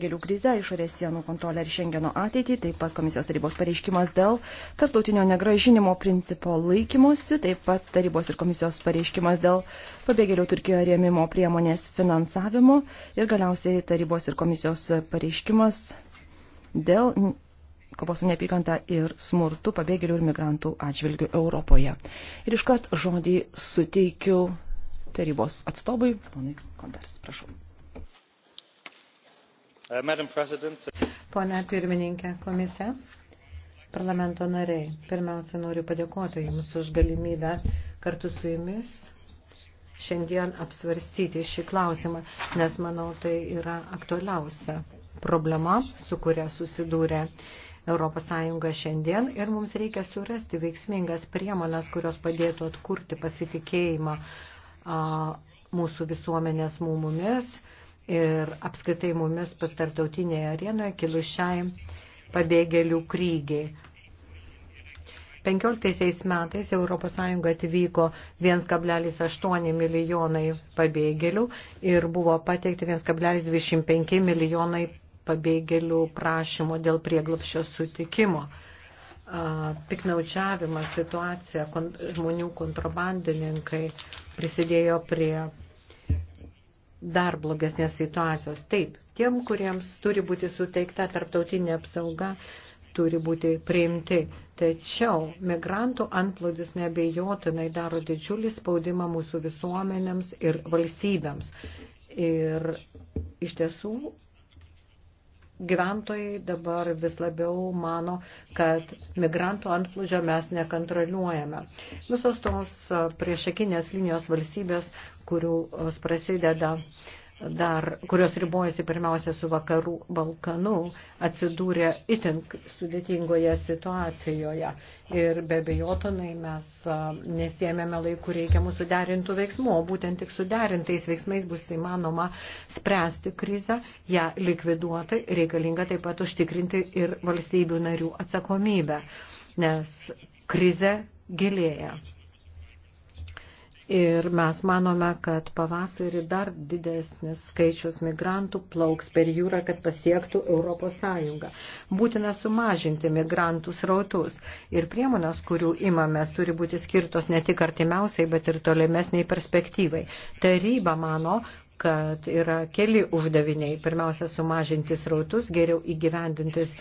Gėlių krizę, išorės sienų kontrolę ir Šengeno ateitį, taip pat komisijos tarybos pareiškimas dėl tarptautinio negražinimo principo laikymosi, taip pat tarybos ir komisijos pareiškimas dėl pabėgėlių Turkijoje rėmimo priemonės finansavimo ir galiausiai tarybos ir komisijos pareiškimas dėl kovos su neapykanta ir smurtu pabėgėlių ir migrantų atžvilgių Europoje. Ir iškart žodį suteikiu tarybos atstovui, ponui Kondars, prašau. Uh, Pone pirmininkė komisija, parlamento nariai, pirmiausia noriu padėkoti Jums už galimybę kartu su Jumis šiandien apsvarstyti šį klausimą, nes manau tai yra aktualiausia problema, su kuria susidūrė ES šiandien ir mums reikia surasti veiksmingas priemonės, kurios padėtų atkurti pasitikėjimą a, mūsų visuomenės mūmumis. Mūsų ir apskritai mumis patartautinėje arenoje kilus šiai pabėgėlių krygiai. 15 metais ES atvyko 1,8 milijonai pabėgėlių ir buvo pateikti 1,25 milijonai pabėgėlių prašymo dėl prieglapščio sutikimo. Piknaučiavimas situacija, žmonių kontrabandininkai prisidėjo prie dar blogesnės situacijos. Taip, tiem, kuriems turi būti suteikta tarptautinė apsauga, turi būti priimti. Tačiau migrantų antplūdis nebejotinai daro didžiulį spaudimą mūsų visuomenėms ir valstybėms. Ir iš tiesų gyventojai dabar vis labiau mano, kad migrantų antplūdžio mes nekontroliuojame. Visos tos priešakinės linijos valstybės, kurių prasideda dar, kurios ribojasi pirmiausia su vakarų Balkanu, atsidūrė itin sudėtingoje situacijoje. Ir be bejotonai mes nesėmėme laikų reikiamų suderintų veiksmų, o būtent tik suderintais veiksmais bus įmanoma spręsti krizę, ją likviduoti, reikalinga taip pat užtikrinti ir valstybių narių atsakomybę, nes krize gilėja. Ir mes manome, kad pavasarį dar didesnis skaičius migrantų plauks per jūrą, kad pasiektų Europos Sąjungą. Būtina sumažinti migrantų srautus. Ir priemonės, kurių imamės, turi būti skirtos ne tik artimiausiai, bet ir tolimesniai perspektyvai. Taryba mano, kad yra keli uždaviniai. Pirmiausia, sumažinti srautus, geriau įgyvendintis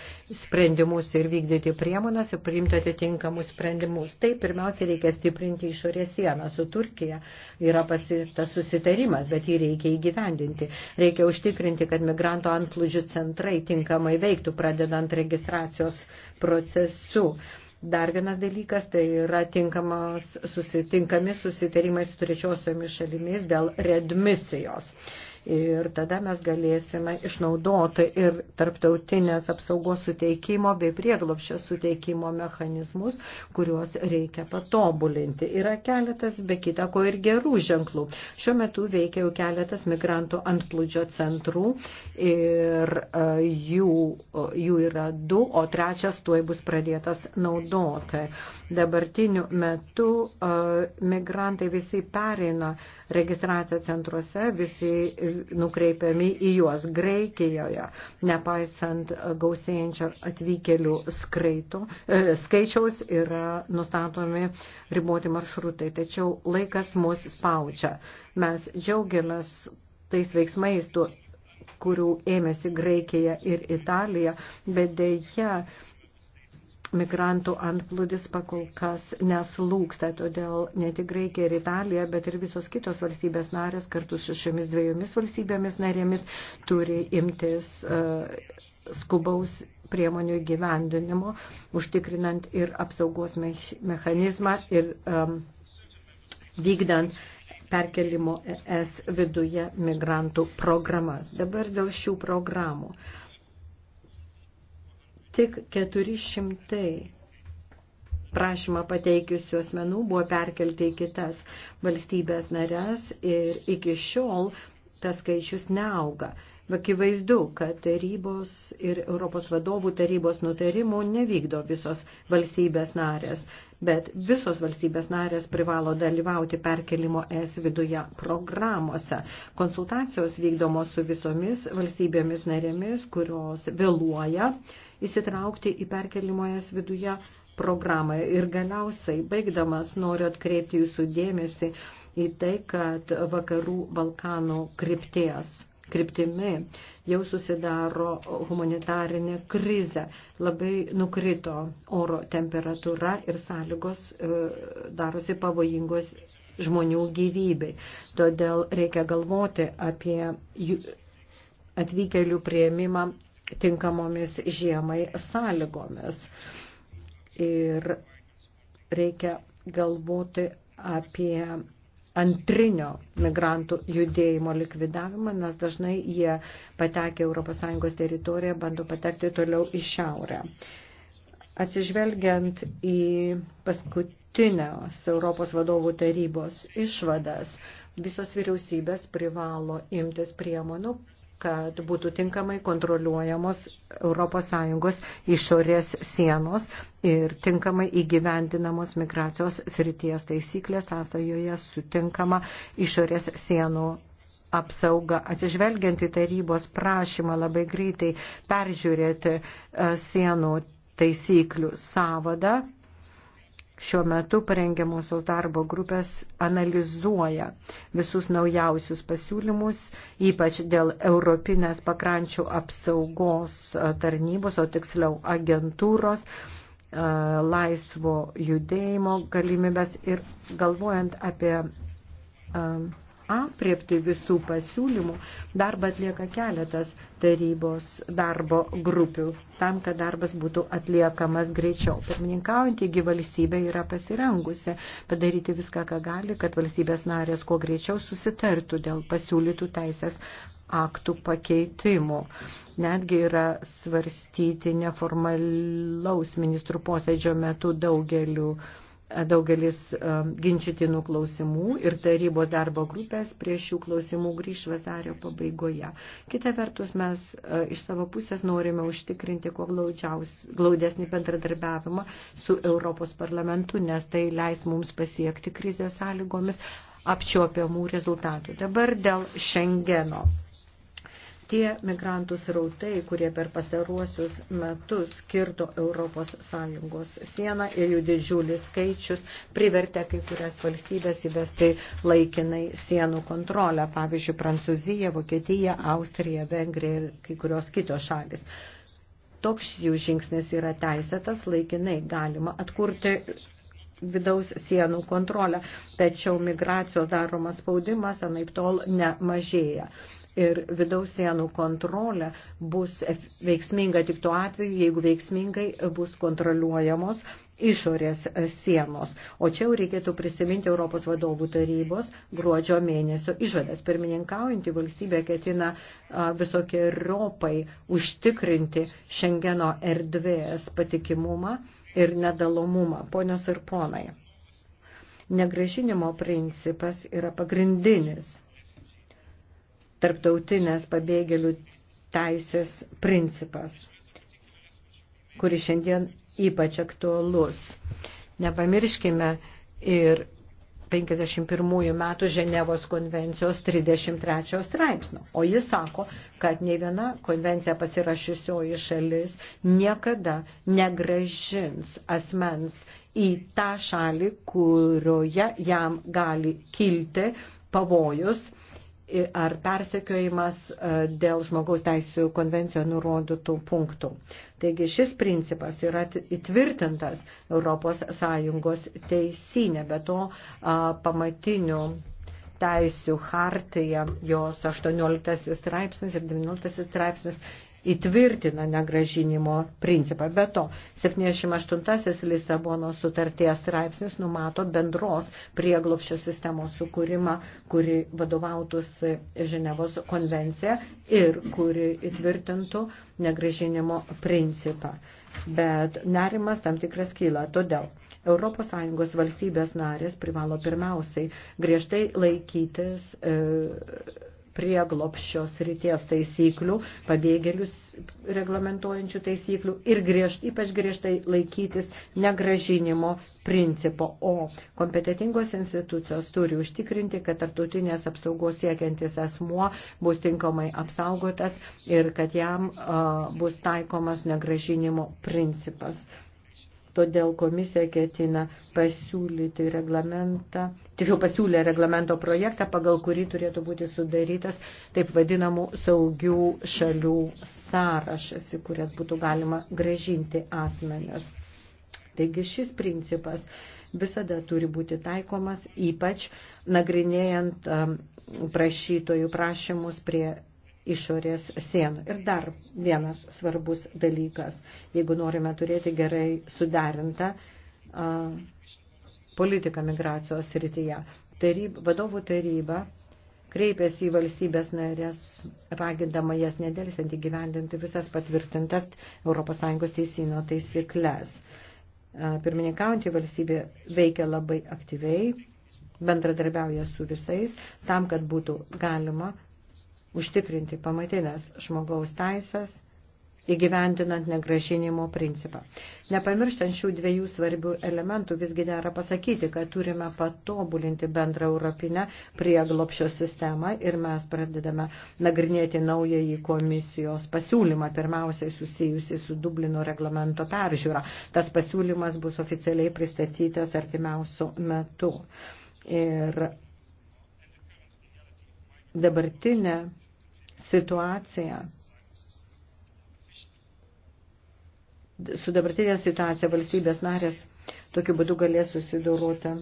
sprendimus ir vykdyti priemonas ir priimti atitinkamus sprendimus. Tai pirmiausia, reikia stiprinti išorės sieną su Turkija. Yra pasitas susitarimas, bet jį reikia įgyvendinti. Reikia užtikrinti, kad migrantų antplūdžių centrai tinkamai veiktų, pradedant registracijos procesu. Dar vienas dalykas tai yra tinkamos, susitinkami susitarimai su trečiosiomis šalimis dėl redmisijos ir tada mes galėsime išnaudoti ir tarptautinės apsaugos suteikimo bei prieglopščio suteikimo mechanizmus, kuriuos reikia patobulinti. Yra keletas, be kita ko, ir gerų ženklų. Šiuo metu veikia jau keletas migrantų antplūdžio centrų ir e, jų, jų yra du, o trečias tuoj bus pradėtas naudoti. Dabartiniu metu e, migrantai visi pereina registraciją centruose, visi nukreipiami į juos Graikijoje, nepaisant gausėjančio atvykėlių skraito, e, skaičiaus yra nustatomi riboti maršrutai, tačiau laikas mus spaučia. Mes džiaugiamės tais veiksmais, tuo, kurių ėmėsi Graikija ir Italija, bet dėja migrantų antplūdis pakol kas neslūksta, todėl ne tik Graikija ir Italija, bet ir visos kitos valstybės narės kartu su šiomis dviejomis valstybėmis narėmis turi imtis uh, skubaus priemonių gyvendinimo, užtikrinant ir apsaugos mechanizmą ir um, vykdant perkelimo ES viduje migrantų programas. Dabar dėl šių programų. Uh, Tik 400 prašymą pateikiusių asmenų buvo perkelti į kitas valstybės narės ir iki šiol tas skaičius neauga. Akivaizdu, kad tarybos ir Europos vadovų tarybos nutarimų nevykdo visos valstybės narės, bet visos valstybės narės privalo dalyvauti perkelimo es viduje programuose. Konsultacijos vykdomos su visomis valstybėmis narėmis, kurios vėluoja uh, įsitraukti į perkelimojas viduje programą. Ir galiausiai, baigdamas, noriu atkreipti jūsų dėmesį į tai, kad vakarų Balkanų krypties kryptimi jau susidaro humanitarinė krizė. Labai nukrito oro temperatūra ir sąlygos e, darosi pavojingos žmonių gyvybei. Todėl reikia galvoti apie atvykėlių prieimimą tinkamomis žiemai sąlygomis. Ir reikia galvoti apie antrinio migrantų judėjimo likvidavimą, nes dažnai jie patekia ES teritoriją, bando patekti toliau į šiaurę. Atsižvelgiant į paskutinės Europos vadovų tarybos išvadas, visos vyriausybės privalo imtis priemonų, kad būtų tinkamai kontroliuojamos ES išorės sienos ir tinkamai įgyvendinamos migracijos srities taisyklės sąsajoje sutinkama išorės sienų apsauga. Atsižvelgiant į tarybos prašymą labai greitai peržiūrėti e, sienų taisyklių savadą, Šiuo metu parengiamosios darbo grupės analizuoja visus naujausius pasiūlymus, ypač dėl Europinės pakrančių apsaugos tarnybos, o tiksliau agentūros, laisvo judėjimo galimybės ir galvojant apie apriepti visų pasiūlymų, darbą atlieka keletas tarybos darbo grupių, tam, kad darbas būtų atliekamas greičiau. Pirmininkaujantį į valstybę yra pasirengusi padaryti viską, ką gali, kad valstybės narės kuo greičiau susitartų dėl pasiūlytų teisės aktų pakeitimų. Netgi yra svarstyti neformalaus ministrų posėdžio metu daugeliu daugelis um, ginčytinų klausimų ir tarybos darbo grupės prie šių klausimų grįž vasario pabaigoje. Kita vertus, mes uh, iš savo pusės norime užtikrinti kuo glaudesnį bendradarbiavimą su Europos parlamentu, nes tai leis mums pasiekti krizės sąlygomis apčiopiamų rezultatų. Dabar dėl Šengeno. Tie migrantų srautai, kurie per pastaruosius metus kirto ES sieną ir jų didžiulis skaičius privertė kai kurias valstybės įvesti laikinai sienų kontrolę, pavyzdžiui, Prancūzija, Vokietija, Austrija, Vengrija ir kai kurios kitos šalis. Toks jų žingsnis yra teisėtas, laikinai galima atkurti vidaus sienų kontrolę, tačiau migracijos daromas spaudimas anaip tol nemažėja ir vidaus sienų kontrolė bus veiksminga tik tuo atveju, jeigu veiksmingai bus kontroliuojamos išorės sienos. O čia jau reikėtų prisiminti Europos vadovų tarybos gruodžio mėnesio išvadas. Pirmininkaujantį valstybę ketina visokiojopai užtikrinti Šengeno erdvės patikimumą ir nedalomumą. Ponios ir ponai, negražinimo principas yra pagrindinis tarptautinės pabėgėlių teisės principas, kuris šiandien ypač aktualus. Nepamirškime ir 51 metų Ženevos konvencijos 33 straipsnio. O jis sako, kad ne viena konvencija pasirašysioji šalis niekada negražins asmens į tą šalį, kurioje jam gali kilti pavojus ar persekiojimas e, dėl žmogaus teisų konvencijoje nurodytų punktų. Taigi šis principas yra įtvirtintas ES teisinė, bet to pamatinių teisių hartija, jos 18 straipsnis ir 19 straipsnis įtvirtina negražinimo principą. Be to, 78-asis Lisabono sutarties straipsnis numato bendros prieglopščio sistemos sukūrimą, kuri vadovautųsi Ženevos konvencija ir kuri įtvirtintų negražinimo principą. Bet nerimas tam tikras kyla. Todėl ES valstybės narės privalo pirmiausiai griežtai laikytis. E, prieglopščio srities taisyklių, pabėgėlius reglamentuojančių taisyklių ir griežt, ypač griežtai laikytis negražinimo principo. O kompetitingos institucijos turi užtikrinti, kad tartutinės apsaugos siekiantis asmuo bus tinkamai apsaugotas ir kad jam uh, bus taikomas negražinimo principas. Todėl komisija ketina pasiūlyti reglamentą, tiksliau pasiūlė reglamento projektą, pagal kurį turėtų būti sudarytas taip vadinamų saugių šalių sąrašas, į kurias būtų galima gražinti asmenės. Taigi šis principas visada turi būti taikomas, ypač nagrinėjant um, prašytojų prašymus prie išorės sienų. Ir dar vienas svarbus dalykas, jeigu norime turėti gerai suderintą politiką migracijos srityje. Taryb, vadovų taryba kreipėsi į valstybės narės, ragindama jas nedėlsiant įgyvendinti visas patvirtintas ES teisino taisyklės. Pirmininkaujantį valstybė veikia labai aktyviai, bendradarbiauja su visais, tam, kad būtų galima užtikrinti pamatinės žmogaus teisės, įgyvendinant negražinimo principą. Nepamirštant šių dviejų svarbių elementų, visgi nėra pasakyti, kad turime patobulinti bendrą europinę prieglopšio sistemą ir mes pradedame nagrinėti naująjį komisijos pasiūlymą, pirmiausiai susijusi su Dublino reglamento peržiūra. Tas pasiūlymas bus oficialiai pristatytas artimiausiu metu. Ir dabartinė situacija, su dabartinė situacija valstybės narės tokiu būdu galės susidoroti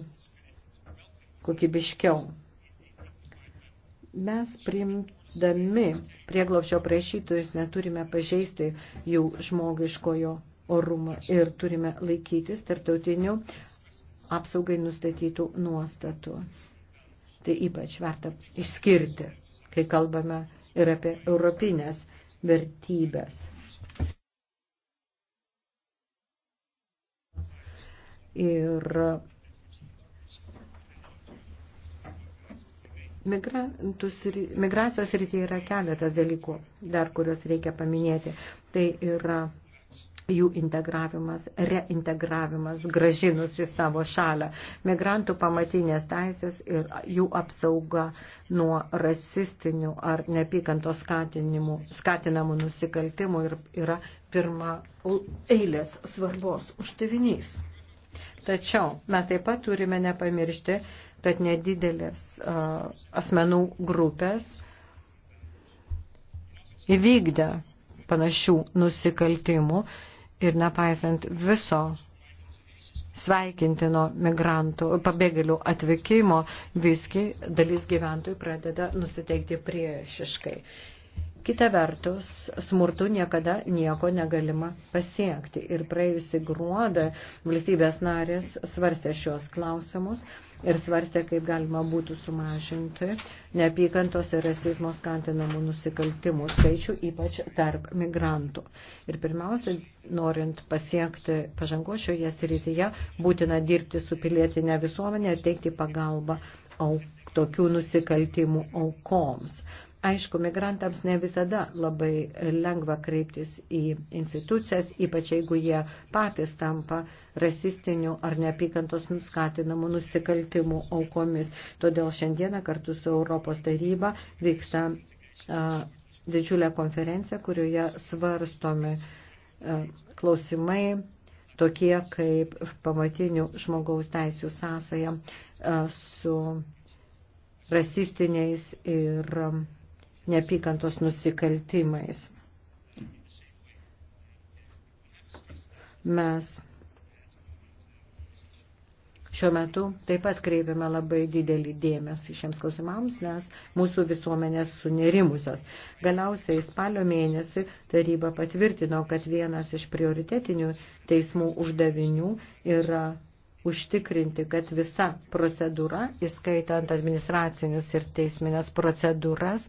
kokybiškiau. Mes priimdami prieglopšio prašytojus neturime pažeisti jų žmogiškojo orumo ir turime laikytis tarptautinių apsaugai nustatytų nuostatų. Tai ypač verta išskirti, kai kalbame ir apie europinės vertybės. Ir migracijos rytyje yra keletas dalykų, dar kuriuos reikia paminėti. Tai yra jų integravimas, reintegravimas, gražinus į savo šalę, migrantų pamatinės teisės ir jų apsauga nuo rasistinių ar neapykantos skatinamų nusikaltimų ir yra pirma eilės svarbos užtavinys. Tačiau mes taip pat turime nepamiršti, kad nedidelės uh, asmenų grupės įvykdė panašių nusikaltimų ir nepaisant viso sveikintino migrantų, pabėgėlių atvykimo, visgi dalis gyventojų pradeda nusiteikti priešiškai. Kita vertus, smurtu niekada nieko negalima pasiekti. Ir praėjusi gruodą valstybės narės svarstė šios klausimus ir svarstė, kaip galima būtų sumažinti neapykantos ir rasizmo skantinamų nusikaltimų skaičių, ypač tarp migrantų. Ir pirmiausia, norint pasiekti pažangos šioje srityje, būtina dirbti su pilietinė visuomenė ir teikti pagalbą au, tokių nusikaltimų aukoms. Aišku, migrantams ne visada labai lengva kreiptis į institucijas, ypač jeigu jie patys tampa rasistinių ar neapykantos nuskatinamų nusikaltimų aukomis. Todėl šiandieną kartu su Europos taryba vyksta a, didžiulė konferencija, kurioje svarstomi a, klausimai tokie kaip pamatinių žmogaus teisių sąsaja a, su rasistiniais ir neapykantos nusikaltimais. Mes šiuo metu taip pat kreipiame labai didelį dėmesį šiems klausimams, nes mūsų visuomenės sunerimusios. Galiausiai spalio mėnesį taryba patvirtino, kad vienas iš prioritetinių teismų uždavinių yra užtikrinti, kad visa procedūra, įskaitant administracinius ir teisminės procedūras,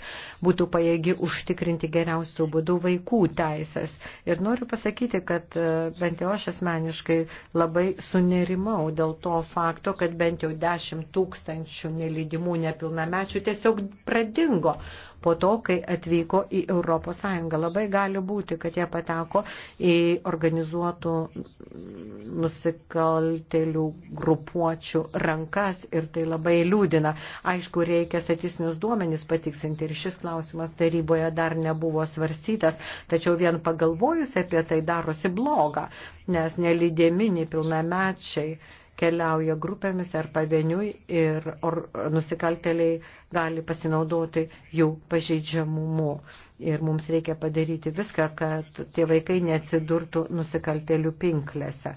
būtų pajėgi užtikrinti geriausių būdų vaikų teisės. Ir noriu pasakyti, kad e, bent jau aš asmeniškai labai sunerimau dėl to fakto, kad bent jau 10 tūkstančių nelydimų nepilnamečių tiesiog pradingo po to, kai atvyko į Europos Sąjungą. Labai gali būti, kad jie pateko į organizuotų nusikaltelių grupuočių rankas ir tai labai liūdina. Aišku, reikia statistinius duomenys patiksinti ir šis klausimas taryboje dar nebuvo svarstytas, tačiau vien pagalvojus apie tai darosi bloga, nes nelydėmi nepilnamečiai keliauja grupėmis ar pavieniui ir or, nusikalteliai gali pasinaudoti jų pažeidžiamumu. Ir mums reikia padaryti viską, kad tie vaikai neatsidurtų nusikaltelių pinklėse.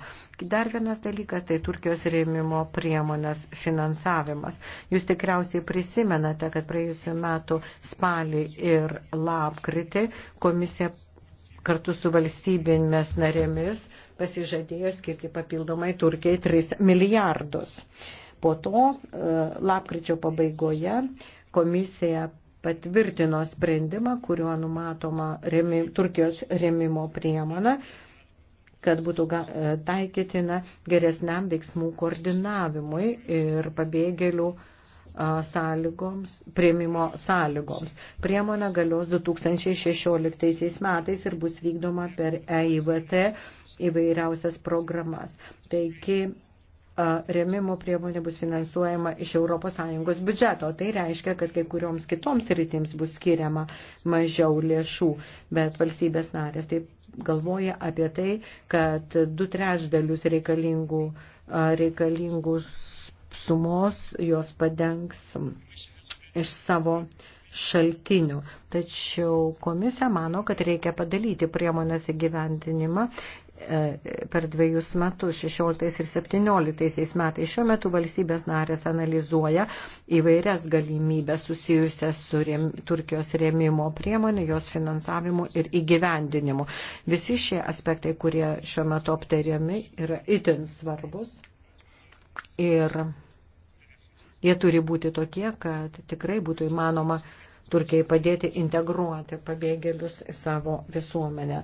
Dar vienas dalykas tai Turkijos rėmimo priemonės finansavimas. Jūs tikriausiai prisimenate, kad praėjusiu metu spalį ir lapkritį komisija kartu su valstybėmis narėmis pasižadėjo skirti papildomai Turkijai 3 milijardus. Po to e, lapkričio pabaigoje komisija patvirtino sprendimą, kuriuo numatoma remi, Turkijos remimo priemona, kad būtų e, taikytina geresniam veiksmų koordinavimui ir pabėgėlių uh, sąlygoms, prieimimo sąlygoms. Priemonė galios 2016 metais ir bus vykdoma per EIVT įvairiausias programas. Taigi, remimo priemonė bus finansuojama iš ES biudžeto. Tai reiškia, kad kai kurioms kitoms rytims bus skiriama mažiau lėšų, bet valstybės narės taip galvoja apie tai, kad du trečdalius reikalingų, reikalingus sumos jos padengs iš savo šaltinių. Tačiau komisija mano, kad reikia padalyti priemonės įgyvendinimą e, per dviejus metus, 16 ir 17 metais. Šiuo metu valstybės narės analizuoja įvairias galimybės susijusias su rem, Turkijos rėmimo priemonė, jos finansavimu ir įgyvendinimu. Visi šie aspektai, kurie šiuo metu aptariami, yra itin svarbus Ir jie turi būti tokie, kad tikrai būtų įmanoma Turkijai padėti integruoti pabėgėlius į savo visuomenę.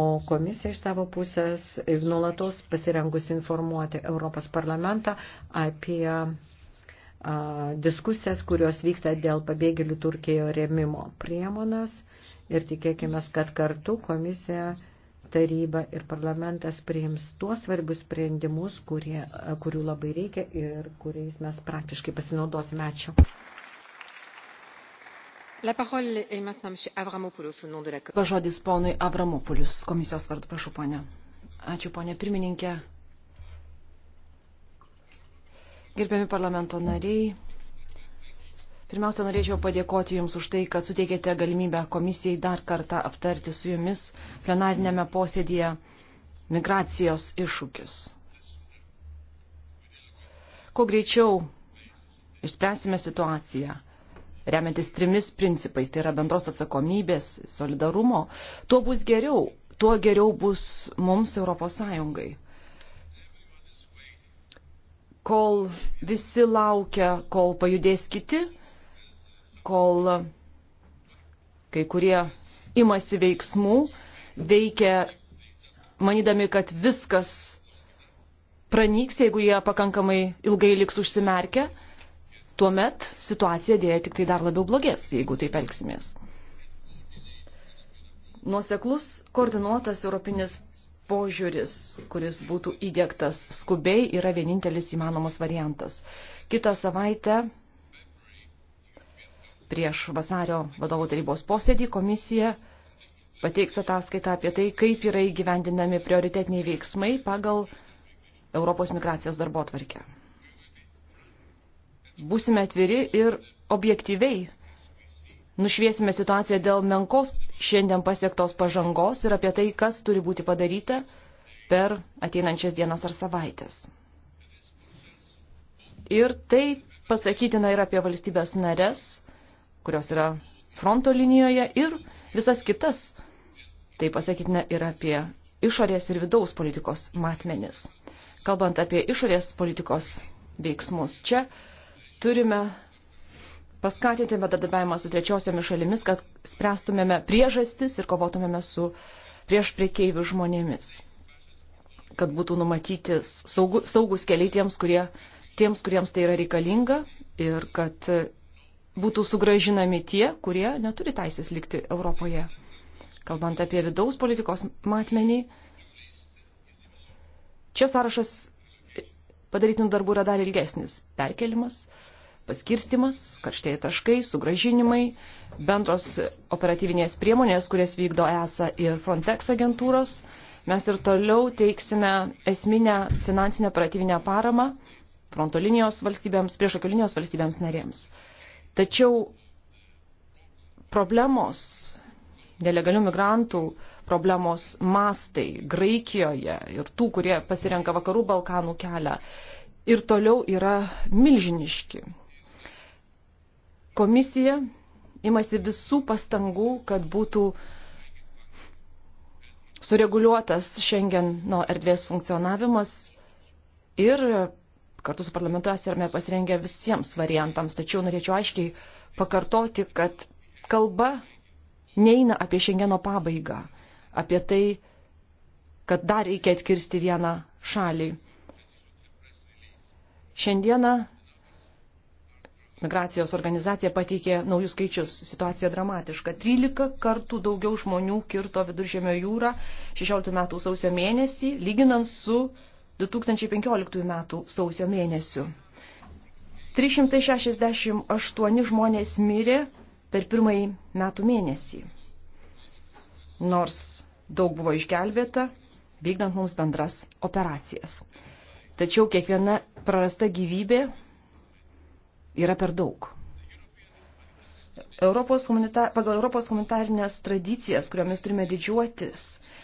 O komisija iš savo pusės nulatos pasirengusi informuoti Europos parlamentą apie a, diskusijas, kurios vyksta dėl pabėgėlių Turkijoje rėmimo priemonas ir tikėkime, kad kartu komisija taryba ir parlamentas priims tuos svarbius sprendimus, kurie, kurių labai reikia ir kuriais mes praktiškai pasinaudosime. Ačiū. La parole est maintenant M. Avramopoulos au nom de la Commission. Pažodis ponui Avramopoulos, komisijos vardu, prašau, ponė. Ačiū, ponė pirmininkė. Gerbiami parlamento nariai, Pirmiausia, norėčiau padėkoti Jums už tai, kad suteikėte galimybę komisijai dar kartą aptarti su Jumis plenarinėme posėdėje migracijos iššūkius. Kuo greičiau išspręsime situaciją, remiantis trimis principais, tai yra bendros atsakomybės, solidarumo, tuo bus geriau, tuo geriau bus mums Europos Sąjungai kol visi laukia, kol pajudės kiti, kol kai kurie imasi veiksmų, veikia manydami, kad viskas pranyks, jeigu jie pakankamai ilgai liks užsimerkę, tuomet situacija dėja tik tai dar labiau blogės, jeigu taip elgsimės. Nuoseklus koordinuotas europinis požiūris, kuris būtų įdėktas skubiai, yra vienintelis įmanomas variantas. Kitą savaitę prieš vasario vadovų tarybos posėdį komisija pateiks ataskaitą apie tai, kaip yra įgyvendinami prioritetiniai veiksmai pagal Europos migracijos darbo tvarkę. Būsime atviri ir objektyviai nušviesime situaciją dėl menkos šiandien pasiektos pažangos ir apie tai, kas turi būti padaryta per ateinančias dienas ar savaitės. Ir tai pasakytina ir apie valstybės nares, kurios yra fronto linijoje ir visas kitas, tai pasakytina ir apie išorės ir vidaus politikos matmenis. Kalbant apie išorės politikos veiksmus, čia turime paskatinti bendradarbiavimą su trečiosiomis šalimis, kad spręstumėme priežastis ir kovotumėme su prieš priekeivių žmonėmis, kad būtų numatyti saugu, saugus keliai tiems, kurie, tiems, kuriems tai yra reikalinga ir kad būtų sugražinami tie, kurie neturi teisės likti Europoje. Kalbant apie vidaus politikos matmenį, čia sąrašas padarytinų darbų yra dar ilgesnis. Perkelimas, paskirstimas, karštieji taškai, sugražinimai, bendros operatyvinės priemonės, kurias vykdo ESA ir Frontex agentūros. Mes ir toliau teiksime esminę finansinę operatyvinę paramą fronto linijos valstybėms, priešakio linijos valstybėms narėms. Tačiau problemos, nelegalių migrantų problemos mastai Graikijoje ir tų, kurie pasirenka vakarų Balkanų kelią, ir toliau yra milžiniški. Komisija imasi visų pastangų, kad būtų sureguliuotas šiandien nuo erdvės funkcionavimas ir kartu su parlamentu esame pasirengę visiems variantams, tačiau norėčiau aiškiai pakartoti, kad kalba neina apie Šengeno pabaigą, apie tai, kad dar reikia atkirsti vieną šalį. Šiandieną migracijos organizacija pateikė naujus skaičius. Situacija dramatiška. 13 kartų daugiau žmonių kirto viduržėmio jūrą 16 metų sausio mėnesį, lyginant su 2015 metų sausio mėnesių. 368 žmonės mirė per pirmąjį metų mėnesį. Nors daug buvo išgelbėta, vykdant mums bendras operacijas. Tačiau kiekviena prarasta gyvybė yra per daug. Europos pagal Europos humanitarinės tradicijas, kuriomis turime didžiuotis,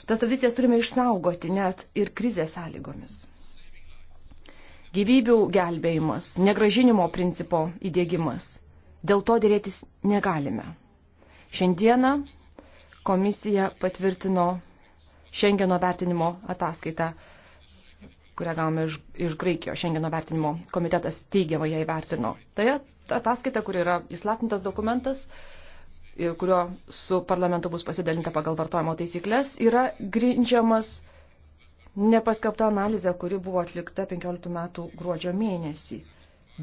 Tas tradicijas turime išsaugoti net ir krizės sąlygomis. Gyvybių gelbėjimas, negražinimo principo įdėgymas. Dėl to dėrėtis negalime. Šiandieną komisija patvirtino Šengeno vertinimo ataskaitą, kurią gavome iš, iš Graikijos. Šengeno vertinimo komitetas teigiamai ją įvertino. Tai ataskaita, kur yra įslaptintas dokumentas, kurio su parlamentu bus pasidalinta pagal vartojimo taisyklės, yra grindžiamas nepaskelbta analizė, kuri buvo atlikta 15 metų gruodžio mėnesį.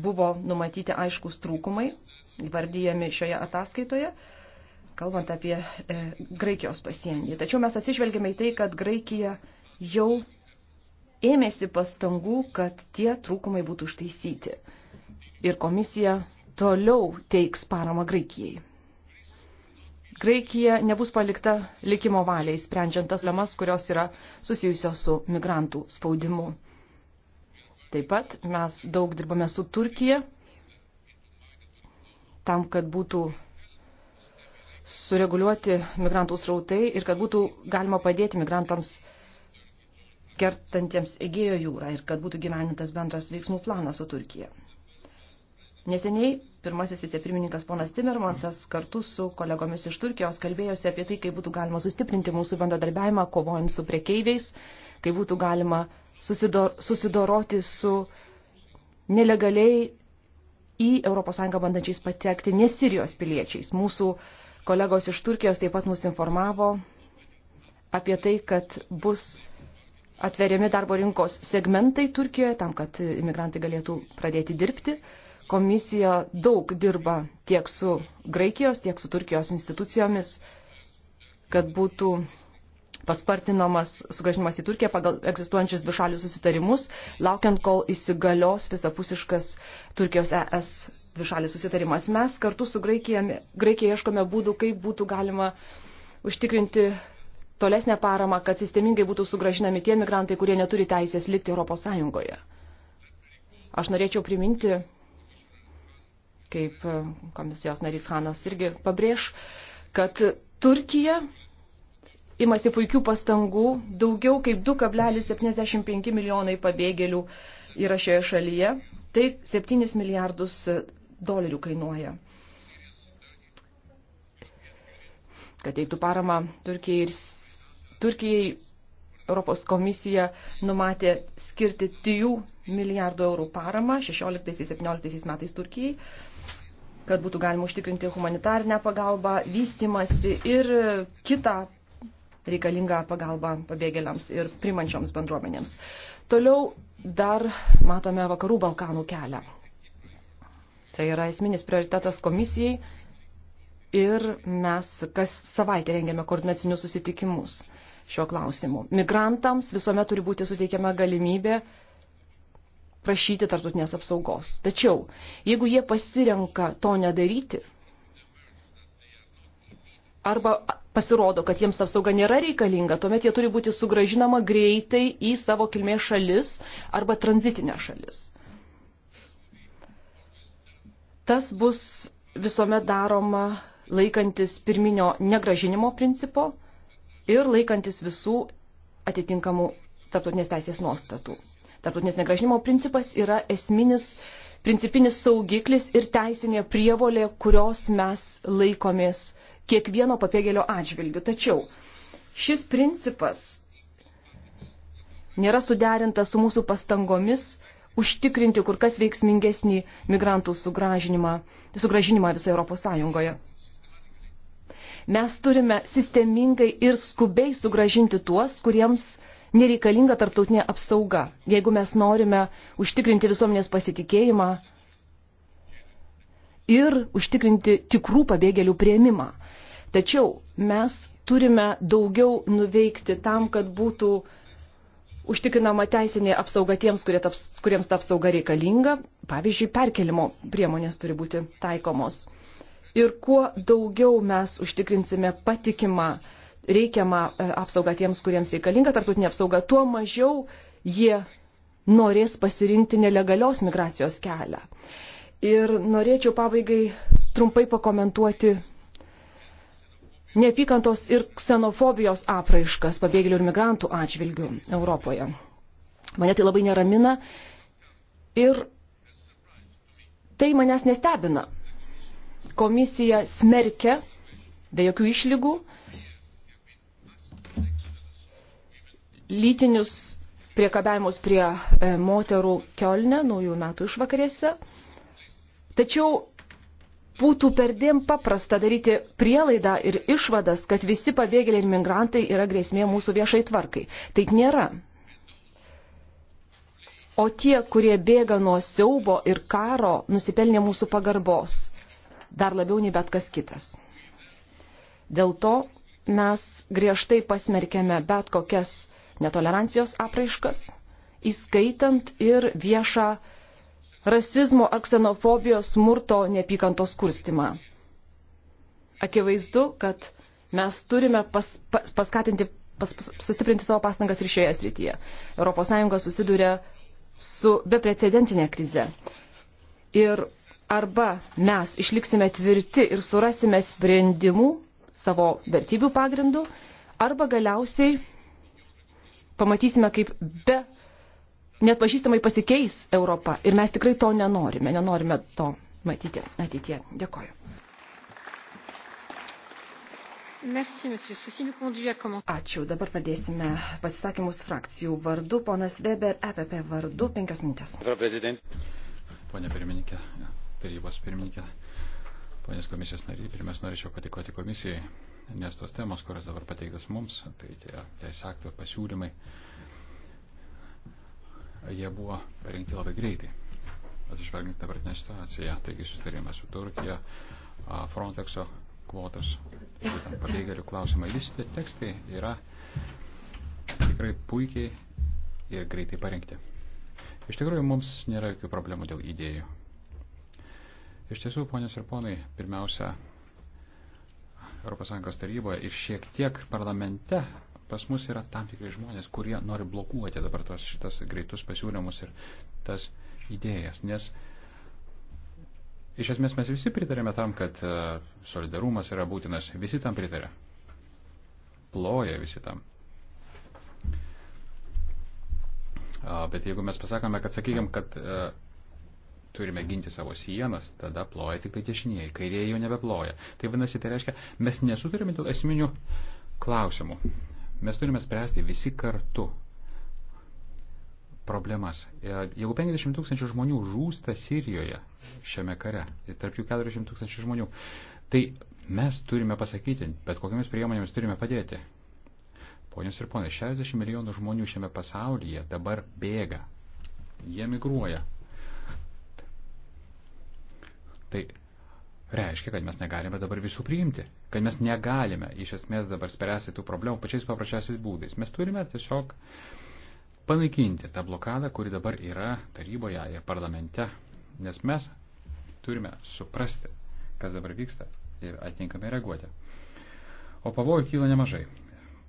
Buvo numatyti aiškus trūkumai, įvardyjami šioje ataskaitoje, kalbant apie e, Graikijos pasienį. Tačiau mes atsižvelgėme į tai, kad Graikija jau ėmėsi pastangų, kad tie trūkumai būtų užtaisyti. Ir komisija toliau teiks paramą Graikijai. Graikija nebus palikta likimo valiai, sprendžiant tas lemas, kurios yra susijusios su migrantų spaudimu. Taip pat mes daug dirbame su Turkija, tam, kad būtų sureguliuoti migrantų srautai ir kad būtų galima padėti migrantams kertantiems Egėjo jūrą ir kad būtų gyvenintas bendras veiksmų planas su Turkija. Neseniai pirmasis vicepirmininkas ponas Timmermansas kartu su kolegomis iš Turkijos kalbėjosi apie tai, kaip būtų galima sustiprinti mūsų bendradarbiavimą kovojant su prekeiviais, kaip būtų galima susidor, susidoroti su nelegaliai į ES bandančiais patekti nesirijos piliečiais. Mūsų kolegos iš Turkijos taip pat mus informavo apie tai, kad bus atveriami darbo rinkos segmentai Turkijoje tam, kad imigrantai galėtų pradėti dirbti Komisija daug dirba tiek su Graikijos, tiek su Turkijos institucijomis, kad būtų paspartinamas sugražinimas į Turkiją pagal egzistuojančius dvišalius susitarimus, laukiant, kol įsigalios visapusiškas Turkijos ES dvišalis susitarimas. Mes kartu su Graikija, Graikija ieškome būdų, kaip būtų galima užtikrinti tolesnę paramą, kad sistemingai būtų sugražinami tie migrantai, kurie neturi teisės likti Europos Sąjungoje. Aš norėčiau priminti kaip e, komisijos narys Hanas irgi pabrėž, kad Turkija imasi puikių pastangų, daugiau kaip 2,75 milijonai pabėgėlių yra šioje šalyje, tai 7 milijardus dolerių kainuoja. Kad teiktų paramą Turkijai ir Turkijai Europos komisija numatė skirti 3 milijardų eurų paramą 16-17 metais Turkijai kad būtų galima užtikrinti humanitarinę pagalbą, vystimasi ir kitą reikalingą pagalbą pabėgėliams ir primančioms bendruomenėms. Toliau dar matome vakarų Balkanų kelią. Tai yra esminis prioritetas komisijai ir mes kas savaitę rengiame koordinacinius susitikimus šiuo klausimu. Migrantams visuomet turi būti suteikiama galimybė uh, prašyti tartutinės apsaugos. Tačiau, jeigu jie pasirenka to nedaryti, arba pasirodo, kad jiems ta apsauga nėra reikalinga, tuomet jie turi būti sugražinama greitai į savo kilmės šalis arba tranzitinę šalis. Tas bus visuomet daroma laikantis pirminio negražinimo principo ir laikantis visų atitinkamų tarptautinės teisės nuostatų. Tarptautinės negražinimo principas yra esminis principinis saugiklis ir teisinė prievolė, kurios mes laikomės kiekvieno pabėgėlio atžvilgių. Tačiau šis principas nėra suderintas su mūsų pastangomis užtikrinti kur kas veiksmingesnį migrantų sugražinimą, sugražinimą visoje Europos Sąjungoje. Mes turime sistemingai ir skubiai sugražinti tuos, kuriems nereikalinga tarptautinė apsauga. Jeigu mes norime užtikrinti visuomenės pasitikėjimą ir užtikrinti tikrų pabėgėlių prieimimą. Tačiau mes turime daugiau nuveikti tam, kad būtų užtikrinama teisinė apsauga tiems, kurie taps, kuriems ta apsauga reikalinga. Pavyzdžiui, perkelimo priemonės turi būti taikomos. Ir kuo daugiau mes užtikrinsime patikimą reikiamą e, apsaugą tiems, kuriems reikalinga tarptautinė apsauga, tuo mažiau jie norės pasirinkti nelegalios migracijos kelią. Ir norėčiau pabaigai trumpai pakomentuoti neapykantos ir ksenofobijos apraiškas pabėgėlių ir migrantų atžvilgių Europoje. Mane tai labai neramina ir tai manęs nestebina. Komisija smerkia be jokių išlygų lytinius priekabiavimus prie e, moterų Kielne naujų metų išvakarėse. Tačiau būtų perdėm paprasta daryti prielaidą ir išvadas, kad visi pabėgėliai ir migrantai yra grėsmė mūsų viešai tvarkai. Taip nėra. O tie, kurie bėga nuo siaubo ir karo, nusipelnė mūsų pagarbos dar labiau nei bet kas kitas. Dėl to mes griežtai pasmerkėme bet kokias netolerancijos apraiškas, įskaitant ir viešą rasizmo ar ksenofobijos smurto neapykantos kurstimą. Akivaizdu, kad mes turime pas, pas, paskatinti, pas, pas, sustiprinti savo pastangas ir šioje srityje. ES susiduria su beprecedentinė krize. Ir arba mes išliksime tvirti ir surasime sprendimų savo vertybių pagrindų, arba galiausiai pamatysime, kaip be net pažįstamai pasikeis Europa. Ir mes tikrai to nenorime, nenorime to matyti ateitie. Dėkoju. Merci, Ačiū. Dabar pradėsime pasisakymus frakcijų vardu. Ponas Weber, EPP vardu, penkias minutės. Pone pirmininkė, tarybos pirmininkė, ponės komisijos nariai, pirmiausia norėčiau patikoti komisijai nes tos temos, kurios dabar pateiktas mums, tai tie teisės aktų pasiūlymai, jie buvo parengti labai greitai, atsižvelgiant dabartinę situaciją. Taigi sustarėme su Turkija, Frontexo kvotas, būtent pabėgėlių klausimai. Visi tie tekstai yra tikrai puikiai ir greitai parengti. Iš tikrųjų, mums nėra jokių problemų dėl idėjų. Iš tiesų, ponios ir ponai, pirmiausia, ES taryboje ir šiek tiek parlamente pas mus yra tam tikrai žmonės, kurie nori blokuoti dabar tos šitas greitus pasiūlymus ir tas idėjas, nes iš esmės mes visi pritarėme tam, kad e, solidarumas yra būtinas, visi tam pritarė, ploja visi tam. Bet jeigu mes pasakome, kad sakykime, kad e, turime ginti savo sienas, tada ploja tik tai dešinieji, kairieji jau nebeploja. Tai vadinasi, tai reiškia, mes nesutarime dėl esminių klausimų. Mes turime spręsti visi kartu problemas. E, jeigu 50 tūkstančių žmonių žūsta Sirijoje šiame kare, tarp jų 400 tūkstančių žmonių, tai mes turime pasakyti, bet kokiamis priemonėmis turime padėti. Ponios ir ponai, 60 milijonų žmonių šiame pasaulyje dabar bėga. Jie migruoja. Tai reiškia, kad mes negalime dabar visų priimti, kad mes negalime iš esmės dabar spręsti tų problemų pačiais paprasčiausiais būdais. Mes turime tiesiog panaikinti tą blokadą, kuri dabar yra taryboje ir parlamente, nes mes turime suprasti, kas dabar vyksta ir atinkamai reaguoti. O pavojų kyla nemažai.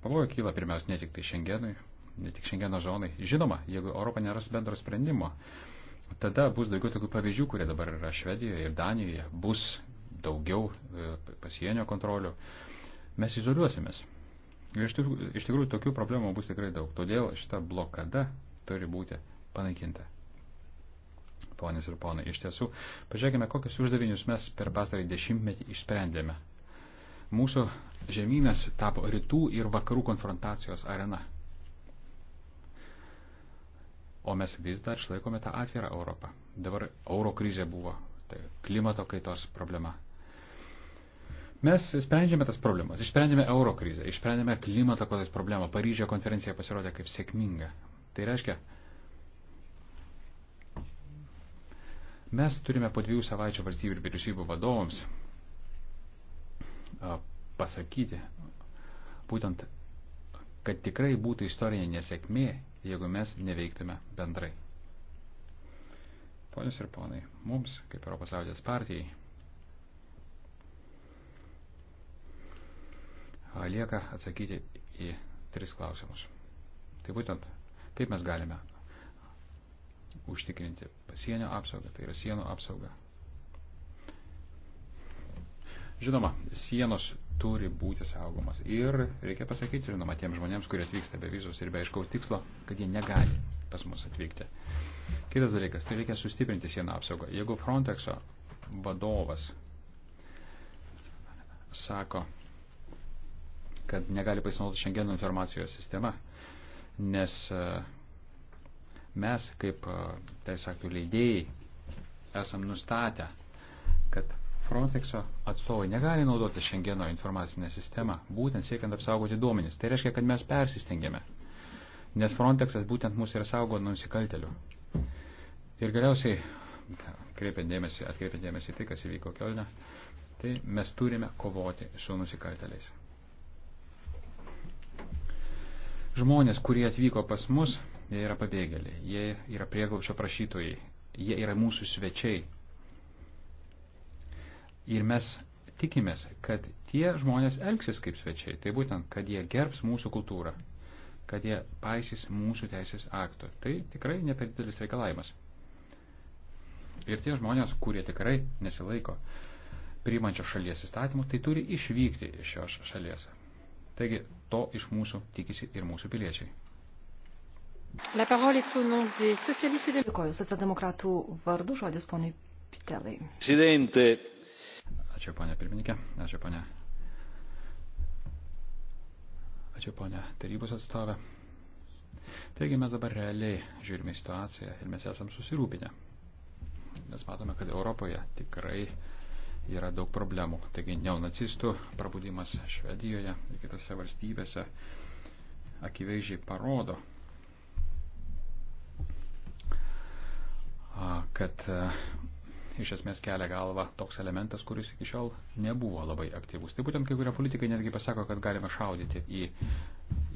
Pavojų kyla pirmiausia ne tik tai Šengenui, ne tik Šengeno zonai. Žinoma, jeigu Europa neras bendro sprendimo, tada bus daugiau tokių pavyzdžių, kurie dabar yra Švedijoje ir Danijoje, bus daugiau e, pasienio kontrolių. Mes izoliuosimės. Ir iš tikrųjų, iš tikrųjų tokių problemų bus tikrai daug. Todėl šita blokada turi būti panaikinta. Ponės ir ponai, iš tiesų, pažiūrėkime, kokius uždavinius mes per pastarąjį dešimtmetį išsprendėme. Mūsų žemynas tapo rytų ir vakarų konfrontacijos arena o mes vis dar išlaikome tą atvirą Europą. Dabar euro krizė buvo, tai klimato kaitos problema. Mes sprendžiame tas problemas, išsprendėme euro krizę, išsprendėme klimato kaitos problemą. Paryžio konferencija pasirodė kaip sėkminga. Tai reiškia, mes turime po dviejų savaičių valstybių ir vyriausybių vadovams pasakyti, būtent, kad tikrai būtų istorinė nesėkmė, jeigu mes neveiktume bendrai. Ponius ir ponai, mums, kaip Europos liaudės partijai, lieka atsakyti į tris klausimus. Tai būtent, kaip mes galime užtikrinti pasienio apsaugą, tai yra sienų apsaugą, Žinoma, sienos turi būti saugomas. Ir reikia pasakyti, žinoma, tiems žmonėms, kurie atvyksta be vizos ir be aiškaus tikslo, kad jie negali pas mus atvykti. Kitas dalykas, tai reikia sustiprinti sieną apsaugą. Jeigu Frontexo vadovas sako, kad negali pasinaudoti šiandieno informacijos sistema, nes e, mes kaip e, teisaktų leidėjai esam nustatę Frontexo atstovai negali naudoti Schengeno informacinę sistemą, būtent siekiant apsaugoti duomenis. Tai reiškia, kad mes persistengėme, nes Frontexas būtent mus ir saugo nuo nusikaltelių. Ir galiausiai, kreipiant dėmesį, atkreipiant dėmesį tai, kas įvyko Kielne, tai mes turime kovoti su nusikalteliais. Žmonės, kurie atvyko pas mus, jie yra pabėgėliai, jie yra prieglaučio prašytojai, jie yra mūsų svečiai, Ir mes tikimės, kad tie žmonės elgsis kaip svečiai. Tai būtent, kad jie gerbs mūsų kultūrą, kad jie paisys mūsų teisės aktų. Tai tikrai ne per didelis reikalavimas. Ir tie žmonės, kurie tikrai nesilaiko priimančios šalies įstatymų, tai turi išvykti iš šios šalies. Taigi to iš mūsų tikisi ir mūsų piliečiai. Dėkoju socialdemokratų vardu žodis ponui Pitelai. Presidente, Ačiū, ponė pirmininkė. Ačiū, ponė. Ačiū, ponė tarybos atstovė. Taigi mes dabar realiai žiūrime situaciją ir mes esam susirūpinę. Mes matome, kad Europoje tikrai yra daug problemų. Taigi neonacistų prabudimas Švedijoje ir kitose valstybėse akivaizdžiai parodo, kad iš esmės kelia galva toks elementas, kuris iki šiol nebuvo labai aktyvus. Tai būtent kai kurie politikai netgi pasako, kad galima šaudyti į,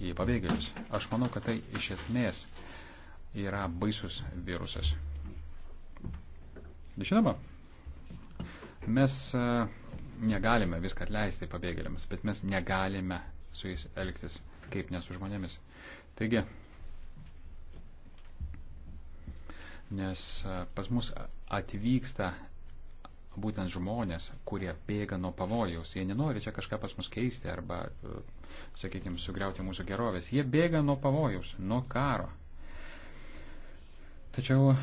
į pabėgėlius. Aš manau, kad tai iš esmės yra baisus virusas. Žinoma, mes e, negalime viską atleisti pabėgėliams, bet mes negalime su jais elgtis kaip nesu žmonėmis. Taigi, nes e, pas mus atvyksta būtent žmonės, kurie bėga nuo pavojaus. Jie nenori čia kažką pas mus keisti arba, e, sakykime, sugriauti mūsų gerovės. Jie bėga nuo pavojaus, nuo karo. Tačiau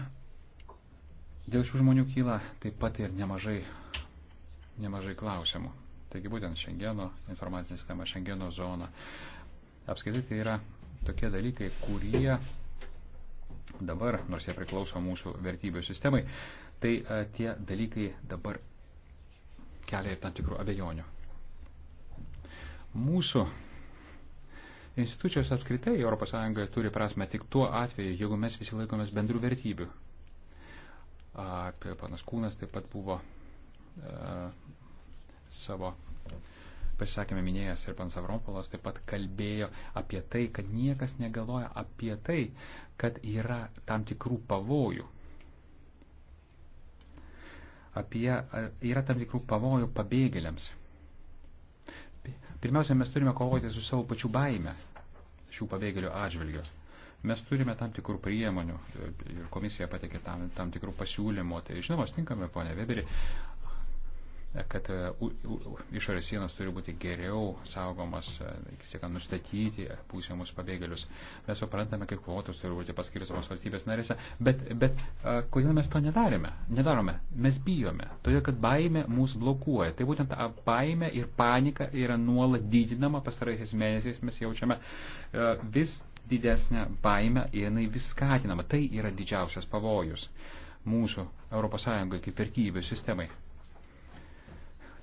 dėl šių žmonių kyla taip pat ir nemažai, nemažai klausimų. Taigi būtent Šengeno informacinė sistema, Šengeno zona. Apskaitai tai yra tokie dalykai, kurie dabar, nors jie priklauso mūsų vertybių sistemai, tai a, e, tie dalykai dabar kelia ir tam tikrų abejonių. Mūsų institucijos apskritai ES turi prasme tik tuo atveju, jeigu mes visi laikomės bendrų vertybių. A, panas Kūnas taip pat buvo a, e, savo pasisakėme minėjęs ir pan Savropolas taip pat kalbėjo apie tai, kad niekas negalvoja apie tai, kad yra tam tikrų pavojų. Apie, yra tam tikrų pavojų pabėgėliams. Pirmiausia, mes turime kovoti su savo pačių baime šių pabėgėlių atžvilgiu. Mes turime tam tikrų priemonių ir komisija patikė tam, tam tikrų pasiūlymų. Tai žinoma, tinkame, ponia Weberi, kad e, išorės sienos turi būti geriau saugomas, e, siekiant nustatyti būsimus pabėgėlius. Mes suprantame, kaip kvotos turi būti paskirstamos valstybės narėse, bet, bet e, kodėl mes to nedarėme? nedarome? Mes bijome, todėl kad baime mūsų blokuoja. Tai būtent ta baime ir panika yra nuolat didinama, pastaraisiais mėnesiais mes jaučiame vis didesnę baimę ir jinai vis skatinama. Tai yra didžiausias pavojus mūsų ES kaip vertybių sistemai.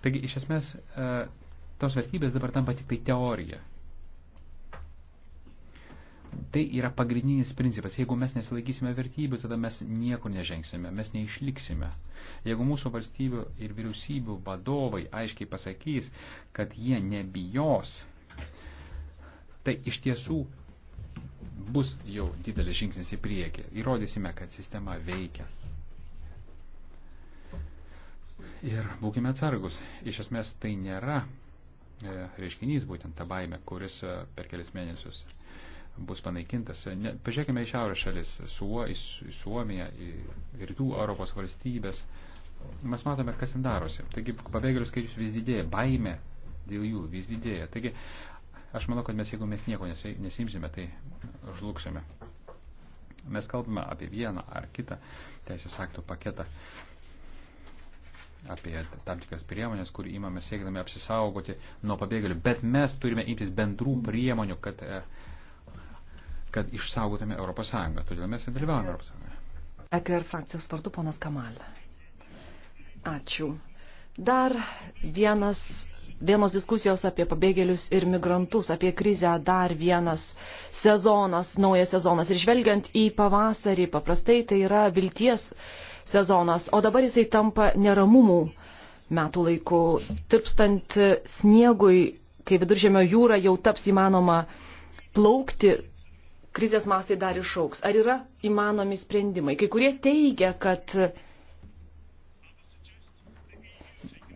Taigi, iš esmės, e, tos vertybės dabar tampa tik tai teorija. Tai yra pagrindinis principas. Jeigu mes nesilaikysime vertybių, tada mes niekur nežengsime, mes neišliksime. Jeigu mūsų valstybių ir vyriausybių vadovai aiškiai pasakys, kad jie nebijos, tai iš tiesų bus jau didelis žingsnis į priekį. Įrodysime, kad sistema veikia. Ir būkime atsargus. Iš esmės tai nėra e, reiškinys, būtent ta baime, kuris e, per kelias mėnesius bus panaikintas. Ne, pažiūrėkime į šiaurės šalis, Suo, į, į Suomiją, į rytų Europos valstybės. Mes matome, kas ten darosi. Taigi pabėgėlių skaičius vis didėja, baime dėl jų vis didėja. Taigi aš manau, kad mes jeigu mes nieko nesimsime, tai žlugsime. Mes kalbame apie vieną ar kitą teisės aktų paketą apie tam tikras priemonės, kur įmame siekdami apsisaugoti nuo pabėgėlių, bet mes turime imtis bendrų priemonių, kad, e, kad išsaugotume Europos Sąjungą. Todėl mes ir dalyvavome Europos Sąjungoje. EKR frakcijos vardu ponas Kamal. Ačiū. Dar vienas, vienos diskusijos apie pabėgėlius ir migrantus, apie krizę dar vienas sezonas, naujas sezonas. Ir žvelgiant į pavasarį, paprastai tai yra vilties sezonas, o dabar jisai tampa neramumų metų laiku. Tirpstant sniegui, kai viduržėmio jūra jau taps įmanoma plaukti, krizės mastai dar išauks. Ar yra įmanomi sprendimai? Kai kurie teigia, kad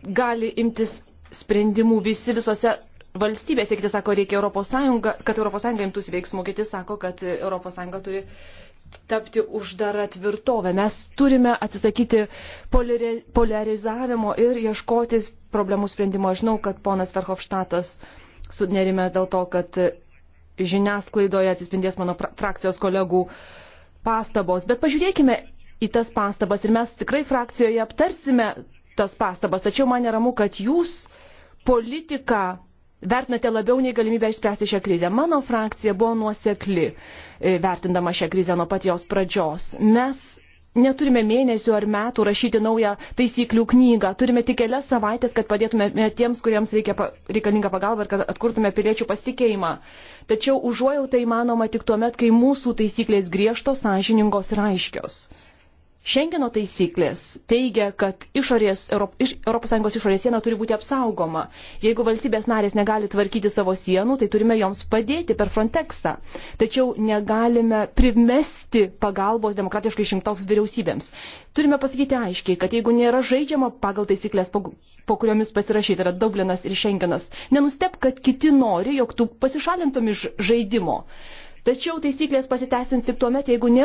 gali imtis sprendimų visi visose valstybėse, kiti sako, reikia Europos Sąjunga, kad Europos Sąjunga imtųsi veiksmų, kiti sako, kad Europos Sąjunga turi tapti uždara tvirtovė. Mes turime atsisakyti polarizavimo ir ieškoti problemų sprendimo. Aš žinau, kad ponas Verhofštatas sudnerimės dėl to, kad žiniasklaidoje atsispindės mano frakcijos kolegų pastabos. Bet pažiūrėkime į tas pastabas ir mes tikrai frakcijoje aptarsime tas pastabas. Tačiau man neramu, kad jūs politiką vertinate labiau nei galimybę išspręsti šią krizę. Mano frakcija buvo nuosekli, e, vertindama šią krizę nuo pat jos pradžios. Mes neturime mėnesių ar metų rašyti naują taisyklių knygą. Turime tik kelias savaitės, kad padėtume tiems, kuriems reikia, reikalinga pagalba ir kad atkurtume piliečių pasitikėjimą. Tačiau užuojauta įmanoma tik tuomet, kai mūsų taisyklės griežtos, sąžiningos ir aiškios. Šengeno taisyklės teigia, kad išorės, ES išorės siena turi būti apsaugoma. Jeigu valstybės narės negali tvarkyti savo sienų, tai turime joms padėti per Frontexą. Tačiau negalime primesti pagalbos demokratiškai išrinktoms vyriausybėms. Turime pasakyti aiškiai, kad jeigu nėra žaidžiama pagal taisyklės, po, po kuriomis pasirašyti yra Dublinas ir Šengenas, nenustep, kad kiti nori, jog tu pasišalintum iš žaidimo. Tačiau taisyklės pasiteisins tik tuomet, jeigu ne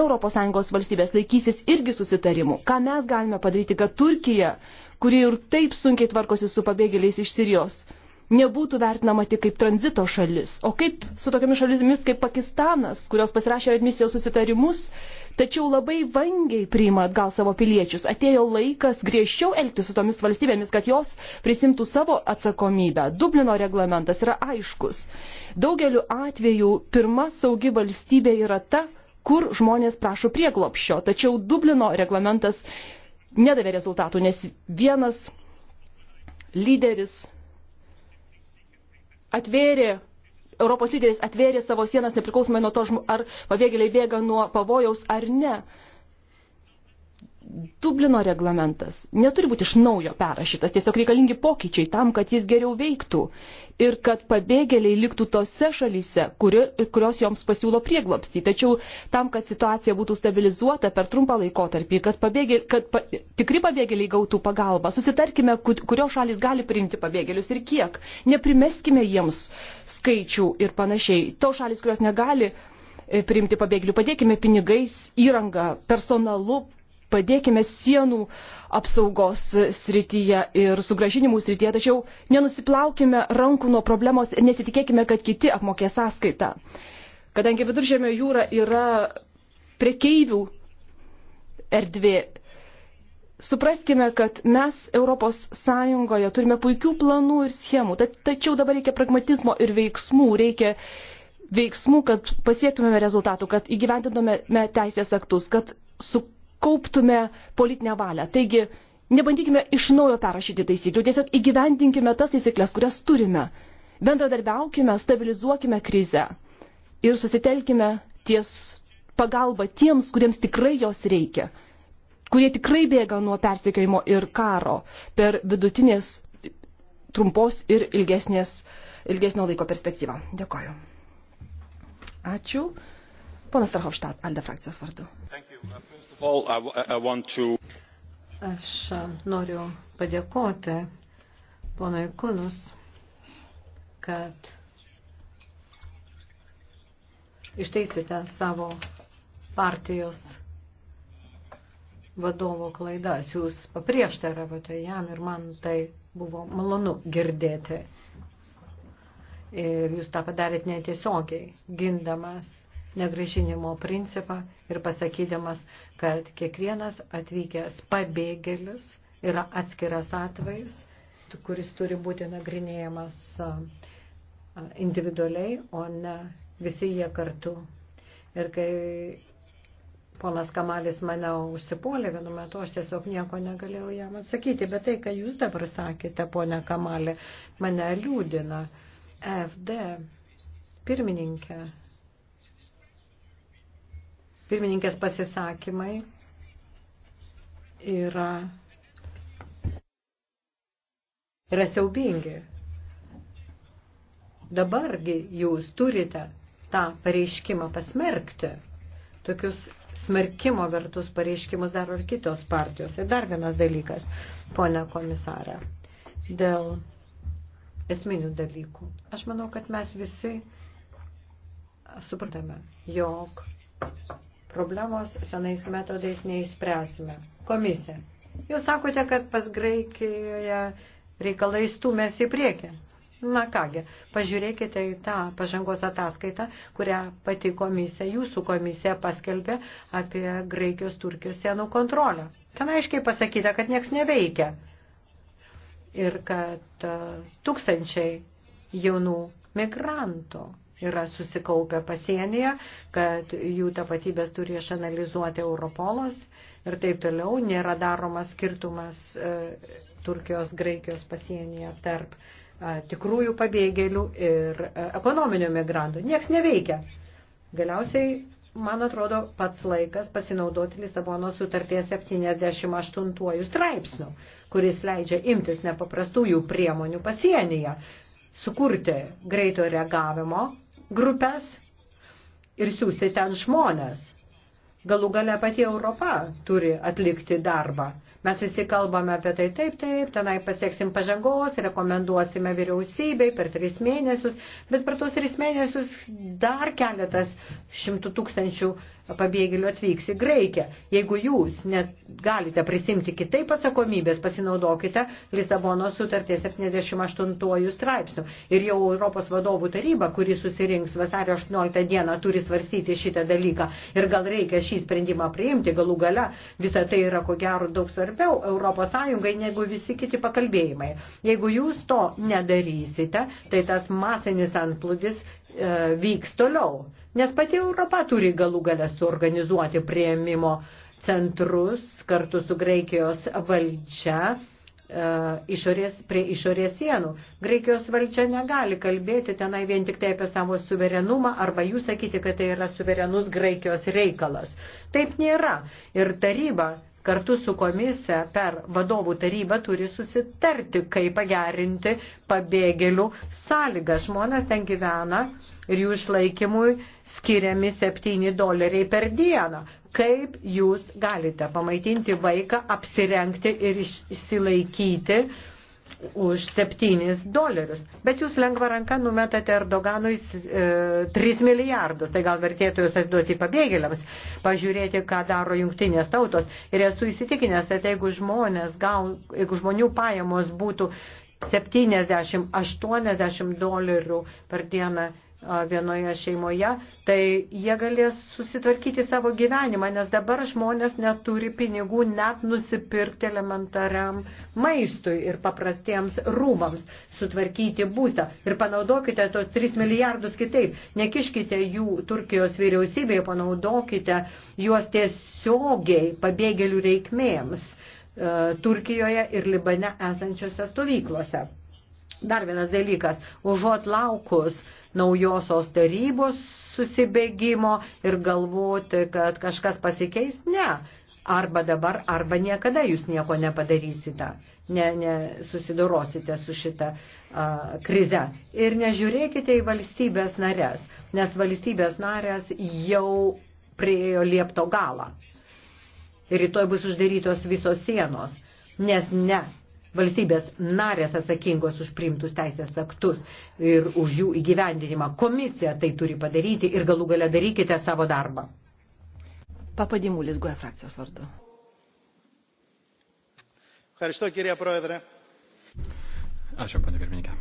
ES valstybės laikysis irgi susitarimų. Ką mes galime padaryti, kad Turkija, kuri ir taip sunkiai tvarkosi su pabėgėliais iš Sirijos, nebūtų vertinama tik kaip tranzito šalis, o kaip su tokiamis šalimis kaip Pakistanas, kurios pasirašė admisijos susitarimus, tačiau labai vangiai priima atgal savo piliečius. Atėjo laikas griežčiau elgtis su tomis valstybėmis, kad jos prisimtų savo atsakomybę. Dublino reglamentas yra aiškus. Daugeliu atveju pirma saugi valstybė yra ta, kur žmonės prašo prieglopščio. Tačiau Dublino reglamentas nedavė rezultatų, nes vienas lyderis atvėrė Europos lyderis atvėrė savo sienas nepriklausomai nuo to, ar pabėgėliai bėga nuo pavojaus ar ne. Dublino reglamentas neturi būti iš naujo perrašytas, tiesiog reikalingi pokyčiai tam, kad jis geriau veiktų ir kad pabėgėliai liktų tose šalyse, kuri, kurios joms pasiūlo prieglobstį. Tačiau tam, kad situacija būtų stabilizuota per trumpą laikotarpį, kad, pabėgė, kad pa, tikri pabėgėliai gautų pagalbą, susitarkime, kurios šalis gali priimti pabėgėlius ir kiek. Neprimeskime jiems skaičių ir panašiai. To šalis, kurios negali e, priimti pabėgėlių, padėkime pinigais, įrangą, personalu, padėkime sienų apsaugos srityje ir sugražinimų srityje, tačiau nenusiplaukime rankų nuo problemos ir nesitikėkime, kad kiti apmokės sąskaitą. Kadangi viduržėmio jūra yra prekeivių erdvė, supraskime, kad mes Europos Sąjungoje turime puikių planų ir schemų, tačiau dabar reikia pragmatizmo ir veiksmų, reikia veiksmų, kad pasiektumėme rezultatų, kad įgyventintumėme teisės aktus, kad su, kauptume politinę valią. Taigi, nebandykime iš naujo perrašyti taisyklių, tiesiog įgyvendinkime tas taisyklės, kurias turime. Bendradarbiaukime, stabilizuokime krizę ir susitelkime ties pagalba tiems, kuriems tikrai jos reikia, kurie tikrai bėga nuo persekiojimo ir karo per vidutinės trumpos ir ilgesnės, ilgesnio laiko perspektyvą. Dėkoju. Ačiū. Ponas Tarhovštat, Alde frakcijos vardu. Thank you. Aš noriu padėkoti ponui Kunus, kad išteisite savo partijos vadovo klaidas. Jūs paprieštaravote jam ir man tai buvo malonu girdėti. Ir jūs tą padarėt netiesiogiai, gindamas negražinimo principą ir pasakydamas, kad kiekvienas atvykęs pabėgėlis yra atskiras atvejs, kuris turi būti nagrinėjamas individualiai, o ne visi jie kartu. Ir kai ponas Kamalis mane užsipuolė vienu metu, aš tiesiog nieko negalėjau jam atsakyti. Bet tai, ką jūs dabar sakėte, ponė Kamalė, mane liūdina. FD pirmininkė Pirmininkės pasisakymai yra, yra siaubingi. Dabargi jūs turite tą pareiškimą pasmerkti. Tokius smerkimo vertus pareiškimus daro ir kitos partijos. Ir dar vienas dalykas, ponia komisarė, dėl esminių dalykų. Aš manau, kad mes visi suprantame, jog problemos senais metodais neįspręsime. Komisija. Jūs sakote, kad pas Graikijoje reikalai stumėsi į priekį. Na kągi, pažiūrėkite į tą pažangos ataskaitą, kurią pati komisija, jūsų komisija paskelbė apie Graikijos Turkijos sienų kontrolę. Ten aiškiai pasakyta, kad nieks neveikia ir kad tūkstančiai jaunų migrantų yra susikaupę pasienyje, kad jų tapatybės turi išanalizuoti Europolas ir taip toliau. Nėra daromas skirtumas e, Turkijos, Graikijos pasienyje tarp e, tikrųjų pabėgėlių ir e, ekonominių migrantų. Niekas neveikia. Galiausiai, man atrodo, pats laikas pasinaudoti Lisabono sutarties 78 straipsnių, kuris leidžia imtis nepaprastųjų priemonių pasienyje, sukurti greito reagavimo grupės ir siūsti ten žmonės. Galų gale pati Europa turi atlikti darbą. Mes visi kalbame apie tai taip, taip, tenai pasieksim pažangos, rekomenduosime vyriausybei per tris mėnesius, bet per tuos tris mėnesius dar keletas šimtų tūkstančių pabėgėlių atvyks į Graikiją. Jeigu jūs net galite prisimti kitaip atsakomybės, pasinaudokite Lisabono sutarties 78 straipsnių. Ir jau Europos vadovų taryba, kuri susirinks vasario 18 dieną, turi svarstyti šitą dalyką. Ir gal reikia šį sprendimą priimti, galų gale visą tai yra ko gero daug svarbiau Europos Sąjungai negu visi kiti pakalbėjimai. Jeigu jūs to nedarysite, tai tas masinis antplūdis e, vyks toliau Nes pati Europa turi galų galę suorganizuoti prieimimo centrus kartu su Graikijos valdžia e, išorės, prie išorės sienų. Graikijos valdžia negali kalbėti tenai vien tik tai apie savo suverenumą arba jūs sakyti, kad tai yra suverenus Graikijos reikalas. Taip nėra. Ir taryba kartu su komisija per vadovų tarybą turi susitarti, kaip pagerinti pabėgėlių sąlygas. Žmonės ten gyvena ir jų išlaikymui skiriami 7 doleriai per dieną. Kaip jūs galite pamaitinti vaiką, apsirengti ir išsilaikyti? už 7 dolerius. Bet jūs lengva ranka numetate Erdoganui 3 e, milijardus. Tai gal vertėtų jūs atiduoti pabėgėliams, pažiūrėti, ką daro jungtinės tautos. Ir esu įsitikinęs, kad jeigu, žmonės, gal, jeigu žmonių pajamos būtų 70-80 dolerių per dieną vienoje šeimoje, tai jie galės susitvarkyti savo gyvenimą, nes dabar žmonės neturi pinigų net nusipirkti elementariam maistui ir paprastiems rūmams, sutvarkyti būstą. Ir panaudokite to 3 milijardus kitaip, nekiškite jų Turkijos vyriausybėje, panaudokite juos tiesiogiai pabėgėlių reikmėms. E, Turkijoje ir Libane esančiose stovyklose. Dar vienas dalykas, užuot laukus uh, naujosios tarybos susibėgimo ir galvoti, kad kažkas pasikeis. Ne. Arba dabar, arba niekada jūs nieko nepadarysite, ne, ne susidorosite su šita a, krize. Ir nežiūrėkite į valstybės narės, nes valstybės narės jau priejo liepto galą. Rytoj bus uždarytos visos sienos, nes ne valstybės narės atsakingos už priimtus teisės aktus ir už jų įgyvendinimą. Komisija tai turi padaryti ir galų gale darykite savo darbą. Papadimulis Guoja frakcijos vardu. Ευχαριστώ κυρία Πρόεδρε. Ačiū, panė pirmininkė.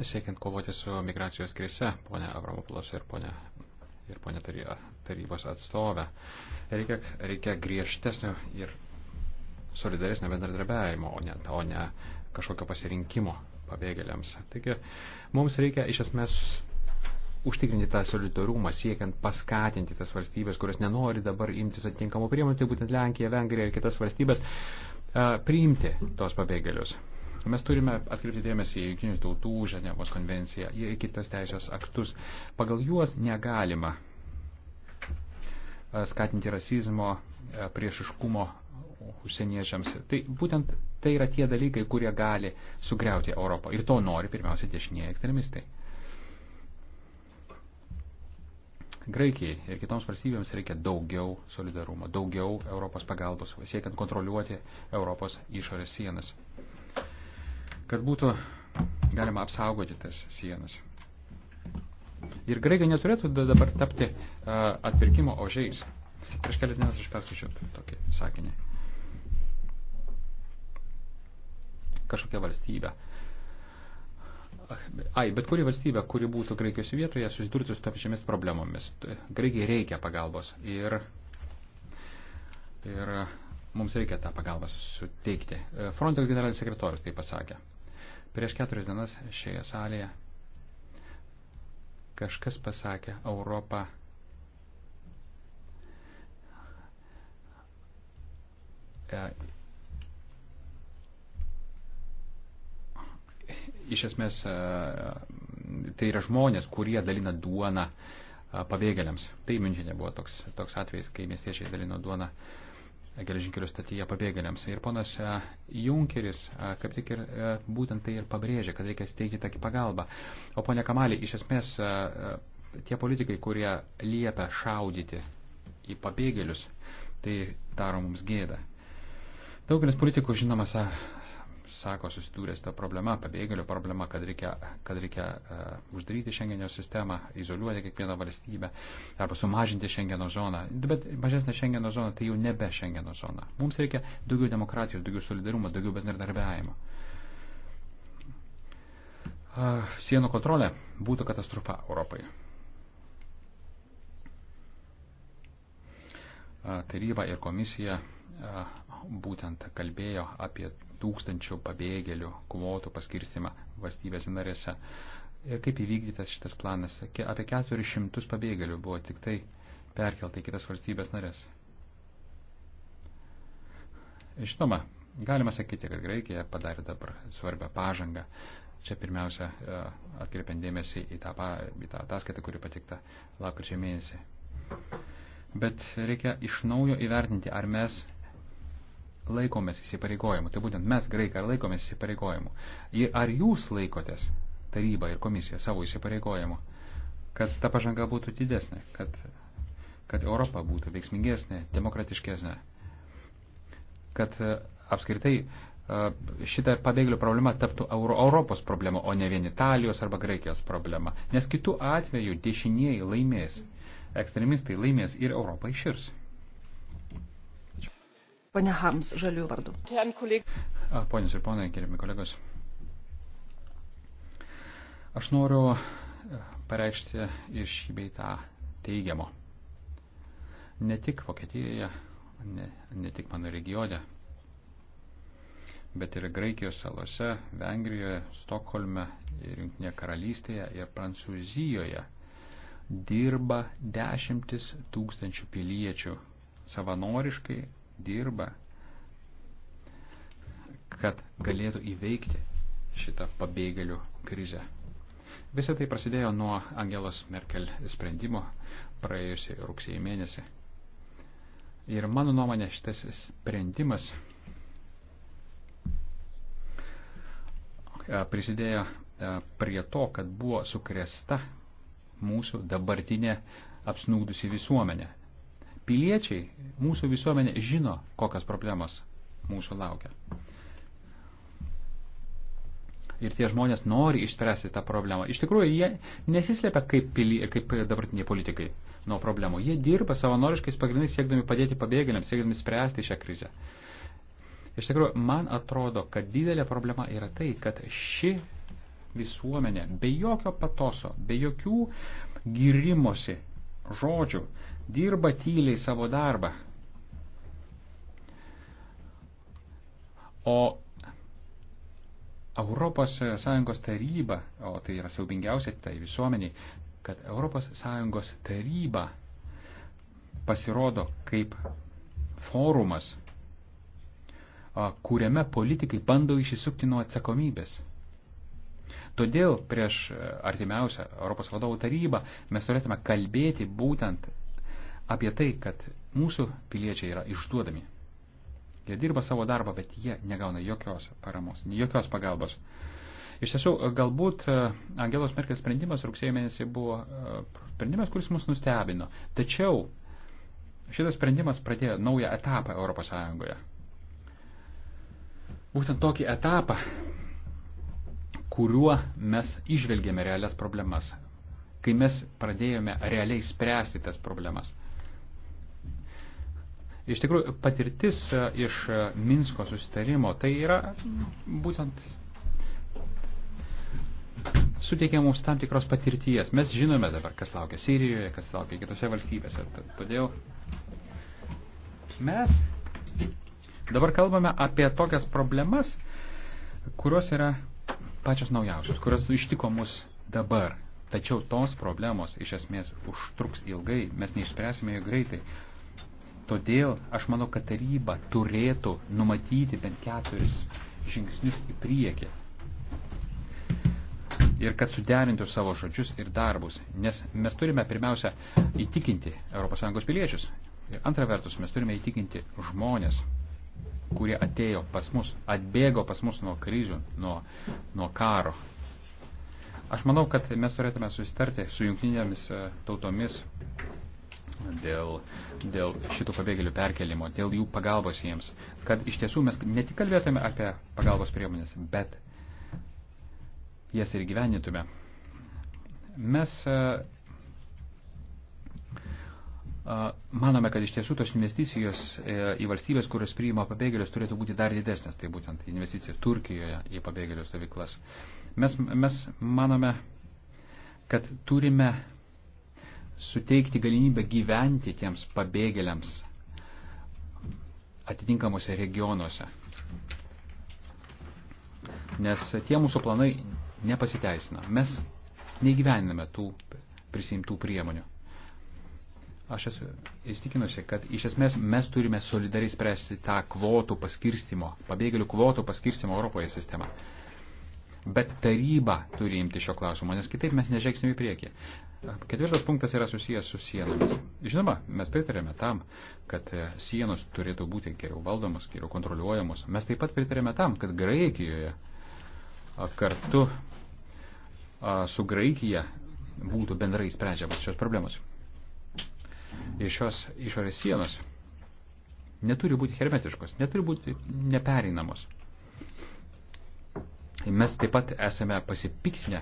Siekiant kovoti su migracijos krise, ponė Avramopulos ir ponė ir ponė tarybos atstovė. Reikia, reikia griežtesnio ir solidaresnio bendradarbiavimo, o ne, o ne kažkokio pasirinkimo pabėgėliams. Taigi mums reikia iš esmės užtikrinti tą solidarumą, siekiant paskatinti tas valstybės, kurios nenori dabar imtis atitinkamų priemonių, tai būtent Lenkija, Vengrija ir kitas valstybės, priimti tos pabėgėlius. Mes turime atkreipti dėmesį į Junktinių tautų Ženevos konvenciją, į kitas teisės aktus. Pagal juos negalima e, skatinti rasizmo, e, priešiškumo užsieniečiams. Tai būtent tai yra tie dalykai, kurie gali sugriauti Europą. Ir to nori pirmiausia dešinieji ekstremistai. Graikijai ir kitoms valstybėms reikia daugiau solidarumo, daugiau Europos pagalbos, siekiant kontroliuoti Europos išorės sienas kad būtų galima apsaugoti tas sienas. Ir graikai neturėtų dabar tapti atpirkimo ožiais. Prieš kelias dienas aš perskaičiau tokį sakinį. Kažkokia valstybė. Ai, bet kuri valstybė, kuri būtų Graikijos vietoje, susidurtų su topičiamis problemomis. Graikijai reikia pagalbos ir, ir mums reikia tą pagalbą suteikti. Frontex generalinis sekretorius tai pasakė. Prieš keturias dienas šioje salėje kažkas pasakė Europą. E, iš esmės, e, tai yra žmonės, kurie dalina duoną e, pabėgėliams. Tai Münchenė buvo toks, toks atvejis, kai miestiečiai dalino duoną uh, geležinkelio statyje pabėgėliams. Ir ponas e, Junkeris e, kaip tik ir e, būtent tai ir pabrėžė, kad reikia steigti tokį pagalbą. O ponia Kamalė, iš esmės tie politikai, kurie liepia šaudyti į pabėgėlius, tai daro mums gėdą. Daugelis politikų, žinoma, sako susidūrė su ta problema, pabėgėlių problema, kad reikia, kad reikia uh, uždaryti Šengenio sistemą, izoliuoti kiekvieną valstybę arba sumažinti Šengeno zoną. Bet mažesnė Šengeno zona tai jau nebe Šengeno zona. Mums reikia daugiau demokratijos, daugiau solidarumo, daugiau bendradarbiavimo. Uh, sienų kontrolė būtų katastrofa Europai. taryba ir komisija būtent kalbėjo apie tūkstančių pabėgėlių kvotų paskirstimą valstybėse narėse. Ir kaip įvykdytas šitas planas? Apie 400 pabėgėlių buvo tik tai perkelta į kitas valstybės narės. Žinoma, galima sakyti, kad Graikija padarė dabar svarbią pažangą. Čia pirmiausia atkreipiant dėmesį į tą, į tą ataskaitą, kuri patikta lapkričio mėnesį bet reikia iš naujo įvertinti, ar mes laikomės įsipareigojimų. Tai būtent mes, graikai, ar laikomės įsipareigojimų. Ar jūs laikotės taryba ir komisija savo įsipareigojimų, kad ta pažanga būtų didesnė, kad, kad Europa būtų veiksmingesnė, demokratiškesnė, kad e, apskritai e, šita pabėgėlių problema taptų Euro Europos problema, o ne vien Italijos arba Graikijos problema. Nes kitų atveju dešinieji laimės. Mm ekstremistai laimės ir Europą iširs. Pane Harms, žaliųjų vardu. Ponios ir ponai, gerimi kolegos. Aš noriu e, pareikšti iš beitą teigiamo. Ne tik Vokietijoje, ne, ne tik mano regione, bet ir Graikijos salose, Vengrijoje, Stokholme ir Junktinėje karalystėje ir Prancūzijoje dirba dešimtis tūkstančių piliečių. Savanoriškai dirba, kad galėtų įveikti šitą pabėgėlių krizę. Visą tai prasidėjo nuo Angelos Merkel sprendimo praėjusį rugsėjį mėnesį. Ir mano nuomonė šitas sprendimas prisidėjo prie to, kad buvo sukresta mūsų dabartinė apsnūgdusi visuomenė. Piliečiai, mūsų visuomenė žino, kokias problemas mūsų laukia. Ir tie žmonės nori išspręsti tą problemą. Iš tikrųjų, jie nesislepia kaip, pilie, kaip dabartiniai politikai nuo problemų. Jie dirba savanoriškais pagrindais, siekdami padėti pabėgėliams, siekdami spręsti šią krizę. Iš tikrųjų, man atrodo, kad didelė problema yra tai, kad ši visuomenė be jokio patoso, be jokių girimosi žodžių dirba tyliai savo darbą. O ES taryba, o tai yra siaubingiausia tai visuomeniai, kad ES taryba pasirodo kaip forumas, kuriame politikai bando išsisukti nuo atsakomybės. Todėl prieš e, artimiausią Europos vadovų tarybą mes turėtume kalbėti būtent apie tai, kad mūsų piliečiai yra išduodami. Jie dirba savo darbą, bet jie negauna jokios paramos, jokios pagalbos. Iš tiesų, galbūt e, Angelos Merkel sprendimas rugsėjo mėnesį buvo e, sprendimas, kuris mus nustebino. Tačiau šitas sprendimas pradėjo naują etapą ES. Būtent tokį etapą, kuriuo mes išvelgėme realias problemas, kai mes pradėjome realiai spręsti tas problemas. Iš tikrųjų, patirtis e, iš e, Minsko susitarimo tai yra būtent suteikia mums tam tikros patirties. Mes žinome dabar, kas laukia Sirijoje, kas laukia kitose valstybėse. Todėl mes dabar kalbame apie tokias problemas, kurios yra pačios naujausios, kurios ištiko mus dabar. Tačiau tos problemos iš esmės užtruks ilgai, mes neišspręsime jų greitai. Todėl aš manau, kad taryba turėtų numatyti bent keturis žingsnius į priekį. Ir kad suderintų savo žodžius ir darbus. Nes mes turime pirmiausia įtikinti ES piliečius. Ir antra vertus, mes turime įtikinti žmonės, kurie atėjo pas mus, atbėgo pas mus nuo kryžių, nuo, nuo karo. Aš manau, kad mes turėtume susitarti su jungtinėmis e, tautomis dėl, dėl šitų pabėgėlių perkelimo, dėl jų pagalbos jiems. Kad iš tiesų mes ne tik kalbėtume apie pagalbos priemonės, bet jas ir gyvenytume. Mes e, Manome, kad iš tiesų tos investicijos e, į valstybės, kurios priima pabėgėlius, turėtų būti dar didesnės, tai būtent investicijos Turkijoje į pabėgėlių stovyklas. Mes, mes manome, kad turime suteikti galimybę gyventi tiems pabėgėliams atitinkamuose regionuose. Nes tie mūsų planai nepasiteisina. Mes neįgyveniname tų prisimtų priemonių. Aš esu įstikinusi, kad iš esmės mes turime solidariai spręsti tą kvotų paskirstimo, pabėgėlių kvotų paskirstimo Europoje sistemą. Bet taryba turi imti šio klausimo, nes kitaip mes nežengsim į priekį. Ketvirtas punktas yra susijęs su sienomis. Žinoma, mes pritarėme tam, kad e, sienos turėtų būti geriau valdomos, geriau kontroliuojamos. Mes taip pat pritarėme tam, kad Graikijoje kartu su Graikija būtų bendrai sprendžiamas šios problemos ir šios išorės sienos neturi būti hermetiškos, neturi būti nepereinamos. Mes taip pat esame pasipiktinę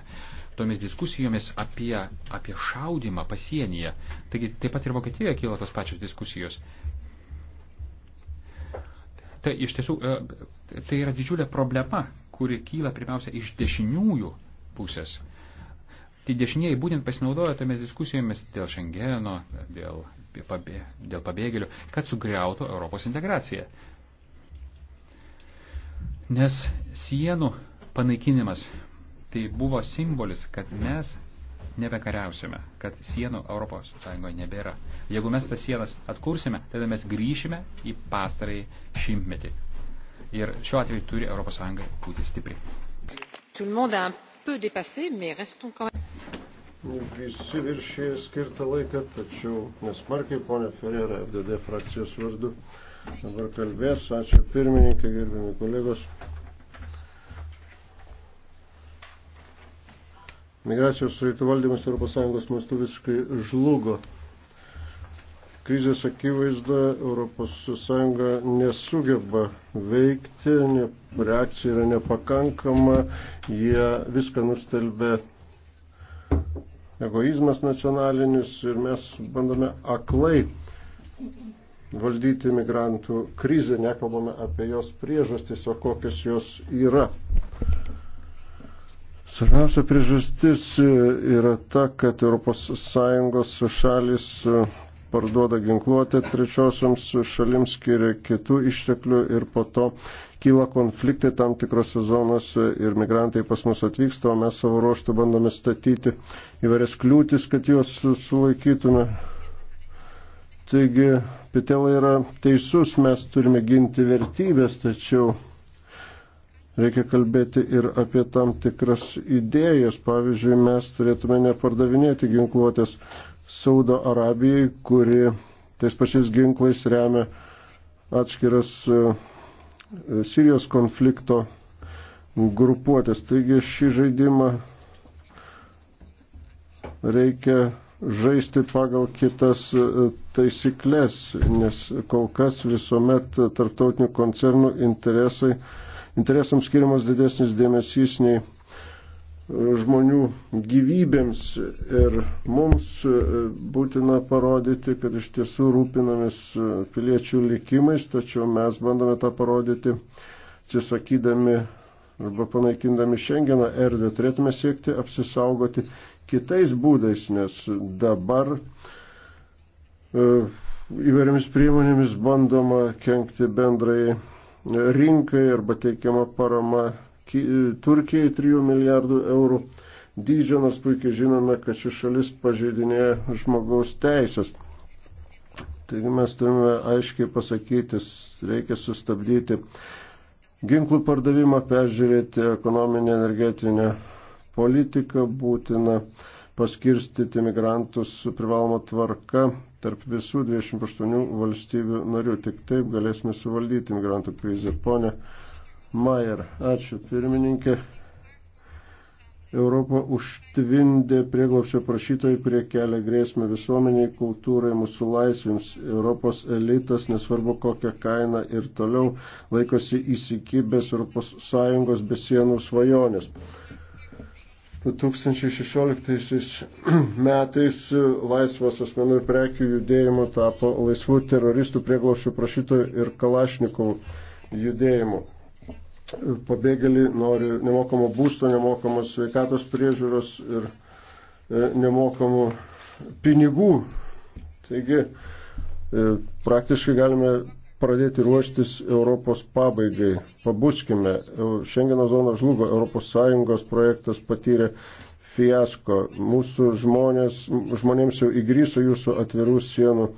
tomis diskusijomis apie, apie šaudimą pasienyje. Taigi taip pat ir Vokietijoje kyla tos pačios diskusijos. Tai iš tiesų, e, tai yra didžiulė problema, kuri kyla pirmiausia iš dešiniųjų pusės. Tai dešinieji būtent pasinaudojo tomis diskusijomis dėl Šengeno, dėl, pabė, dėl pabėgėlių, kad sugriautų Europos integraciją. Nes sienų panaikinimas tai buvo simbolis, kad mes nebekariausime, kad sienų Europos Sąjungoje nebėra. Jeigu mes tas sienas atkursime, tada mes grįšime į pastarąjį šimtmetį. Ir šiuo atveju turi Europos Sąjunga būti stipri. Tout le monde a un peu dépassé, mais restons quand même visi viršė skirtą laiką, tačiau nesmarkiai, ponė Ferrera, FDD frakcijos vardu. Dabar kalbės, ačiū pirmininkai, gerbimi kolegos. Migracijos sraitų valdymas ES mastu visiškai žlugo. Krizės akivaizda ES nesugeba veikti, reakcija yra nepakankama, jie viską nustelbė egoizmas nacionalinis ir mes bandome aklai valdyti migrantų krizę, nekalbame apie jos priežastis, o kokios jos yra. Svarbiausia priežastis e, yra ta, kad ES šalis e, parduoda ginkluotę trečiosioms šalims, skiria kitų išteklių ir po to kyla konfliktai tam tikrose zonose ir migrantai pas mus atvyksta, o mes savo ruoštų bandome statyti įvairias kliūtis, kad juos sulaikytume. Taigi, Pitela yra teisus, mes turime ginti vertybės, tačiau reikia kalbėti ir apie tam tikras idėjas. Pavyzdžiui, mes turėtume nepardavinėti ginkluotės Saudo Arabijai, kuri tais pačiais ginklais remia atskiras uh, Sirijos konflikto grupuotės. Taigi šį žaidimą reikia žaisti pagal kitas e, taisyklės, nes kol kas visuomet tarptautinių koncernų interesai, interesams skiriamas didesnis dėmesys nei žmonių gyvybėms ir mums e, būtina parodyti, kad iš tiesų rūpinamės e, piliečių likimais, tačiau mes bandome tą parodyti atsisakydami arba panaikindami šiandieną erdvę. Turėtume siekti apsisaugoti kitais būdais, nes dabar e, įvairiamis priemonėmis bandoma kenkti bendrai rinkai arba teikiama parama Turkijai 3 milijardų eurų dydžio, nors puikiai žinome, kad ši šalis pažeidinėja žmogaus teisės. Taigi mes turime aiškiai pasakyti, reikia sustabdyti ginklų pardavimą, peržiūrėti ekonominę energetinę politiką, būtina paskirstyti migrantus privaloma tvarka tarp visų 28 valstybių narių. Tik taip galėsime suvaldyti migrantų krizę. Pone Maier. Ačiū pirmininkė. Europą užtvindė prieglopščio prašytojai, kurie kelia grėsmę visuomeniai, kultūrai, mūsų laisvėms. Europos elitas, nesvarbu kokią kainą ir toliau, laikosi įsikibęs ES besienų svajonės. 2016 metais laisvas asmenų ir prekių judėjimo tapo laisvų teroristų prieglopščių prašytojų ir kalašnikų judėjimu pabėgėlį nori nemokamo būsto, nemokamos sveikatos priežiūros ir e, nemokamų pinigų. Taigi e, praktiškai galime pradėti ruoštis Europos pabaigai. Pabuskime, e, Šengeno zona žlugo, Europos Sąjungos projektas patyrė fiasko. Mūsų žmonės, žmonėms jau įgryso jūsų atvirų sienų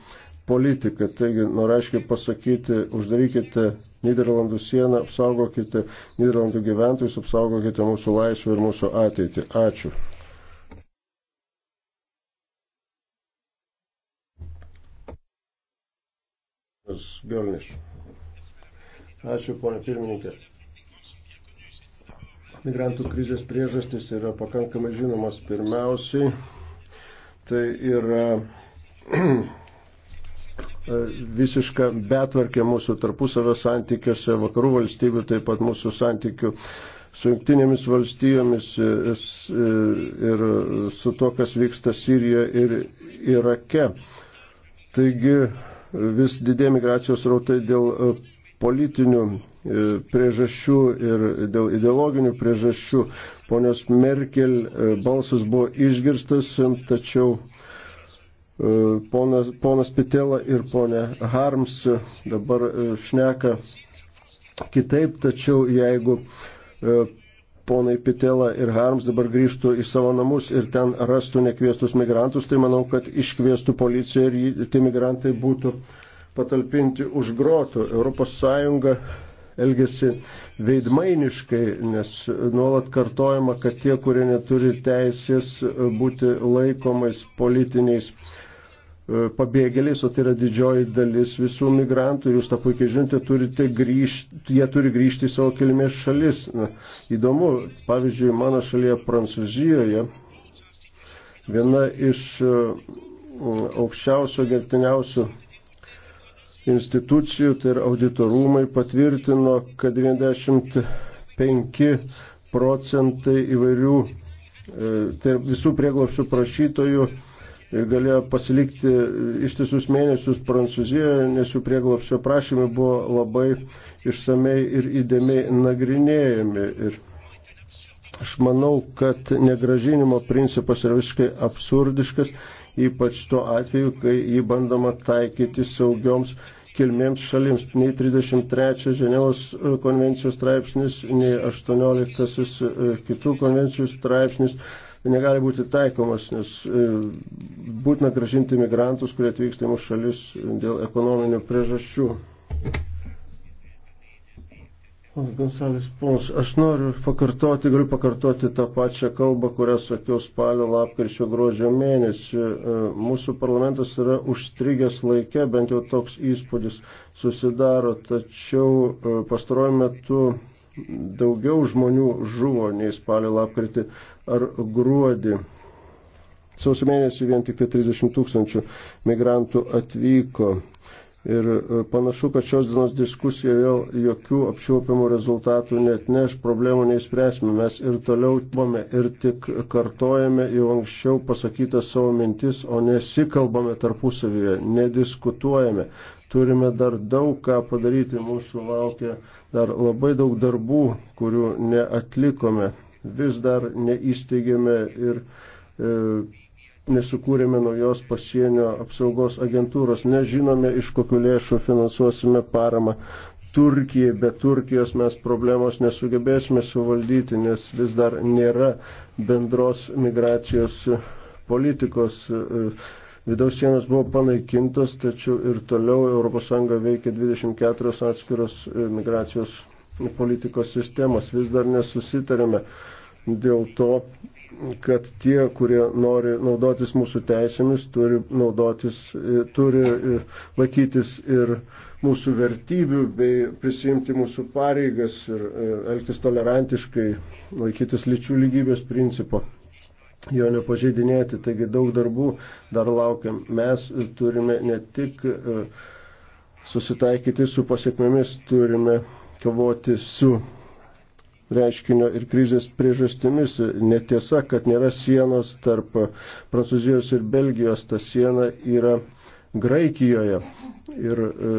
politiką. Taigi, noriu aiškiai pasakyti, uždarykite Niderlandų sieną, apsaugokite Niderlandų gyventojus, apsaugokite mūsų laisvę ir mūsų ateitį. Ačiū. Görniš. Ačiū, ponė pirmininkė. Migrantų krizės priežastys yra pakankamai žinomas pirmiausiai. Tai yra E, visišką betvarkę mūsų tarpusavio santykiuose, vakarų valstybių, taip pat mūsų santykių su jungtinėmis valstijomis e, e, ir su to, kas vyksta Sirijoje ir Irake. Taigi vis didė migracijos rautai dėl politinių priežasčių ir dėl ideologinių priežasčių. Ponios Merkel balsas buvo išgirstas, tačiau Ponas, ponas Pitela ir ponė Harms dabar e, šneka kitaip, tačiau jeigu e, ponai Pitela ir Harms dabar grįžtų į savo namus ir ten rastų nekviestus migrantus, tai manau, kad iškviestų policija ir tie migrantai būtų patalpinti už grotų. Europos Sąjunga elgesi veidmainiškai, nes nuolat kartojama, kad tie, kurie neturi teisės būti laikomais politiniais pabėgėliais, o tai yra didžioji dalis visų migrantų, jūs tą puikiai žinote, turite grįžti, jie turi grįžti į savo kilmės šalis. Na, įdomu, pavyzdžiui, mano šalyje Prancūzijoje viena iš e, aukščiausio, gertiniausių institucijų, tai yra auditorumai, patvirtino, kad 95 procentai įvairių, e, tai visų prieglopšių prašytojų galėjo pasilikti ištisus mėnesius Prancūzijoje, nes jų prieglopščio prašymai buvo labai išsamei ir įdėmiai nagrinėjami. Ir aš manau, kad negražinimo principas yra visiškai absurdiškas, ypač tuo atveju, kai jį bandoma taikyti saugioms kilmėms šalims. Nei 33 Ženevos konvencijos straipsnis, nei 18 e, kitų konvencijų straipsnis negali būti taikomas, nes e, būtina gražinti migrantus, kurie atvyksta į mūsų šalis dėl ekonominių priežasčių. Gonsalės Pons, aš noriu pakartoti, galiu pakartoti tą pačią kalbą, kurią sakiau spalio, lapkričio, gruodžio mėnesį. E, mūsų parlamentas yra užstrigęs laike, bent jau toks įspūdis susidaro, tačiau e, pastaruoju metu daugiau žmonių žuvo nei spalio lapkritį ar gruodį. Sausio mėnesį vien tik tai 30 tūkstančių migrantų atvyko. Ir e, panašu, kad šios dienos diskusija vėl jokių apčiuopiamų rezultatų net neš, problemų neįspręsime. Mes ir toliau tome ir tik kartojame jau anksčiau pasakytas savo mintis, o nesikalbame tarpusavyje, nediskutuojame turime dar daug ką padaryti, mūsų laukia dar labai daug darbų, kurių neatlikome, vis dar neįsteigėme ir e, nesukūrėme naujos pasienio apsaugos agentūros, nežinome, iš kokių lėšų finansuosime paramą. Turkijai, be Turkijos mes problemos nesugebėsime suvaldyti, nes vis dar nėra bendros migracijos politikos. E, Vidaus sienos buvo panaikintos, tačiau ir toliau ES veikia 24 atskiros e, migracijos politikos sistemos. Vis dar nesusitarėme dėl to, kad tie, kurie nori naudotis mūsų teisėmis, turi, naudotis, e, turi e, laikytis ir mūsų vertybių bei prisimti mūsų pareigas ir elgtis tolerantiškai, laikytis lyčių lygybės principo jo nepažeidinėti. Taigi daug darbų dar laukiam. Mes turime ne tik e, susitaikyti su pasiekmėmis, turime kovoti su reiškinio ir krizės priežastimis. Netiesa, kad nėra sienos tarp Prancūzijos ir Belgijos, ta siena yra Graikijoje ir e,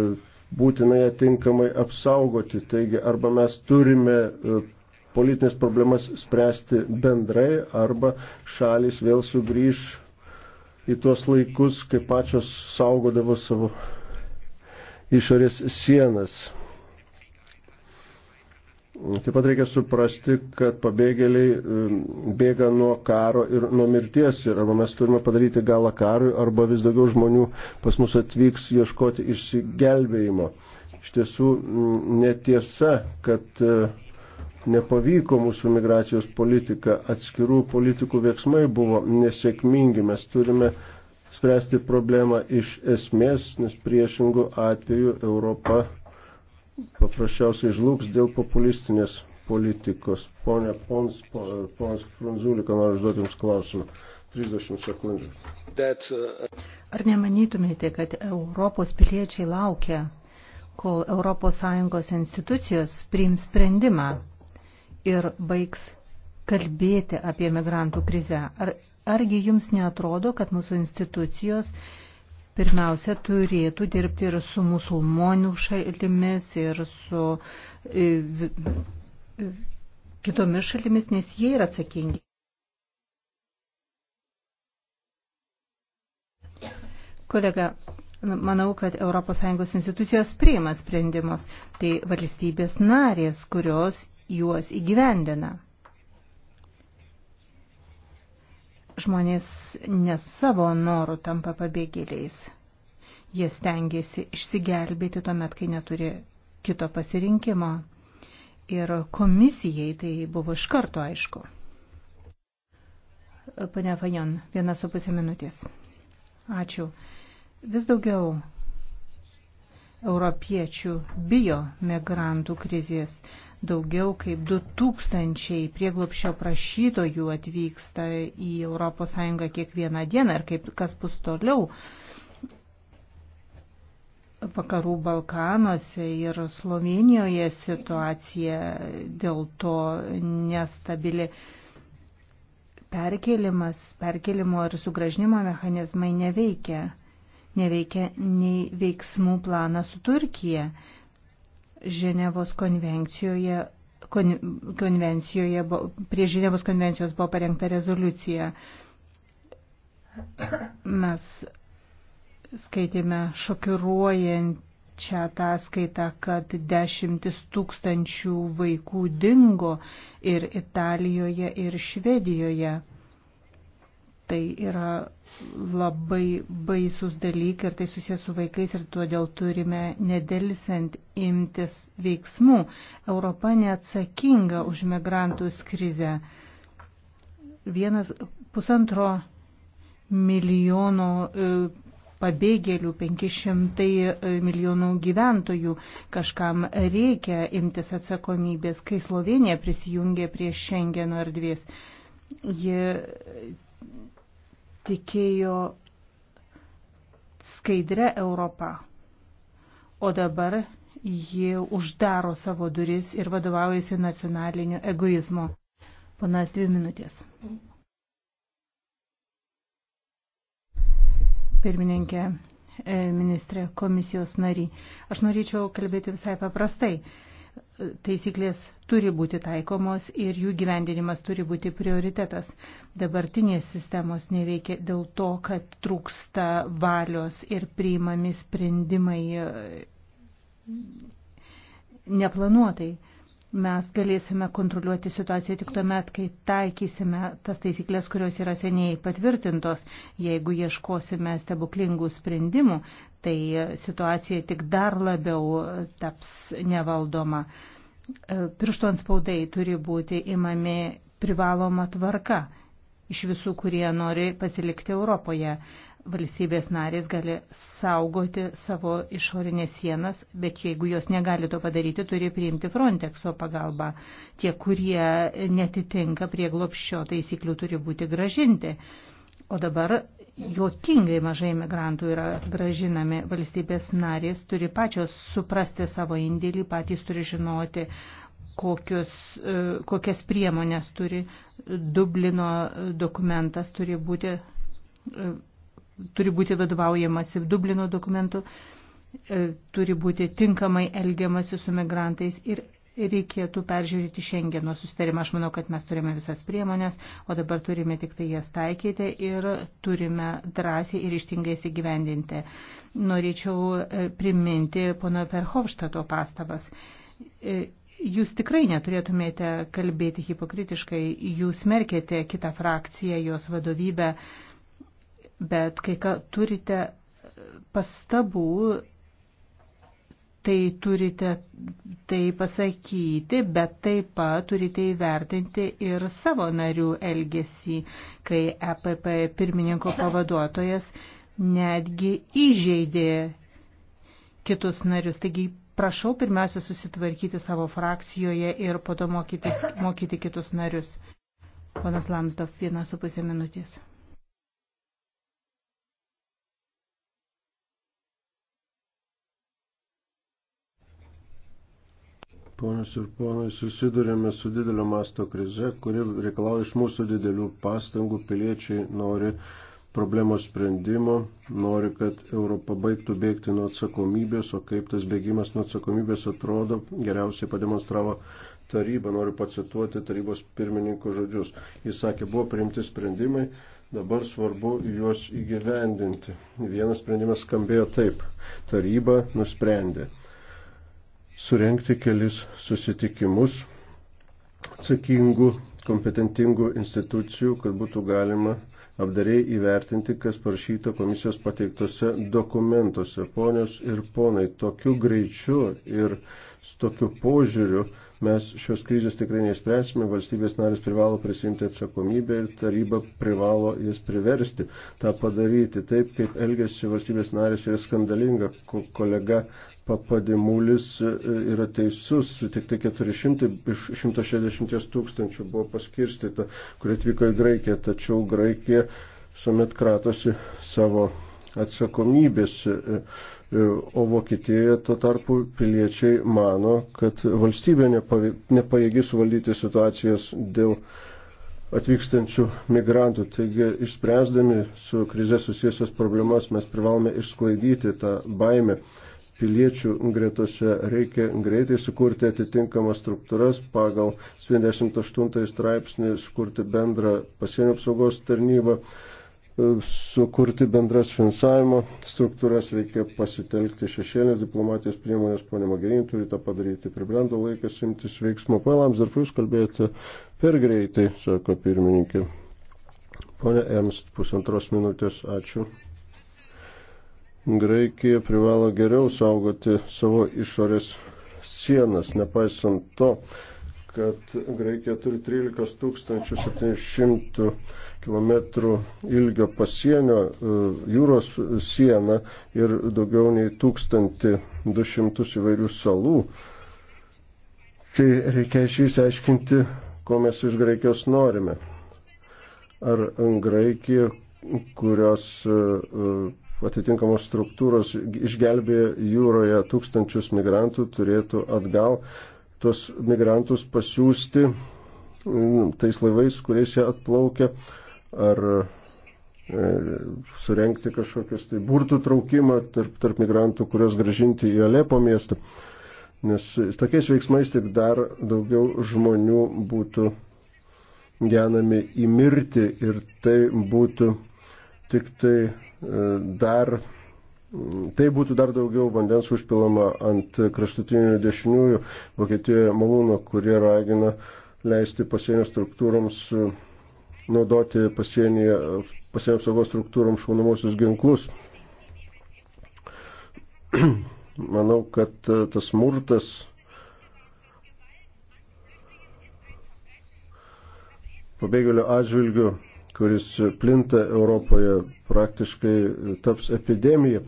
būtinai atinkamai apsaugoti. Taigi arba mes turime e, politinės problemas spręsti bendrai arba šalis vėl sugrįž į tuos laikus, kai pačios saugodavo savo išorės sienas. Taip pat reikia suprasti, kad pabėgėliai um, bėga nuo karo ir nuo mirties. Ir arba mes turime padaryti galą karui, arba vis daugiau žmonių pas mus atvyks ieškoti išsigelbėjimo. Iš tiesų mm, netiesa, kad uh, nepavyko mūsų migracijos politika, atskirų politikų veiksmai buvo nesėkmingi, mes turime spręsti problemą iš esmės, nes priešingų atveju Europa paprasčiausiai žlugs dėl populistinės politikos. Pone Pons, Pons Frunzulika, noriu užduoti Jums klausimą. 30 sekundžių. That, uh... Ar nemanytumėte, kad Europos piliečiai laukia, kol ES institucijos priims sprendimą? ir baigs kalbėti apie migrantų krizę. Ar, argi jums neatrodo, kad mūsų institucijos pirmiausia turėtų dirbti ir su musulmonių šalimis, ir su e, i, i, e, kitomis šalimis, nes jie yra atsakingi. Kolega, manau, kad ES institucijos priima sprendimus. Tai valstybės narės, kurios juos įgyvendina. Žmonės ne savo norų tampa pabėgėliais. Jie stengiasi išsigelbėti tuomet, kai neturi kito pasirinkimo. Ir komisijai tai buvo iš karto aišku. Pane Fajon, viena su pusė minutės. Ačiū. Vis daugiau europiečių bijo migrantų krizės. Daugiau kaip 2000 prieglopščio prašytojų atvyksta į ES kiekvieną dieną ir kaip, kas bus toliau vakarų Balkanuose ir Slovenijoje situacija dėl to nestabili. Perkelimas, perkelimo ir sugražinimo mechanizmai neveikia neveikia nei veiksmų planas su Turkija. Ženevos konvencijoje, kon, konvencijoje prie Ženevos konvencijos buvo parengta rezoliucija. Mes skaitėme šokiruojančią ataskaitą, kad dešimtis tūkstančių vaikų dingo ir Italijoje, ir Švedijoje. Tai yra labai baisus dalykai ir tai susijęs su vaikais ir todėl turime nedelsiant imtis veiksmų. Europa neatsakinga už migrantus krizę. Vienas pusantro milijono e, pabėgėlių, 500 e, milijonų gyventojų. Kažkam reikia imtis atsakomybės, kai Slovenija prisijungė prie Šengeno erdvės. Ji tikėjo skaidrę Europą, o dabar ji uždaro savo duris ir vadovaujasi nacionaliniu egoizmu. Panas dvi minutės. Pirmininkė, e, ministrė, komisijos nariai. Aš norėčiau kalbėti visai paprastai taisyklės turi būti taikomos ir jų gyvendinimas turi būti prioritetas. Dabartinės sistemos neveikia dėl to, kad trūksta valios ir priimami sprendimai e, neplanuotai. Mes galėsime kontroliuoti situaciją tik tuomet, kai taikysime tas taisyklės, kurios yra seniai patvirtintos. Jeigu ieškosime stebuklingų sprendimų, tai situacija tik dar labiau taps nevaldoma. E, pirštų anspaudai turi būti imami privaloma tvarka iš visų, kurie nori pasilikti Europoje. Valstybės narės gali saugoti savo išorinės sienas, bet jeigu jos negali to padaryti, turi priimti Frontexo pagalbą. Tie, kurie netitinka prie glopščio taisyklių, turi būti gražinti. O dabar Jokingai mažai imigrantų yra gražinami, valstybės narės turi pačios suprasti savo indėlį, patys turi žinoti, kokius, e, kokias priemonės turi. Dublino dokumentas turi būti, e, turi būti vadovaujamas ir Dublino dokumentu, e, turi būti tinkamai elgiamasi su migrantais ir reikėtų peržiūrėti Šengeno susitarimą. Aš manau, kad mes turime visas priemonės, o dabar turime tik tai jas taikyti ir turime drąsiai ir ištingai įsigyvendinti. Norėčiau e, priminti pono Verhofštato pastabas. E, jūs tikrai neturėtumėte kalbėti hipokritiškai, jūs merkėte kitą frakciją, jos vadovybę, bet kai ką turite pastabų tai turite tai pasakyti, bet taip pat turite įvertinti ir savo narių elgesį, kai EPP pirmininko pavaduotojas netgi įžeidė kitus narius. Taigi prašau pirmiausia susitvarkyti savo frakcijoje ir po to mokytis, mokyti kitus narius. Ponas Lamsdorf, vienas su pusė minutės. Ponios ir ponai, susidurėme su didelio masto krize, kuri reikalauja iš mūsų didelių pastangų. Piliečiai nori problemos sprendimo, nori, kad Europa baigtų bėgti nuo atsakomybės, o kaip tas bėgimas nuo atsakomybės atrodo, geriausiai pademonstravo taryba. Noriu pacituoti tarybos pirmininko žodžius. Jis sakė, buvo priimti sprendimai, dabar svarbu juos įgyvendinti. Vienas sprendimas skambėjo taip. Taryba nusprendė surenkti kelis susitikimus atsakingų, kompetentingų institucijų, kad būtų galima apdariai įvertinti, kas parašyta komisijos pateiktose dokumentuose. Ponios ir ponai, tokiu greičiu ir tokiu požiūriu Mes šios krizės tikrai neišspręsime, valstybės narės privalo prisimti atsakomybę ir taryba privalo jas priversti tą padaryti. Taip, kaip elgesi valstybės narės yra skandalinga, kolega Papadimulis e, yra teisus, tik tai 400 iš 160 tūkstančių buvo paskirstyta, kurie atvyko į Graikiją, tačiau Graikija suomet kratosi savo atsakomybės e, o Vokietijoje tuo tarpu piliečiai mano, kad valstybė nepajėgi suvaldyti situacijos dėl atvykstančių migrantų. Taigi, išspręsdami su krize susijusios problemas, mes privalome išsklaidyti tą baimę piliečių gretose reikia greitai sukurti atitinkamas struktūras pagal 78 straipsnį, sukurti bendrą pasienio apsaugos tarnybą, sukurti bendras finansavimo struktūras, reikia pasitelkti šešėlės diplomatijos priemonės, ponė Magerinė turi tą padaryti, pribrendo laikas imtis veiksmų. Pailams dar jūs kalbėjote per greitai, sako pirmininkė. Pone Ernst, pusantros minutės, ačiū. Graikija privalo geriau saugoti savo išorės sienas, nepaisant to, kad Graikija turi 13 700 km ilgio pasienio e, jūros sieną ir daugiau nei 1200 įvairių salų. Tai reikia iš jų išsiaiškinti, ko mes iš Graikijos norime. Ar Graikija, kurios e, e, atitinkamos struktūros išgelbėjo jūroje tūkstančius migrantų, turėtų atgal tuos migrantus pasiūsti tais laivais, kuriais jie atplaukia ar e, surenkti kažkokius tai burtų traukimą tarp, tarp migrantų, kurios gražinti į Alepo miestą. Nes tokiais veiksmais tik dar daugiau žmonių būtų genami į mirtį ir tai būtų tik tai e, dar, tai būtų dar daugiau vandens užpilama ant kraštutinių dešiniųjų Vokietijoje malūno, kurie ragina leisti pasienio struktūroms naudoti pasienyje, pasienio apsaugos struktūrom šaunamosius ginklus. Manau, kad e, tas smurtas pabėgėlio atžvilgių, kuris plinta Europoje, praktiškai taps epidemija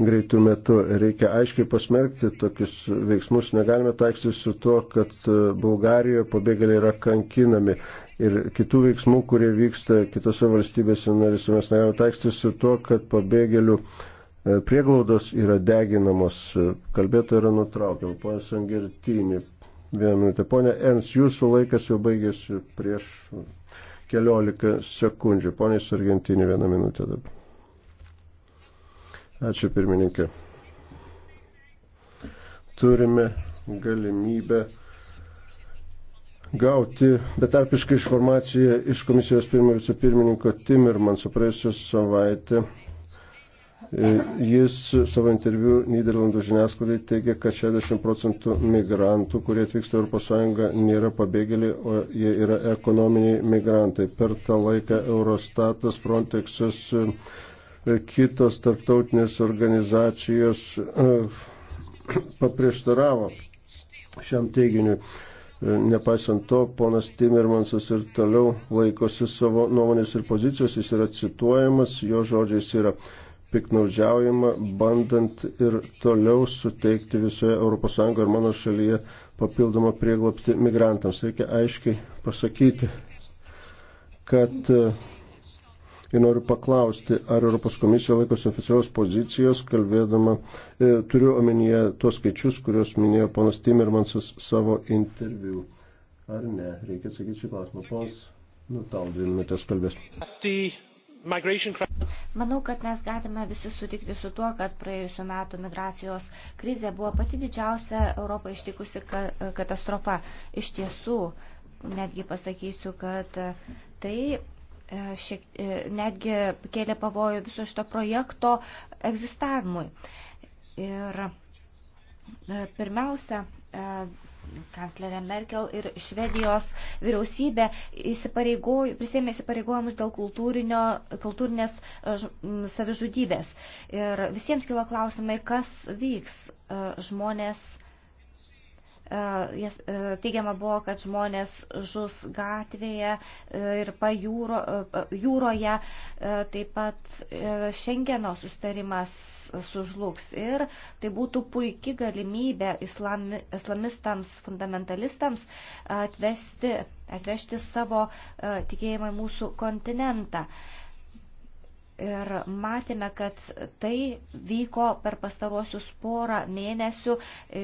greitų metų. Reikia aiškiai pasmerkti tokius veiksmus. Negalime taikstis su tuo, kad e, Bulgarijoje pabėgėliai yra kankinami ir kitų veiksmų, kurie vyksta kitose valstybėse narėse. Mes negalime taikstyti su tuo, kad pabėgėlių e, prieglaudos yra deginamos, kalbėta yra nutraukiama. Pone Sangertinį, vieną minutę. Pone Ens, jūsų laikas jau baigėsi prieš keliolika sekundžių. Pone Sargentinį, vieną minutę dabar. Ačiū pirmininkė. Turime galimybę gauti betarpišką informaciją iš komisijos pirmo vicepirmininko Timmermanso praėjusios savaitę. E, jis savo interviu Niderlandų žiniasklaidai teigia, kad 60 procentų migrantų, kurie atvyksta Europos Sąjungą, nėra pabėgėliai, o jie yra ekonominiai migrantai. Per tą laiką Eurostatas, Frontexas, e, kitos tarptautinės organizacijos e, paprieštaravo šiam teiginiui. E, nepaisant to, ponas Timirmansas ir toliau laikosi savo nuomonės ir pozicijos, jis yra cituojamas, jo žodžiais yra piknaudžiaujama, bandant ir toliau suteikti visoje ES ir mano šalyje papildomą prieglopstį migrantams. Reikia aiškiai pasakyti, kad uh, ir noriu paklausti, ar Europos komisija laikosi oficialios pozicijos, kalbėdama, e, turiu omenyje tuos skaičius, kuriuos minėjo ponas Timirmansas savo interviu. Ar ne? Reikia atsakyti šį klausimą. Ponas, nu tau dvi minutės kalbės. Manau, kad mes galime visi sutikti su tuo, kad praėjusiu metu migracijos krizė buvo pati didžiausia Europoje ištikusi katastrofa. Iš tiesų, netgi pasakysiu, kad tai E, šiek, e, netgi kėlė pavojų viso šito projekto egzistavimui. Ir e, pirmiausia, kanclerė Merkel ir Švedijos vyriausybė įsipareigojo, prisėmė įsipareigojimus dėl kultūrinės savižudybės. Ir visiems kilo klausimai, kas vyks žmonės E, teigiama buvo, kad žmonės žus gatvėje e, ir pajūro, e, jūroje. Taip pat Šengeno sustarimas sužlugs. Ir tai būtų puikia galimybė islami, islamistams, fundamentalistams atvesti, atvežti savo tikėjimą į mūsų kontinentą. Uh, Ir matėme, kad tai vyko per pastaruosius porą mėnesių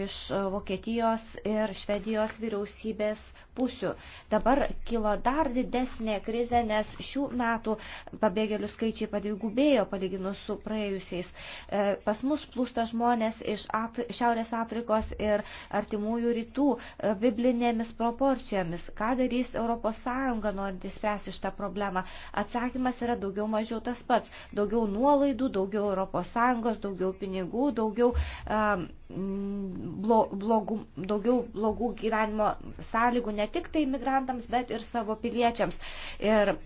iš Vokietijos ir Švedijos vyriausybės pusių. Dabar kilo dar didesnė krizė, nes šių metų pabėgėlių skaičiai padvigubėjo palyginus su praėjusiais. E, pas mus plūsta žmonės iš Afri Šiaurės Afrikos ir artimųjų rytų e, biblinėmis proporcijomis. Ką darys ES norint įspręsti šitą problemą? Atsakymas yra daugiau mažiau tas pats tikslas - daugiau nuolaidų, daugiau ES, daugiau pinigų, daugiau, um, blo, blogų, daugiau blogų gyvenimo sąlygų ne tik tai imigrantams, bet ir savo piliečiams. Ir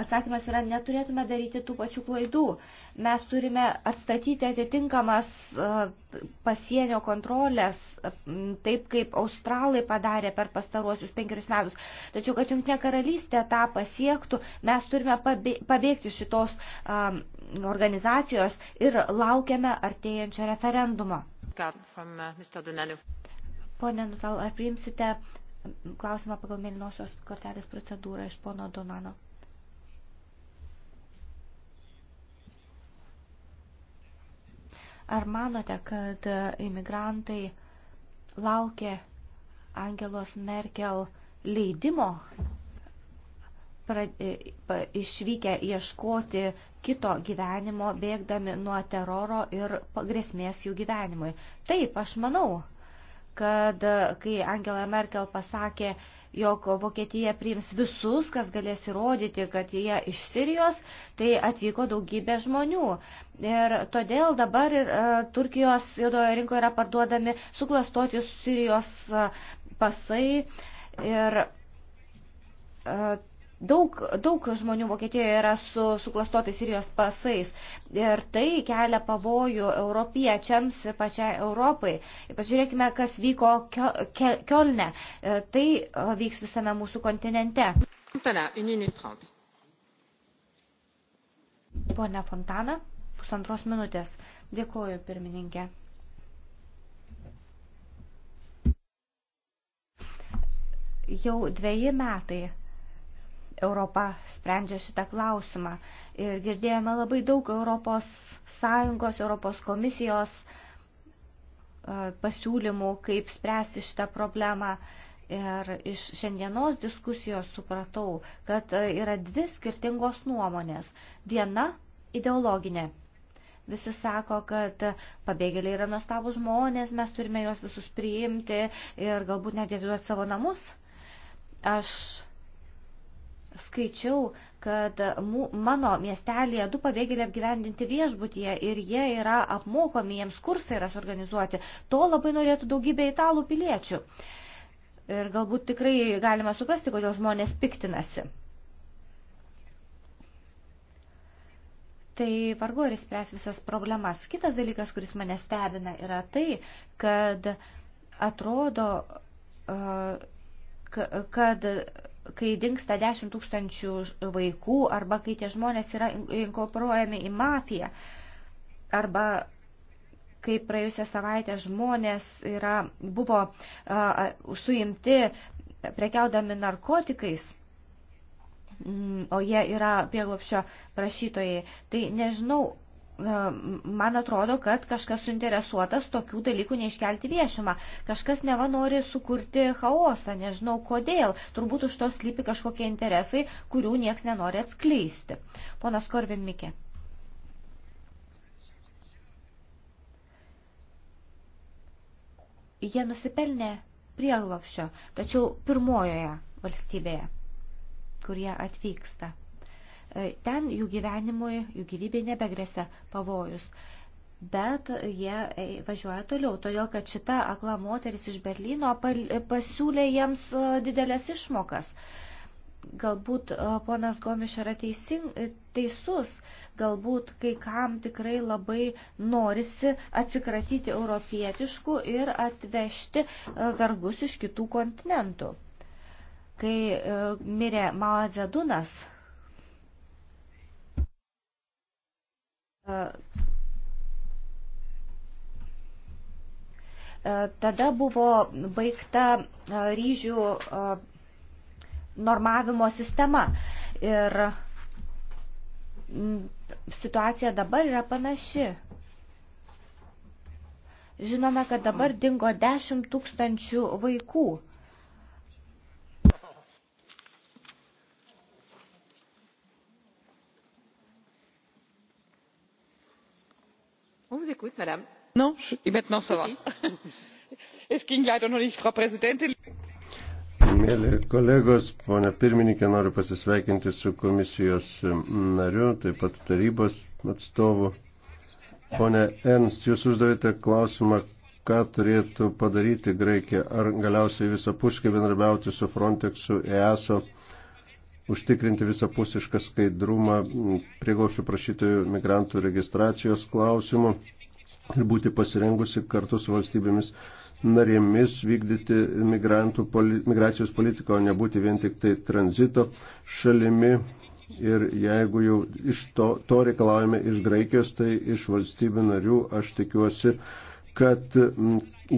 Atsakymas yra, neturėtume daryti tų pačių klaidų. Mes turime atstatyti atitinkamas pasienio kontrolės, taip kaip Australai padarė per pastaruosius penkerius metus. Tačiau, kad Junktinė karalystė tą pasiektų, mes turime paveikti šitos organizacijos ir laukiame artėjančio referendumo. Uh, Pone Nutal, ar priimsite klausimą pagal mėlynosios kortelės procedūrą iš pono Donano? Ar manote, kad imigrantai laukia Angelos Merkel leidimo e, išvykę ieškoti kito gyvenimo, bėgdami nuo teroro ir grėsmės jų gyvenimui. Taip, aš manau, kad kai Angela Merkel pasakė, jog Vokietija priims visus, kas galės įrodyti, kad jie iš Sirijos, tai atvyko daugybė žmonių. Ir todėl dabar ir, e, uh, Turkijos juodojo rinkoje yra parduodami suklastoti Sirijos uh, pasai. Ir, uh, Daug, daug žmonių Vokietijoje yra su suklastotais Sirijos pasais ir tai kelia pavojų europiečiams ir pačiai Europai. Pažiūrėkime, kas vyko Kielne. E, tai e, vyks visame mūsų kontinente. Pone Fontana, pusantros minutės. Dėkuoju, pirmininkė. Jau dveji metai Europa sprendžia šitą klausimą. Ir girdėjome labai daug Europos Sąjungos, Europos komisijos e, pasiūlymų, kaip spręsti šitą problemą. Ir iš šiandienos diskusijos supratau, kad e, yra dvi skirtingos nuomonės. Viena ideologinė. Visi sako, kad pabėgėliai yra nuostabų žmonės, mes turime juos visus priimti ir galbūt net atiduoti savo namus. Aš skaičiau, kad mano miestelėje du pabėgėliai apgyvendinti viešbutyje ir jie yra apmokomi, jiems kursai yra suorganizuoti. To labai norėtų daugybė italų piliečių. Ir galbūt tikrai galima suprasti, kodėl žmonės piktinasi. Tai vargu ir spręs visas problemas. Kitas dalykas, kuris mane stebina, yra tai, kad atrodo, uh, kad kai dinksta 10 tūkstančių vaikų arba kai tie žmonės yra inkorporuojami į mafiją arba kai praėjusią savaitę žmonės yra, buvo a, suimti prekiaudami narkotikais, mm, o jie yra prieglopščio prašytojai. Tai nežinau, man atrodo, kad kažkas suinteresuotas tokių dalykų neiškelti viešumą. Kažkas neva nori sukurti chaosą, nežinau kodėl. Turbūt už to slypi kažkokie interesai, kurių nieks nenori atskleisti. Ponas Korvin Mikė. Jie nusipelnė prieglopščio, tačiau pirmojoje valstybėje, kurie atvyksta. E, ten jų gyvenimui, jų gyvybei nebegrėsia pavojus. Bet jie e, važiuoja toliau, todėl kad šita akla moteris iš Berlyno e, pasiūlė jiems didelės išmokas. Galbūt ponas Gomiš yra teising, teisus, galbūt kai kam tikrai labai norisi atsikratyti europietiškų ir atvežti vergus iš kitų kontinentų. Kai mirė Mao Zedunas, Tada buvo baigta ryžių normavimo sistema ir situacija dabar yra panaši. Žinome, kad dabar dingo 10 tūkstančių vaikų. vous écoute madame. Non, je... maintenant ça va. es ging leider noch nicht, Frau Präsidentin. Mėly kolegos, ponia pirmininkė, noriu pasisveikinti su komisijos nariu, taip pat tarybos atstovu. Pone Ernst, jūs uždavėte klausimą, ką turėtų padaryti Graikija, ar galiausiai visapuškai bendrabiauti su Frontexu, EASO užtikrinti visapusišką skaidrumą prieglaušių prašytojų migrantų registracijos klausimų ir būti pasirengusi kartu su valstybėmis narėmis vykdyti poli, migracijos politiką, o nebūti vien tik tai tranzito šalimi. Ir jeigu jau iš to, to reikalavime iš Graikijos, tai iš valstybių narių aš tikiuosi, kad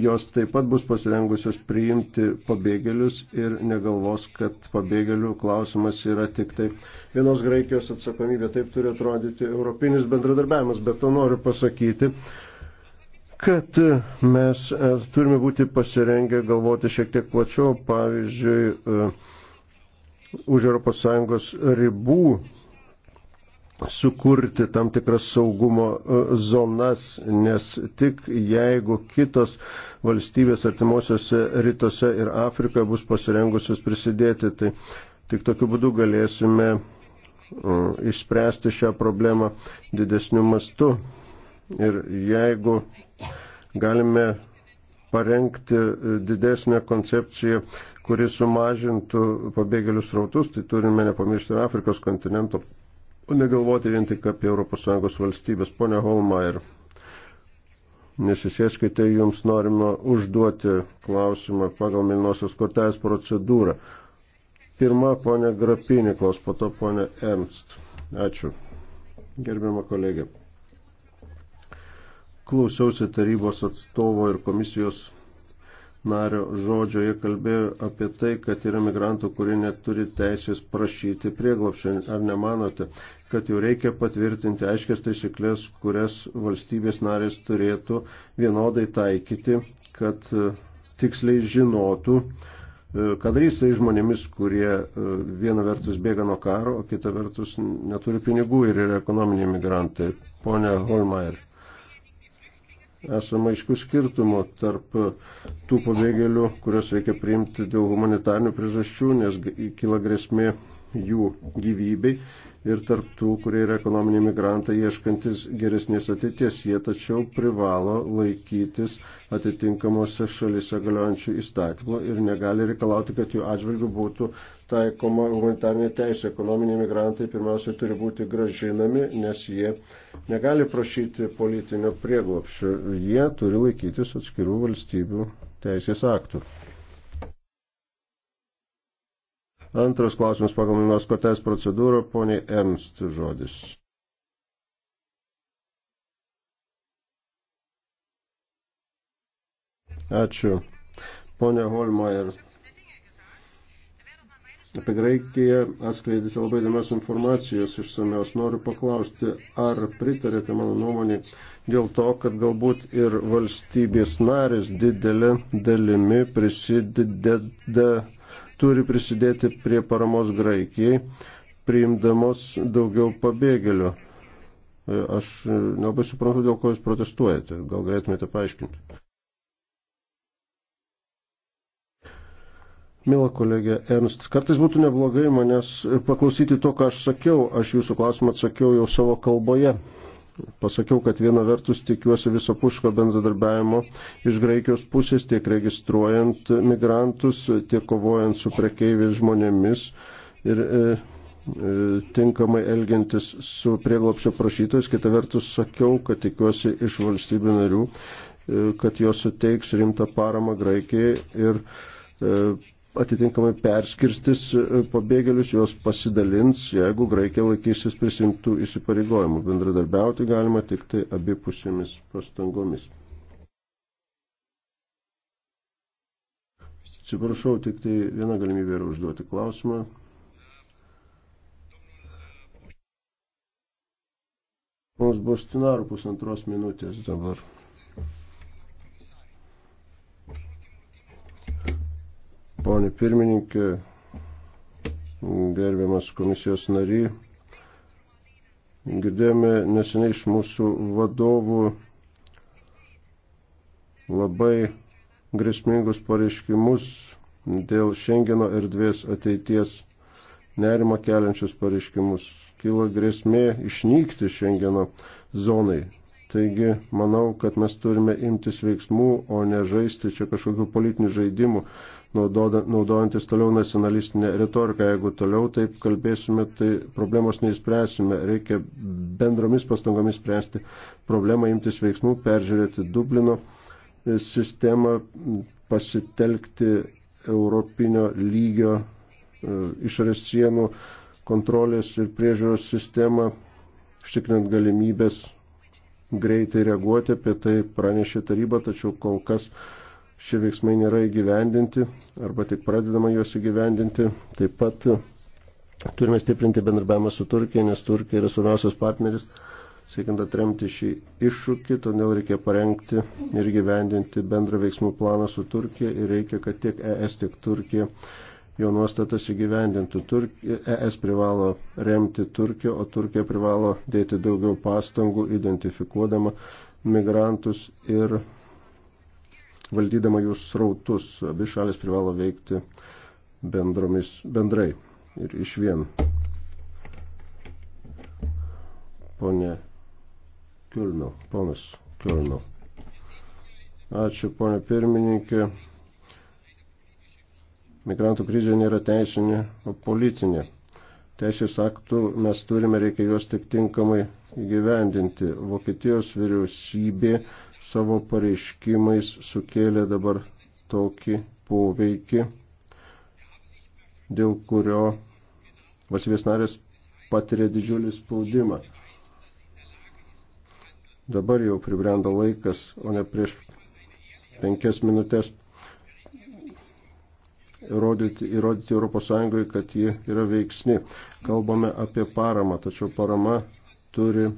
jos taip pat bus pasirengusios priimti pabėgėlius ir negalvos, kad pabėgėlių klausimas yra tik tai vienos Graikijos atsakomybė. Taip turi atrodyti europinis bendradarbiavimas, bet to noriu pasakyti kad mes e, turime būti pasirengę galvoti šiek tiek plačiau, pavyzdžiui, e, už ES ribų sukurti tam tikras saugumo e, zonas, nes tik jeigu kitos valstybės artimuosiuose rytuose ir Afrikoje bus pasirengusios prisidėti, tai tik tokiu būdu galėsime e, išspręsti šią problemą didesniu mastu. Ir jeigu galime parengti e, didesnę koncepciją, kuri sumažintų pabėgėlius rautus, tai turime nepamiršti Afrikos kontinento o negalvoti vien tik apie ES valstybės. Pone Holmeier, nesisėskite, jums norima užduoti klausimą pagal Milnosios kortelės procedūrą. Pirma, ponė Grapinė klaus, po to ponė Ernst. Ačiū. Gerbiama kolegė. Klausiausi tarybos atstovo ir komisijos nario žodžio. Jie kalbėjo apie tai, kad yra migrantų, kurie neturi teisės prašyti prieglopščio. Ar nemanote, kad jau reikia patvirtinti aiškias taisyklės, kurias valstybės narės turėtų vienodai taikyti, kad e, tiksliai žinotų, e, ką darys tai žmonėmis, kurie e, viena vertus bėga nuo karo, o kita vertus neturi pinigų ir yra ekonominiai migrantai. Pone Holmeier esama aiškių skirtumų tarp tų pabėgėlių, kuriuos reikia priimti dėl humanitarnių priežasčių, nes kyla grėsmė jų gyvybei ir tarp tų, kurie yra ekonominiai migrantai ieškantis geresnės ateities. Jie tačiau privalo laikytis atitinkamose šalise galiojančių įstatymų ir negali reikalauti, kad jų atžvilgių būtų taikoma humanitarinė teisė. Ekonominiai migrantai pirmiausia turi būti gražinami, nes jie negali prašyti politinio prieglopščio. Jie turi laikytis atskirų valstybių teisės aktų. Antras klausimas pagal minos kortės procedūrą, poniai Ernst žodis. Ačiū. Pone Holmeier, apie Graikiją atskleidėte labai įdomios informacijos išsamios. Noriu paklausti, ar pritarėte mano nuomonį dėl to, kad galbūt ir valstybės narės didelė dalimi prisideda turi prisidėti prie paramos Graikijai, priimdamos daugiau pabėgėlių. E, aš e, nelabai suprantu, dėl ko jūs protestuojate. Gal galėtumėte paaiškinti? Mila kolegė Ernst, kartais būtų neblogai manęs paklausyti to, ką aš sakiau. Aš jūsų klausimą atsakiau jau savo kalboje. Pasakiau, kad viena vertus tikiuosi visapuško bendradarbiavimo iš Graikijos pusės tiek registruojant migrantus, tiek kovojant su prekeiviais žmonėmis ir e, e, tinkamai elgiantis su prieglopšio prašytojais. Kita vertus sakiau, kad tikiuosi iš valstybių narių, e, kad jos suteiks rimtą paramą Graikijai ir e, atitinkamai perskirstis e, pabėgėlius, juos pasidalins, jeigu Graikija laikysis prisimtų įsipareigojimų. Bendradarbiauti galima tik tai abipusėmis pastangomis. Atsiprašau, tik tai viena galimybė yra užduoti klausimą. Mums bus tinarų pusantros minutės dabar. Pone pirmininkė, gerbiamas komisijos nary, girdėjome neseniai iš mūsų vadovų labai grėsmingus pareiškimus dėl Šengeno erdvės ateities nerima keliančius pareiškimus. Kyla grėsmė išnykti Šengeno zonai. Taigi, manau, kad mes turime imtis veiksmų, o ne žaisti čia kažkokių politinių žaidimų naudojantis toliau nacionalistinę retoriką. Jeigu toliau taip kalbėsime, tai problemos neįspręsime. Reikia bendromis pastangomis spręsti problemą, imtis veiksmų, peržiūrėti Dublino sistemą, pasitelkti europinio lygio e, išorės sienų kontrolės ir priežiūros sistemą, ištikrinant galimybės greitai reaguoti, apie tai pranešė taryba, tačiau kol kas šie veiksmai nėra įgyvendinti arba tik pradedama juos įgyvendinti. Taip pat turime stiprinti bendarbiavimą su Turkija, nes Turkija yra svarbiausias partneris, siekiant atremti šį iššūkį, todėl reikia parengti ir gyvendinti bendrą veiksmų planą su Turkija ir reikia, kad tiek ES, tiek Turkija jo nuostatas įgyvendintų. Turkija, ES privalo remti Turkiją, o Turkija privalo dėti daugiau pastangų identifikuodama migrantus ir valdydama jų srautus. Abi šalis privalo veikti bendromis, bendrai ir iš vien. Pone Kiulmel, ponas Kiulmel. Ačiū, ponė pirmininkė. Migrantų krizė nėra teisinė, o politinė. Teisės aktų mes turime, reikia juos tik tinkamai įgyvendinti. Vokietijos vyriausybė savo pareiškimais sukėlė dabar tokį poveikį, dėl kurio valstybės narės patiria didžiulį spaudimą. Dabar jau pribrendo laikas, o ne prieš penkias minutės įrodyti, įrodyti Europos Sąjungoje, kad ji yra veiksni. Kalbame apie paramą, tačiau parama turi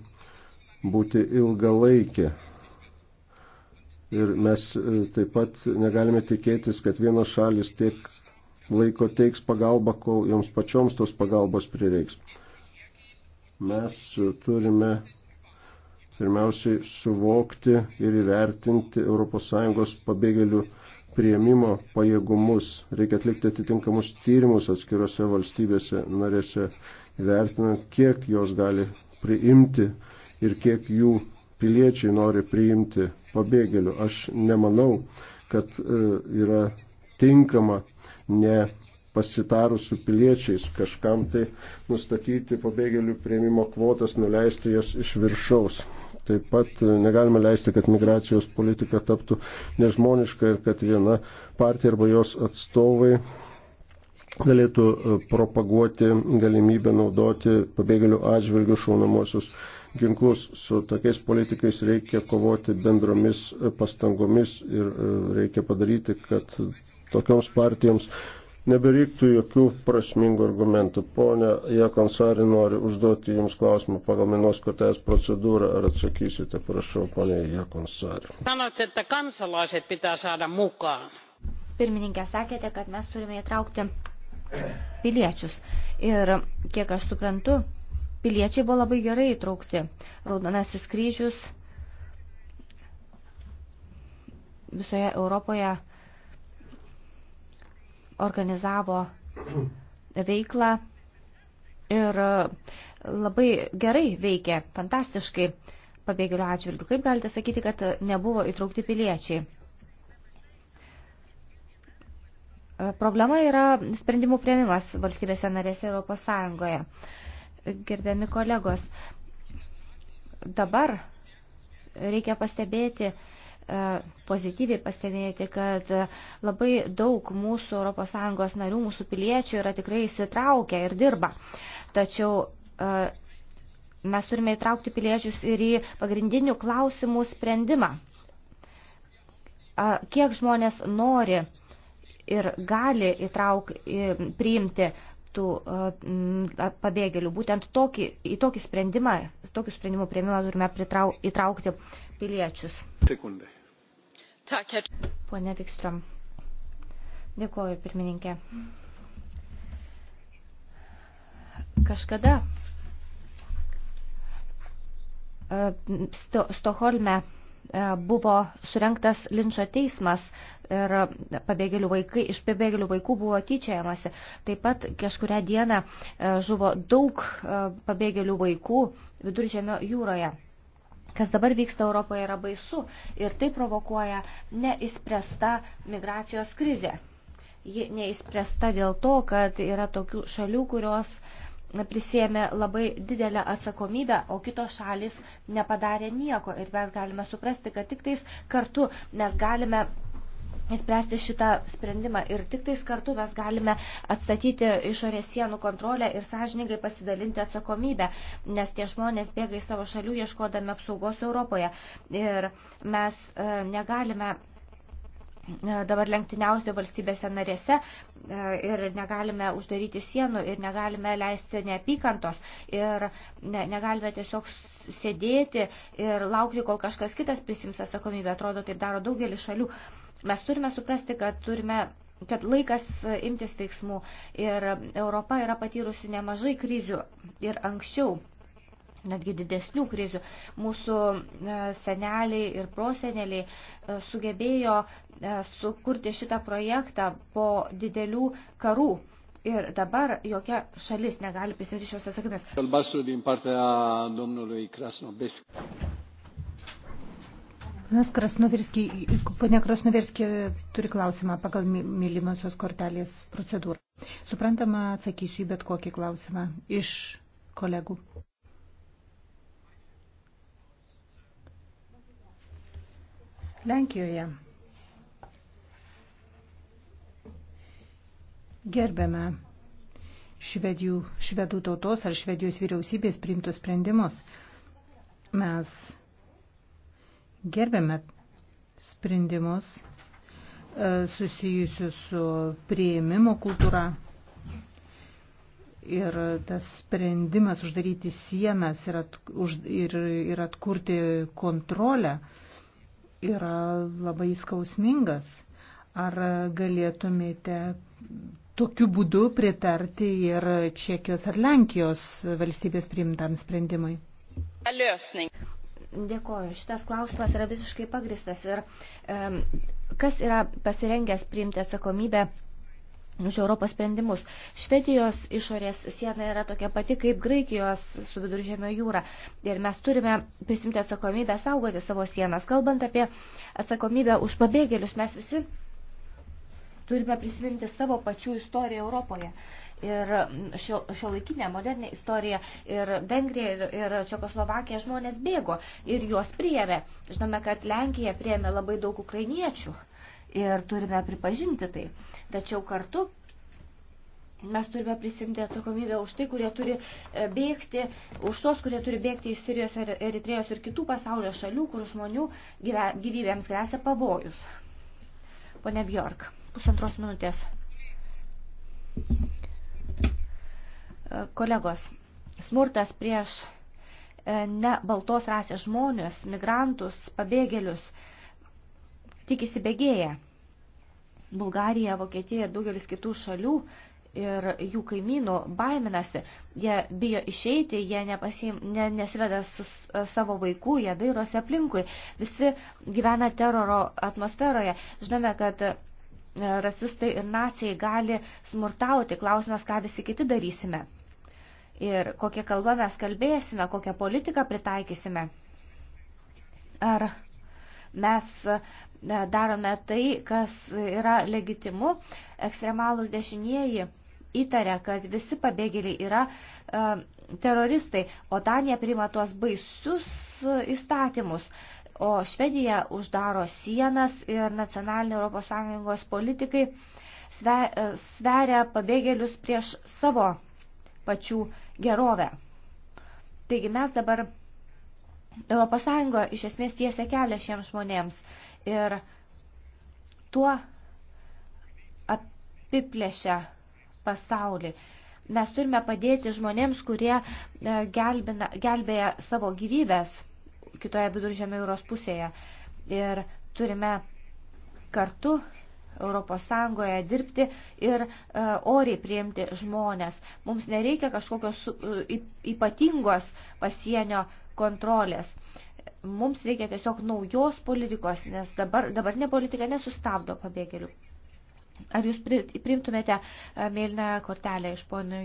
būti ilgalaikė. Ir mes e, taip pat negalime tikėtis, kad vienos šalis tiek laiko teiks pagalbą, kol joms pačioms tos pagalbos prireiks. Mes e, turime pirmiausiai suvokti ir įvertinti ES pabėgėlių prieimimo pajėgumus. Reikia atlikti atitinkamus tyrimus atskiriuose valstybėse narėse, vertinant, kiek jos gali priimti ir kiek jų piliečiai nori priimti pabėgėlių. Aš nemanau, kad e, yra tinkama ne pasitarus su piliečiais kažkam tai nustatyti pabėgėlių prieimimo kvotas, nuleisti jas iš viršaus. Taip pat e, negalime leisti, kad migracijos politika taptų nežmoniška ir kad viena partija arba jos atstovai galėtų e, propaguoti galimybę naudoti pabėgėlių atžvilgių šaunamosius ginklus. Su tokiais politikais reikia kovoti bendromis e, pastangomis ir e, reikia padaryti, kad tokioms partijoms nebereiktų jokių prasmingų argumentų. Pone Jekonsari, noriu užduoti Jums klausimą pagal minos kortelės procedūrą. Ar atsakysite, prašau, ponė Jekonsari? Sanote, että kansalaiset pitää saada mukaan. Pirmininkė, sakėte, kad mes turime įtraukti piliečius. Ir kiek aš suprantu, piliečiai buvo labai gerai įtraukti. Raudonasis kryžius visoje Europoje organizavo veiklą ir labai gerai veikė, fantastiškai pabėgėlių atžvilgių. Kaip galite sakyti, kad nebuvo įtraukti piliečiai? Problema yra sprendimų prieimimas valstybėse narėse Europos Sąjungoje gerbiami kolegos. Dabar reikia pastebėti, e, pozityviai pastebėti, kad labai daug mūsų ES narių, mūsų piliečių yra tikrai įsitraukę ir dirba. Tačiau e, mes turime įtraukti piliečius ir į pagrindinių klausimų sprendimą. Kiek žmonės nori ir gali įtrauk, priimti tų pabėgėlių. Būtent tokį, į tokį sprendimą, tokių sprendimų prieimimą turime pritrau, įtraukti piliečius. Sekundai. Pone Vikstrom. Dėkuoju, pirmininkė. Kažkada Sto Stoholme E, buvo surinktas linčio teismas ir pabėgėlių vaikai, iš pabėgėlių vaikų buvo tyčiajamasi. Taip pat kažkuria diena e, žuvo daug e, pabėgėlių vaikų viduržėmio jūroje. Kas dabar vyksta Europoje yra baisu ir tai provokuoja neįspręsta migracijos krizė. Ji neįspręsta dėl to, kad yra tokių šalių, kurios uh, prisėmė labai didelę atsakomybę, o kitos šalis nepadarė nieko. Ir mes galime suprasti, kad tik tais kartu mes galime įspręsti šitą sprendimą. Ir tik tais kartu mes galime atstatyti išorės sienų kontrolę ir sąžiningai pasidalinti atsakomybę, nes tie žmonės bėga į savo šalių ieškodami apsaugos Europoje. Ir mes e, negalime E, dabar lenktyniauti valstybėse narėse e, ir negalime uždaryti sienų ir negalime leisti neapykantos ir negalime tiesiog sėdėti ir laukti, kol kažkas kitas prisims atsakomybę. Atrodo, taip daro daugelis šalių. Mes turime suprasti, kad turime kad laikas imtis veiksmų ir Europa yra patyrusi nemažai kryžių ir anksčiau netgi didesnių krizių. Mūsų e, seneliai ir proseneliai e, sugebėjo e, sukurti šitą projektą po didelių karų. Ir dabar jokia šalis negali prisimti šios atsakomybės. Ponas Krasnoverski, ponia Krasnoverski turi klausimą pagal mylimosios kortelės procedūrą. Suprantama, atsakysiu į bet kokį klausimą iš kolegų. Lenkijoje gerbėme švedijų, švedų tautos ar švedijos vyriausybės priimtus sprendimus. Mes gerbėme sprendimus e, susijusius su prieimimo kultūra. Ir tas sprendimas uždaryti sienas ir, at, už, ir, ir atkurti kontrolę uh, yra labai skausmingas. Ar galėtumėte tokiu būdu pritarti ir Čekijos ar Lenkijos valstybės priimtam sprendimui? Dėkoju. Šitas klausimas yra visiškai pagristas. Ir um, kas yra pasirengęs priimti atsakomybę už Europos sprendimus. Švedijos išorės siena yra tokia pati kaip Graikijos su viduržėmio jūra. Ir mes turime prisimti atsakomybę saugoti savo sienas. Kalbant apie atsakomybę už pabėgėlius, mes visi turime prisiminti savo pačių istoriją Europoje. Ir šio, šio laikinė, moderninė istorija ir Vengrija ir, ir Čekoslovakija žmonės bėgo ir juos priėmė. Žinome, kad Lenkija priėmė labai daug ukrainiečių ir turime pripažinti tai. Tačiau kartu mes turime prisimti atsakomybę už tai, kurie turi e, bėgti, už tos, kurie turi bėgti iš Sirijos, Eritrejos ir kitų pasaulio šalių, kur žmonių gyvybėms grėsia pavojus. Pone Bjork, pusantros minutės. E, kolegos, smurtas prieš e, ne baltos rasės žmonės, migrantus, pabėgėlius – tik įsibėgėja. Bulgarija, Vokietija ir daugelis kitų šalių ir jų kaimynų baiminasi, jie bijo išeiti, jie nepasiim, ne, nesveda su e, savo vaikų, jie dairosi aplinkui, visi gyvena teroro atmosferoje. Žinome, kad e, rasistai ir nacijai gali smurtauti, klausimas, ką visi kiti darysime. Ir kokią kalbą mes kalbėsime, kokią politiką pritaikysime. Ar mes E, darome tai, kas yra legitimu. Ekstremalūs dešinieji įtaria, kad visi pabėgėliai yra e, teroristai, o Danija priima tuos baisius įstatymus. O Švedija uždaro sienas ir nacionaliniai ES politikai sve, e, sveria pabėgėlius prieš savo pačių gerovę. Taigi mes dabar ES iš esmės tiesia kelią šiems žmonėms ir tuo apiplėšia pasaulį. Mes turime padėti žmonėms, kurie e, gelbina, gelbėja savo gyvybės kitoje viduržėmio jūros pusėje. Ir turime kartu ES dirbti ir e, oriai priimti žmonės. Mums nereikia kažkokios e, ypatingos pasienio kontrolės. E, Mums reikia tiesiog naujos politikos, nes dabar, dabartinė politika nesustabdo pabėgėlių. Ar jūs priimtumėte e, mėlyną kortelę iš ponio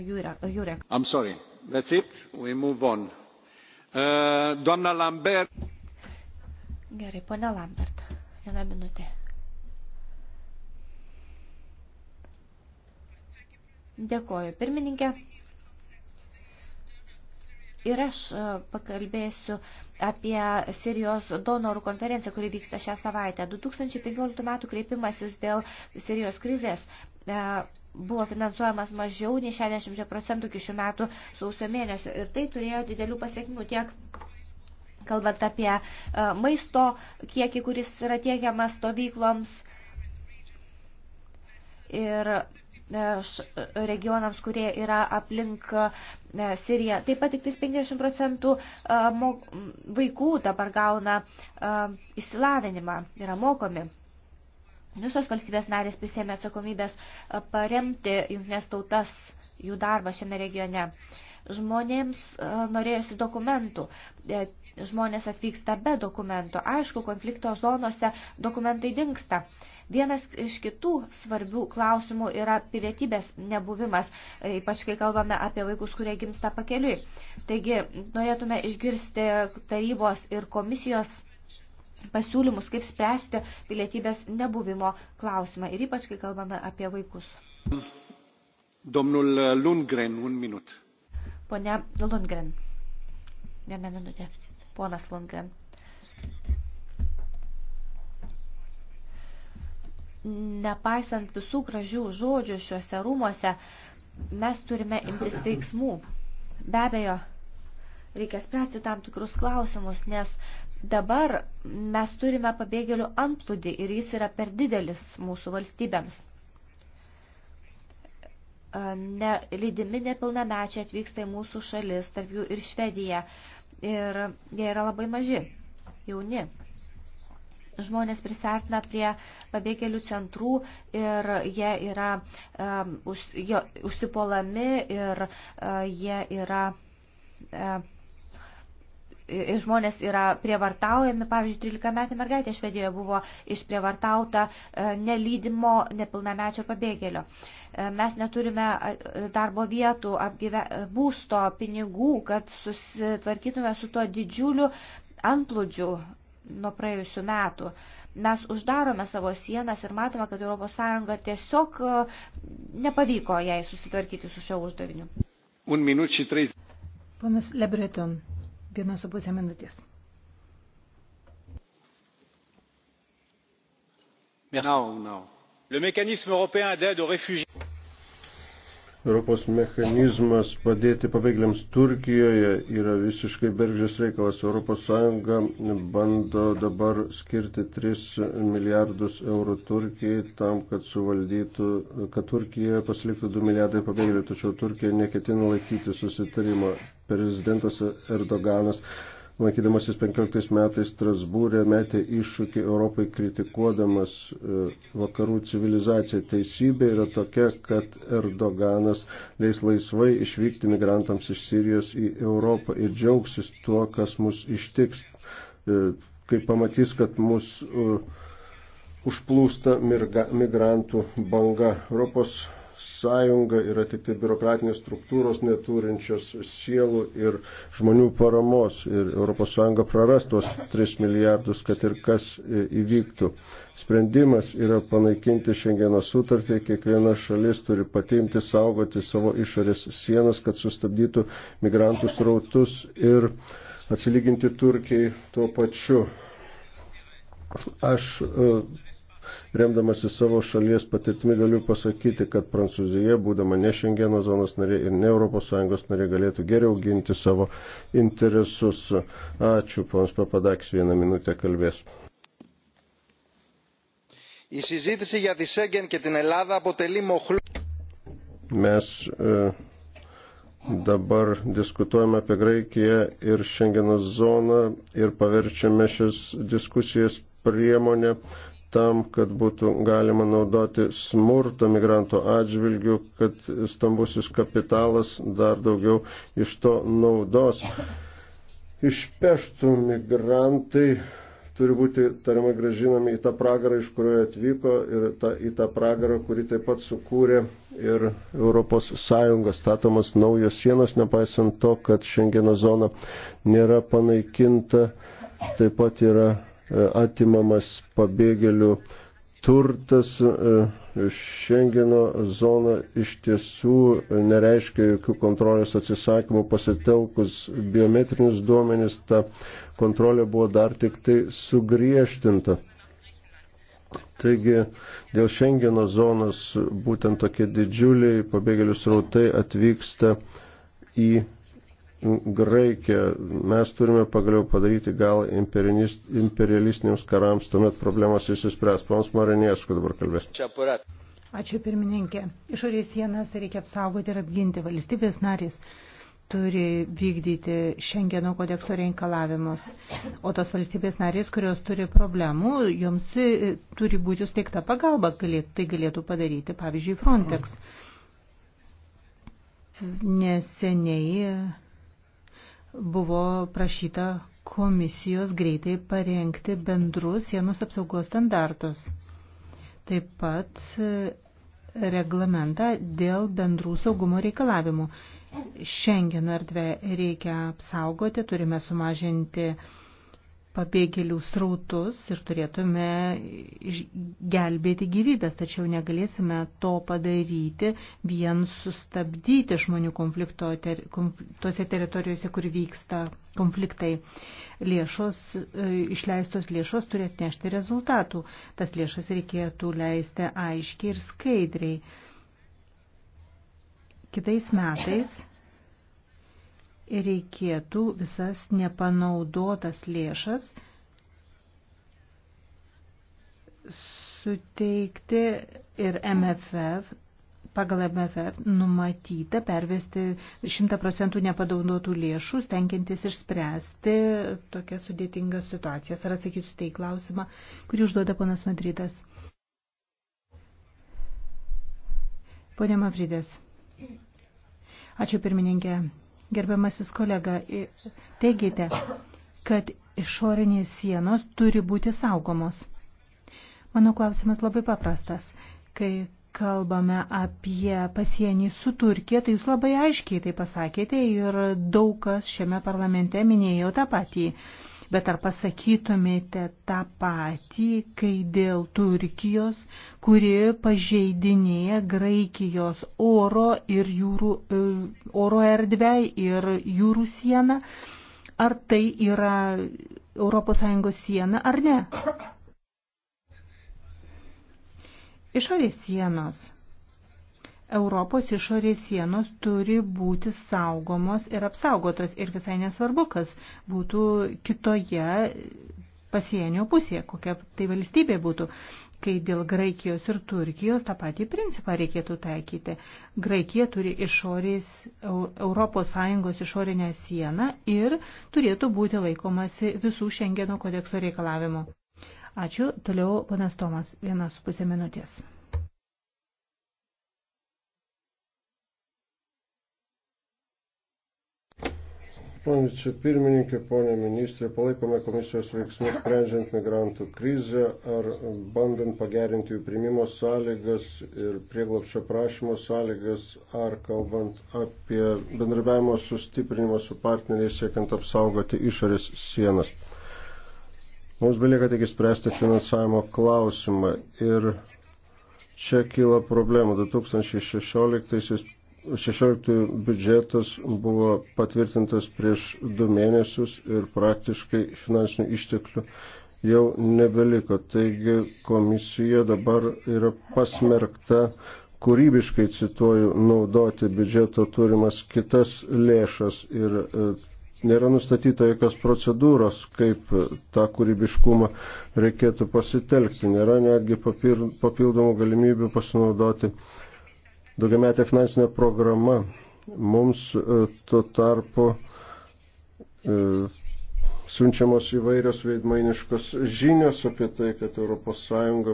Jurek? I'm sorry. That's it. We move on. Uh, Donna Lambert. Gerai, ponia Lambert. Viena minutė. Dėkoju, pirmininkė. Ir aš e, pakalbėsiu apie Sirijos donorų konferenciją, kuri vyksta šią savaitę. 2015 metų kreipimasis dėl Sirijos krizės e, buvo finansuojamas mažiau nei 60 procentų iki šių metų sausio mėnesio. Ir tai turėjo didelių pasiekmių tiek kalbant apie e, maisto kiekį, kuris yra tiekiamas stovykloms. Ir E, e, regionams, kurie yra aplink e, Siriją. Taip pat tik 50 procentų vaikų dabar gauna įsilavinimą, yra mokomi. Visos valstybės narės prisėmė atsakomybės paremti jungtinės tautas jų darbą šiame regione. Žmonėms norėjusi dokumentų žmonės atvyksta be dokumento. Aišku, konflikto zonose dokumentai dinksta. Vienas iš kitų svarbių klausimų yra pilietybės nebuvimas, ypač kai kalbame apie vaikus, kurie gimsta pakeliui. Taigi norėtume išgirsti tarybos ir komisijos pasiūlymus, kaip spręsti pilietybės nebuvimo klausimą ir ypač, kai kalbame apie vaikus. Domnul Lundgren, un minut. Pone Lundgren. Vieną minutę. Ponas Lundgren. nepaisant visų gražių žodžių šiuose rūmuose, mes turime imtis veiksmų. Be abejo, reikia spręsti tam tikrus klausimus, nes dabar mes turime pabėgėlių antplūdį ir jis yra per didelis mūsų valstybėms. Ne, lydimi nepilnamečiai atvyksta į mūsų šalis, tarp jų ir Švedija. Ir jie yra labai maži, jauni žmonės prisartina prie pabėgėlių centrų ir jie yra um, už, jo, užsipolami ir uh, jie yra. Uh, Žmonės yra prievartaujami, pavyzdžiui, 13-metė mergaitė Švedijoje buvo išprievartauta e, nelydimo nepilnamečio pabėgėlio. Mes neturime darbo vietų, apgyve, būsto, pinigų, kad susitvarkytume su tuo didžiuliu antplūdžiu nuo praėjusių metų. Mes uždarome savo sienas ir matome, kad ES tiesiog e, nepavyko jai susitvarkyti su šio uždaviniu. Un minučiai trys. Ponas Lebreton, vienos su pusė minutės. Merci. No, no. Le mécanisme européen d'aide aux réfugiés. Europos mechanizmas padėti pabėgėliams Turkijoje yra visiškai bergžės reikalas. ES bando dabar skirti 3 milijardus eurų Turkijai tam, kad suvaldytų, kad Turkijoje pasiliktų 2 milijardai pabėgėlių, tačiau Turkija neketina laikyti susitarimo. Prezidentas Erdoganas lankydamasis 15 metais Strasbūrė, metė iššūkį Europai kritikuodamas e, vakarų civilizaciją. Teisybė yra tokia, kad Erdoganas leis laisvai išvykti migrantams iš Sirijos į Europą ir džiaugsis tuo, kas mus ištiks, e, kai pamatys, kad mus e, užplūsta migrantų banga. Europos sąjunga yra tik tai biurokratinės struktūros neturinčios sielų ir žmonių paramos ir ES praras tuos 3 milijardus, kad ir kas e, įvyktų. Sprendimas yra panaikinti Šengeno sutartį, kiekviena šalis turi patimti saugoti savo išorės sienas, kad sustabdytų migrantų srautus ir atsilyginti Turkiai tuo pačiu. Aš uh, remdamasi savo šalies patirtimi galiu pasakyti, kad Prancūzija, būdama ne Šengeno zonos narė ir ne ES narė, galėtų geriau ginti savo interesus. Ačiū, ponas Papadakis, vieną minutę kalbės. Η συζήτηση για τη Σέγγεν και την Ελλάδα αποτελεί μοχλό. Mes e, dabar diskutuojame apie Graikiją ir Šengeno zoną ir paverčiame šias diskusijas priemonę tam, kad būtų galima naudoti smurtą migrantų atžvilgių, kad stambusis kapitalas dar daugiau iš to naudos. Išpeštų migrantai turi būti tariamai gražinami į tą pragarą, iš kurio atvyko ir ta, į tą pragarą, kurį taip pat sukūrė ir ES statomas naujos sienos, nepaisant to, kad Šengeno zona nėra panaikinta, taip pat yra E, atimamas pabėgėlių turtas e, Šengeno zona iš tiesų nereiškia jokių kontrolės atsisakymų pasitelkus biometrinius duomenis, ta kontrolė buvo dar tik tai sugriežtinta. Taigi dėl Šengeno zonos būtent tokie didžiuliai pabėgėlių srautai atvyksta į Graikiją. Mes turime pagaliau padaryti gal imperialistiniams karams, tuomet problemas įsispręs. Pons Marinėsku dabar kalbės. Ačiū pirmininkė. Išorės sienas reikia apsaugoti ir apginti. Valstybės narys turi vykdyti Šengeno kodekso reikalavimus. O tos valstybės narės, kurios turi problemų, joms e, turi būti suteikta pagalba, tai galėtų padaryti, pavyzdžiui, Frontex. Neseniai buvo prašyta komisijos greitai parengti bendrus sienos apsaugos standartus. Taip pat e, reglamentą dėl bendrų saugumo reikalavimų. Šengeno erdvę reikia apsaugoti, turime sumažinti uh, pabėgėlių srautus ir turėtume gelbėti gyvybės, tačiau negalėsime to padaryti vien sustabdyti žmonių konflikto ter, konf, tose teritorijose, kur vyksta konfliktai. Lėšos, e, išleistos lėšos turi atnešti rezultatų. Tas lėšas reikėtų leisti aiškiai ir skaidriai. Kitais metais reikėtų visas nepanaudotas lėšas suteikti ir MFF, pagal MFF numatyta pervesti 100 procentų nepadaudotų lėšų, stengiantis išspręsti tokias sudėtingas situacijas. Ar atsakysiu tai klausimą, kurį užduoda ponas Madridas? Pone Mavridės. Ačiū pirmininkė gerbiamasis kolega, teigite, kad išorinės sienos turi būti saugomos. Mano klausimas labai paprastas. Kai kalbame apie pasienį su Turkija, tai jūs labai aiškiai tai pasakėte ir daug kas šiame parlamente minėjo tą patį. Bet ar pasakytumėte tą patį, kai dėl Turkijos, kuri pažeidinėja Graikijos oro ir jūrų, e, oro erdvę ir jūrų sieną, ar tai yra ES siena ar ne? Išorės sienos Europos išorės sienos turi būti saugomos ir apsaugotos ir visai nesvarbu, kas būtų kitoje pasienio pusėje, kokia tai valstybė būtų kai dėl Graikijos ir Turkijos tą patį principą reikėtų taikyti. Graikija turi išorės ES išorinę sieną ir turėtų būti laikomasi visų Šengeno kodekso reikalavimų. Ačiū. Toliau panas Tomas, vienas su pusė minutės. Pane vicepirmininkė, ponė ministrė, palaikome komisijos veiksmus sprendžiant migrantų krizę ar bandant pagerinti jų primimo sąlygas ir prieglapšio prašymo sąlygas, ar kalbant apie bendrabiavimo sustiprinimą su partneriais siekiant apsaugoti išorės sienas. Mums belieka tik įspręsti finansavimo klausimą ir čia kyla problemų. 2016 16 biudžetas buvo patvirtintas prieš du mėnesius ir praktiškai finansinių išteklių jau nebeliko. Taigi komisija dabar yra pasmerkta kūrybiškai, cituoju, naudoti biudžeto turimas kitas lėšas ir e, nėra nustatyta jokios procedūros, kaip tą kūrybiškumą reikėtų pasitelkti. Nėra netgi papildomų galimybių pasinaudoti daugiametė finansinė programa. Mums e, tuo tarpu e, siunčiamos įvairios veidmainiškos žinios apie tai, kad ES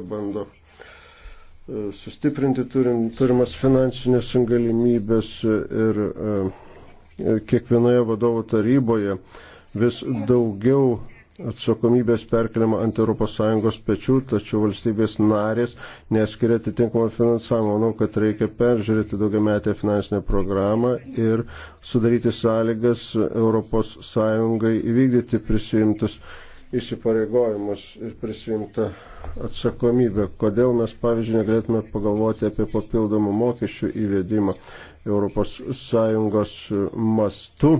bando e, sustiprinti turim, turimas finansinės galimybės ir, ir kiekvienoje vadovų taryboje vis daugiau atsakomybės perkeliama ant ES pečių, tačiau valstybės narės neskiria atitinkamo finansavimo. Manau, kad reikia peržiūrėti daugiametę finansinę programą ir sudaryti sąlygas ES įvykdyti prisijimtus įsipareigojimus ir prisimta atsakomybė. Kodėl mes, pavyzdžiui, negalėtume pagalvoti apie papildomų mokesčių įvedimą ES mastu,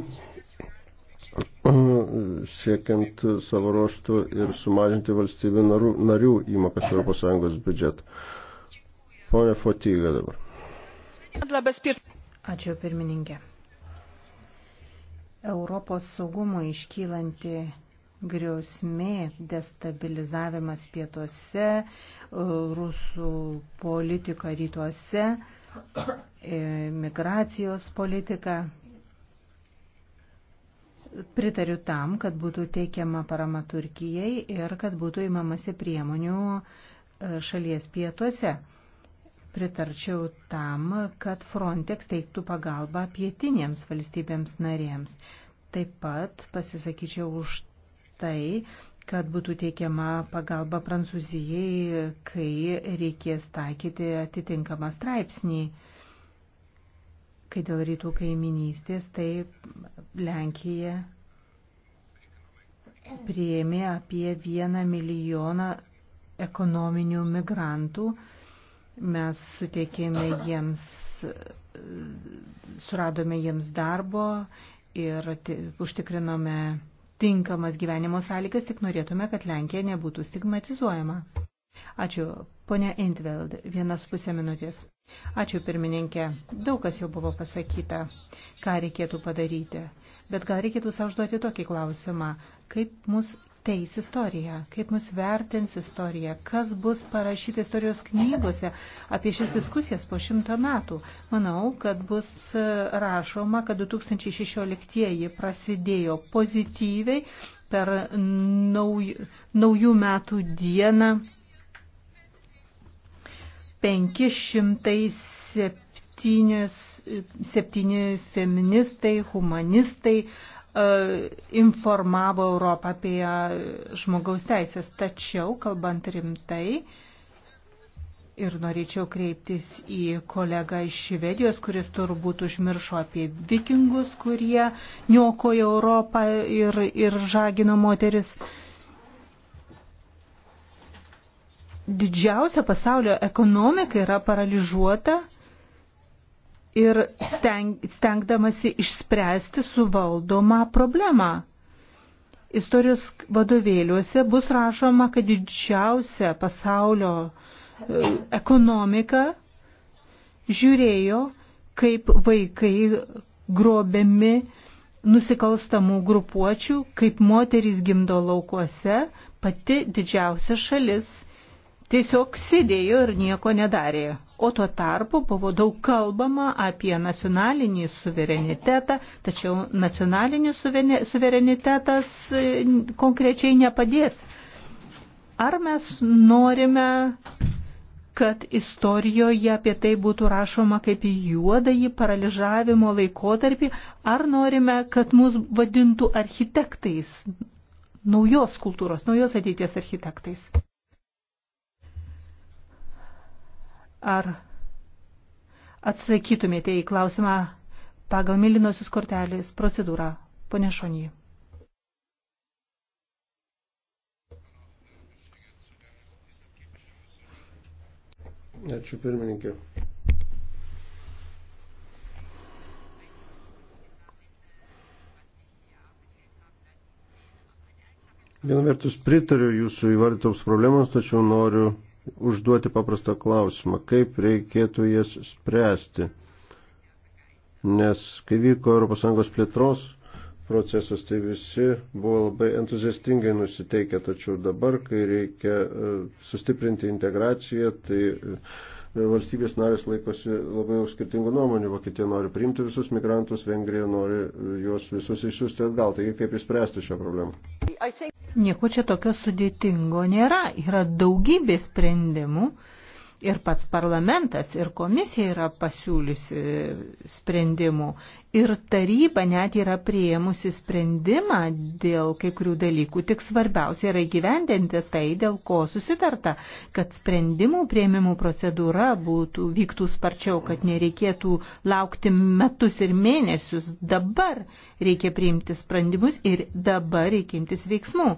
siekiant savo ruoštų ir sumažinti valstybių narių, narių įmokas ES biudžetą. Pone Fotyga dabar. Ačiū pirmininkė. Europos saugumo iškylanti griausmė, destabilizavimas pietuose, e, rusų politika rytuose, e, migracijos politika Pritariu tam, kad būtų teikiama parama Turkijai ir kad būtų įmamasi priemonių e, šalies pietuose. Pritarčiau tam, kad Frontex teiktų pagalbą pietinėms valstybėms narėms. Taip pat pasisakyčiau už tai, kad būtų teikiama pagalba Prancūzijai, kai reikės taikyti atitinkamą straipsnį Kai dėl rytų kaiminystės, tai Lenkija prieimė apie vieną milijoną ekonominių migrantų. Mes suteikėme jiems, suradome jiems darbo ir užtikrinome tinkamas gyvenimo sąlygas, tik norėtume, kad Lenkija nebūtų stigmatizuojama. Ačiū Pone Intveld, vienas pusė minutės. Ačiū pirmininkė. Daug kas jau buvo pasakyta, ką reikėtų padaryti. Bet gal reikėtų saužduoti tokį klausimą, kaip mus teis istorija, kaip mus vertins istorija, kas bus parašyta istorijos knygose apie šis diskusijas po šimto metų. Manau, kad bus e, rašoma, kad 2016 prasidėjo pozityviai per nauj, naujų metų dieną 507 feministai, humanistai e, informavo Europą apie e, žmogaus teisės. Tačiau, kalbant rimtai, ir norėčiau kreiptis į kolegą iš Švedijos, kuris turbūt užmiršo apie vikingus, kurie niokojo Europą ir, ir žagino moteris. didžiausia pasaulio ekonomika yra paralyžiuota ir steng, stengdamasi išspręsti suvaldomą problemą. Istorijos vadovėliuose bus rašoma, kad didžiausia pasaulio e, ekonomika žiūrėjo, kaip vaikai grobiami nusikalstamų grupuočių, kaip moterys gimdo laukuose, pati didžiausia šalis – tiesiog sėdėjo ir nieko nedarė. O tuo tarpu buvo daug kalbama apie nacionalinį suverenitetą, tačiau nacionalinis suverenitetas e, konkrečiai nepadės. Ar mes norime, kad istorijoje apie tai būtų rašoma kaip į juodąjį paralyžavimo laikotarpį, ar norime, kad mus vadintų architektais, naujos kultūros, naujos ateities architektais? Ar atsakytumėte į klausimą pagal mėlynosios kortelės procedūrą, ponė Šonijai? Ačiū pirmininkė. Viena vertus pritariu jūsų įvardytoms problemams, tačiau noriu užduoti paprastą klausimą, kaip reikėtų jas spręsti. Nes kai vyko ES plėtros procesas, tai visi buvo labai entuziastingai nusiteikę, tačiau dabar, kai reikia e, sustiprinti integraciją, tai e, E, valstybės narės laikosi labai skirtingų nuomonių. Vokietija nori priimti visus migrantus, Vengrija nori e, juos visus išsiųsti atgal. Taigi kaip įspręsti šią problemą? Nieko čia tokio sudėtingo nėra. Yra daugybė sprendimų Ir pats parlamentas ir komisija yra pasiūliusi sprendimų. Ir taryba net yra priėmusi sprendimą dėl kai kurių dalykų. Tik svarbiausia yra įgyvendinti tai, dėl ko susitarta, kad sprendimų prieimimų procedūra būtų, vyktų sparčiau, kad nereikėtų laukti metus ir mėnesius. Dabar reikia priimti sprendimus ir dabar reikia imtis veiksmų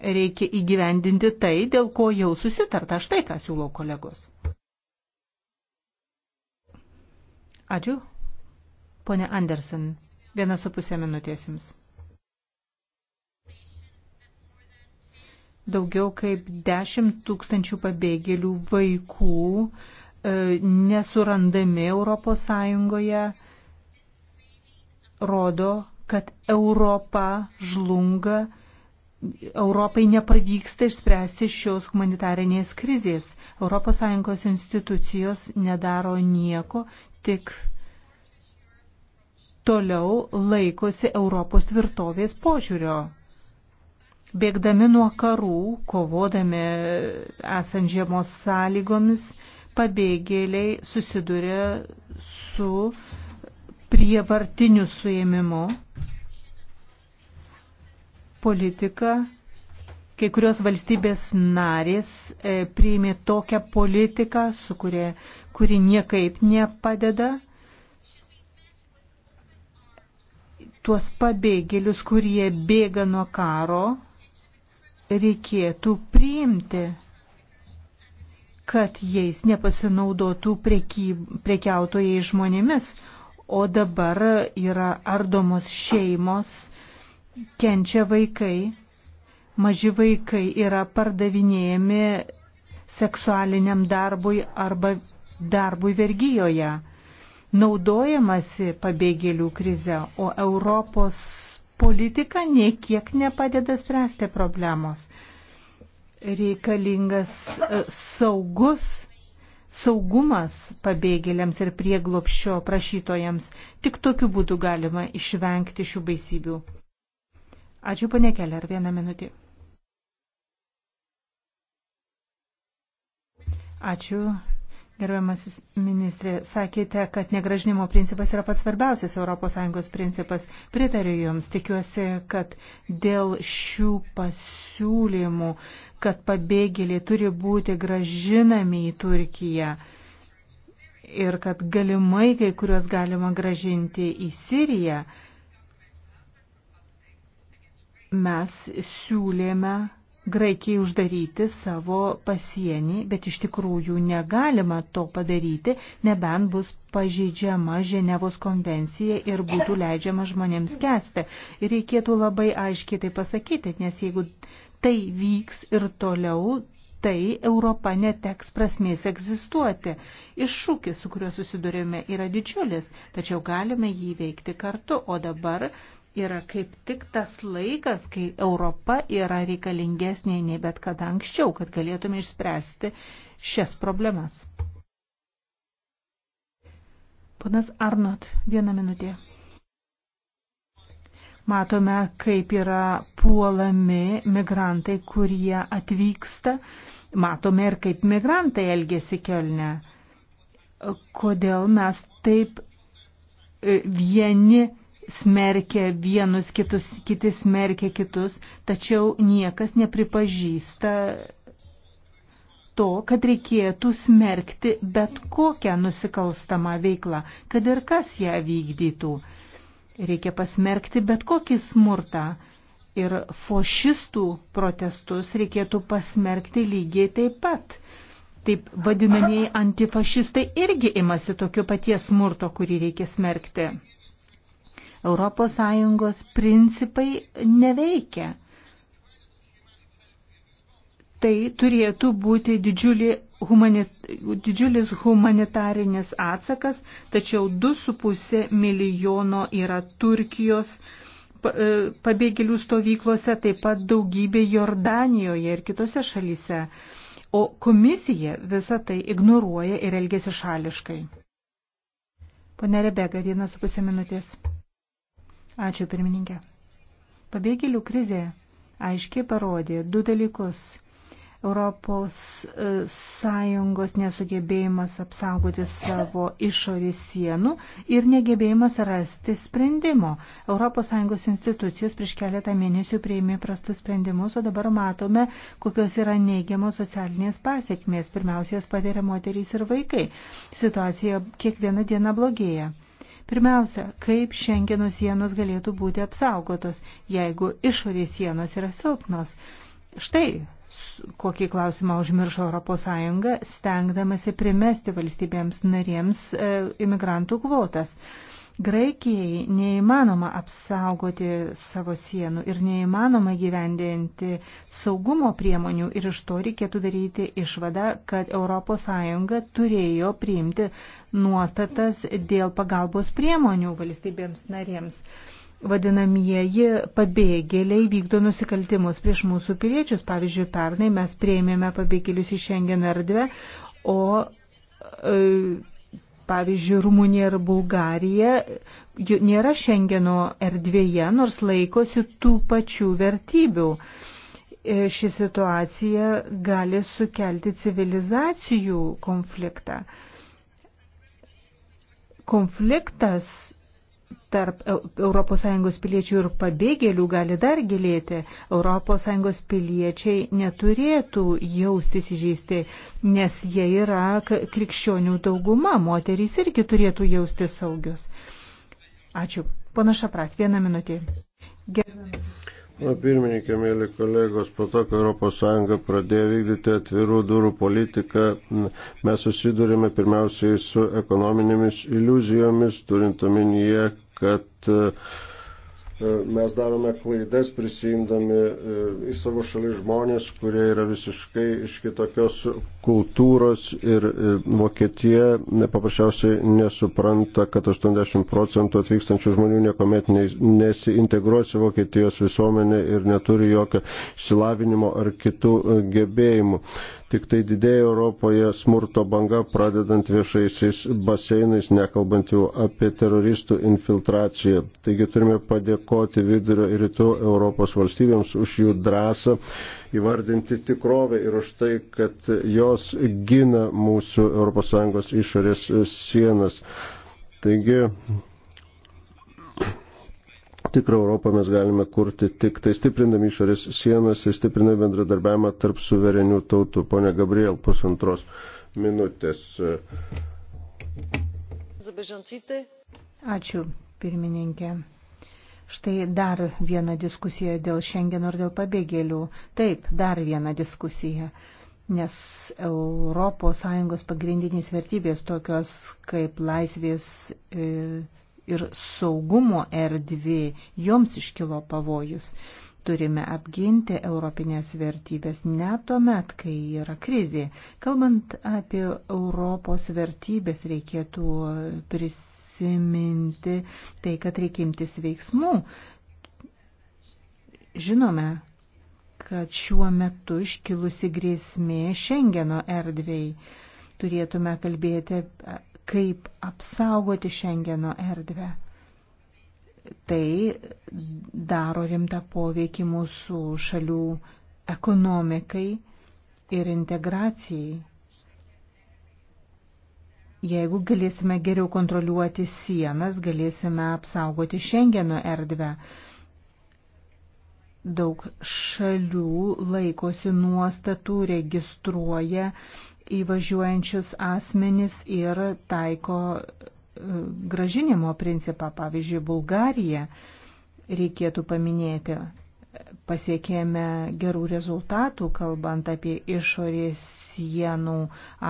reikia įgyvendinti tai, dėl ko jau susitarta. Štai ką siūlau kolegos. Ačiū. Pone Anderson, vienas su pusė minutės jums. Daugiau kaip 10 tūkstančių pabėgėlių vaikų e, nesurandami Europos Sąjungoje rodo, kad Europa žlunga Europai nepavyksta išspręsti šios humanitarinės krizės. ES institucijos nedaro nieko, tik toliau laikosi Europos tvirtovės požiūrio. Bėgdami nuo karų, kovodami esant žiemos sąlygomis, pabėgėliai susiduria su prievartiniu suėmimu politiką, kai kurios valstybės narės e, priėmė tokią politiką, su kuria, kuri niekaip nepadeda tuos pabėgėlius, kurie bėga nuo karo, reikėtų priimti, kad jais nepasinaudotų prekyb, prekiautojai žmonėmis. O dabar yra ardomos šeimos, kenčia vaikai, maži vaikai yra pardavinėjami seksualiniam darbui arba darbui vergyjoje. Naudojamasi pabėgėlių krize, o Europos politika niekiek nepadeda spręsti problemos. Reikalingas e, saugus saugumas pabėgėliams ir prieglopščio prašytojams. Tik tokiu būdu galima išvengti šių baisybių. Ačiū, ponė Keller, vieną minutį. Ačiū. Gerbiamas ministrė, sakėte, kad negražinimo principas yra pats svarbiausias ES principas. Pritariu Jums, tikiuosi, kad dėl šių pasiūlymų, kad pabėgėliai turi būti gražinami į Turkiją ir kad galimai kai kuriuos galima gražinti į Siriją mes siūlėme Graikijai uždaryti savo pasienį, bet iš tikrųjų negalima to padaryti, nebent bus pažeidžiama Ženevos konvencija ir būtų leidžiama žmonėms kesti. Ir reikėtų labai aiškiai tai pasakyti, nes jeigu tai vyks ir toliau, tai Europa neteks prasmės egzistuoti. Iššūkis, su kuriuo susidurėme, yra didžiulis, tačiau galime jį veikti kartu, o dabar yra kaip tik tas laikas, kai Europa yra reikalingesnė nei bet kada anksčiau, kad galėtume išspręsti šias problemas. Panas Arnot, vieną minutę. Matome, kaip yra puolami migrantai, kurie atvyksta. Matome ir kaip migrantai elgesi kelne. Kodėl mes taip e, vieni smerkia vienus kitus, kiti smerkia kitus, tačiau niekas nepripažįsta to, kad reikėtų smerkti bet kokią nusikalstamą veiklą, kad ir kas ją vykdytų. Reikia pasmerkti bet kokį smurtą. Ir fašistų protestus reikėtų pasmerkti lygiai taip pat. Taip vadinamieji antifašistai irgi imasi tokio paties smurto, kurį reikia smerkti. ES principai neveikia. Tai turėtų būti didžiulį humanit, didžiulis humanitarinis atsakas, tačiau 2,5 milijono yra Turkijos e, pabėgėlių stovyklose, taip pat daugybė Jordanijoje ir kitose šalyse. O komisija visą tai ignoruoja ir elgesi šališkai. Pane Rebega, vienas su pusė minutės. Ačiū pirmininkė. Pabėgėlių krizė aiškiai parodė du dalykus. Europos e, Sąjungos nesugebėjimas apsaugoti savo išorės sienų ir negebėjimas rasti sprendimo. Europos Sąjungos institucijos prieš keletą mėnesių prieimė prastus sprendimus, o dabar matome, kokios yra neigiamos socialinės pasiekmės. Pirmiausias patiria moterys ir vaikai. Situacija kiekvieną dieną blogėja. Pirmiausia, kaip Šengeno sienos galėtų būti apsaugotos, jeigu išorės sienos yra silpnos. Štai kokį klausimą užmiršo ES, stengdamasi primesti valstybėms narėms e, imigrantų kvotas. E, Graikijai neįmanoma apsaugoti savo sienų ir neįmanoma gyvendinti saugumo priemonių ir iš to reikėtų daryti išvadą, kad ES turėjo priimti nuostatas dėl pagalbos priemonių valstybėms narėms. Vadinamieji pabėgėliai vykdo nusikaltimus prieš mūsų piliečius. Pavyzdžiui, pernai mes prieimėme pabėgėlius į Schengen erdvę, o e, Pavyzdžiui, Rumunija ir Bulgarija nėra Šengeno erdvėje, nors laikosi tų pačių vertybių. E, ši situacija gali sukelti civilizacijų konfliktą. Konfliktas tarp ES piliečių ir pabėgėlių gali dar gilėti. ES piliečiai neturėtų jaustis įžeisti, nes jie yra krikščionių dauguma, moterys irgi turėtų jaustis saugios. Ačiū. Pana Šaprat, vieną minutį. Gerbiamas Pirmininkė, mėly kolegos, po to, kai ES pradėjo vykdyti atvirų durų politiką, mes susidurime pirmiausiai su ekonominėmis iliuzijomis, turint omenyje, kad uh, E, mes darome klaidas prisijimdami e, į savo šalį žmonės, kurie yra visiškai iš kitokios kultūros ir e, Vokietija paprasčiausiai nesupranta, kad 80 procentų atvykstančių žmonių niekuomet nesiintegruosi Vokietijos visuomenė ir neturi jokio silavinimo ar kitų gebėjimų. Tik tai didėja Europoje smurto banga, pradedant viešaisiais baseinais, nekalbant jau apie teroristų infiltraciją. Taigi turime padėkoti vidurio ir rytų Europos valstybėms už jų drąsą įvardinti tikrovę ir už tai, kad jos gina mūsų ES išorės sienas. Taigi tikrą Europą mes galime kurti tik tai stiprindami išorės sienas ir stiprindami bendradarbiavimą tarp suverenių tautų. Pone Gabriel, pusantros minutės. Ačiū, pirmininkė. Štai dar viena diskusija dėl Šengeno ir dėl pabėgėlių. Taip, dar viena diskusija. Nes ES pagrindinės vertybės tokios kaip laisvės, e, ir saugumo erdvė, joms iškilo pavojus. Turime apginti europinės vertybės net tuomet, kai yra krizė. Kalbant apie Europos vertybės, reikėtų prisiminti tai, kad reikia imtis veiksmų. Žinome, kad šiuo metu iškilusi grėsmė Šengeno erdvėjai turėtume kalbėti kaip apsaugoti Šengeno erdvę. Tai daro rimtą poveikį mūsų šalių ekonomikai ir integracijai. Jeigu galėsime geriau kontroliuoti sienas, galėsime apsaugoti Šengeno erdvę. Daug šalių laikosi nuostatų, registruoja įvažiuojančius asmenis ir taiko e, gražinimo principą. Pavyzdžiui, Bulgarija reikėtų paminėti. Pasiekėme gerų rezultatų, kalbant apie išorės sienų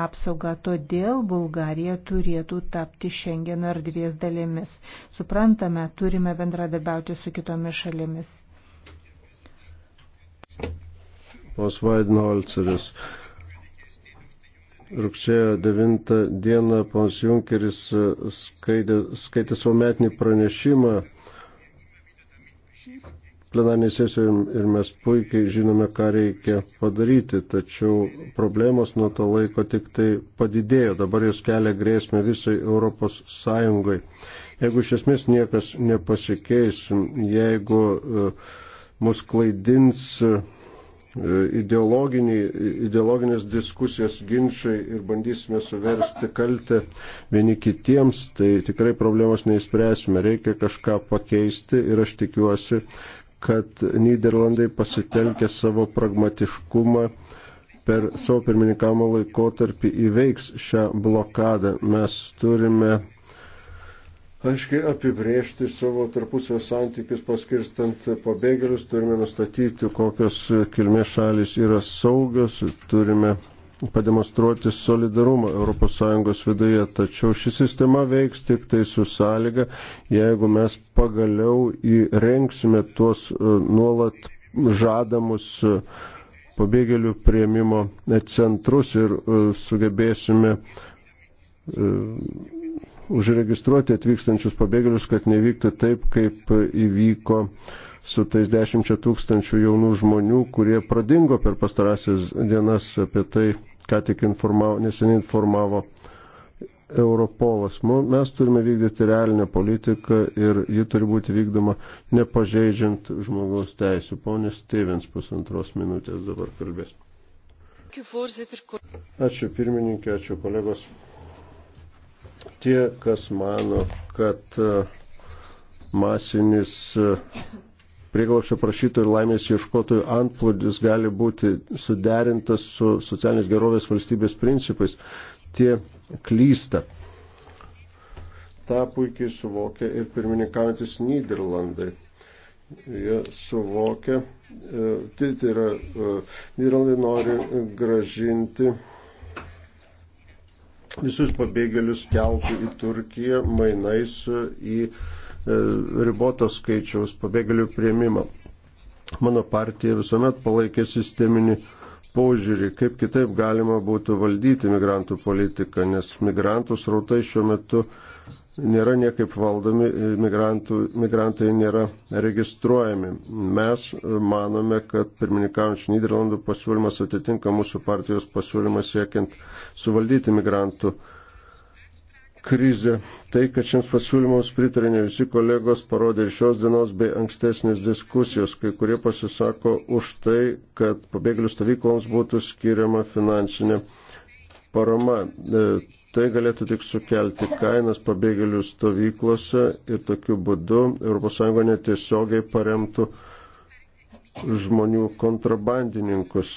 apsaugą, todėl Bulgarija turėtų tapti Šengeno erdvės dalimis. Suprantame, turime bendradarbiauti su kitomis šalimis. Osvaidno Alceris. Rugsėjo 9 dieną pons Junkeris e, skaidė, skaitė savo metinį pranešimą plenarnė sesija ir mes puikiai žinome, ką reikia padaryti, tačiau problemos nuo to laiko tik tai padidėjo, dabar jos kelia grėsmę visai Europos Sąjungai. Jeigu iš esmės niekas nepasikeis, jeigu e, mus klaidins E, ideologinės diskusijos, ginčiai ir bandysime suversti kaltę vieni kitiems, tai tikrai problemos neįspręsime. Reikia kažką pakeisti ir aš tikiuosi, kad Niderlandai pasitelkė savo pragmatiškumą per savo pirmininkamo laikotarpį įveiks šią blokadą. Mes turime aiškiai apibrėžti savo tarpusio santykius, paskirstant pabėgėlius, turime nustatyti, kokios kilmės šalis yra saugios, turime pademonstruoti solidarumą ES viduje, tačiau ši sistema veiks tik tai su sąlyga, jeigu mes pagaliau įrengsime tuos e, nuolat žadamus e, pabėgėlių prieimimo centrus ir e, sugebėsime užregistruoti atvykstančius pabėgėlius, kad nevyktų taip, kaip įvyko su tais dešimčia tūkstančių jaunų žmonių, kurie pradingo per pastarąsias dienas apie tai, ką tik informavo, neseniai informavo Europolas. Mes turime vykdyti realinę politiką ir ji turi būti vykdoma nepažeidžiant žmogaus teisų. Pone Stevens pusantros minutės dabar kalbės. Ačiū pirmininkė, ačiū kolegos. Tie, kas mano, kad e, masinis e, prieglaušio prašytojų ir laimės ieškotojų antplūdis gali būti suderintas su socialinės gerovės valstybės principais, tie klysta. Ta puikiai suvokia ir pirmininkaujantis Niderlandai. Jie suvokia, e, tai, tai yra, Niderlandai nori gražinti visus pabėgėlius keltų į Turkiją mainais į e, ribotos skaičiaus pabėgėlių prieimimą. Mano partija visuomet palaikė sisteminį požiūrį, kaip kitaip galima būtų valdyti migrantų politiką, nes migrantų srautai šiuo metu nėra niekaip valdomi, e, migrantų, migrantai nėra registruojami. Mes e, manome, kad pirmininkaujančių Niderlandų pasiūlymas atitinka mūsų partijos pasiūlymą siekiant suvaldyti migrantų krizę. Tai, kad šiems pasiūlymams pritarė ne visi kolegos, parodė ir šios dienos bei ankstesnės diskusijos, kai kurie pasisako už tai, kad pabėgėlių stovykloms būtų skiriama finansinė parama. E, Tai galėtų tik sukelti kainas pabėgėlių stovyklose ir tokiu būdu ES netiesiogiai paremtų žmonių kontrabandininkus.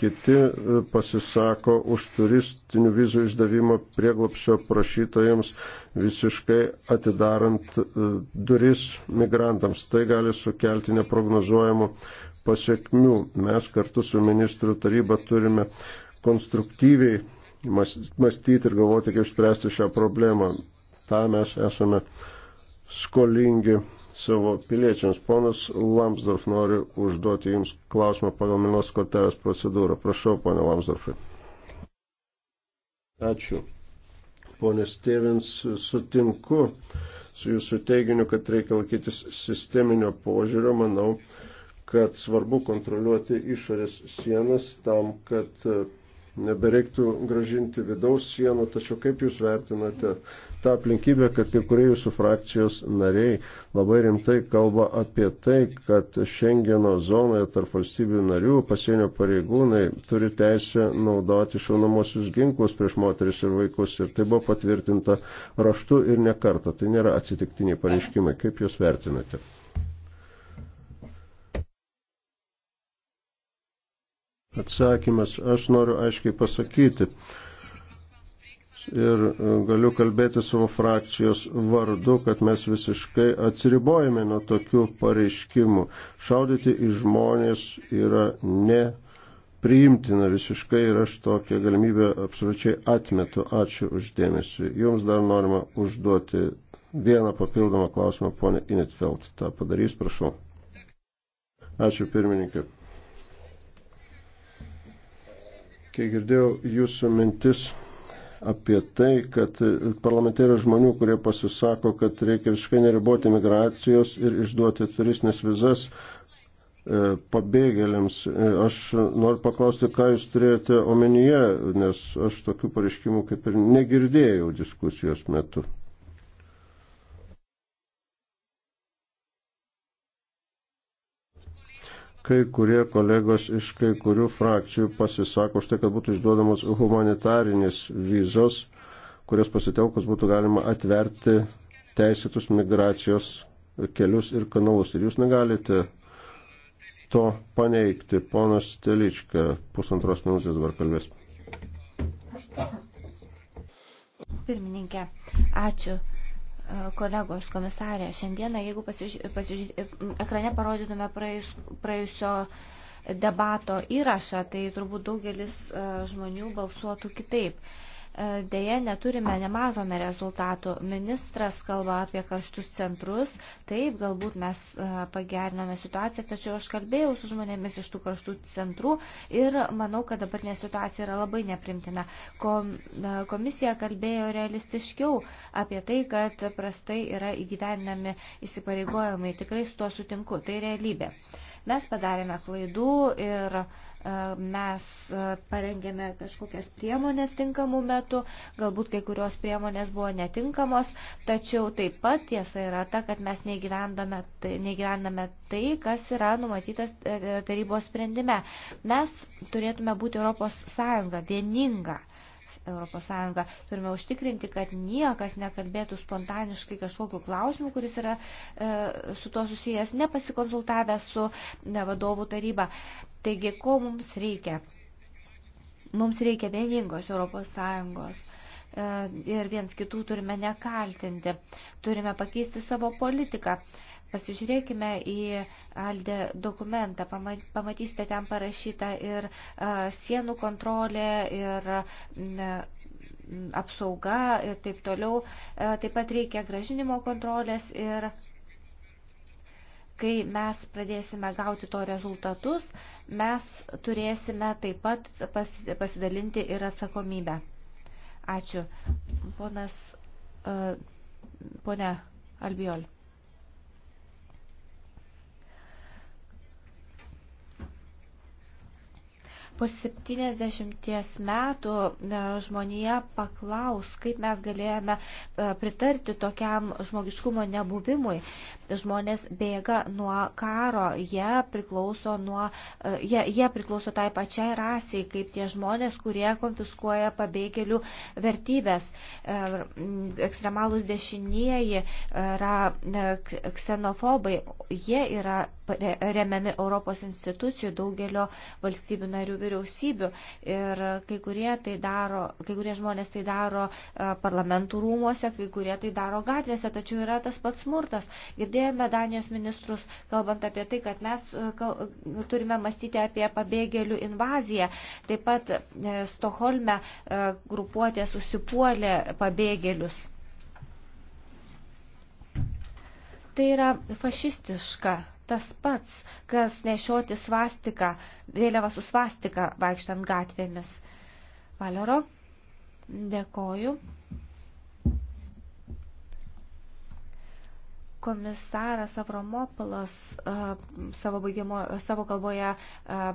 Kiti e, pasisako už turistinių vizų išdavimą prieglopšio prašytojams visiškai atidarant e, duris migrantams. Tai gali sukelti neprognozuojamų pasiekmių. Mes kartu su ministrų taryba turime konstruktyviai mąstyti ir galvoti, kaip spręsti šią problemą. Ta mes esame skolingi savo piliečiams. Ponas Lamsdorf nori užduoti Jums klausimą pagal Minos kortelės procedūrą. Prašau, ponė Lamsdorfai. Ačiū. Pone Stevens, sutinku su Jūsų teiginiu, kad reikia laikytis sisteminio požiūrio. Manau, kad svarbu kontroliuoti išorės sienas tam, kad nebereiktų gražinti vidaus sienų, tačiau kaip Jūs vertinate tą aplinkybę, kad kai kurie Jūsų frakcijos nariai labai rimtai kalba apie tai, kad Šengeno zonoje tarp valstybių narių pasienio pareigūnai turi teisę naudoti šaunamosius ginklus prieš moteris ir vaikus ir tai buvo patvirtinta raštu ir nekarta. Tai nėra atsitiktiniai pareiškimai. Kaip Jūs vertinate? atsakymas. Aš noriu aiškiai pasakyti ir e, galiu kalbėti savo frakcijos vardu, kad mes visiškai atsiribojame nuo tokių pareiškimų. Šaudyti į žmonės yra nepriimtina visiškai ir aš tokią galimybę absoliučiai atmetu. Ačiū uždėmesi. Jums dar norima užduoti vieną papildomą klausimą, ponė Inetfeld. Ta padarys, prašau. Ačiū pirmininkė. Kai girdėjau jūsų mintis apie tai, kad parlamentarai žmonių, kurie pasisako, kad reikia visiškai neriboti migracijos ir išduoti turistinės vizas e, pabėgėliams. E, aš noriu paklausti, ką jūs turėjote omenyje, nes aš tokių pareiškimų kaip ir negirdėjau diskusijos metu. kai kurie kolegos iš kai kurių frakcijų pasisako už tai, kad būtų išduodamos humanitarinės vizos, kurias pasitelkus būtų galima atverti teisėtus migracijos kelius ir kanalus. Ir jūs negalite to paneigti. Ponas Telička, pusantros minutės dabar kalbės. Pirmininkė, ačiū kolegos komisarė, šiandieną, jeigu pasiži... Pasiži... ekrane parodytume praėjus... praėjusio debato įrašą, tai turbūt daugelis e, žmonių balsuotų kitaip. E, dėje neturime, nematome rezultatų. Ministras kalba apie karštus centrus, taip, galbūt mes e, pagerinome situaciją, tačiau aš kalbėjau su žmonėmis iš tų karštų centrų ir manau, kad dabartinė situacija yra labai neprimtina. E, komisija kalbėjo realistiškiau apie tai, kad prastai yra įgyvendinami įsipareigojimai. Tikrai su tuo sutinku, tai realybė. Mes padarėme klaidų ir uh, mes parengėme kažkokias priemonės tinkamų metų, galbūt kai kurios priemonės buvo netinkamos, tačiau taip pat tiesa yra ta, kad mes tai, neįgyvendame tai, kas yra numatytas e, e, tarybos sprendime. Mes turėtume būti Europos Sąjunga vieninga. ES. Turime užtikrinti, kad niekas nekalbėtų spontaniškai kažkokiu klausimu, kuris yra e, su to susijęs, nepasikonsultavę su ne, vadovų taryba. Taigi, ko mums reikia? Mums reikia vieningos ES e, ir viens kitų turime nekaltinti. Turime pakeisti savo politiką. Pasižiūrėkime į Alde dokumentą, pamatysite ten parašyta ir sienų kontrolė, ir apsauga ir taip toliau. Taip pat reikia gražinimo kontrolės ir kai mes pradėsime gauti to rezultatus, mes turėsime taip pat pasidalinti ir atsakomybę. Ačiū. Ponas, uh, ponia Albiol. Po 70 metų e, žmonija paklaus, kaip mes galėjome e, pritarti tokiam žmogiškumo nebuvimui. Žmonės bėga nuo karo, jie priklauso, nuo, e, jie, jie priklauso tai pačiai rasiai, kaip tie žmonės, kurie konfiskuoja pabėgėlių vertybės. Ekstremalus dešinieji yra ksenofobai, jie yra remiami Europos institucijų daugelio valstybių narių vyriausybių ir kai kurie, tai daro, kai kurie žmonės tai daro e, parlamentų rūmose, kai kurie tai daro gatvėse, tačiau yra tas pats smurtas. Girdėjome Danijos ministrus, kalbant apie tai, kad mes e, e, turime mąstyti apie pabėgėlių invaziją. Taip pat Stoholme grupuotės užsipuolė pabėgėlius. Tai yra fašistiška tas pats, kas nešioti svastiką, vėliavą su svastika vaikštant gatvėmis. Valero, dėkoju. komisaras Avramopolas savo, baigiamo, savo kalboje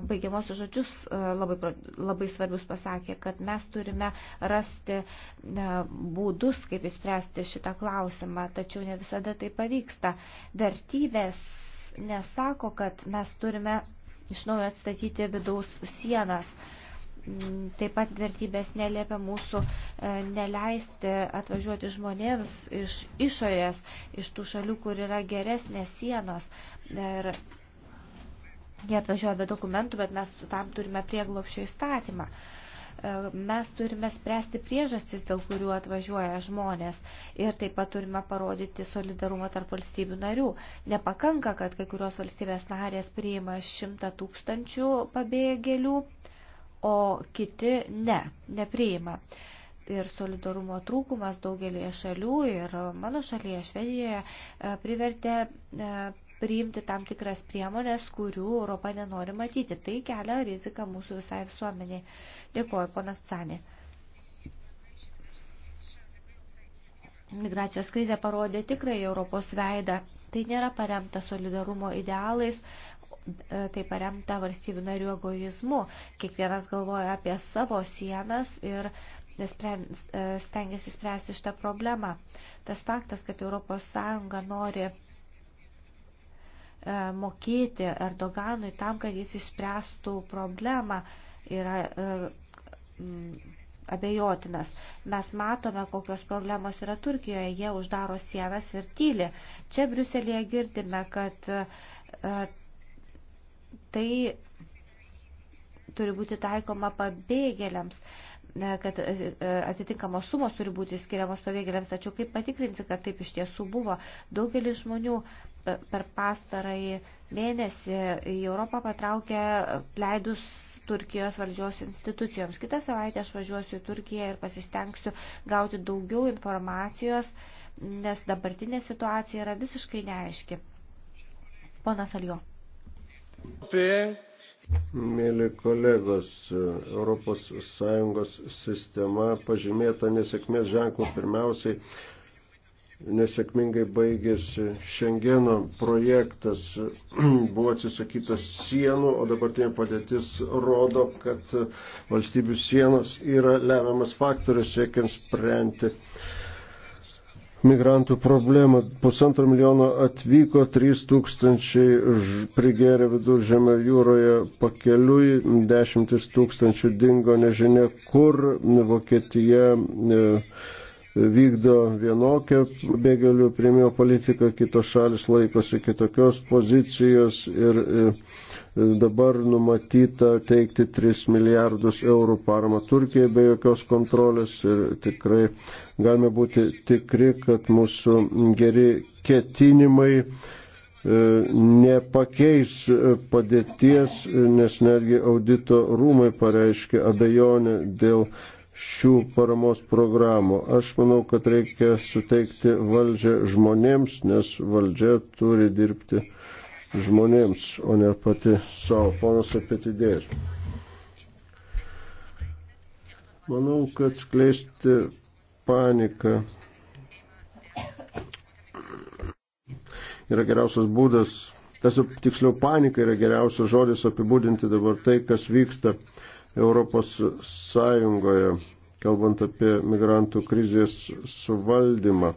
baigiamosius žodžius labai, labai svarbius pasakė, kad mes turime rasti būdus, kaip įspręsti šitą klausimą, tačiau ne visada tai pavyksta. Vertybės nesako, kad mes turime iš naujo atstatyti vidaus sienas. Mm, taip pat vertybės neliepia mūsų e, neleisti atvažiuoti žmonėms iš išorės, iš tų šalių, kur yra geresnės sienos. Ir jie atvažiuoja be dokumentų, bet mes tam turime prieglopšio įstatymą. E, mes turime spręsti priežastis, dėl kurių atvažiuoja žmonės ir taip pat turime parodyti solidarumą tarp valstybių narių. Nepakanka, kad kai kurios valstybės narės priima šimtą tūkstančių pabėgėlių, o kiti ne, nepriima. Ir solidarumo trūkumas daugelėje šalių ir mano šalyje, Švedijoje, e, privertė e, priimti tam tikras priemonės, kurių Europa nenori matyti. Tai kelia riziką mūsų visai visuomeniai. Dėkuoju, ponas Cani. Migracijos krizė parodė tikrai Europos veidą. Tai nėra paremta solidarumo idealais, tai paremta valstybių narių egoizmu. Kiekvienas galvoja apie savo sienas ir stengiasi spręsti šitą problemą. Tas faktas, kad ES nori E, mokėti Erdoganui tam, kad jis išspręstų problemą, yra e, mm, abejotinas. Mes matome, kokios problemos yra Turkijoje, jie uždaro sienas ir tyli. Čia Briuselėje girdime, kad e, tai turi būti taikoma pabėgėliams kad atitinkamos sumos turi būti skiriamos pabėgėliams, tačiau kaip patikrinsi, kad taip iš tiesų buvo. Daugelis žmonių per pastarąjį mėnesį į Europą patraukė leidus Turkijos valdžios institucijoms. Kitą savaitę aš važiuosiu į Turkiją ir pasistengsiu gauti daugiau informacijos, nes dabartinė situacija yra visiškai neaiški. Ponas Aljo. Mėly kolegos, ES sistema pažymėta nesėkmės ženklų pirmiausiai nesėkmingai baigėsi Šengeno projektas, buvo atsisakytas sienų, o dabartinė padėtis rodo, kad valstybių sienos yra lemiamas faktorius siekiant sprendti. Migrantų problema. Pusantro milijono atvyko, 3 tūkstančiai prigėrė viduržėme jūroje pakeliui, 10 tūkstančių dingo nežinia kur, Vokietija. E, vykdo vienokią bėgalių prieimimo politiką, kitos šalis laikosi kitokios pozicijos ir e, dabar numatyta teikti 3 milijardus eurų paramą Turkijai be jokios kontrolės ir tikrai galime būti tikri, kad mūsų geri ketinimai e, nepakeis padėties, nes netgi audito rūmai pareiškia abejonę dėl šių paramos programų. Aš manau, kad reikia suteikti valdžią žmonėms, nes valdžia turi dirbti žmonėms, o ne pati savo. Ponas apie idėjas. Manau, kad skleisti paniką yra geriausias būdas, tas tiksliau panika yra geriausias žodis apibūdinti dabar tai, kas vyksta Europos Sąjungoje, kalbant apie migrantų krizės suvaldymą.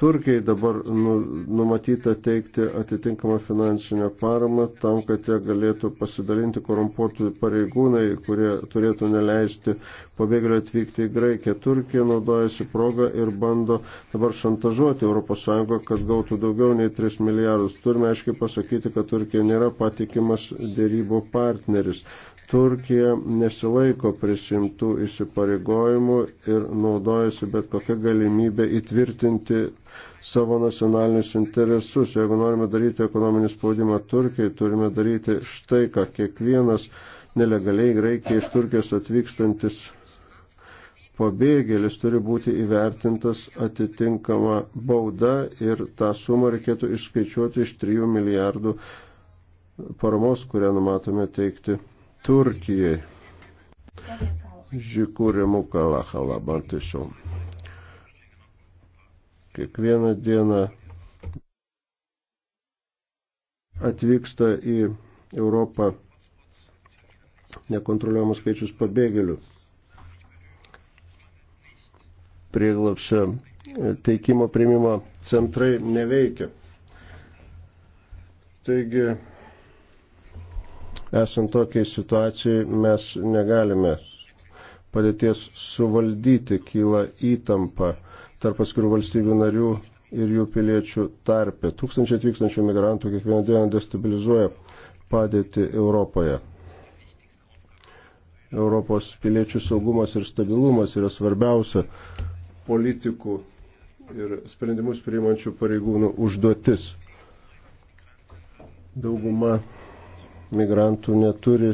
Turkijai dabar nu, numatyta teikti atitinkamą finansinę paramą tam, kad jie galėtų pasidalinti korumpuotų pareigūnai, kurie turėtų neleisti pabėgėlių atvykti į Graikiją. Turkija naudojasi progą ir bando dabar šantažuoti ES, kad gautų daugiau nei 3 milijardus. Turime aiškiai pasakyti, kad Turkija nėra patikimas dėrybo partneris. Turkija nesilaiko prisimtų įsipareigojimų ir naudojasi bet kokią galimybę įtvirtinti savo nacionalinius interesus. Jeigu norime daryti ekonominį spaudimą Turkijai, turime daryti štai ką. Kiekvienas nelegaliai Graikijai iš Turkijos atvykstantis pabėgėlis turi būti įvertintas atitinkama bauda ir tą sumą reikėtų išskaičiuoti iš 3 milijardų paramos, kurią numatome teikti Turkijai. Žikūrimų kalahalą, man tiesiog. Kiekvieną dieną atvyksta į Europą nekontroliuojamas skaičius pabėgėlių. Prieglapšio teikimo priimimo centrai neveikia. Taigi Esant tokiai situacijai mes negalime padėties suvaldyti, kyla įtampa tarp paskirų valstybių narių ir jų piliečių tarpe. Tūkstančiai atvykstančių migrantų kiekvieną dieną destabilizuoja padėtį Europoje. Europos piliečių saugumas ir stabilumas yra svarbiausia politikų ir sprendimus priimančių pareigūnų užduotis. Dauguma migrantų neturi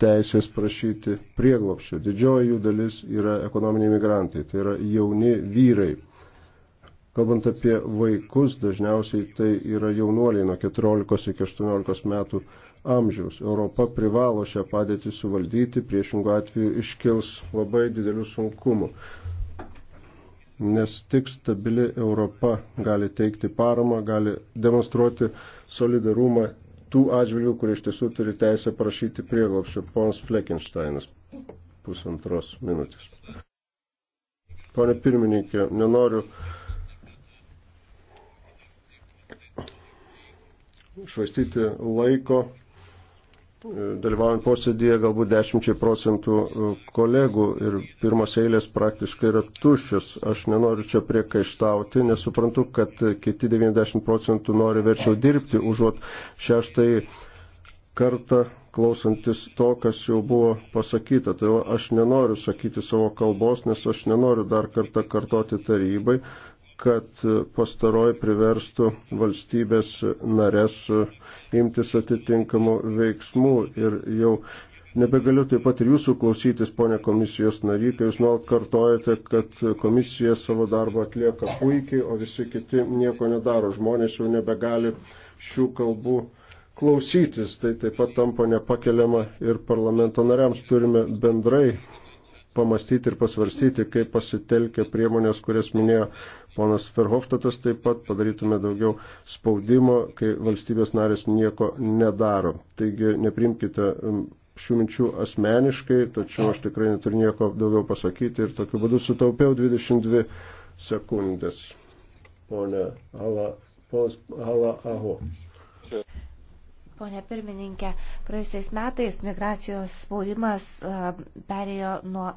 teisės prašyti prieglopščio. Didžioji jų dalis yra ekonominiai migrantai, tai yra jauni vyrai. Kalbant apie vaikus, dažniausiai tai yra jaunuoliai nuo 14 iki 18 metų amžiaus. Europa privalo šią padėtį suvaldyti, priešingų atveju iškils labai didelių sunkumų. Nes tik stabili Europa gali teikti paramą, gali demonstruoti solidarumą tų atžvilgių, kurie iš tiesų turi teisę prašyti prieglopščio. Pons Fleckensteinas, pusantros minutės. Pane pirmininkė, nenoriu švaistyti laiko E, dalyvaujant posėdėje galbūt 10 procentų e, kolegų ir pirmos eilės praktiškai yra tuščios. Aš nenoriu čia priekaištauti, nesuprantu, kad kiti 90 procentų nori verčiau dirbti, užuot šeštai kartą klausantis to, kas jau buvo pasakyta. Tai aš nenoriu sakyti savo kalbos, nes aš nenoriu dar kartą kartoti tarybai, kad pastaroji priverstų valstybės narės imtis atitinkamų veiksmų ir jau Nebegaliu taip pat ir jūsų klausytis, ponė komisijos nary, kai jūs nuolat kartojate, kad komisija savo darbą atlieka puikiai, o visi kiti nieko nedaro. Žmonės jau nebegali šių kalbų klausytis. Tai taip pat tampa nepakeliama ir parlamento nariams. Turime bendrai pamastyti ir pasvarstyti, kaip pasitelkia priemonės, kurias minėjo ponas Ferhoftatas taip pat padarytume daugiau spaudimo, kai valstybės narės nieko nedaro. Taigi neprimkite šių minčių asmeniškai, tačiau aš tikrai neturiu nieko daugiau pasakyti ir tokiu būdu sutaupiau 22 sekundės. Pone Hala, ponas Hala Aho. Pone pirmininkė, praėjusiais metais migracijos spaudimas perėjo nuo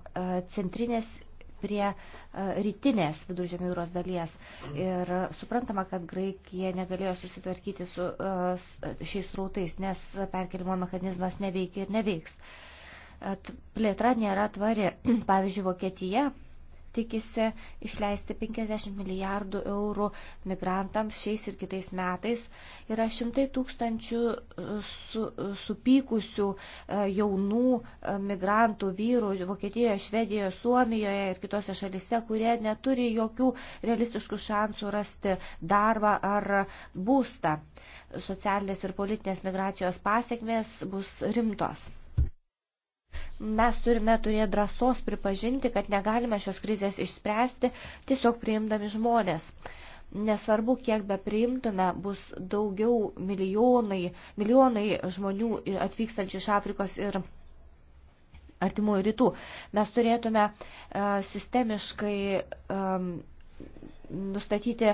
centrinės prie e, rytinės viduržėmio jūros dalies. Ir suprantama, kad Graikija negalėjo susitvarkyti su e, šiais rautais, nes perkelimo mechanizmas neveikia ir neveiks. E, plėtra nėra tvari. Pavyzdžiui, Vokietija tikisi išleisti 50 milijardų eurų migrantams šiais ir kitais metais. Yra šimtai tūkstančių e, su, supykusių e, jaunų e, migrantų vyrų Vokietijoje, Švedijoje, Suomijoje ir kitose šalise, kurie neturi jokių realistiškų šansų rasti darbą ar būstą. Socialinės ir politinės migracijos pasiekmės bus rimtos mes turime turėti drąsos pripažinti, kad negalime šios krizės išspręsti tiesiog priimdami žmonės. Nesvarbu, kiek be priimtume, bus daugiau milijonai, milijonai žmonių atvykstančių iš Afrikos ir Artimųjų rytų. Mes turėtume uh, sistemiškai um, nustatyti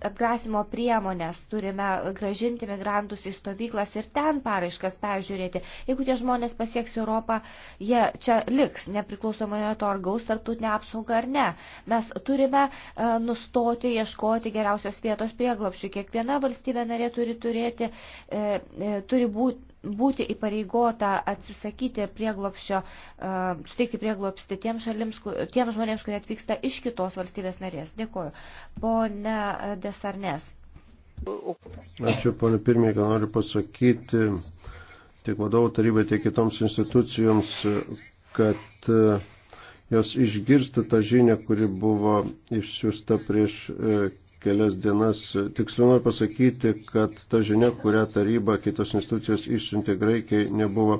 atgrasimo priemonės, turime gražinti migrantus į stovyklas ir ten paraiškas peržiūrėti. Jeigu tie žmonės pasieks Europą, jie čia liks, nepriklausomai nuo to, ar gaus tarptautinę apsaugą ar ne. Mes turime nustoti ieškoti geriausios vietos prieglapšių. Kiekviena valstybė narė turi turėti, e, e, turi būti būti įpareigota atsisakyti prieglopščio, e, suteikti prieglopstį tiems, šalims, tiems žmonėms, kurie atvyksta iš kitos valstybės narės. Dėkuoju. Pone Desarnes. Ačiū, pone pirmininkai, noriu pasakyti tiek vadovų tarybai, tiek kitoms institucijoms, kad e, jos išgirsta tą žinią, kuri buvo išsiųsta prieš e, kelias dienas. Tiksliau noriu pasakyti, kad ta žinia, kurią taryba kitos institucijos išsiuntė Graikijai, nebuvo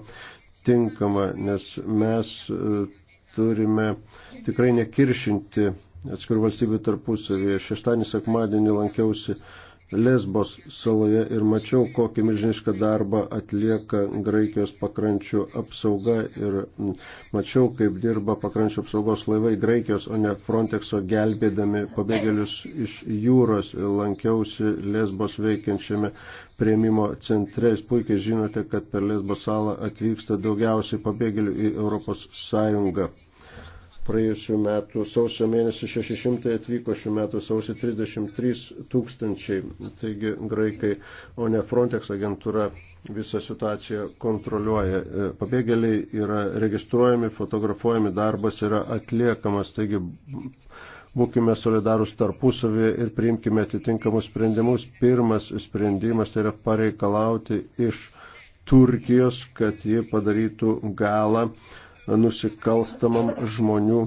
tinkama, nes mes e, turime tikrai nekiršinti atskirų valstybių tarpusavyje. Šeštadienį, sekmadienį lankiausi Lesbos saloje ir mačiau, kokį milžinišką darbą atlieka Graikijos pakrančių apsauga ir mm, mačiau, kaip dirba pakrančių apsaugos laivai Graikijos, o ne Frontexo gelbėdami pabėgėlius iš jūros. Lankiausi Lesbos veikiančiame prieimimo centre. Jūs puikiai žinote, kad per Lesbos salą atvyksta daugiausiai pabėgėlių į Europos Sąjungą praėjusiu metu sausio mėnesį 600 atvyko, šiuo metu sausio 33 tūkstančiai. Taigi graikai, o ne Frontex agentūra visą situaciją kontroliuoja. E, pabėgėliai yra registruojami, fotografuojami, darbas yra atliekamas. Taigi būkime solidarūs tarpusavį ir priimkime atitinkamus sprendimus. Pirmas sprendimas tai yra pareikalauti iš Turkijos, kad ji padarytų galą nusikalstamam žmonių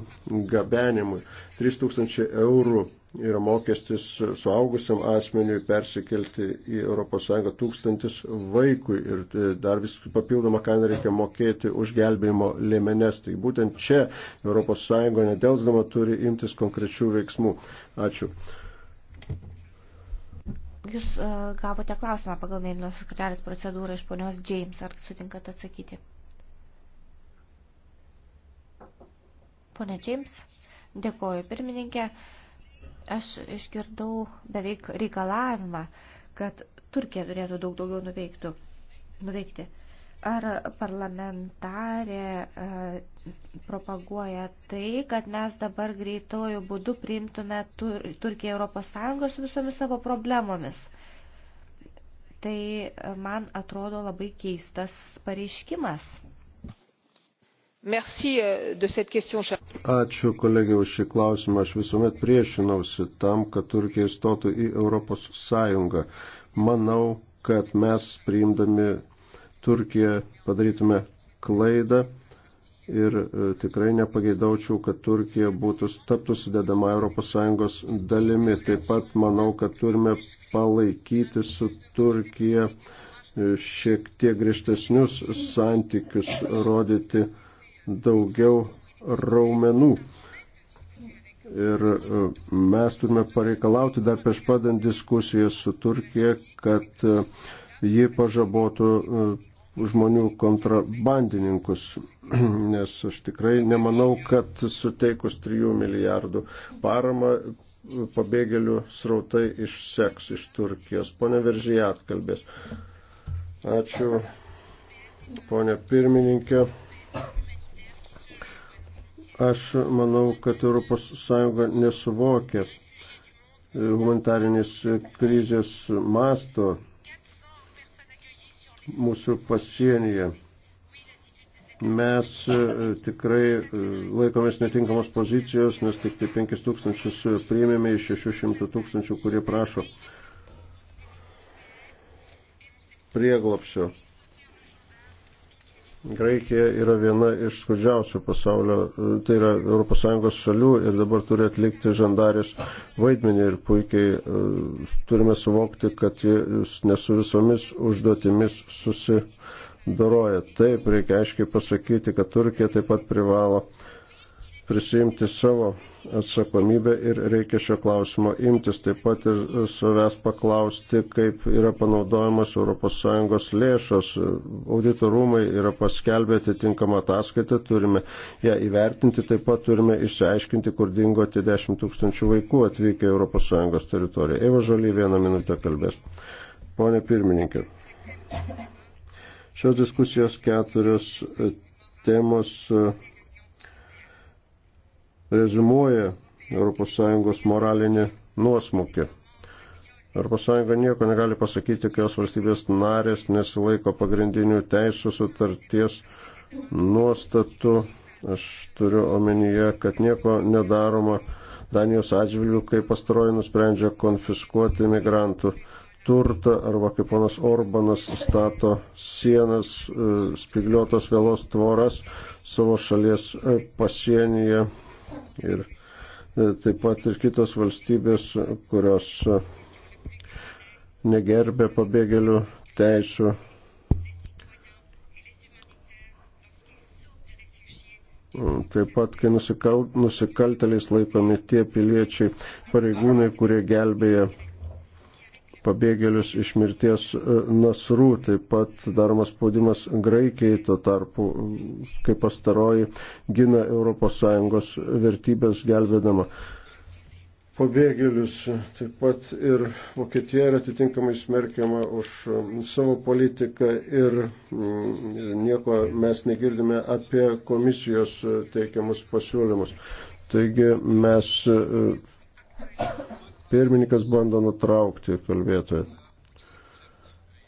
gabenimui. 3000 eurų yra mokestis suaugusiam asmeniui persikelti į ES tūkstantis vaikui ir e, dar vis papildomą kainą reikia mokėti už gelbėjimo lėmenes. Tai būtent čia ES nedelsdama turi imtis konkrečių veiksmų. Ačiū. Jūs uh, gavote klausimą pagal mėlynos kortelės procedūrą iš ponios James. Ar sutinkate atsakyti? Pone James, dėkoju pirmininkė. Aš išgirdau beveik reikalavimą, kad Turkija turėtų daug daugiau nuveiktų, nuveikti. Ar parlamentarė e, propaguoja tai, kad mes dabar greitojų būdu priimtume Tur Turkiją Europos Sąjungą su visomis savo problemomis? Tai man atrodo labai keistas pareiškimas. Euh, Ačiū kolegė už šį klausimą. Aš visuomet priešinausi tam, kad Turkija įstotų į Europos Sąjungą. Manau, kad mes priimdami Turkiją padarytume klaidą ir e, tikrai nepageidaučiau, kad Turkija būtų taptų sudedama Europos Sąjungos dalimi. Taip pat manau, kad turime palaikyti su Turkija e, šiek tiek griežtesnius santykius rodyti daugiau raumenų. Ir e, mes turime pareikalauti dar prieš padant diskusiją su Turkija, kad e, ji pažabotų e, žmonių kontrabandininkus, nes aš tikrai nemanau, kad suteikus 3 milijardų paramą pabėgėlių srautai išseks iš Turkijos. Pone Veržyje atkalbės. Ačiū, ponė pirmininkė. Aš manau, kad ES nesuvokia e, humanitarinės krizės masto mūsų pasienyje. Mes e, tikrai e, laikomės netinkamos pozicijos, nes tik tai 5 tūkstančius priėmėme iš 600 tūkstančių, kurie prašo prieglopšio. Graikija yra viena iš skurdžiausių pasaulio, tai yra ES šalių ir dabar turi atlikti žandarės vaidmenį ir puikiai e, turime suvokti, kad jis nesu visomis užduotimis susidoroja. Taip, reikia aiškiai pasakyti, kad Turkija taip pat privalo prisijimti savo atsakomybę ir reikia šio klausimo imtis. Taip pat ir savęs paklausti, kaip yra panaudojamas ES lėšos. Auditorumai yra paskelbę atitinkamą ataskaitą, turime ją įvertinti, taip pat turime išsiaiškinti, kur dingo tie 10 tūkstančių vaikų atvykę ES teritoriją. Eva Žaly vieną minutę kalbės. Pone pirmininkė. Šios diskusijos keturios temos. Uh, rezumuoja ES moralinį nuosmukį. ES nieko negali pasakyti, kai jos valstybės narės nesilaiko pagrindinių teisų sutarties nuostatų. Aš turiu omenyje, kad nieko nedaroma Danijos atžvilgių, kai pastaroji nusprendžia konfiskuoti migrantų turtą arba kaip ponas Orbanas stato sienas, e, spigliuotos vėlos tvoras savo šalies e, pasienyje ir e, taip pat ir kitos valstybės, kurios e, negerbė pabėgėlių teisų. Taip pat, kai nusikal, nusikalteliais laikomi tie piliečiai pareigūnai, kurie gelbėja pabėgėlius iš mirties e, nasrų, taip pat daromas spaudimas Graikijai, tuo tarpu, kaip pastaroji, gina ES vertybės gelbėdama pabėgėlius, taip pat ir Vokietija yra atitinkamai smerkiama už savo politiką ir nieko mes negirdime apie komisijos teikiamus pasiūlymus. Taigi mes e, Pirmininkas bando nutraukti kalbėtoją.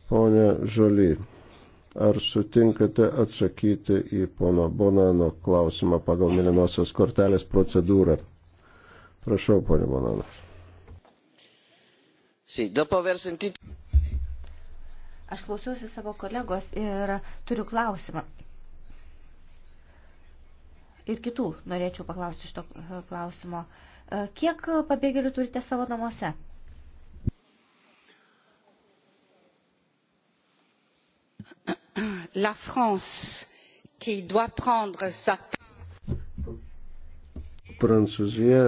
Pone Žaly, ar sutinkate atsakyti į pono Bonano klausimą pagal mėlynosios kortelės procedūrą? Prašau, pone Bonanas. Aš klausiausi savo kolegos ir turiu klausimą ir kitų norėčiau paklausti šito klausimo. E, kiek pabėgėlių turite savo namuose? La France, qui doit prendre sa Prancūzija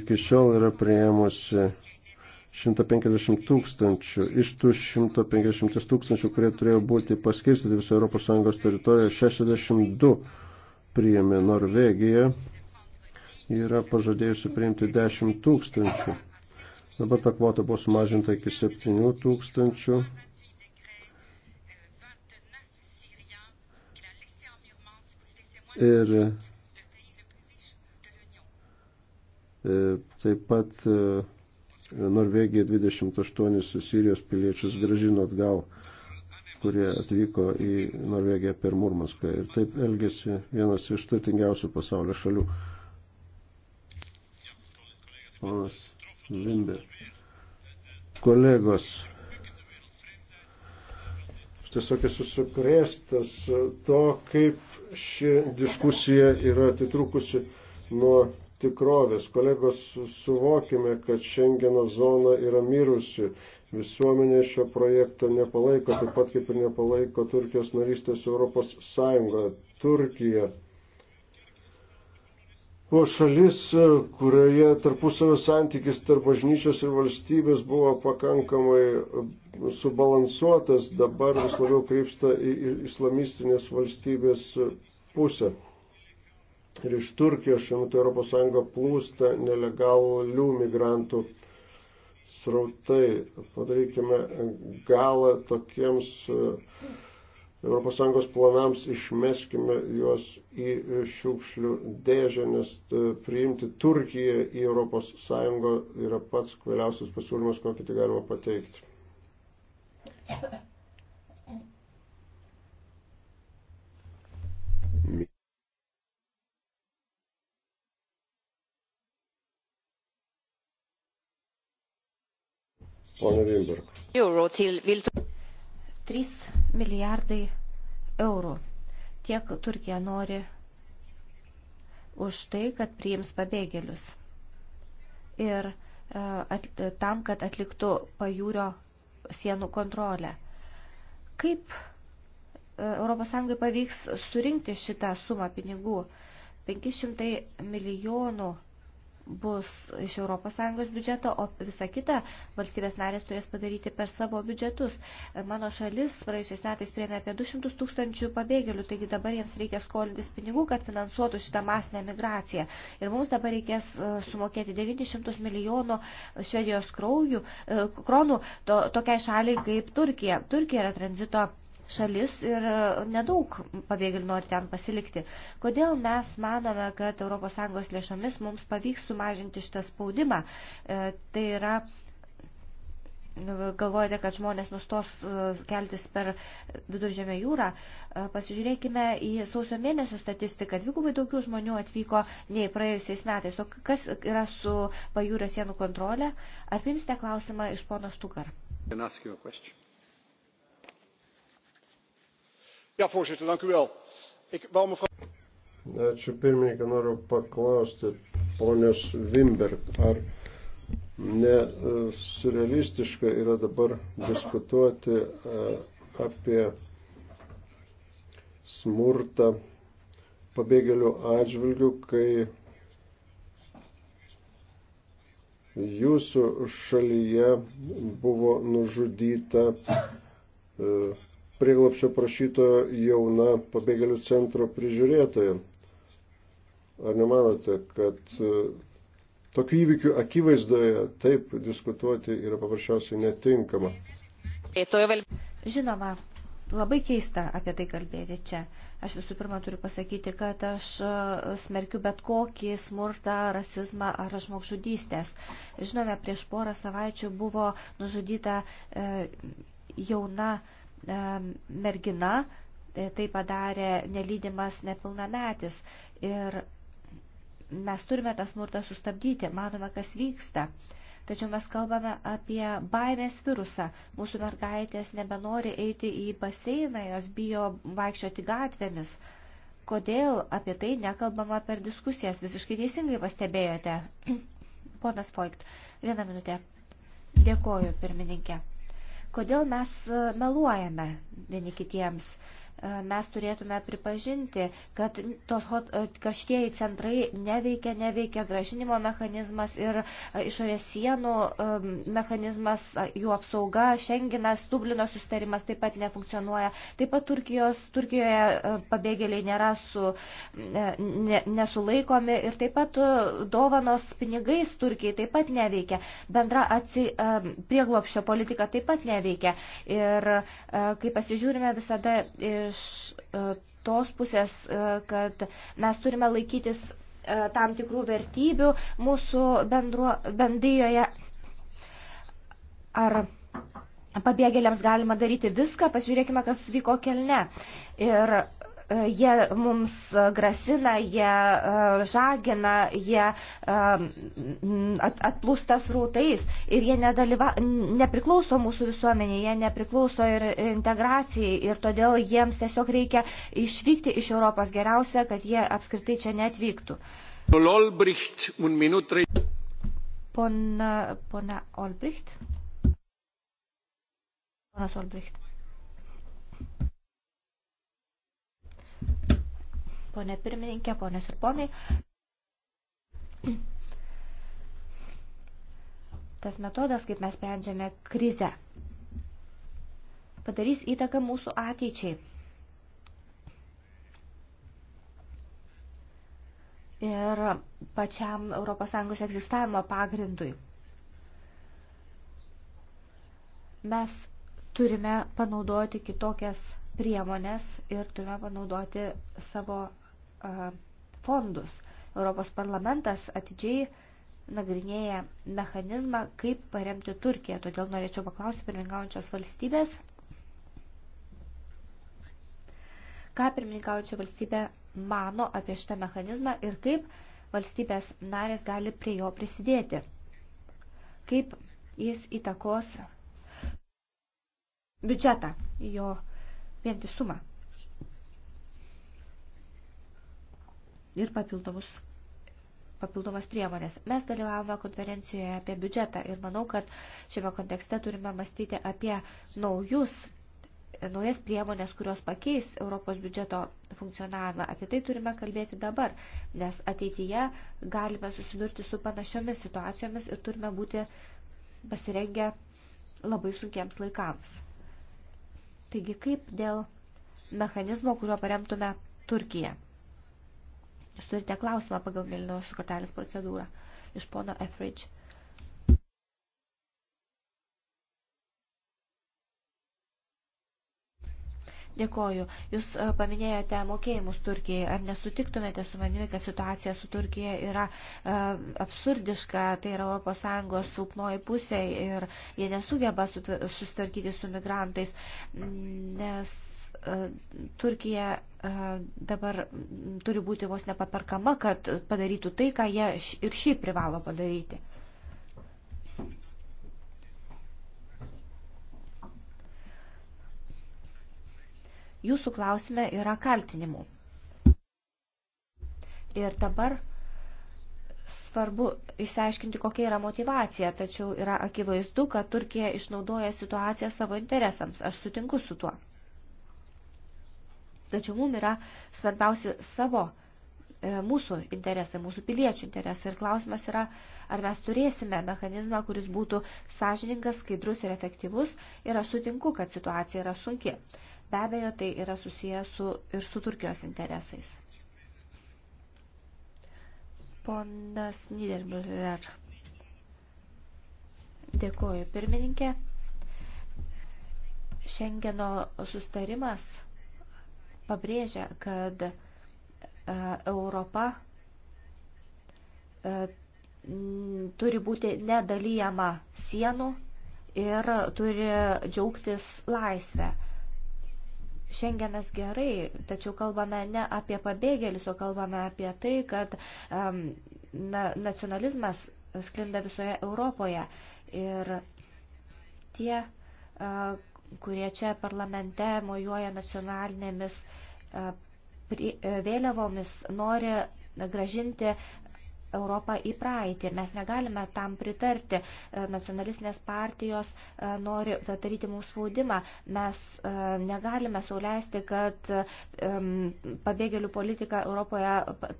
iki šiol yra prieimusi 150 tūkstančių. Iš tų 150 tūkstančių, kurie turėjo būti paskirstyti viso ES teritorijoje, 62 priėmė Norvegija yra pažadėjusi priimti 10 tūkstančių. Dabar ta kvota buvo sumažinta iki 7 tūkstančių. Ir e, taip pat e, Norvegija 28 Sirijos piliečius gražino atgal kurie atvyko į Norvegiją per Murmanską. Ir taip elgėsi vienas iš turtingiausių pasaulio šalių ponas Vimber. Kolegos, tiesiog esu sukrėstas to, kaip ši diskusija yra atitrukusi nuo tikrovės. Kolegos, suvokime, kad Šengeno zona yra mirusi. Visuomenė šio projekto nepalaiko, taip pat kaip ir nepalaiko Turkijos narystės Europos Sąjungoje. Turkija buvo šalis, e, kurioje tarpusavio santykis tarp bažnyčios ir valstybės buvo pakankamai e, subalansuotas, dabar vis labiau krypsta į islamistinės valstybės e, pusę. Ir iš Turkijos šiuo metu ES plūsta nelegalių migrantų srautai. Padarykime galą tokiems uh, ES planams išmeskime juos į šiukšlių dėžę, nes e, priimti Turkiją į ES yra pats kvailiausias pasiūlymas, kokį tai galima pateikti. Pone Vilberg. 3 milijardai eurų. Tiek Turkija nori už tai, kad priims pabėgėlius. Ir e, at, tam, kad atliktų pajūrio sienų kontrolę. Kaip ES pavyks surinkti šitą sumą pinigų? 500 milijonų bus iš ES biudžeto, o visa kita valstybės narės turės padaryti per savo biudžetus. Mano šalis praėjusiais metais priėmė apie 200 tūkstančių pabėgėlių, taigi dabar jiems reikia skolintis pinigų, kad finansuotų šitą masinę migraciją. Ir mums dabar reikės e, sumokėti 900 milijonų švedijos kraujų, e, kronų to, tokiai šaliai kaip Turkija. Turkija yra tranzito šalis ir e, nedaug pabėgėlių nori ten pasilikti. Kodėl mes manome, kad ES lėšomis mums pavyks sumažinti šitą spaudimą? E, tai yra nu, galvojate, kad žmonės nustos e, keltis per viduržėmę jūrą, e, pasižiūrėkime į sausio mėnesio statistiką. Dvigubai daugiau žmonių atvyko nei praėjusiais metais. O kas yra su pajūrio sienų kontrolė? Ar primsite klausimą iš pono Štukar? Can I ask you a question? Voorzitter, dank u wel. Ik wou mevrouw. Ačiū pirmininkai, noriu paklausti ponios Wimberg, ar nesurrealistiška yra dabar diskutuoti e, apie smurtą pabėgėlių atžvilgių, kai jūsų šalyje buvo nužudyta e, prieglapšio prašyto jauna pabėgėlių centro prižiūrėtoja. Ar nemanote, kad e, tokių įvykių akivaizdoje taip diskutuoti yra paprasčiausiai netinkama? Žinoma, labai keista apie tai kalbėti čia. Aš visų pirma turiu pasakyti, kad aš e, smerkiu bet kokį smurtą, rasizmą ar žmogžudystės. Žinome, prieš porą savaičių buvo nužudyta e, jauna e, E, mergina e, tai padarė nelydimas nepilnametis. Ir mes turime tą smurtą sustabdyti, manome, kas vyksta. Tačiau mes kalbame apie baimės virusą. Mūsų mergaitės nebenori eiti į baseiną, jos bijo vaikščioti gatvėmis. Kodėl apie tai nekalbama per diskusijas? Visiškai teisingai pastebėjote. Ponas Voigt, vieną minutę. Dėkoju, pirmininkė. Kodėl mes e, meluojame vieni kitiems? E, mes turėtume pripažinti, kad tos e, karštieji centrai neveikia, neveikia gražinimo mechanizmas ir e, išorės sienų mechanizmas, jų apsauga, Šenginas, Dublino sustarimas taip pat nefunkcionuoja. Taip pat Turkijos, Turkijoje pabėgėliai nėra su, ne, nesulaikomi ir taip pat dovanos pinigais Turkijai taip pat neveikia. Bendra atsi, prieglopščio politika taip pat neveikia. Ir kai pasižiūrime visada iš iš e, tos pusės, e, kad mes turime laikytis e, tam tikrų vertybių mūsų bendruo, bendryjoje. Ar pabėgėliams galima daryti viską, pažiūrėkime, kas vyko kelne. Ir E, jie mums grasina, jie e, žagina, jie e, atplūsta srautais ir jie nedalyva, nepriklauso mūsų visuomenėje, jie nepriklauso ir integracijai ir todėl jiems tiesiog reikia išvykti iš Europos geriausia, kad jie apskritai čia netvyktų. Pona, pona Olbricht. Ponas Olbricht. Pone pirmininkė, ponios ir ponai. Tas metodas, kaip mes sprendžiame krizę, padarys įtaką mūsų ateičiai. ir pačiam ES egzistavimo pagrindui. Mes turime panaudoti kitokias priemonės ir turime panaudoti savo fondus. Europos parlamentas atidžiai nagrinėja mechanizmą, kaip paremti Turkiją. Todėl norėčiau paklausti pirmininkaujančios valstybės, ką pirmininkaujančia valstybė mano apie šitą mechanizmą ir kaip valstybės narės gali prie jo prisidėti. Kaip jis įtakos biudžetą, jo vientisumą. ir papildomus papildomas priemonės. Mes dalyvavome konferencijoje apie biudžetą ir manau, kad šiame kontekste turime mąstyti apie naujus, naujas priemonės, kurios pakeis Europos biudžeto funkcionavimą. Apie tai turime kalbėti dabar, nes ateityje galime susidurti su panašiomis situacijomis ir turime būti pasirengę labai sunkiems laikams. Taigi kaip dėl mechanizmo, kuriuo paremtume Turkiją. Jūs turite klausimą pagal mėlynos kortelės procedūrą iš pono Efridge. Dėkoju. Jūs e, paminėjote mokėjimus Turkijai. Ar nesutiktumėte su manimi, kad situacija su Turkija yra e, absurdiška, tai yra ES silpnoji pusė ir jie nesugeba susitvarkyti su migrantais, nes Turkija e, dabar turi būti vos nepaperkama, kad padarytų tai, ką jie ir šiaip privalo padaryti. Jūsų klausime yra kaltinimų. Ir dabar svarbu išsiaiškinti, kokia yra motivacija, tačiau yra akivaizdu, kad Turkija išnaudoja situaciją savo interesams. Aš sutinku su tuo tačiau mums yra svarbiausi savo e, mūsų interesai, mūsų piliečių interesai. Ir klausimas yra, ar mes turėsime mechanizmą, kuris būtų sąžiningas, skaidrus ir efektyvus. Ir aš sutinku, kad situacija yra sunki. Be abejo, tai yra susiję su, ir su Turkijos interesais. Ponas Niedermüller. Dėkuoju, pirmininkė. Šengeno sustarimas pabrėžia, kad e, Europa e, turi būti nedalyjama sienų ir turi džiaugtis laisvę. Šengenas gerai, tačiau kalbame ne apie pabėgėlius, o kalbame apie tai, kad um, na, nacionalizmas sklinda visoje Europoje. Ir tie uh, kurie čia parlamente mojuoja nacionalinėmis e, e, vėliavomis, nori gražinti Europą į praeitį. Mes negalime tam pritarti. E, nacionalistinės partijos nori daryti mums spaudimą. Mes negalime sauliaisti, kad pabėgėlių politika Europoje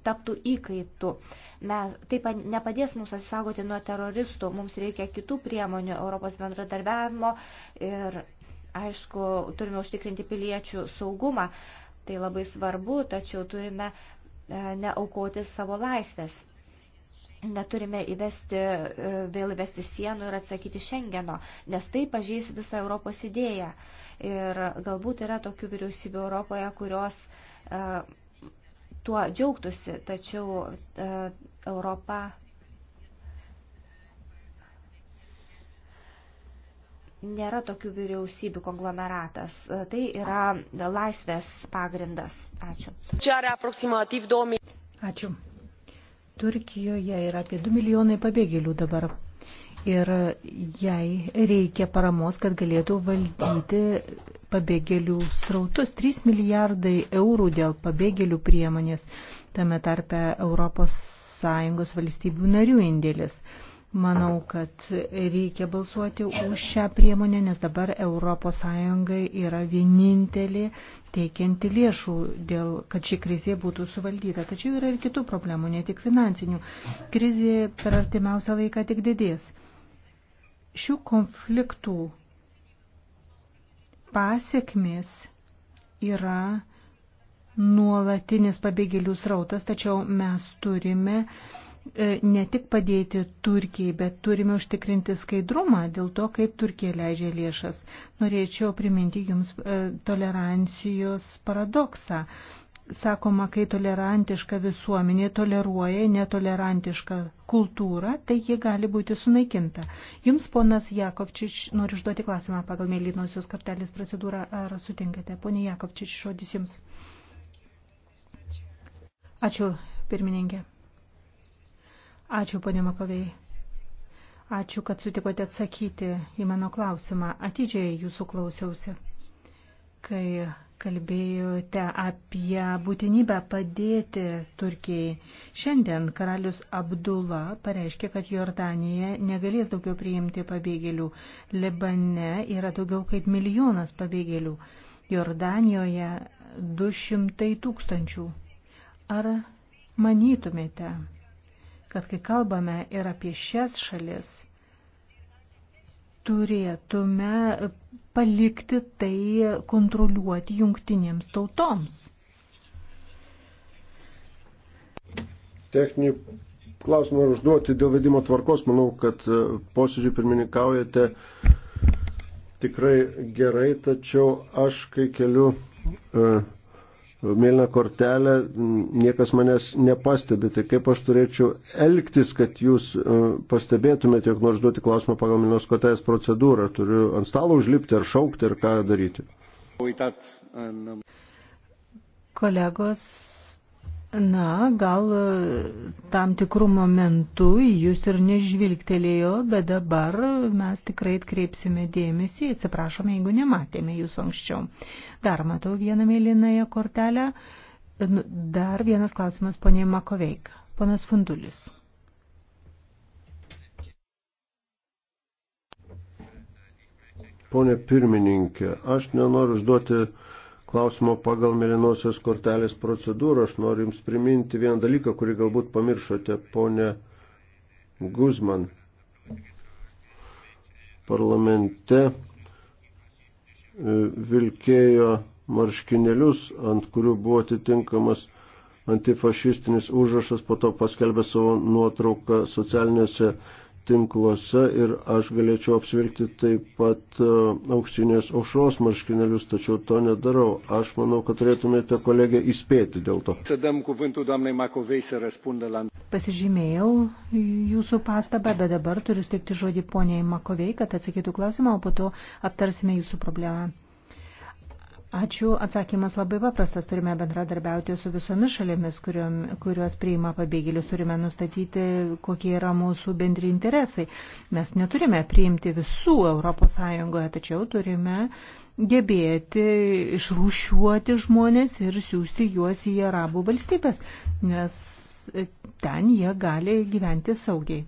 taptų įkaitų. Mes, taip nepadės mums atsisaugoti nuo teroristų. Mums reikia kitų priemonių Europos bendradarbiavimo ir Aišku, turime užtikrinti piliečių saugumą, tai labai svarbu, tačiau turime e, neaukoti savo laisvės. Neturime įvesti, e, vėl įvesti sienų ir atsakyti Šengeno, nes tai pažeis visą Europos idėją. Ir galbūt yra tokių vyriausybių Europoje, kurios e, tuo džiaugtųsi, tačiau Europa nėra tokių vyriausybių konglomeratas. E, tai yra laisvės pagrindas. Ačiū. Čia yra aproximatyv 2 Ačiū. Turkijoje yra apie 2 milijonai pabėgėlių dabar. Ir jai reikia paramos, kad galėtų valdyti pabėgėlių srautus. 3 milijardai eurų dėl pabėgėlių priemonės, tame tarpe Europos Sąjungos valstybių narių indėlis. Manau, kad reikia balsuoti už šią priemonę, nes dabar ES yra vienintelė teikianti lėšų, dėl, kad ši krizė būtų suvaldyta. Tačiau yra ir kitų problemų, ne tik finansinių. Krizė per artimiausią laiką tik didės. Šių konfliktų pasiekmės yra nuolatinis pabėgėlių srautas, tačiau mes turime uh, E, ne tik padėti Turkijai, bet turime užtikrinti skaidrumą dėl to, kaip Turkija leidžia lėšas. Norėčiau priminti Jums e, tolerancijos paradoksą. Sakoma, kai tolerantiška visuomenė toleruoja netolerantišką kultūrą, tai ji gali būti sunaikinta. Jums, ponas Jakovčič, noriu užduoti klausimą pagal mėlynosios kartelės procedūrą. Ar sutinkate? Pone Jakovčič, žodis Jums. Ačiū, pirmininkė. Ačiū, ponė Makovei. Ačiū, kad sutikote atsakyti į mano klausimą. Atidžiai jūsų klausiausi, kai kalbėjote apie būtinybę padėti Turkijai. Šiandien karalius Abdula pareiškė, kad Jordanija negalės daugiau priimti pabėgėlių. Libane yra daugiau kaip milijonas pabėgėlių. Jordanijoje 200 tūkstančių. Ar manytumėte, kad kai kalbame ir apie šias šalis, turėtume palikti tai kontroliuoti jungtinėms tautoms. Techninį klausimą užduoti dėl vedimo tvarkos, manau, kad e, posėdžių pirmininkaujate tikrai gerai, tačiau aš kai keliu e, mėlyną kortelę, niekas manęs nepastebi. Tai kaip aš turėčiau elgtis, kad jūs e, pastebėtumėte, jog noriu duoti klausimą pagal mėlynos kortelės procedūrą. Turiu ant stalo užlipti ar šaukti ar ką daryti. E, Kolegos, Na, gal e, tam tikrų momentų jūs ir nežvilgtelėjo, bet dabar mes tikrai atkreipsime dėmesį, atsiprašome, jeigu nematėme jūsų anksčiau. Dar matau vieną mėlynąją kortelę. E, nu, dar vienas klausimas, ponė Makoveik. Ponas Fundulis. Pone pirmininkė, aš nenoriu užduoti klausimo pagal mėlynosios kortelės procedūrą. Aš noriu Jums priminti vieną dalyką, kurį galbūt pamiršote, ponė Guzman. Parlamente e, vilkėjo marškinėlius, ant kurių buvo atitinkamas antifašistinis užrašas, po to paskelbė savo nuotrauką socialiniuose tinkluose ir aš galėčiau apsvilgti taip pat e, auksinės aušros marškinėlius, tačiau to nedarau. Aš manau, kad turėtumėte kolegę įspėti dėl to. Pasižymėjau jūsų pastabą, bet dabar turiu steikti žodį poniai Makovei, kad atsakytų klausimą, o po to aptarsime jūsų problemą. Ačiū. Atsakymas labai paprastas. Turime bendradarbiauti su visomis šalėmis, kuriuom, kurios priima pabėgėlius. Turime nustatyti, kokie yra mūsų bendri interesai. Mes neturime priimti visų ES, tačiau turime gebėti išrūšiuoti žmonės ir siūsti juos į arabų valstybės, nes ten jie gali gyventi saugiai.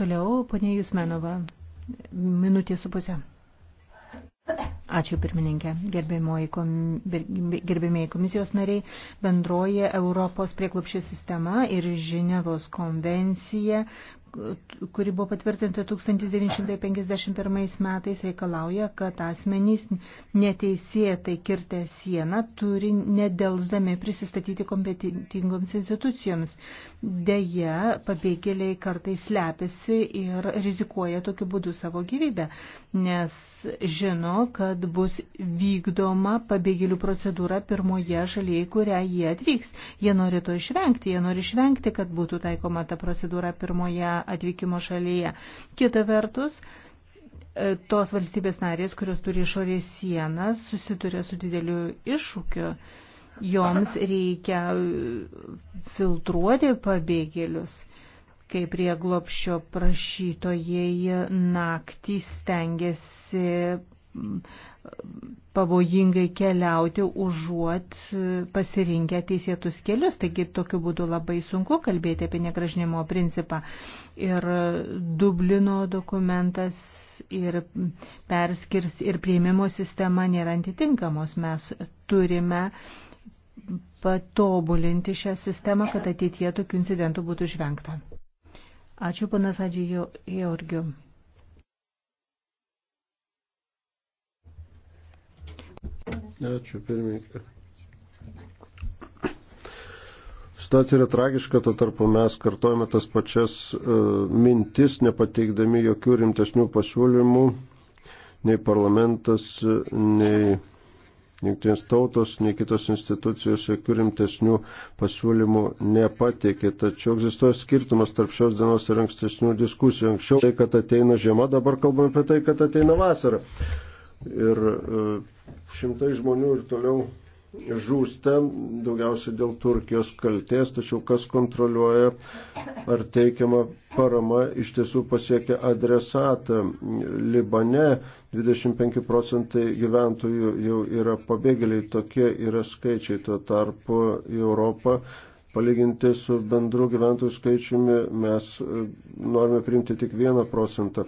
Toliau, ponė Jusmenova, minutė su pusė. Ačiū pirmininkė, gerbėmėjai komi, komisijos nariai. Bendroji Europos prieklupščio sistema ir Ženevos konvencija kuri buvo patvirtinta 1951 metais, reikalauja, kad asmenys neteisėtai kirtę sieną turi nedelsdami prisistatyti kompetitingoms institucijoms. Deja, pabėgėliai kartais slepiasi ir rizikuoja tokiu būdu savo gyvybę, nes žino, kad bus vykdoma pabėgėlių procedūra pirmoje šalyje, į kurią jie atvyks. Jie nori to išvengti, jie nori išvengti, kad būtų taikoma ta procedūra pirmoje atvykimo šalyje. Kita vertus, e, tos valstybės narės, kurios turi išorės sienas, susiduria su dideliu iššūkiu. Joms reikia e, filtruoti pabėgėlius kai prieglopščio prašytojai naktį stengiasi pavojingai keliauti užuot e, pasirinkę teisėtus kelius. Taigi tokiu būdu labai sunku kalbėti apie negražinimo principą. Ir Dublino dokumentas ir perskirs ir prieimimo sistema nėra antitinkamos. Mes turime patobulinti šią sistemą, kad ateitie tokių incidentų būtų išvengta. Ačiū, panas Adžijo Georgiu. Ačiū, pirmininkė. Situacija yra tragiška, to tarpu mes kartojame tas pačias uh, mintis, nepateikdami jokių rimtesnių pasiūlymų, nei parlamentas, nei jungtinės tautos, nei kitos institucijos jokių rimtesnių pasiūlymų nepateikė. Tačiau egzistuoja skirtumas tarp šios dienos ir ankstesnių diskusijų. Anksčiau tai, kad ateina žiema, dabar kalbame apie tai, kad ateina vasara. Uh, ir e, šimtai žmonių ir toliau žūsta, daugiausia dėl Turkijos kalties, tačiau kas kontroliuoja, ar teikiama parama iš tiesų pasiekia adresatą. Libane 25 procentai gyventojų jau yra pabėgėliai, tokie yra skaičiai, tuo tarpu į Europą Palyginti su bendru gyventojų skaičiumi mes e, norime priimti tik vieną procentą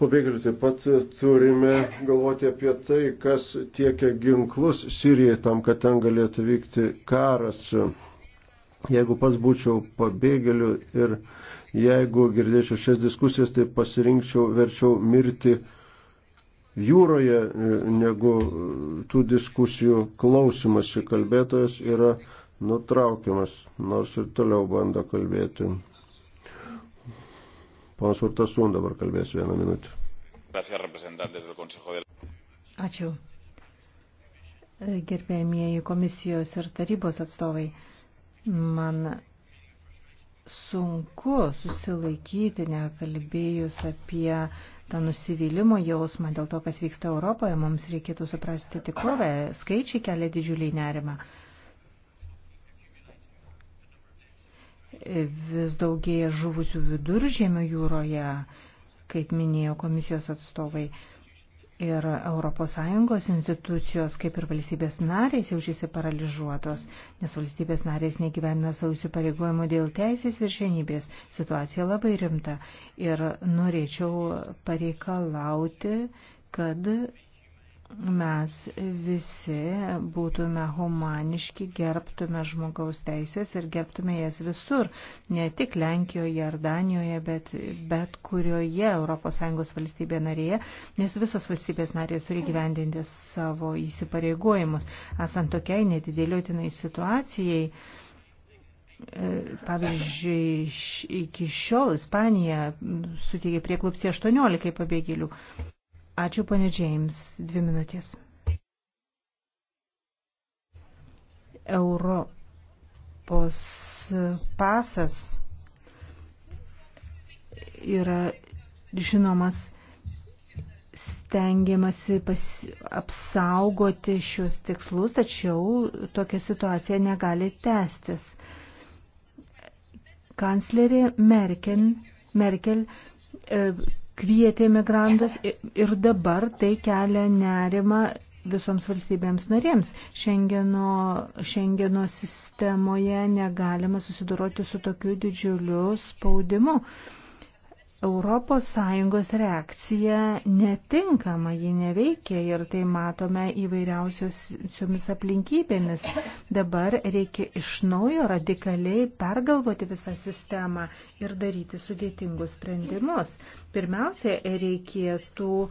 pabėgėlių. Taip pat turime galvoti apie tai, kas tiekia ginklus Sirijai tam, kad ten galėtų vykti karas. Jeigu pas būčiau pabėgėlių ir jeigu girdėčiau šias diskusijas, tai pasirinkčiau verčiau mirti jūroje, negu tų diskusijų klausimasi kalbėtojas yra nutraukiamas, nors ir toliau bando kalbėti. Ponas Urtasun dabar kalbės vieną minutę. Ačiū. Gerbėjimieji komisijos ir tarybos atstovai, man sunku susilaikyti, nekalbėjus apie tą nusivylimų jausmą dėl to, kas vyksta Europoje, mums reikėtų suprasti tikrovę, skaičiai kelia didžiulį nerimą. vis daugėja žuvusių viduržėmio jūroje, kaip minėjo komisijos atstovai. Ir ES institucijos, kaip ir valstybės narės, jaučiasi paralyžuotos, nes valstybės narės negyvena savo įsipareigojimų dėl teisės viršenybės. Situacija labai rimta. Ir norėčiau pareikalauti, kad mes visi būtume humaniški, gerbtume žmogaus teisės ir gerbtume jas visur, ne tik Lenkijoje ar Danijoje, bet, bet kurioje ES valstybė narėje, nes visos valstybės narės turi gyvendinti savo įsipareigojimus. Esant tokiai nedideliotinai situacijai, e, pavyzdžiui, iki šiol Ispanija suteikė prieklupsi 18 pabėgėlių. Ačiū, ponė James. Dvi minutės. Europos pasas yra žinomas stengiamasi pas, apsaugoti šios tikslus, tačiau tokia situacija negali tęstis. Kanclerė Merkel, Merkel e, kvietė migrantus ir dabar tai kelia nerimą visoms valstybėms narėms. Šengeno, šengeno sistemoje negalima susidoroti su tokiu didžiuliu spaudimu. Uh, ES reakcija netinkama, ji neveikia ir tai matome įvairiausiomis aplinkybėmis. Dabar reikia iš naujo radikaliai pergalvoti visą sistemą ir daryti sudėtingus sprendimus. Pirmiausia, reikėtų e,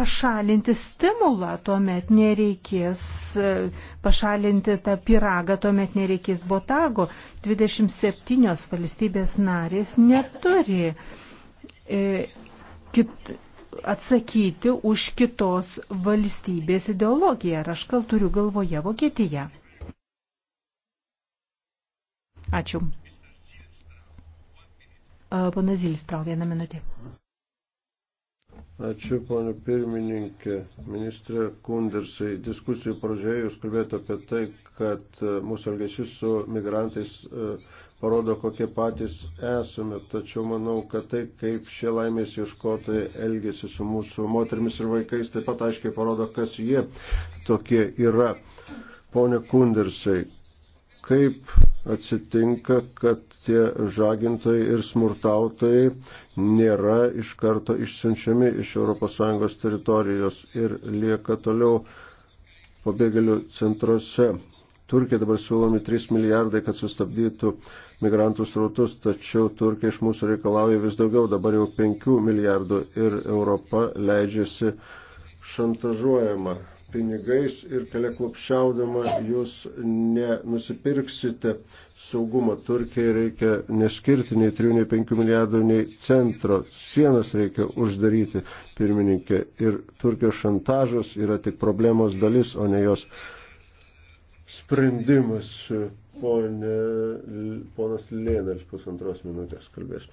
pašalinti stimulą, tuomet nereikės e, pašalinti tą piragą, tuomet nereikės botago. 27 valstybės narės neturi E, kit, atsakyti už kitos valstybės ideologiją. Ar aš gal turiu galvoje Vokietiją? Ačiū. E, pana Zilstrau, vieną minutę. Ačiū, ponio pirmininkė. Ministrė Kundersai, diskusijų pradžioje jūs kalbėjote apie tai, kad e, mūsų elgesys su migrantais parodo, kokie patys esame. Tačiau manau, kad tai, kaip šie laimės ieškotojai elgesi su mūsų moterimis ir vaikais, taip pat aiškiai parodo, kas jie tokie yra. Pone Kundersai, kaip atsitinka, kad tie žagintojai ir smurtautojai nėra iš karto išsiunčiami iš ES teritorijos ir lieka toliau pabėgėlių centruose. Turkija dabar siūlomi 3 milijardai, kad sustabdytų uh, migrantų srautus, tačiau Turkija iš mūsų reikalauja vis daugiau, dabar jau 5 milijardų ir Europa leidžiasi šantažuojama pinigais ir keleklopšiaudama jūs nenusipirksite saugumo. Turkijai reikia neskirti nei 3, nei 5 milijardų, nei centro. Sienas reikia uždaryti, pirmininkė. Ir Turkijos šantažas yra tik problemos dalis, o ne jos sprendimas. Pone, ponas Lėnars pusantros minutės kalbės.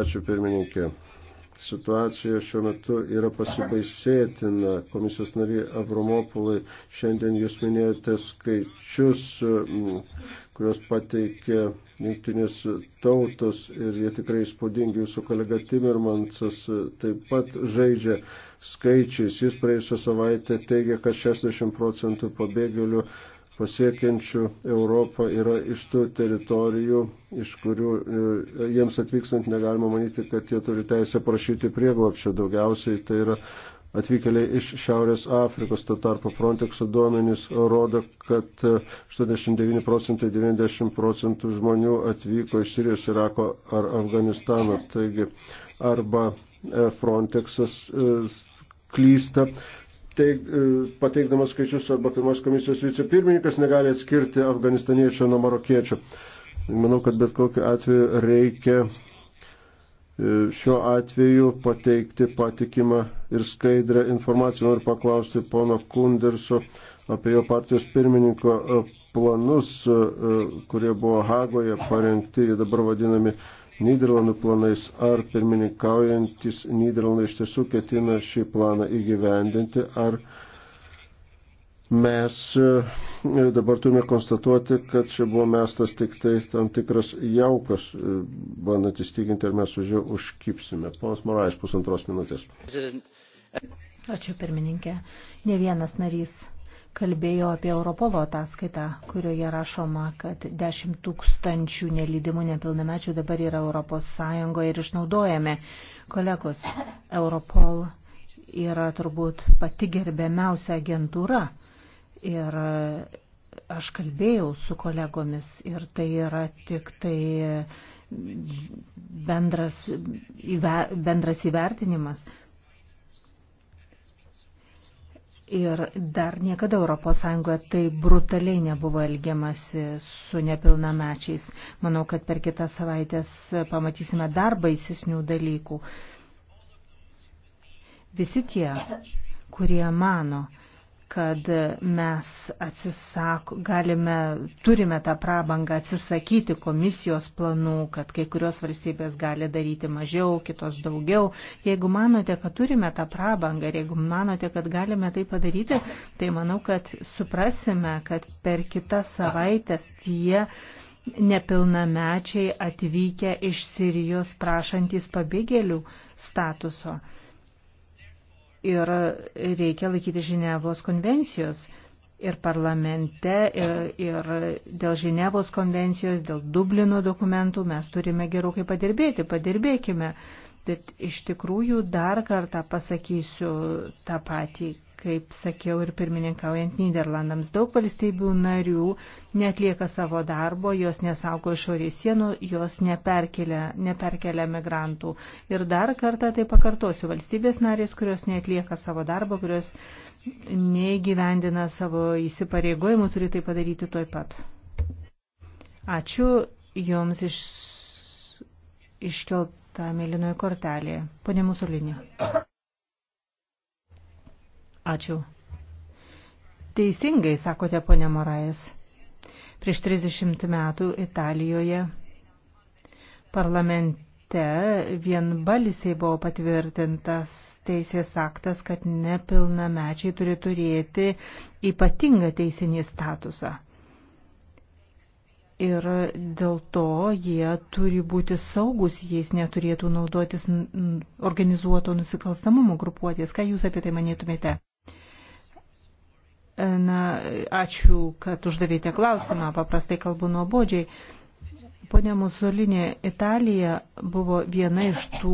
Ačiū pirmininkė. Situacija šiuo metu yra pasibaisėtina. Komisijos nariai Avromopolai, šiandien jūs minėjote skaičius, kurios pateikė jungtinės tautos ir jie tikrai spūdingi. Jūsų kolega Timirmansas taip pat žaidžia skaičiais. Jis praėjusią savaitę teigia, kad 60 procentų pabėgėlių pasiekiančių Europą yra iš tų teritorijų, iš kurių e, jiems atvykstant negalima manyti, kad jie turi teisę prašyti prieglopščio. Daugiausiai tai yra atvykėliai iš Šiaurės Afrikos. Tuo tarpu Frontexo duomenys rodo, kad 89 e, procentai 90 procentų žmonių atvyko iš Sirijos, Irako ar Afganistano. Taigi arba e, Frontexas klysta teik, e, pateikdamas skaičius arba pirmos komisijos vicepirmininkas negali atskirti afganistaniečio nuo marokiečio. Manau, kad bet kokiu atveju reikia e, šiuo atveju pateikti patikimą ir skaidrę informaciją. Noriu paklausti pono Kunderso apie jo partijos pirmininko e, planus, kurie buvo Hagoje parengti, jie dabar vadinami Niderlandų planais, ar pirmininkaujantis Niderlandai iš tiesų ketina šį planą įgyvendinti, ar mes e, dabar turime konstatuoti, kad čia buvo mestas tik tai tam tikras jaukas, e, bandant įstikinti, ar mes už jo užkipsime. Ponas Morais, pusantros minutės. Ačiū pirmininkė. Ne vienas narys kalbėjo apie Europolo ataskaitą, kurioje rašoma, kad 10 tūkstančių nelydimų nepilnamečių dabar yra Europos Sąjungoje ir išnaudojami. Kolegos, Europol yra turbūt pati gerbiamiausia agentūra ir aš kalbėjau su kolegomis ir tai yra tik tai bendras, bendras įvertinimas. Ir dar niekada ES tai brutaliai nebuvo elgiamasi su nepilnamečiais. Manau, kad per kitas savaitės pamatysime dar baisesnių dalykų. Visi tie, kurie mano, kad mes atsisako, galime, turime tą prabangą atsisakyti komisijos planų, kad kai kurios valstybės gali daryti mažiau, kitos daugiau. Jeigu manote, kad turime tą prabangą ir jeigu manote, kad galime tai padaryti, tai manau, kad suprasime, kad per kitas savaitės tie nepilnamečiai atvykę iš Sirijos prašantis pabėgėlių statuso ir reikia laikyti Ženevos konvencijos ir parlamente, ir, ir dėl Ženevos konvencijos, dėl Dublino dokumentų mes turime gerokai padirbėti, padirbėkime. Bet iš tikrųjų dar kartą pasakysiu tą patį, kaip sakiau ir pirmininkaujant Niderlandams. Daug valstybių narių netlieka savo darbo, jos nesaugo išorės sienų, jos neperkelia, neperkelia migrantų. Ir dar kartą tai pakartosiu, valstybės narės, kurios netlieka savo darbo, kurios neįgyvendina savo įsipareigojimų, turi tai padaryti toj pat. Ačiū Jums iš, iškeltą mėlynoje kortelėje. Pone Musulinė. Ačiū. Teisingai, sakote, ponė Morais. Prieš 30 metų Italijoje parlamente vienbalisiai buvo patvirtintas teisės aktas, kad nepilnamečiai turi turėti ypatingą teisinį statusą. Ir dėl to jie turi būti saugus, jais neturėtų naudotis organizuoto nusikalstamumo grupuotės. Ką Jūs apie tai manytumėte? Na, ačiū, kad uždavėte klausimą, paprastai kalbu nuobodžiai. Pone Musolinė, Italija buvo viena iš tų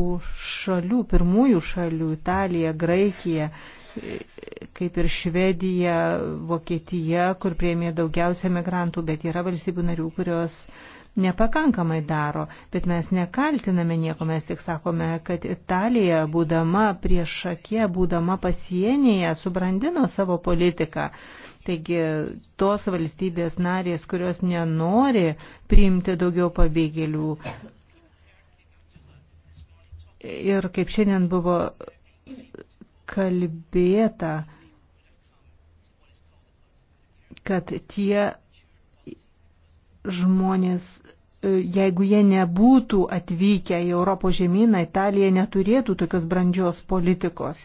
šalių, pirmųjų šalių, Italija, Graikija, kaip ir Švedija, Vokietija, kur prieimė daugiausia migrantų, bet yra valstybių narių, kurios uh, nepakankamai daro, bet mes nekaltiname nieko, mes tik sakome, kad Italija, būdama prieš šakė, būdama pasienyje, subrandino savo politiką. Taigi tos valstybės narės, kurios nenori priimti daugiau pabėgėlių. Ir kaip šiandien buvo kalbėta, kad tie žmonės, e, jeigu jie nebūtų atvykę į Europos žemyną, Italija neturėtų tokios brandžios politikos.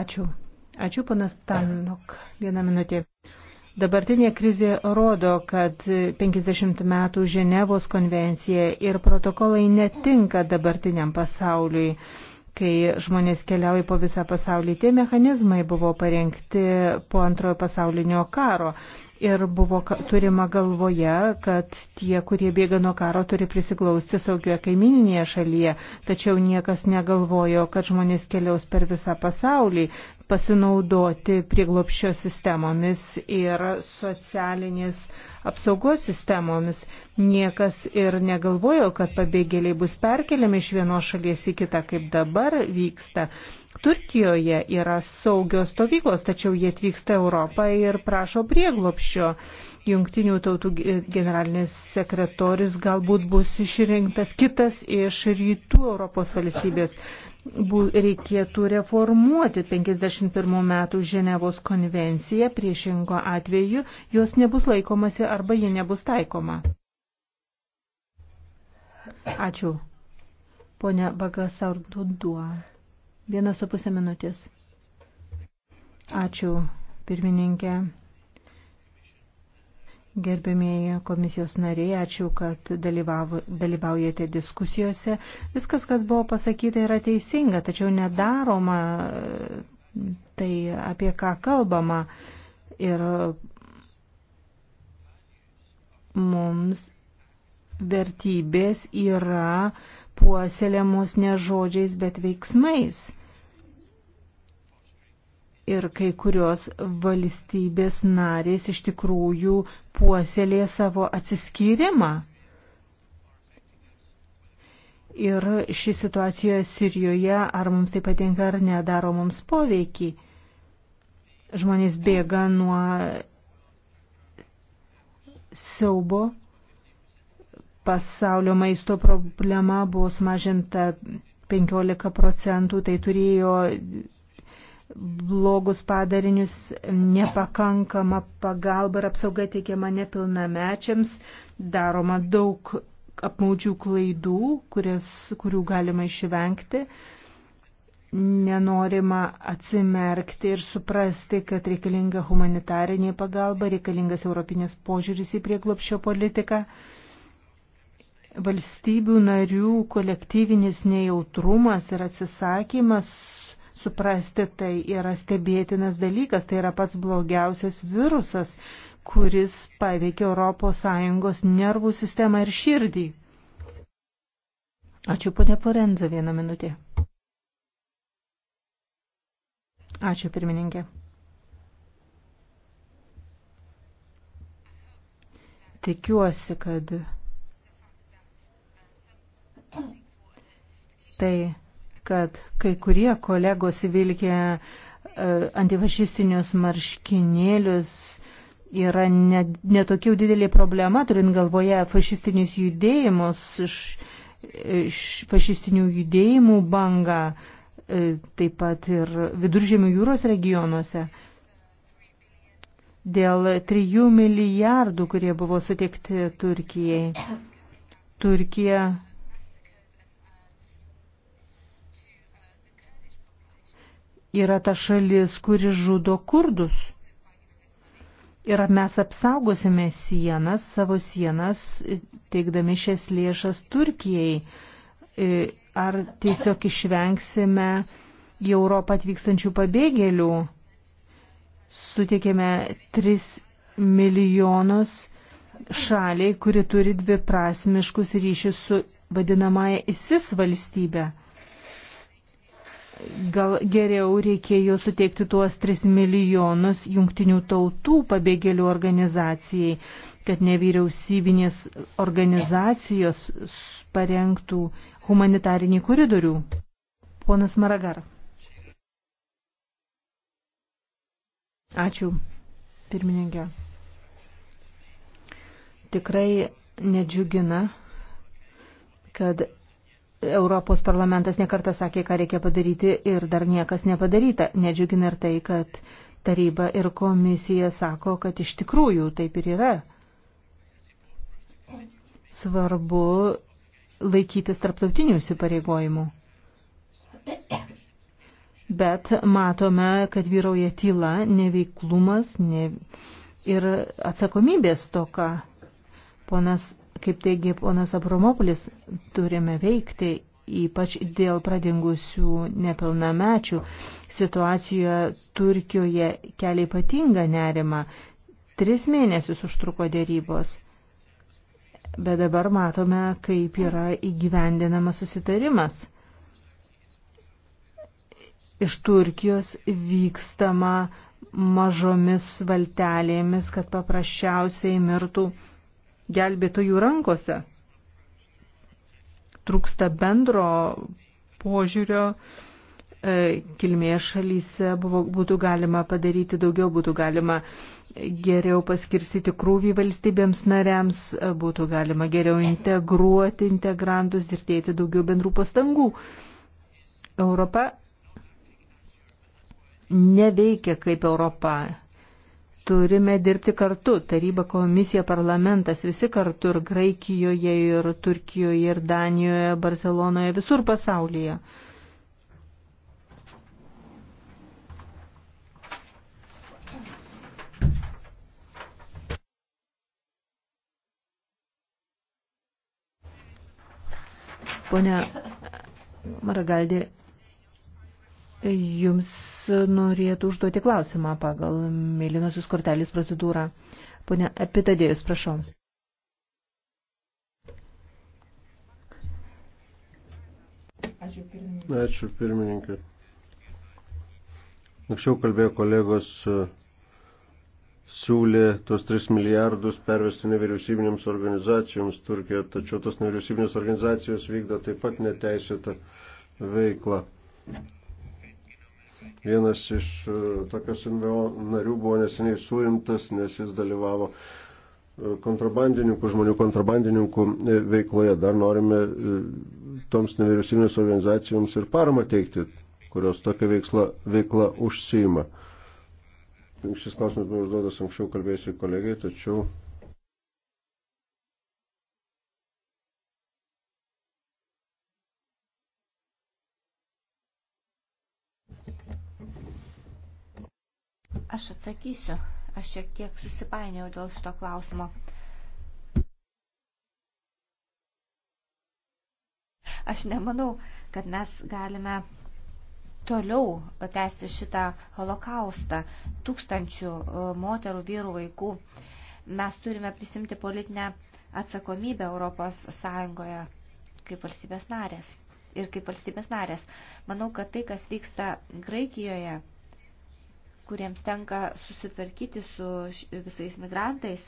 Ačiū. Ačiū, panas Tanok. Vieną minutę. Dabartinė krizė rodo, kad 50 metų Ženevos konvencija ir protokolai netinka dabartiniam pasauliui kai žmonės keliauja po visą pasaulį. Tie mechanizmai buvo parengti po antrojo pasaulinio karo ir buvo turima galvoje, kad tie, kurie bėga nuo karo, turi prisiglausti saugioje kaimininėje šalyje, tačiau niekas negalvojo, kad žmonės keliaus per visą pasaulį pasinaudoti prieglopščio sistemomis ir socialinės apsaugos sistemomis. Niekas ir negalvojo, kad pabėgėliai bus perkeliami iš vienos šalies į kitą, kaip dabar vyksta. Turkijoje yra saugios stovyklos, tačiau jie atvyksta Europą ir prašo prieglopščio. Jungtinių tautų generalinis sekretorius galbūt bus išrinktas kitas iš rytų Europos valstybės. Bu, reikėtų reformuoti 51 metų Ženevos konvenciją, priešingo atveju jos nebus laikomasi arba ji nebus taikoma. Ačiū. Pone Bagasaurdudua. Viena su pusė minutės. Ačiū, pirmininkė. Gerbėmėjai komisijos nariai, ačiū, kad dalyvaujate diskusijose. Viskas, kas buvo pasakyta, yra teisinga, tačiau nedaroma tai, apie ką kalbama. Ir mums vertybės yra puoselėmos ne žodžiais, bet veiksmais ir kai kurios valstybės narės iš tikrųjų puoselė savo atsiskyrimą. Ir ši situacija Sirijoje, ar mums tai patinka ar ne, daro mums poveikį. Žmonės bėga nuo siaubo. Pasaulio maisto problema buvo sumažinta 15 procentų, tai turėjo blogus padarinius, nepakankama pagalba ir apsauga teikiama nepilnamečiams, daroma daug apmaudžių klaidų, kurias, kurių galima išvengti, nenorima atsimerkti ir suprasti, kad reikalinga humanitarinė pagalba, reikalingas europinis požiūris į prieglopščio politiką valstybių narių kolektyvinis nejautrumas ir atsisakymas suprasti, tai yra stebėtinas dalykas, tai yra pats blogiausias virusas, kuris paveikia ES nervų sistemą ir širdį. Ačiū, ponė Forenza, vieną minutę. Ačiū, pirmininkė. Tikiuosi, kad tai kad kai kurie kolegos vilkė e, antifašistinius marškinėlius yra netokia ne didelė problema, turint galvoje fašistinius judėjimus, iš, iš fašistinių judėjimų bangą, e, taip pat ir viduržėmių jūros regionuose. Dėl 3 milijardų, kurie buvo sutikti Turkijai. Turkija yra ta šalis, kuri žudo kurdus. Ir mes apsaugosime sienas, savo sienas, teikdami šias lėšas Turkijai. E, ar tiesiog išvengsime į Europą atvykstančių pabėgėlių. Sutikėme 3 milijonus šaliai, kuri turi dviprasmiškus ryšius su vadinamąją ISIS valstybę gal geriau reikėjo suteikti tuos 3 milijonus jungtinių tautų pabėgėlių organizacijai, kad nevyriausybinės organizacijos parengtų humanitarinį koridorių. Ponas Maragar. Ačiū, pirmininkė. Tikrai nedžiugina, kad Europos parlamentas nekartą sakė, ką reikia padaryti ir dar niekas nepadaryta. Nedžiugina ir tai, kad taryba ir komisija sako, kad iš tikrųjų taip ir yra. Svarbu laikytis tarptautinių įsipareigojimų. Bet matome, kad vyrauja tyla, neveiklumas ne... ir atsakomybės toka. Ponas kaip teigia ponas Abromopolis, turime veikti ypač dėl pradingusių nepilnamečių. Situacija Turkijoje kelia ypatingą nerimą. Tris mėnesius užtruko dėrybos. Bet dabar matome, kaip yra įgyvendinamas susitarimas. Iš Turkijos vykstama mažomis valtelėmis, kad paprasčiausiai mirtų gelbėtojų rankose. Trūksta bendro požiūrio, e, kilmės šalyse buvo, būtų galima padaryti daugiau, būtų galima geriau paskirstyti krūvį valstybėms nariams, e, būtų galima geriau integruoti integrantus ir dėti daugiau bendrų pastangų. Europa neveikia kaip Europa turime dirbti kartu. Taryba, komisija, parlamentas, visi kartu ir Graikijoje, ir Turkijoje, ir Danijoje, Barcelonoje, visur pasaulyje. Pone Maragaldė, Jums norėtų užduoti klausimą pagal mėlynosios kortelės procedūrą. Pone Epitadėjus, prašau. Ačiū pirmininkai. Ačiū pirmininkai. Anksčiau kalbėjo kolegos e, siūlė tos 3 milijardus pervesti nevyriausybinėms organizacijoms Turkijoje, tačiau tos nevyriausybinės organizacijos vykdo taip pat neteisėtą veiklą. Vienas iš e, tokios NVO narių buvo neseniai suimtas, nes jis dalyvavo e, kontrabandininkų, žmonių kontrabandininkų e, veikloje. Dar norime toms nevyriausybinės organizacijoms ir paramą teikti, kurios tokia veikla, veikla užsiima. Šis klausimas buvo užduotas anksčiau kalbėjusiai kolegai, tačiau Aš atsakysiu. Aš šiek tiek susipainiau dėl šito klausimo. Aš nemanau, kad mes galime toliau tęsti šitą holokaustą tūkstančių e, moterų, vyrų, vaikų. Mes turime prisimti politinę atsakomybę Europos Sąjungoje kaip valstybės narės. Ir kaip valstybės narės. Manau, kad tai, kas vyksta Graikijoje, kuriems tenka susitvarkyti su visais migrantais,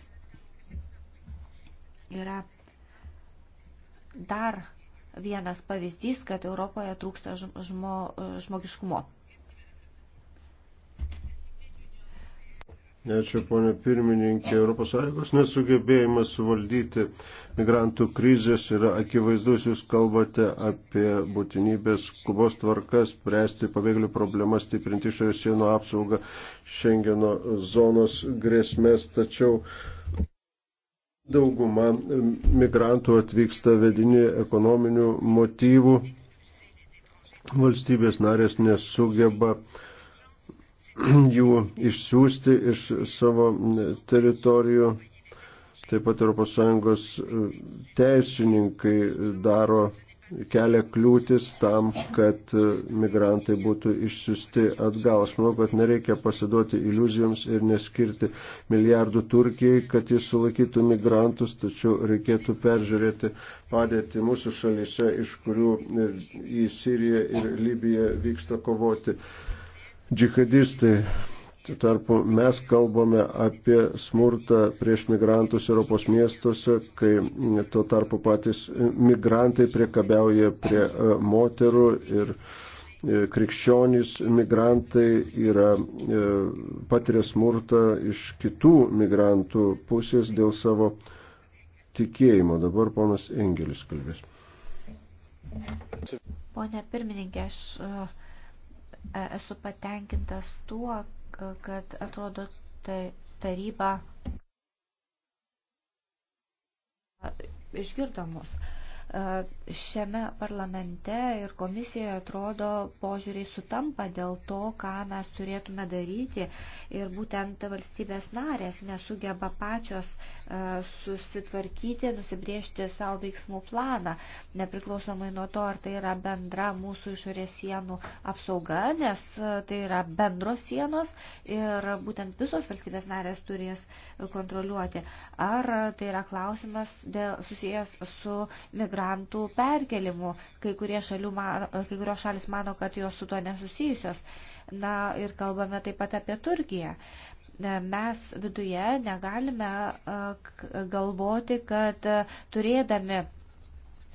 yra dar vienas pavyzdys, kad Europoje trūksta žmo, žmogiškumo. Ačiū, ponė pirmininkė. ES nesugebėjimas suvaldyti migrantų krizės yra akivaizdus. Jūs kalbate apie būtinybės kubos tvarkas, pręsti pabėgėlių problemas, stiprinti išorės sienų apsaugą, Šengeno zonos grėsmės. Tačiau dauguma migrantų atvyksta vedini ekonominių motyvų. Valstybės narės nesugeba uh, jų išsiųsti iš savo teritorijų. Taip pat ES e, teisininkai daro kelia kliūtis tam, kad e, migrantai būtų išsiusti atgal. Aš manau, kad nereikia pasiduoti iliuzijoms ir neskirti milijardų Turkijai, kad jis sulaikytų migrantus, tačiau reikėtų peržiūrėti padėti mūsų šalyse, iš kurių e, į Siriją ir Libiją vyksta kovoti džihadistai. Tuo tarpu mes kalbame apie smurtą prieš migrantus Europos miestuose, kai tuo tarpu patys migrantai priekabiauja prie e, moterų ir e, krikščionys migrantai yra, e, patiria smurtą iš kitų migrantų pusės dėl savo tikėjimo. Dabar ponas Engelis kalbės. Pone pirmininkė, aš E, esu patenkintas tuo, e, kad atrodo taryba e, išgirdo mus. E, šiame parlamente ir komisijoje atrodo požiūriai sutampa dėl to, ką mes turėtume daryti ir būtent valstybės narės nesugeba pačios e, susitvarkyti, nusibriežti savo veiksmų planą, nepriklausomai nuo to, ar tai yra bendra mūsų išorės sienų apsauga, nes e, tai yra bendros sienos ir būtent visos valstybės narės turės kontroliuoti, ar tai yra klausimas dėl, susijęs su migracija migrantų perkelimu. Kai, šalių, kai kurios šalis mano, kad jos su tuo nesusijusios. Na ir kalbame taip pat apie Turkiją. Mes viduje negalime galvoti, kad turėdami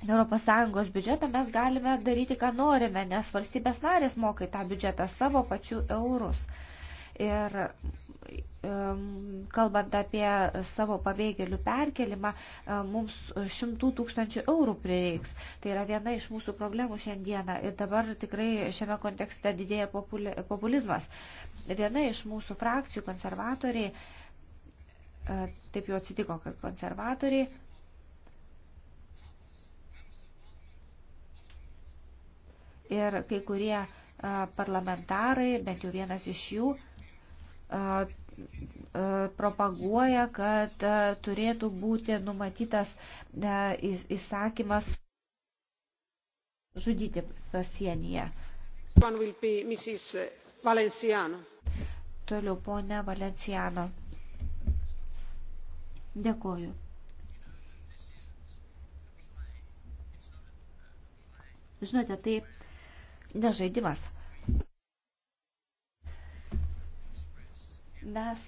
ES biudžetą mes galime daryti, ką norime, nes valstybės narės mokai tą biudžetą savo pačių eurus. Ir kalbant apie savo pabėgėlių perkelimą, e, mums šimtų tūkstančių eurų prireiks. Tai yra viena iš mūsų problemų šiandieną ir dabar tikrai šiame kontekste didėja populizmas. Viena iš mūsų frakcijų konservatoriai, e, taip jau atsitiko, kad konservatoriai, ir kai kurie e, parlamentarai, bent jau vienas iš jų, E, propaguoja, kad e, turėtų būti numatytas e, įsakymas žudyti pasienyje. Toliau ponia Valenciano. Dėkoju. Žinote, tai nežaidimas. mes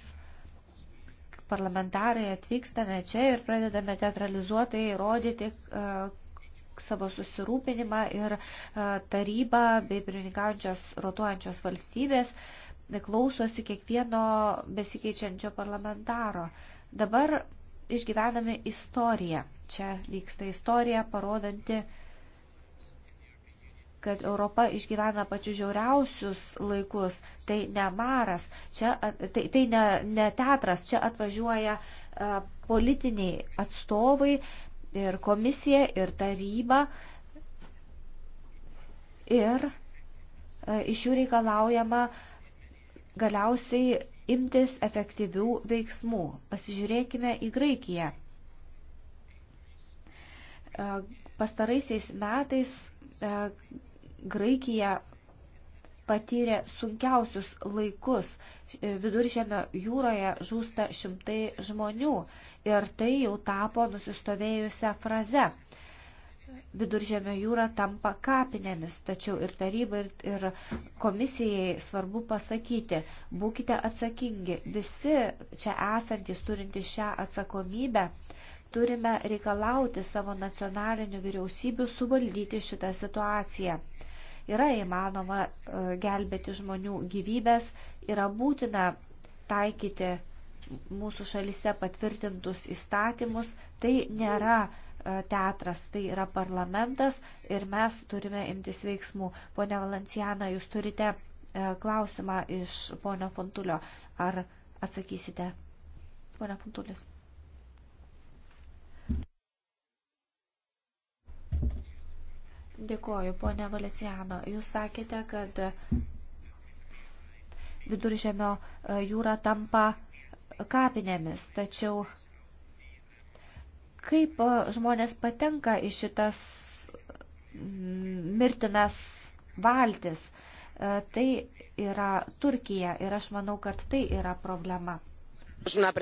parlamentarai atvykstame čia ir pradedame teatralizuotai rodyti e, savo susirūpinimą ir e, taryba bei pirmininkaujančios rotuojančios valstybės e, klausosi kiekvieno besikeičiančio parlamentaro. Dabar išgyvename istoriją. Čia vyksta istorija parodanti kad Europa išgyvena pačius žiauriausius laikus. Tai ne maras, čia, tai, tai ne, ne teatras, čia atvažiuoja a, e, politiniai atstovai ir komisija ir taryba. Ir a, e, iš jų reikalaujama galiausiai imtis efektyvių veiksmų. Pasižiūrėkime į Graikiją. E, pastaraisiais metais Graikija patyrė sunkiausius laikus. Viduržėmio jūroje žūsta šimtai žmonių ir tai jau tapo nusistovėjusią frazę. Viduržėmio jūra tampa kapinėmis, tačiau ir tarybai, ir, ir komisijai svarbu pasakyti, būkite atsakingi. Visi čia esantys turinti šią atsakomybę turime reikalauti savo nacionalinių vyriausybių suvaldyti šitą situaciją. Yra įmanoma e, gelbėti žmonių gyvybės, yra būtina taikyti mūsų šalise patvirtintus įstatymus. Tai nėra e, teatras, tai yra parlamentas ir mes turime imtis veiksmų. Pone Valenciana, jūs turite e, klausimą iš ponio Fontulio. Ar atsakysite? Pone Funtulis. Dėkoju, ponia Valesiano. Jūs sakėte, kad viduržėmio e, jūra tampa kapinėmis, tačiau kaip e, žmonės patenka į šitas mirtinas valtis, e, tai yra Turkija ir aš manau, kad tai yra problema. Na,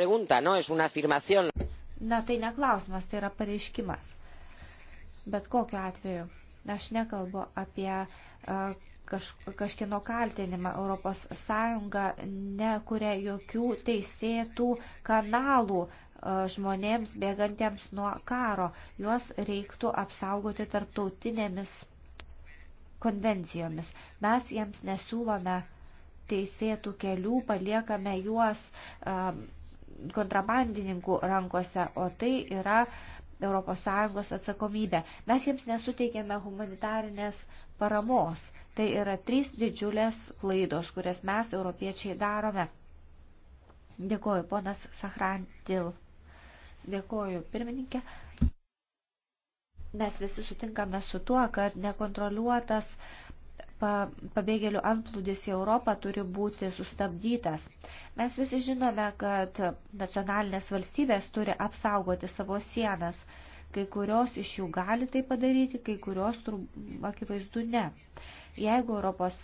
tai neklausimas, tai yra pareiškimas. Bet kokiu atveju. Aš nekalbu apie e, kaž, kažkino kaltinimą. ES nekuria jokių teisėtų kanalų e, žmonėms bėgantiems nuo karo. Juos reiktų apsaugoti tarptautinėmis konvencijomis. Mes jiems nesiūlome teisėtų kelių, paliekame juos e, kontrabandininkų rankose, o tai yra uh, ES atsakomybę. Mes jiems nesuteikėme humanitarinės paramos. Tai yra trys didžiulės klaidos, kurias mes, europiečiai, darome. Dėkoju, ponas Sahrantil. Dėkoju, pirmininkė. Mes visi sutinkame su tuo, kad nekontroliuotas uh, pa, pabėgėlių antplūdis į Europą turi būti sustabdytas. Mes visi žinome, kad nacionalinės valstybės turi apsaugoti savo sienas. Kai kurios iš jų gali tai padaryti, kai kurios tur, akivaizdu ne. Jeigu ES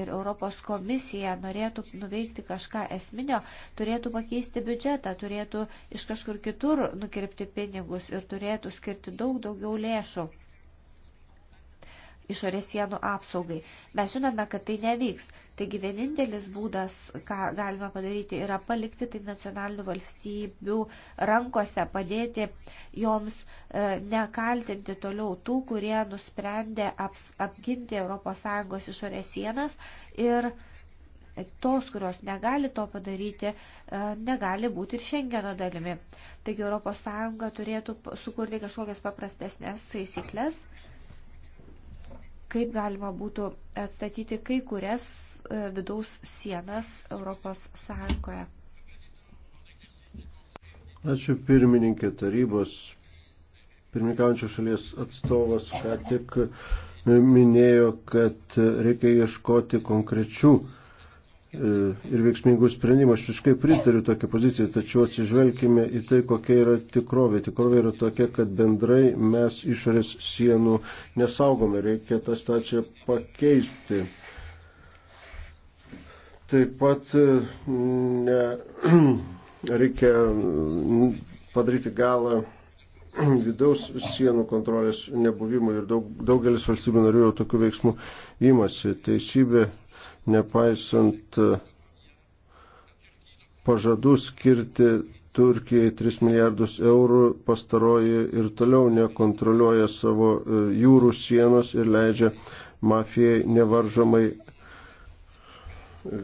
ir ES komisija norėtų nuveikti kažką esminio, turėtų pakeisti biudžetą, turėtų iš kažkur kitur nukirpti pinigus ir turėtų skirti daug daugiau lėšų išorės sienų apsaugai. Mes žinome, kad tai nevyks. Taigi vienintelis būdas, ką galime padaryti, yra palikti tai nacionalinių valstybių rankose, padėti joms e, nekaltinti toliau tų, kurie nusprendė aps, apginti ES išorės sienas ir tos, kurios negali to padaryti, e, negali būti ir Schengeno dalimi. Taigi ES turėtų sukurti kažkokias paprastesnės taisyklės kaip galima būtų atstatyti kai kurias e, vidaus sienas Europos Sąjungoje. Ačiū pirmininkė tarybos. Pirmininkaujančio šalies atstovas ką tik minėjo, kad reikia ieškoti konkrečių E, ir veiksmingų sprendimų. Aš visiškai pritariu tokią poziciją, tačiau atsižvelgime į tai, kokia yra tikrovė. Tikrovė yra tokia, kad bendrai mes išorės sienų nesaugome, reikia tą staciją pakeisti. Taip pat e, ne, reikia padaryti galą vidaus sienų kontrolės nebuvimui ir daug, daugelis valstybių narių jau tokių veiksmų imasi. Teisybė nepaisant e, pažadų skirti Turkijai 3 milijardus eurų, pastaroji ir toliau nekontroliuoja savo e, jūrų sienos ir leidžia mafijai nevaržomai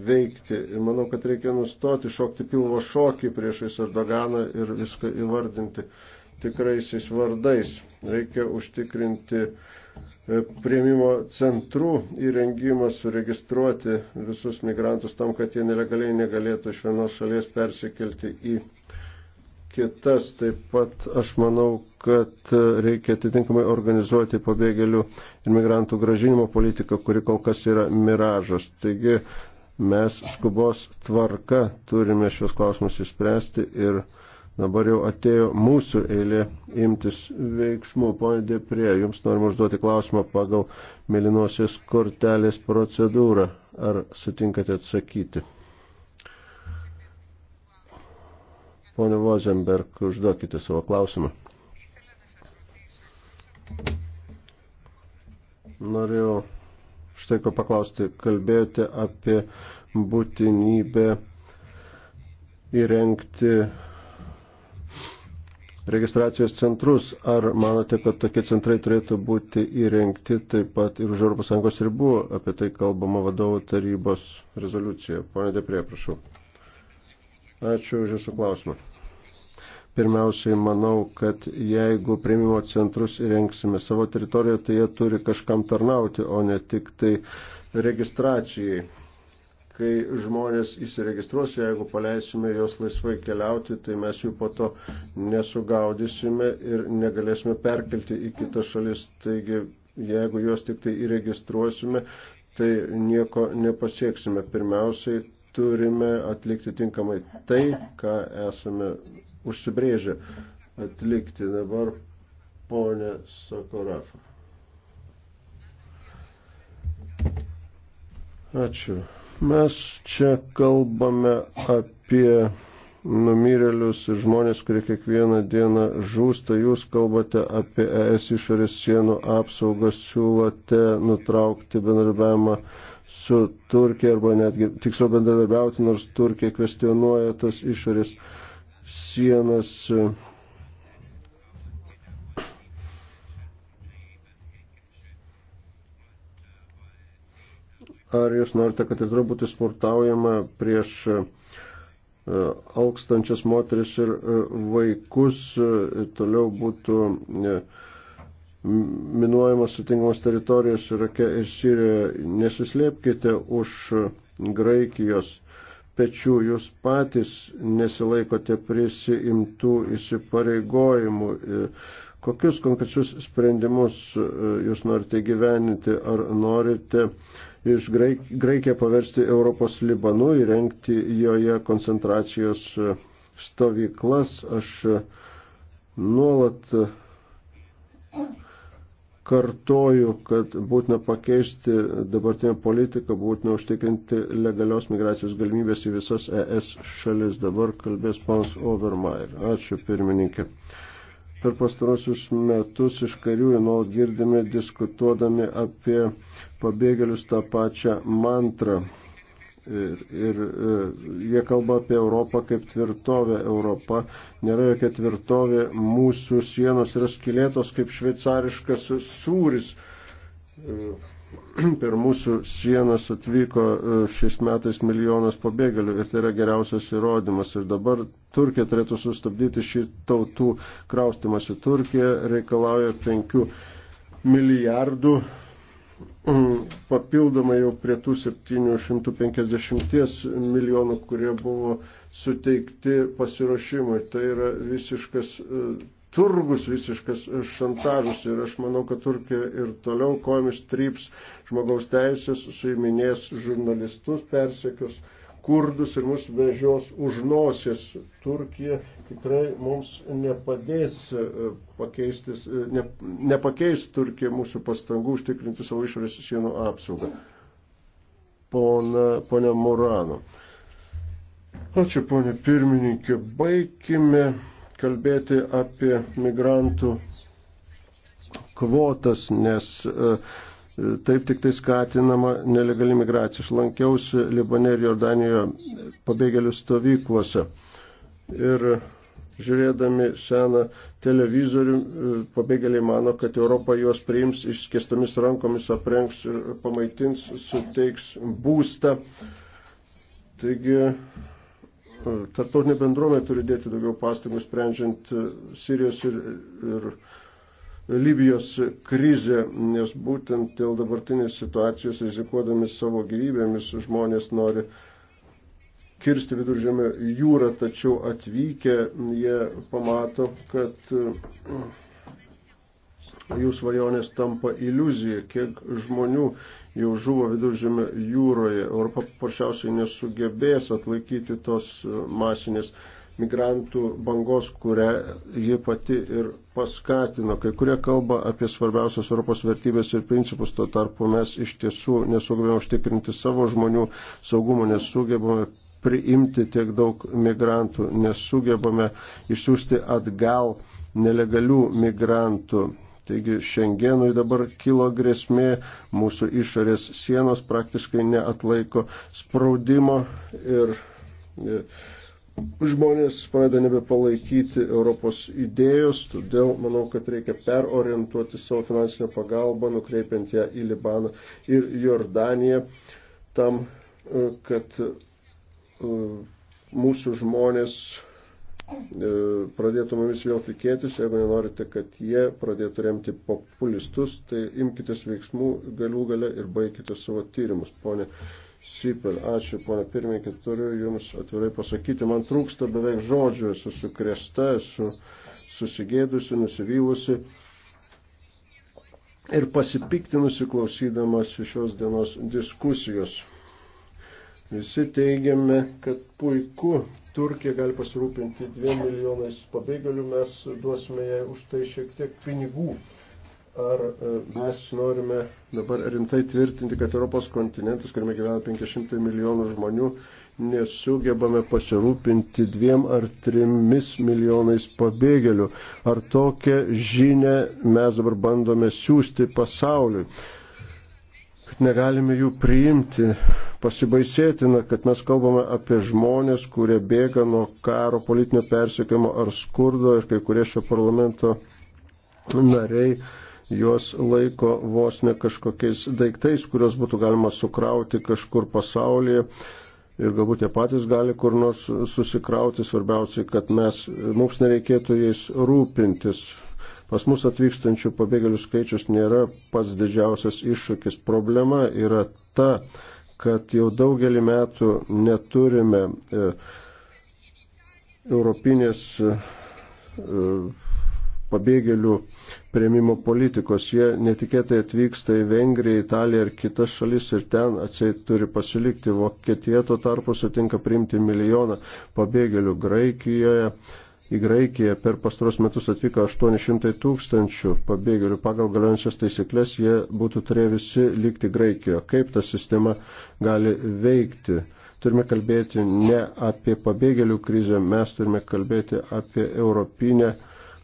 veikti. Ir manau, kad reikia nustoti šokti pilvo šokį priešais Erdoganą ir viską įvardinti tikraisiais vardais. Reikia užtikrinti uh, E, prieimimo centrų įrengimas suregistruoti visus migrantus tam, kad jie nelegaliai negalėtų iš vienos šalies persikelti į kitas. Taip pat aš manau, kad reikia atitinkamai organizuoti pabėgėlių ir migrantų gražinimo politiką, kuri kol kas yra miražas. Taigi mes skubos tvarka turime šios klausimus įspręsti ir Dabar jau atėjo mūsų eilė imtis veiksmų. Pone Deprie, jums norim užduoti klausimą pagal melinosios kortelės procedūrą. Ar sutinkate atsakyti? Pone Vozenberg, užduokite savo klausimą. Norėjau štai ko paklausti. Kalbėjote apie būtinybę įrengti registracijos centrus. Ar manote, kad tokie centrai turėtų būti įrengti taip pat ir už ES ribų? Apie tai kalbama vadovo tarybos rezoliucija. Pone Deprė, prašau. Ačiū už Jūsų klausimą. Pirmiausiai manau, kad jeigu prieimimo centrus įrengsime savo teritorijoje, tai jie turi kažkam tarnauti, o ne tik tai registracijai kai žmonės įsiregistruos, jeigu paleisime juos laisvai keliauti, tai mes jų po to nesugaudysime ir negalėsime perkelti į kitas šalis. Taigi, jeigu juos tik tai įregistruosime, tai nieko nepasieksime. Pirmiausiai turime atlikti tinkamai tai, ką esame užsibrėžę atlikti dabar ponę Sakorafą. Ačiū. Mes čia kalbame apie numirėlius ir žmonės, kurie kiekvieną dieną žūsta. Jūs kalbate apie ES išorės sienų apsaugą, siūlote nutraukti bendradarbiavimą su Turkija arba netgi tiksliau bendradarbiauti, nors Turkija kvestionuoja tas išorės sienas. Ar jūs norite, kad ir toliau būtų smurtaujama prieš e, alkstančias moteris ir e, vaikus, e, toliau būtų minuojamas sutinkamos teritorijos Irake ir Sirijoje. Nesislėpkite už Graikijos pečių, jūs patys nesilaikote prisiimtų įsipareigojimų. Kokius konkrečius sprendimus jūs norite gyveninti? Ar norite uh, iš Graik Graikiją paversti Europos Libanu, įrengti joje koncentracijos e, stovyklas. Aš e, nuolat e, kartoju, kad būtina pakeisti dabartinę politiką, būtina užtikrinti legalios migracijos galimybės į visas ES šalis. Dabar kalbės pans Overmaier. Ačiū pirmininkė per pastarosius metus iš karių nuolat girdime diskutuodami apie pabėgėlius tą pačią mantrą. Ir, ir, ir e, jie kalba apie Europą kaip tvirtovę. Europa nėra jokia tvirtovė, mūsų sienos yra skilėtos kaip šveicariškas sūris. Ir, e, per mūsų sienas atvyko e, šiais metais milijonas pabėgėlių ir tai yra geriausias įrodymas. Ir dabar Turkija turėtų sustabdyti šį tautų kraustimąsi. Turkija reikalauja 5 milijardų mm, papildomai jau prie tų 750 milijonų, kurie buvo suteikti pasiruošimui. Tai yra visiškas e, turgus visiškas šantažas ir aš manau, kad Turkija ir toliau komis tryps žmogaus teisės, suiminės žurnalistus, persekios kurdus ir mus vežios už nosies. Turkija tikrai mums nepadės e, pakeistis, e, ne, nepakeis Turkija mūsų pastangų užtikrinti savo išorės sienų apsaugą. Pona, ponia Murano. Ačiū, ponia pirmininkė. Baigime kalbėti apie migrantų kvotas, nes e, taip tik tai skatinama nelegali migracija. Aš lankiausi Libane ir Jordanijoje pabėgėlių stovyklose. Ir žiūrėdami seną televizorių, e, pabėgėliai mano, kad Europa juos priims išskėstomis rankomis, aprengs ir pamaitins, suteiks būstą. Taigi Tartautinė bendruomenė turi dėti daugiau pastangų sprendžiant e, Sirijos ir, ir Libijos krizę, nes būtent dėl dabartinės situacijos rizikuodami savo gyvybėmis žmonės nori kirsti viduržėmio jūrą, tačiau atvykę jie pamato, kad jų svajonės tampa iliuzija, kiek žmonių jau žuvo viduržėme jūroje. Europa paprasčiausiai nesugebės atlaikyti tos e, masinės migrantų bangos, kurią ji pati ir paskatino. Kai kurie kalba apie svarbiausias Europos vertybės ir principus, tuo tarpu mes iš tiesų nesugebėjome užtikrinti savo žmonių saugumo, nesugebame priimti tiek daug migrantų, nesugebame išsiųsti atgal nelegalių migrantų. Taigi šiandienui dabar kilo grėsmė, mūsų išorės sienos praktiškai neatlaiko spaudimo ir e, žmonės pradeda nebepalaikyti Europos idėjos, todėl manau, kad reikia perorientuoti savo finansinę pagalbą, nukreipiant ją į Libaną ir Jordaniją, tam, e, kad e, mūsų žmonės E, pradėtų mumis vėl tikėtis, jeigu nenorite, kad jie pradėtų remti populistus, tai imkite veiksmų galų gale ir baigite savo tyrimus. Pone Sipel, ačiū, pone pirmininkė, turiu Jums atvirai pasakyti, man trūksta beveik žodžių, esu sukrėsta, esu susigėdusi, nusivylusi ir pasipiktinusi klausydamas šios dienos diskusijos. Visi teigiame, kad puiku, Turkija gali pasirūpinti 2 milijonais pabėgėlių, mes duosime jai už tai šiek tiek pinigų. Ar e, mes norime dabar rimtai tvirtinti, kad Europos kontinentas, kuriame gyvena 500 milijonų žmonių, nesugebame pasirūpinti dviem ar trimis milijonais pabėgėlių. Ar tokią žinę mes dabar bandome siūsti pasauliui? kad negalime jų priimti. Pasibaisėtina, kad mes kalbame apie žmonės, kurie bėga nuo karo, politinio persiekimo ar skurdo ir kai kurie šio parlamento nariai juos laiko vos ne kažkokiais daiktais, kuriuos būtų galima sukrauti kažkur pasaulyje ir galbūt jie patys gali kur nors susikrauti, svarbiausiai, kad mes, mums nereikėtų jais rūpintis. Pas mus atvykstančių pabėgėlių skaičius nėra pats didžiausias iššūkis. Problema yra ta, kad jau daugelį metų neturime e, europinės e, pabėgėlių prieimimo politikos. Jie netikėtai atvyksta į Vengriją, Italiją ir kitas šalis ir ten atsiai turi pasilikti. Vokietija tuo tarpu sutinka priimti milijoną pabėgėlių Graikijoje. E, į Graikiją per pastaros metus atvyko 800 tūkstančių pabėgėlių. Pagal galiojančias taisyklės jie būtų turėję visi likti Graikijoje. Kaip ta sistema gali veikti? Turime kalbėti ne apie pabėgėlių krizę, mes turime kalbėti apie europinę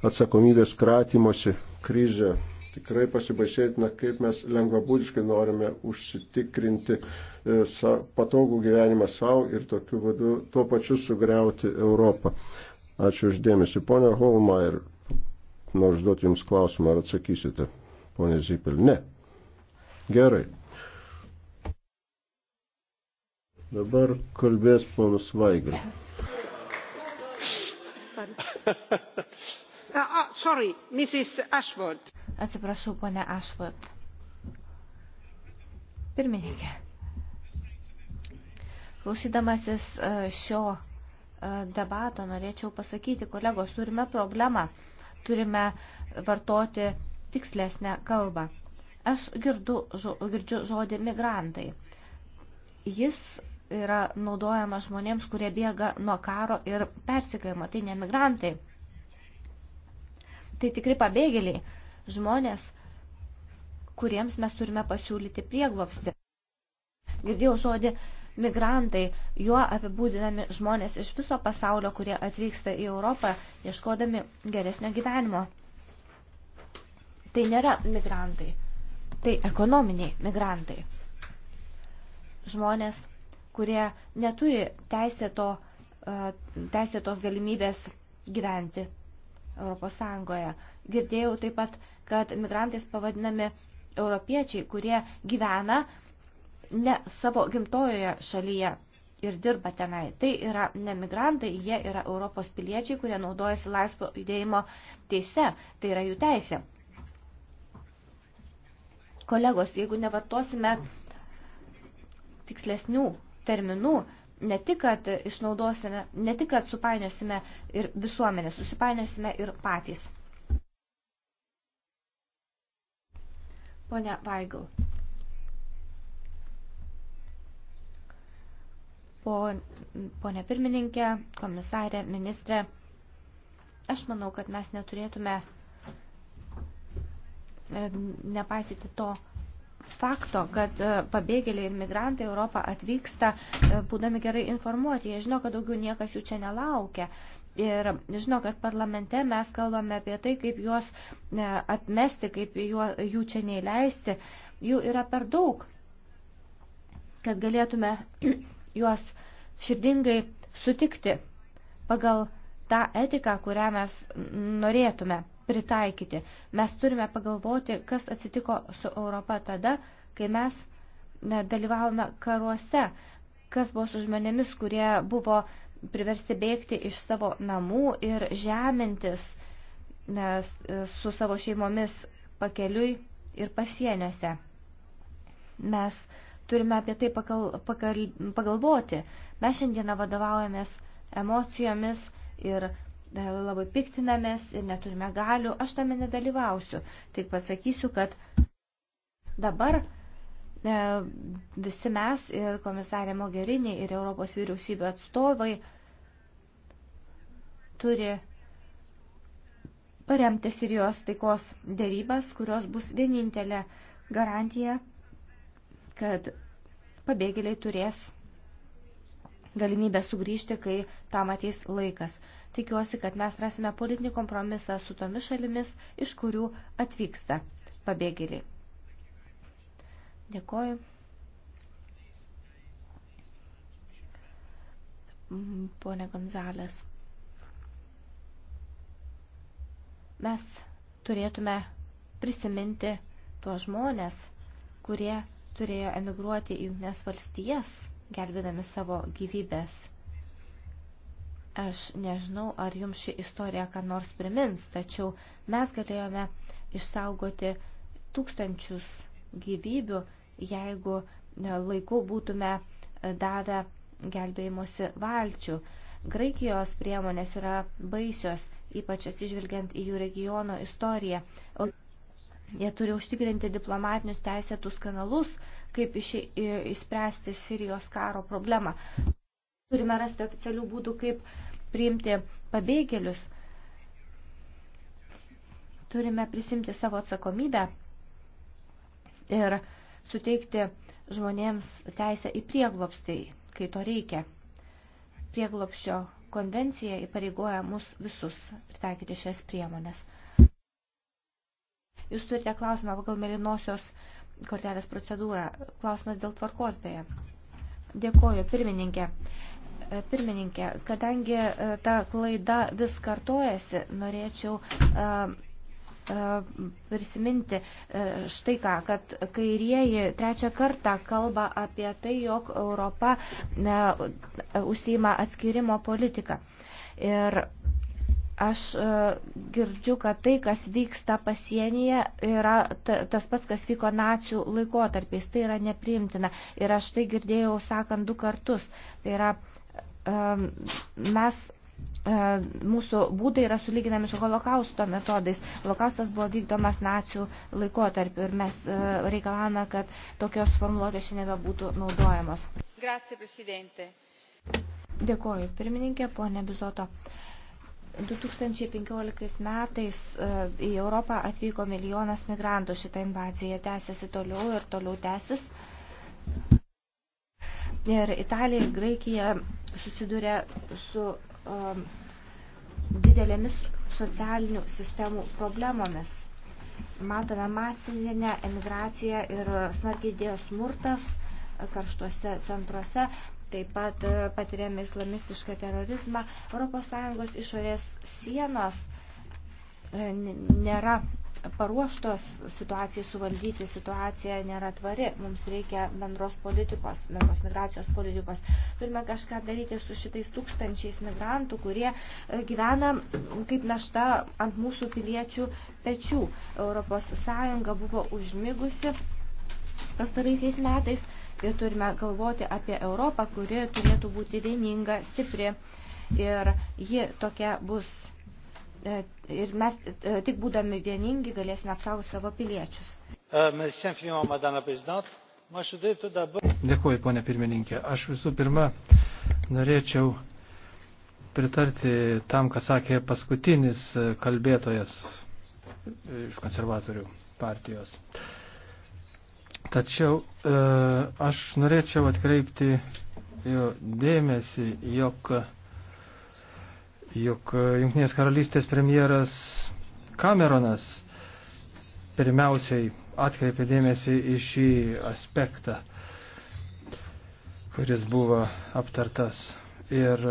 atsakomybės kratymosi krizę. Tikrai pasibaisėtina, kaip mes lengvabūdiškai norime užsitikrinti e, patogų gyvenimą savo ir tokiu vadu tuo pačiu sugriauti Europą. Ačiū uždėmesi. Pone Holmaier, noriu užduoti Jums klausimą, ar atsakysite. Pone Zipel, ne. Gerai. Dabar kalbės ponas Vaigal. Uh, uh, sorry, Mrs. Ashford. Atsiprašau, ponė Ashford. Pirmininkė. Klausydamasis uh, šio debato norėčiau pasakyti, kolegos, turime problemą, turime vartoti tikslesnę kalbą. Aš girdu, žo, girdžiu žodį migrantai. Jis yra naudojama žmonėms, kurie bėga nuo karo ir persikėjimo. Tai ne migrantai. Tai tikri pabėgėliai. Žmonės, kuriems mes turime pasiūlyti prieglopstį. Girdėjau žodį uh, migrantai, juo apibūdinami žmonės iš viso pasaulio, kurie atvyksta į Europą, ieškodami geresnio gyvenimo. Tai nėra migrantai, tai ekonominiai migrantai. Žmonės, kurie neturi teisėto, e, teisėtos galimybės gyventi Europos Sąjungoje. Girdėjau taip pat, kad migrantais pavadinami europiečiai, kurie gyvena uh, ne savo gimtojoje šalyje ir dirba tenai. Tai yra ne migrantai, jie yra Europos piliečiai, kurie naudojasi laisvo judėjimo teise, tai yra jų teisė. Kolegos, jeigu nevartosime tikslesnių terminų, ne tik, kad išnaudosime, ne tik, kad supainiosime ir visuomenę, susipainiosime ir patys. Pone Vaigal. Pone pirmininkė, komisarė, ministrė, aš manau, kad mes neturėtume e, nepaisyti to fakto, kad e, pabėgėliai ir migrantai Europą atvyksta, e, būdami gerai informuoti. Jie žino, kad daugiau niekas jų čia nelaukia. Ir žino, kad parlamente mes kalbame apie tai, kaip juos atmesti, kaip jų čia neįleisti. Jų yra per daug, kad galėtume juos širdingai sutikti pagal tą etiką, kurią mes norėtume pritaikyti. Mes turime pagalvoti, kas atsitiko su Europa tada, kai mes dalyvavome karuose, kas buvo su žmonėmis, kurie buvo priversti bėgti iš savo namų ir žemintis nes, su savo šeimomis pakeliui ir pasieniuose. Mes uh, Turime apie tai pakal, pakal, pagalvoti. Mes šiandieną vadovaujamės emocijomis ir e, labai piktinamės ir neturime galių. Aš tame nedalyvausiu. Tik pasakysiu, kad dabar e, visi mes ir komisarė Mogherini ir Europos vyriausybių atstovai turi paremti Sirijos taikos dėrybas, kurios bus vienintelė garantija kad pabėgėliai turės galimybę sugrįžti, kai tam ateis laikas. Tikiuosi, kad mes rasime politinį kompromisą su tomis šalimis, iš kurių atvyksta pabėgėliai. Dėkoju. Mm, pone Gonzalės. Mes turėtume prisiminti tuos žmonės, kurie turėjo emigruoti į Junknes valstijas, gelbėdami savo gyvybės. Aš nežinau, ar jums ši istorija ką nors primins, tačiau mes galėjome išsaugoti tūkstančius gyvybių, jeigu e, laiku būtume e, davę gelbėjimosi valčių. Graikijos priemonės yra baisios, ypač atsižvelgiant į jų regiono istoriją. Jie turi užtikrinti diplomatinius teisėtus kanalus, kaip išspręsti Sirijos karo problemą. Turime rasti oficialių būdų, kaip priimti pabėgėlius. Turime prisimti savo atsakomybę ir suteikti žmonėms teisę į prieglopstį, kai to reikia. Prieglopščio konvencija įpareigoja mus visus pritaikyti šias priemonės. Jūs turite klausimą pagal mėlynosios kortelės procedūrą. Klausimas dėl tvarkos beje. Dėkoju, pirmininkė. E, pirmininkė, kadangi e, ta klaida vis kartojasi, norėčiau uh, prisiminti štai ką, kad kairieji trečią kartą kalba apie tai, jog Europa užsima atskirimo politiką. Ir Aš e, girdžiu, kad tai, kas vyksta pasienyje, yra tas pats, kas vyko nacijų laikotarpiais. Tai yra nepriimtina. Ir aš tai girdėjau sakant du kartus. Tai yra, e, mes e, mūsų būdai yra sulyginami su holokausto metodais. Holokaustas buvo vykdomas nacijų laikotarpiu ir mes reikalavome, kad tokios formuluotės šiandien nebebūtų naudojamos. Grazie, Dėkoju, pirmininkė, ponė Bizoto. 2015 metais e, į Europą atvyko milijonas migrantų. Šitą invaziją tęsiasi toliau ir toliau tęsis. Ir Italija ir Graikija susiduria su um, didelėmis socialinių sistemų problemomis. Matome masinę emigraciją ir smarkiai dėjo smurtas karštuose centruose taip pat e, patiriame islamistišką terorizmą. ES išorės sienos e, nėra paruoštos situacijai suvaldyti, situacija nėra tvari, mums reikia bendros politikos, bendros migracijos politikos. Turime kažką daryti su šitais tūkstančiais migrantų, kurie e, gyvena kaip našta ant mūsų piliečių pečių. Europos Sąjunga buvo užmigusi pastaraisiais metais ir turime galvoti apie Europą, kuri turėtų būti vieninga, stipri ir ji tokia bus. E, ir mes e, tik būdami vieningi galėsime apsaugoti savo piliečius. E, Dėkuoju, ponė pirmininkė. Aš visų pirma norėčiau pritarti tam, ką sakė paskutinis kalbėtojas iš konservatorių partijos. Uh, Tačiau e, aš norėčiau atkreipti jo dėmesį, jog, jog Junktinės karalystės premjeras Cameronas pirmiausiai atkreipė dėmesį į šį aspektą, kuris buvo aptartas. Ir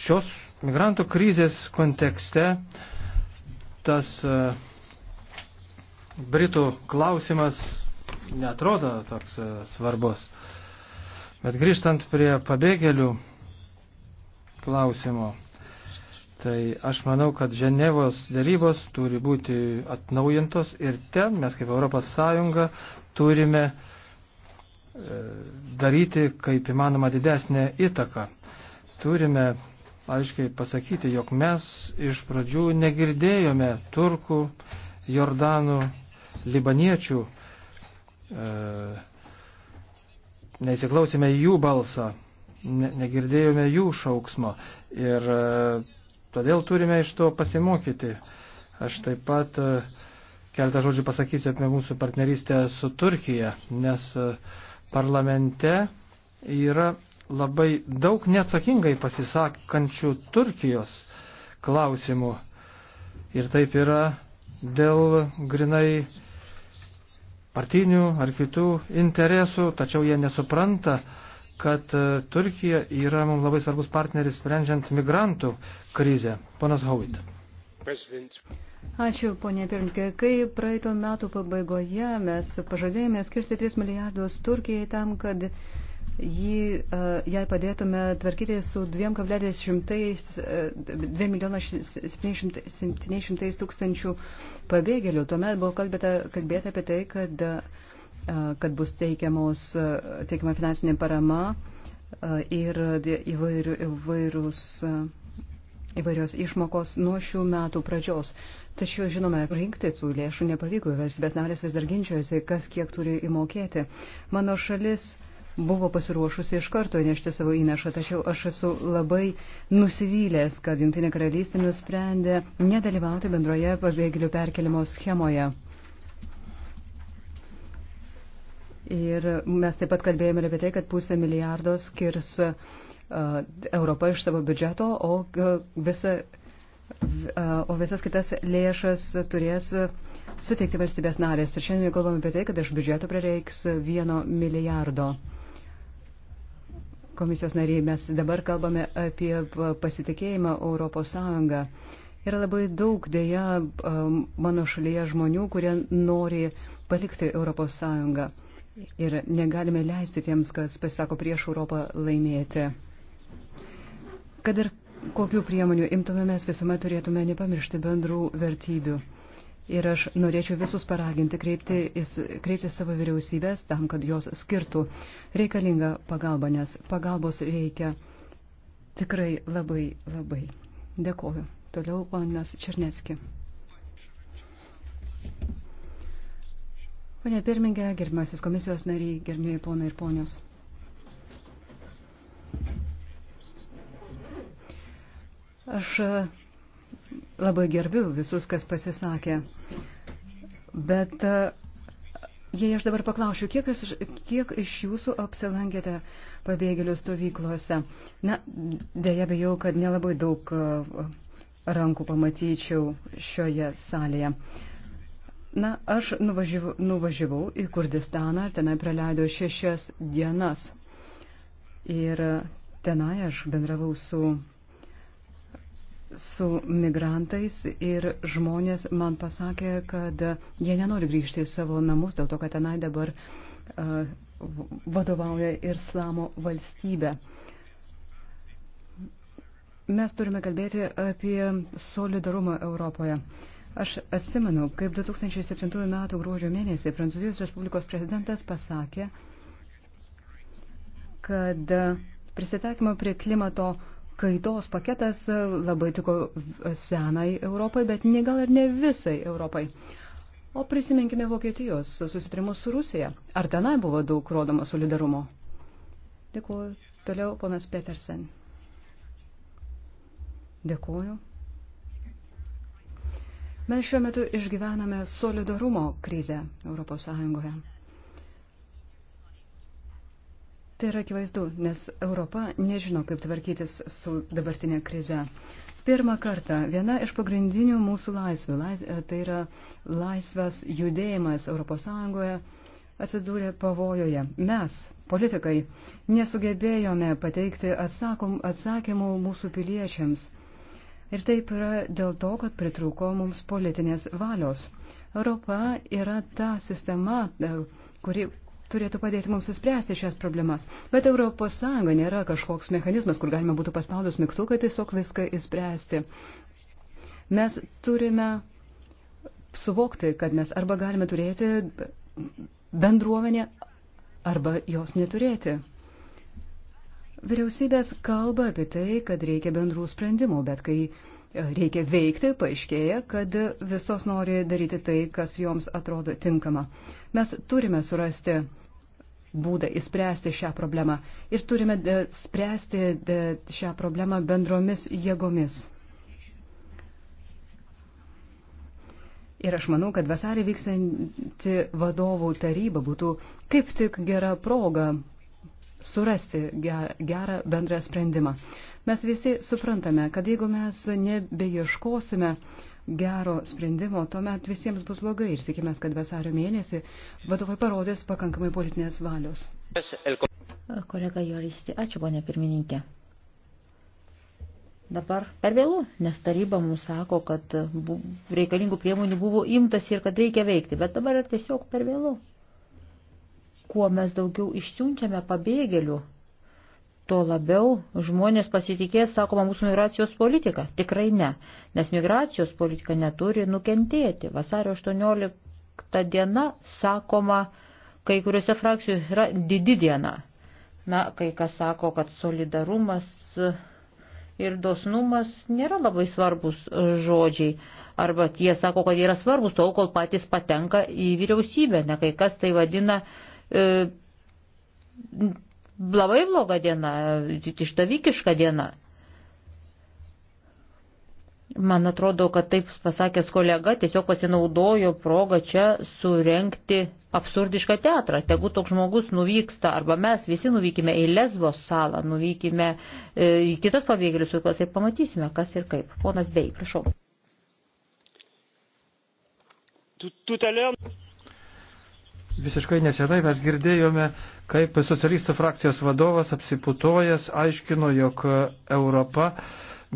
šios migrantų krizės kontekste tas e, Britų klausimas netrodo toks e, svarbus. Bet grįžtant prie pabėgėlių klausimo, tai aš manau, kad Ženevos dėrybos turi būti atnaujintos ir ten mes kaip Europos Sąjunga turime e, daryti kaip įmanoma didesnę įtaką. Turime aiškiai pasakyti, jog mes iš pradžių negirdėjome turkų, jordanų, libaniečių E, neįsiklausėme jų balsą, negirdėjome jų šauksmo ir e, todėl turime iš to pasimokyti. Aš taip pat e, keltą žodžių pasakysiu apie mūsų partnerystę su Turkija, nes parlamente yra labai daug neatsakingai pasisakančių Turkijos klausimų. Ir taip yra dėl grinai partinių ar kitų interesų, tačiau jie nesupranta, kad e, Turkija yra mums labai svarbus partneris sprendžiant migrantų krizę. Ponas Hauit. Ačiū, ponė Pirmke. Kai praeito metų pabaigoje mes pažadėjome skirti 3 milijardus Turkijai tam, kad jį, e, jai padėtume tvarkyti su 2,2 milijono 700 tūkstančių pabėgėlių. Tuomet buvo kalbėta, kalbėta apie tai, kad, e, kad bus teikiamos, e, teikiama finansinė parama ir įvairių, įvairūs įvairios išmokos nuo šių metų pradžios. Tačiau, žinome, rinkti tų lėšų nepavyko ir valstybės narės vis dar ginčiojasi, kas kiek turi įmokėti. Mano šalis buvo pasiruošusi iš karto nešti savo įnašą, tačiau aš esu labai nusivylęs, kad Junktinė karalystė nusprendė nedalyvauti bendroje pabėgėlių perkelimo schemoje. Ir mes taip pat kalbėjome apie tai, kad pusę milijardo skirs uh, Europą iš savo biudžeto, o, uh, visa, uh, o visas kitas lėšas turės suteikti valstybės narės. Ir šiandien kalbame apie tai, kad iš biudžeto prireiks vieno milijardo. Uh, komisijos nariai, mes dabar kalbame apie pasitikėjimą Europos Sąjungą. Yra labai daug dėja mano šalyje žmonių, kurie nori palikti Europos Sąjungą. Ir negalime leisti tiems, kas pasisako prieš Europą laimėti. Kad ir kokių priemonių imtumėmės, visuomet turėtume nepamiršti bendrų vertybių. Ir aš norėčiau visus paraginti kreipti, kreipti savo vyriausybės tam, kad jos skirtų reikalingą pagalbą, nes pagalbos reikia tikrai labai, labai. Dėkoju. Toliau ponas Černecki. Pane pirmingė, gerbiamasis komisijos nariai, gerbėjai ponai ir ponios. Aš Labai gerbiu visus, kas pasisakė. Bet e, jei aš dabar paklausiu, kiek, iš, kiek iš jūsų apsilankėte pabėgėlių stovyklose? Na, dėja bejau, kad nelabai daug e, rankų pamatyčiau šioje salėje. Na, aš nuvažiavau, nuvažiavau į Kurdistaną, tenai praleidau šešias dienas. Ir e, tenai aš bendravau su su migrantais ir žmonės man pasakė, kad jie nenori grįžti į savo namus dėl to, kad tenai dabar uh, vadovauja ir slamo valstybė. Mes turime kalbėti apie solidarumą Europoje. Aš atsimenu, kaip 2007 m. gruodžio mėnesį Prancūzijos Respublikos prezidentas pasakė, kad prisitaikymo prie klimato kaitos paketas labai tiko senai Europai, bet ne gal ir ne visai Europai. O prisiminkime Vokietijos susitrimus su Rusija. Ar tenai buvo daug rodoma solidarumo? Dėkuoju. Toliau ponas Petersen. Dėkuoju. Mes šiuo metu išgyvename solidarumo krizę Europos Sąjungoje. Tai yra akivaizdu, nes Europa nežino, kaip tvarkytis su dabartinė krize. Pirmą kartą viena iš pagrindinių mūsų laisvių, lais, e, tai yra laisvas judėjimas ES, atsidūrė pavojoje. Mes, politikai, nesugebėjome pateikti atsakom, atsakymų mūsų piliečiams. Ir taip yra dėl to, kad pritruko mums politinės valios. Europa yra ta sistema, e, kuri turėtų padėti mums įspręsti šias problemas. Bet ES nėra kažkoks mechanizmas, kur galima būtų paspaudus mygtuką tiesiog viską įspręsti. Mes turime suvokti, kad mes arba galime turėti bendruomenę, arba jos neturėti. Vyriausybės kalba apie tai, kad reikia bendrų sprendimų, bet kai reikia veikti, paaiškėja, kad visos nori daryti tai, kas joms atrodo tinkama. Mes turime surasti būdą įspręsti šią problemą ir turime e, spręsti e, šią problemą bendromis jėgomis. Ir aš manau, kad vasarį vyksanti vadovų taryba būtų kaip tik gera proga surasti gerą bendrą sprendimą. Mes visi suprantame, kad jeigu mes nebeieškosime gero sprendimo, tuomet visiems bus blogai ir tikimės, kad vasario mėnesį vadovai parodės pakankamai politinės valios. Kolega Joristi, ačiū, ponė pirmininkė. Dabar per vėlų, nes taryba mums sako, kad reikalingų priemonių buvo imtas ir kad reikia veikti, bet dabar yra tiesiog per vėlų. Kuo mes daugiau išsiunčiame pabėgėlių, tuo labiau žmonės pasitikės, sakoma, mūsų migracijos politika. Tikrai ne, nes migracijos politika neturi nukentėti. Vasario 18 diena, sakoma, kai kuriuose frakcijose yra didi diena. Na, kai kas sako, kad solidarumas ir dosnumas nėra labai svarbus žodžiai. Arba tie sako, kad jie yra svarbus tol, kol patys patenka į vyriausybę. Ne kai kas tai vadina e, labai bloga diena, išdavikiška diena. Man atrodo, kad taip pasakęs kolega tiesiog pasinaudojo progą čia surenkti absurdišką teatrą. Tegu toks žmogus nuvyksta, arba mes visi nuvykime į Lesbos salą, nuvykime e, į kitas pabėgėlių stovyklas ir pamatysime, kas ir kaip. Ponas Bei, prašau. Tout, tout Visiškai nesenai mes girdėjome, kaip socialistų frakcijos vadovas apsiputojęs aiškino, jog Europa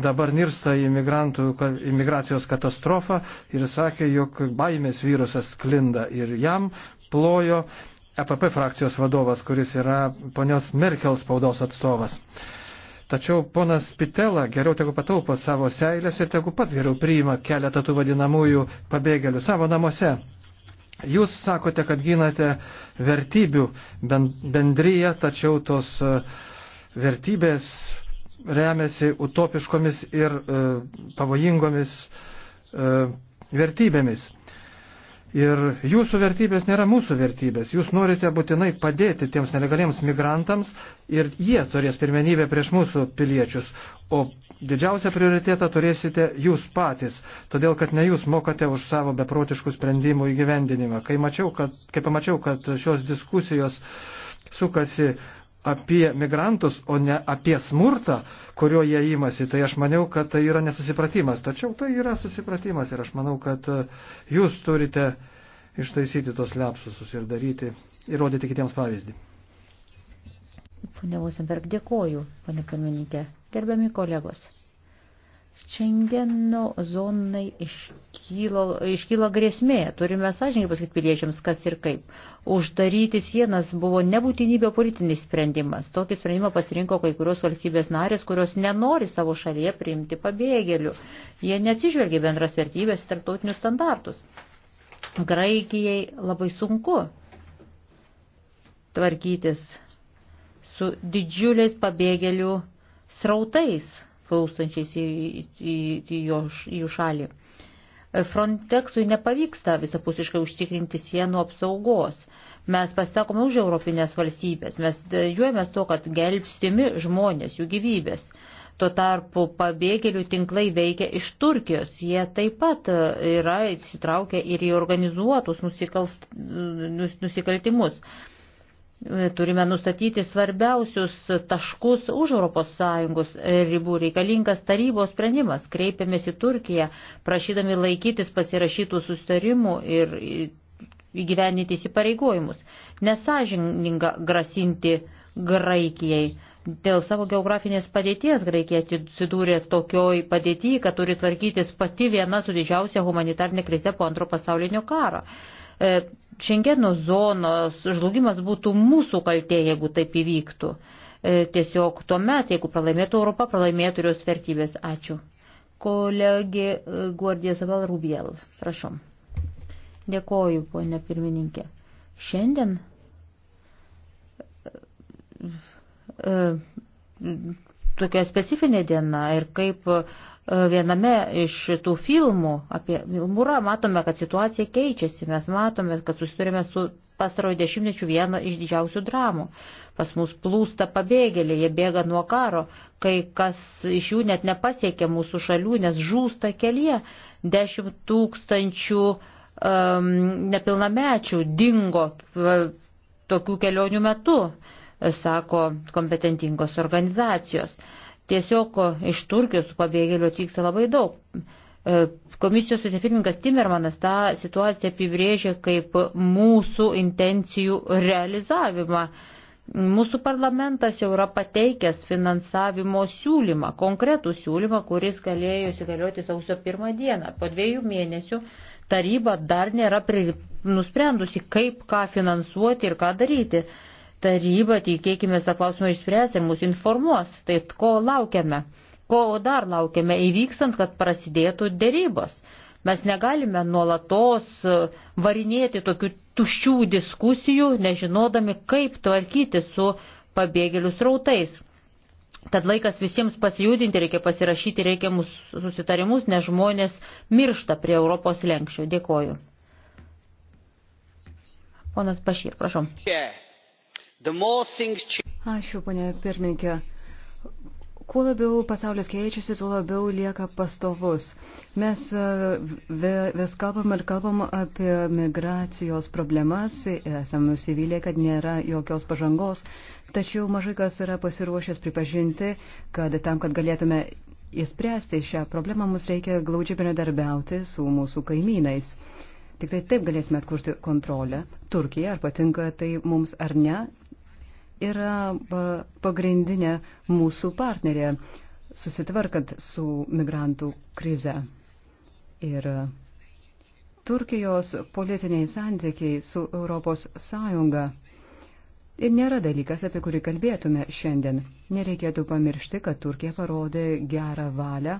dabar nirsta į imigracijos katastrofą ir sakė, jog baimės virusas sklinda ir jam plojo EPP frakcijos vadovas, kuris yra ponios Merkel spaudos atstovas. Tačiau ponas Pitela geriau tegu pataupo savo seilės ir tegu pats geriau priima keletą tų vadinamųjų pabėgėlių savo namuose. Jūs sakote, kad ginate vertybių bendryje, tačiau tos e, vertybės remiasi utopiškomis ir e, pavojingomis e, vertybėmis. Ir jūsų vertybės nėra mūsų vertybės. Jūs norite būtinai padėti tiems nelegaliems migrantams ir jie turės pirmenybę prieš mūsų piliečius. O didžiausią prioritetą turėsite jūs patys, todėl kad ne jūs mokate už savo beprotiškų sprendimų įgyvendinimą. Kai, mačiau, kad, kai pamačiau, kad šios diskusijos sukasi apie migrantus, o ne apie smurtą, kurio jie įmasi, tai aš maniau, kad tai yra nesusipratimas. Tačiau tai yra susipratimas ir aš manau, kad e, jūs turite ištaisyti tos lepsusus ir daryti, įrodyti kitiems pavyzdį. Pane Vosenberg, dėkoju, pane pirmininkė, gerbiami kolegos. Šengeno zonai iškylo, iškylo grėsmė. Turime sąžininkai pasakyti piliečiams, kas ir kaip. Uždaryti sienas buvo nebūtinybė politinis sprendimas. Tokį sprendimą pasirinko kai kurios valstybės narės, kurios nenori savo šalyje priimti pabėgėlių. Jie neatsižvelgia bendras vertybės į tarptautinius standartus. Graikijai labai sunku tvarkytis su didžiuliais pabėgėlių srautais plaustančiais į, į, į, jo, į jų šalį. Frontexui nepavyksta visapusiškai užtikrinti sienų apsaugos. Mes pasisakome už Europinės valstybės, mes juojamės to, kad gelbstimi žmonės, jų gyvybės. Tuo tarpu pabėgėlių tinklai veikia iš Turkijos. Jie taip pat yra įsitraukę ir į organizuotus nusikalst, nus, nusikaltimus. E, turime nustatyti svarbiausius taškus už ES ribų reikalingas tarybos sprendimas. Kreipiamės į Turkiją, prašydami laikytis pasirašytų sustarimų ir įgyveninti įsipareigojimus. Nesažininga grasinti Graikijai. Dėl savo geografinės padėties Graikija atsidūrė tokioj padėtyje, kad turi tvarkytis pati viena su didžiausia humanitarnė krize po antro pasaulinio karo e, Šengeno zonos žlugimas būtų mūsų kaltė, jeigu taip įvyktų. E, tiesiog tuo metu, jeigu pralaimėtų Europą, pralaimėtų ir jos vertybės. Ačiū. Kolegė e, Guardija Zaval Rubiel, prašom. Dėkoju, ponė pirmininkė. Šiandien e, tokia specifinė diena ir kaip E, viename iš tų filmų apie Milmūrą matome, kad situacija keičiasi, mes matome, kad susiturime su pastarojo dešimtmečių vieną iš didžiausių dramų. Pas mus plūsta pabėgėliai, jie bėga nuo karo, kai kas iš jų net nepasiekia mūsų šalių, nes žūsta kelyje. Dešimt tūkstančių um, nepilnamečių dingo e, tokių kelionių metu, e, sako kompetentingos organizacijos. Tiesiog iš Turkijos pabėgėlių atvyksta labai daug. E, komisijos vicepirmininkas Timermanas tą situaciją apibrėžė kaip mūsų intencijų realizavimą. Mūsų parlamentas jau yra pateikęs finansavimo siūlymą, konkretų siūlymą, kuris galėjo įsigalioti sausio pirmą dieną. Po dviejų mėnesių taryba dar nėra pri... nusprendusi, kaip ką finansuoti ir ką daryti taryba, tikėkime, tą klausimą išspręs ir mūsų informuos. Tai ko laukiame? Ko dar laukiame įvykstant, kad prasidėtų dėrybos? Mes negalime nuolatos e, varinėti tokių tuščių diskusijų, nežinodami, kaip tvarkyti su pabėgėlių srautais. Tad laikas visiems pasijudinti, reikia pasirašyti reikiamus susitarimus, nes žmonės miršta prie Europos lenkščių. Dėkoju. Ponas Pašyr, prašom. Yeah. Ačiū, ponė pirmininkė. Kuo labiau pasaulis keičiasi, tuo labiau lieka pastovus. Mes e, vis kalbam ir kalbam apie migracijos problemas, esam nusivylę, kad nėra jokios pažangos, tačiau mažai kas yra pasiruošęs pripažinti, kad tam, kad galėtume įspręsti šią problemą, mums reikia glaudžiai bendradarbiauti su mūsų kaimynais. Tik tai taip galėsime atkurti kontrolę. Turkija, ar patinka tai mums ar ne, yra pagrindinė mūsų partnerė susitvarkant su migrantų krize. Ir Turkijos politiniai santykiai su Europos Sąjunga ir nėra dalykas, apie kurį kalbėtume šiandien. Nereikėtų pamiršti, kad Turkija parodė gerą valią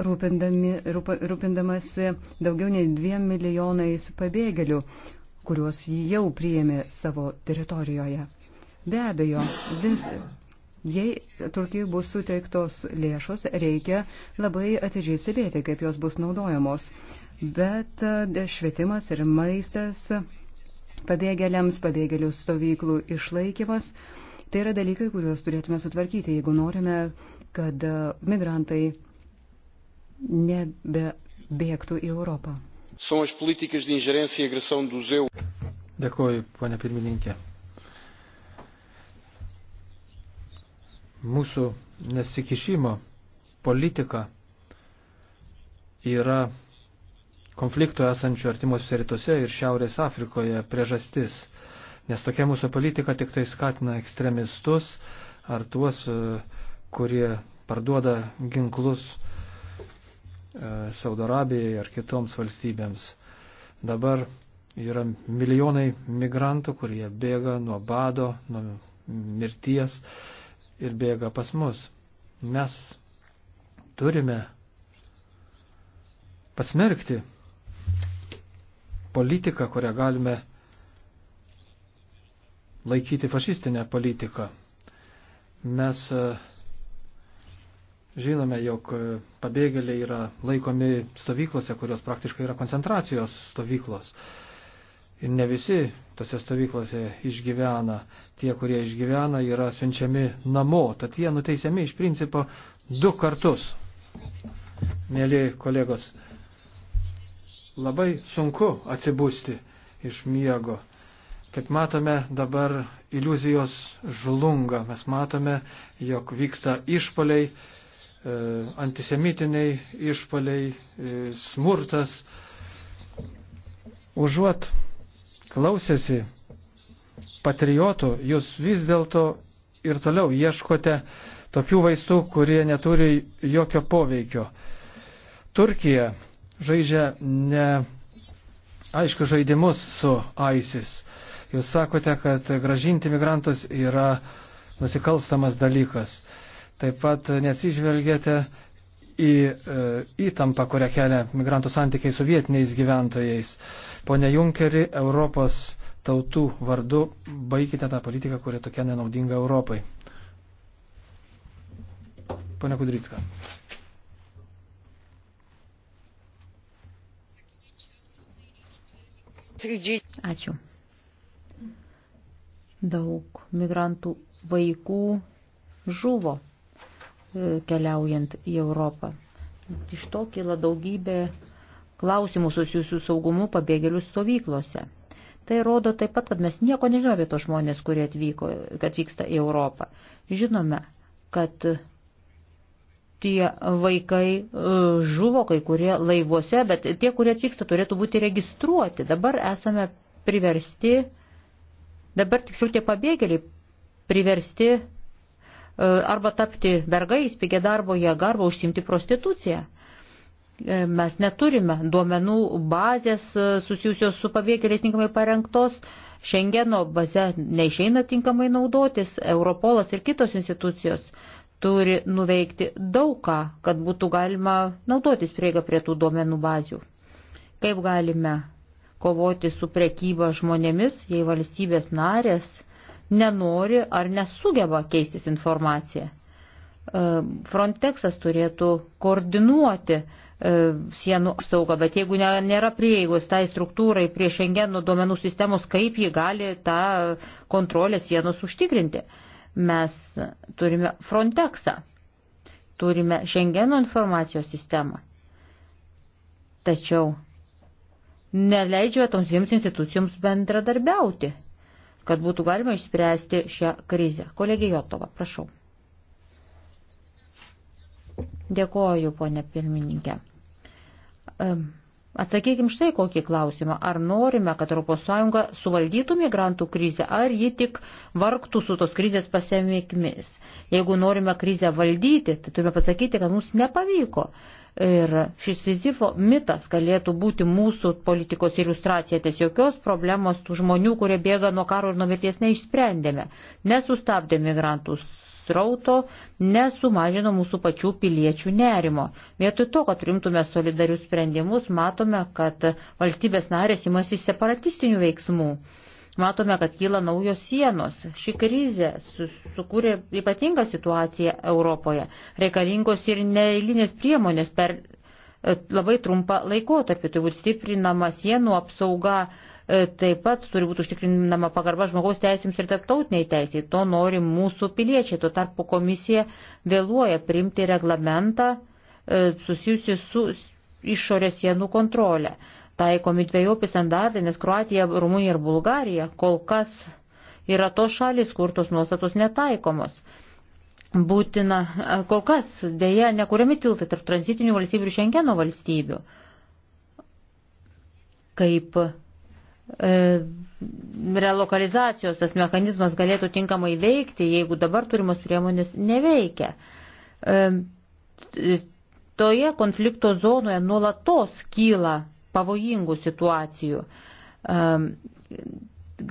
rūpindamasi daugiau nei dviem milijonais pabėgėlių, kuriuos jį jau priėmė savo teritorijoje. Be abejo, vis, jei Turkijai bus suteiktos lėšos, reikia labai atidžiai stebėti, kaip jos bus naudojamos. Bet e, švietimas ir maistas, pabėgėliams, pabėgėlių stovyklų išlaikymas, tai yra dalykai, kuriuos turėtume sutvarkyti, jeigu norime, kad e, migrantai nebebėgtų į Europą. E Dėkuoju, ponia pirmininkė. mūsų nesikišimo politika yra konfliktų esančių artimuose rytuose ir Šiaurės Afrikoje priežastis, nes tokia mūsų politika tik tai skatina ekstremistus ar tuos, e, kurie parduoda ginklus e, Saudarabijai ar kitoms valstybėms. Dabar yra milijonai migrantų, kurie bėga nuo bado, nuo mirties ir bėga pas mus. Mes turime pasmerkti politiką, kurią galime laikyti fašistinę politiką. Mes e, žinome, jog e, pabėgėliai yra laikomi stovyklose, kurios praktiškai yra koncentracijos stovyklos. Ir ne visi tose stovyklose išgyvena. Tie, kurie išgyvena, yra siunčiami namo, tad jie nuteisiami iš principo du kartus. Mėly kolegos, labai sunku atsibūsti iš miego. Kaip matome, dabar iliuzijos žlunga. Mes matome, jog vyksta išpoliai, e, antisemitiniai išpoliai, e, smurtas. Užuot klausėsi patriotų, jūs vis dėlto ir toliau ieškote tokių vaistų, kurie neturi jokio poveikio. Turkija žaidžia ne aišku žaidimus su ISIS. Jūs sakote, kad gražinti migrantus yra nusikalstamas dalykas. Taip pat nesižvelgėte į e, įtampą, kurią kelia migrantų santykiai su vietiniais gyventojais. Pone Junkeri, Europos tautų vardu baikite tą politiką, kuri tokia nenaudinga Europai. Pone Kudrycka. Ačiū. Daug migrantų vaikų žuvo keliaujant į Europą. Iš to kyla daugybė klausimų susijusių saugumu pabėgėlių stovyklose. Tai rodo taip pat, kad mes nieko nežinome apie tos žmonės, kurie atvyko, kad vyksta į Europą. Žinome, kad tie vaikai e, žuvo kai kurie laivuose, bet tie, kurie atvyksta, turėtų būti registruoti. Dabar esame priversti, dabar tiksliau tie pabėgėliai priversti E, arba tapti vergais, pigia darbo jėga, arba užsimti prostituciją. E, mes neturime duomenų bazės e, susijusios su pabėgėliais tinkamai parengtos. Šengeno baze neišeina tinkamai naudotis. Europolas ir kitos institucijos turi nuveikti daugą, kad būtų galima naudotis prieiga prie tų duomenų bazių. Kaip galime kovoti su prekyba žmonėmis, jei valstybės narės nenori ar nesugeba keistis informaciją. E, Frontexas turėtų koordinuoti e, sienų apsaugą, bet jeigu nėra prieigos tai struktūrai prie šengenų duomenų sistemos, kaip ji gali tą kontrolę sienos užtikrinti. Mes turime Frontexą, turime šengeno informacijos sistemą. Tačiau neleidžia toms dviems institucijoms bendradarbiauti kad būtų galima išspręsti šią krizę. Kolegė Jotova, prašau. Dėkoju, ponė pirmininkė. Atsakykim štai kokį klausimą. Ar norime, kad ES suvaldytų migrantų krizę, ar ji tik vargtų su tos krizės pasiemikmis? Jeigu norime krizę valdyti, tai turime pasakyti, kad mums nepavyko. Ir šis Sizifo mitas galėtų būti mūsų politikos iliustracija, ties jokios problemos tų žmonių, kurie bėga nuo karo ir nuo mirties, neišsprendėme, nesustabdė migrantų srauto, nesumažino mūsų pačių piliečių nerimo. Vietoj to, kad rimtume solidarius sprendimus, matome, kad valstybės narės imasi separatistinių veiksmų. Matome, kad kyla naujos sienos. Ši krizė sukūrė ypatingą situaciją Europoje. Reikalingos ir neįlinės priemonės per e, labai trumpą laikotarpį. Turi būti stiprinama sienų apsauga, e, taip pat turi būti užtikrinama pagarba žmogaus teisėms ir tarptautiniai teisėjai. To nori mūsų piliečiai. Tuo tarpu komisija vėluoja priimti reglamentą e, susijusi su išorės sienų kontrolė taikomi dviejopi standartai, nes Kroatija, Rumunija ir Bulgarija kol kas yra tos šalis, kur tos nuostatos netaikomos. Būtina, kol kas dėja nekuriami tiltai tarp tranzitinių valstybių ir Šengeno valstybių. Kaip e, relokalizacijos tas mechanizmas galėtų tinkamai veikti, jeigu dabar turimos priemonės neveikia. E, toje konflikto zonoje nuolatos kyla pavojingų situacijų.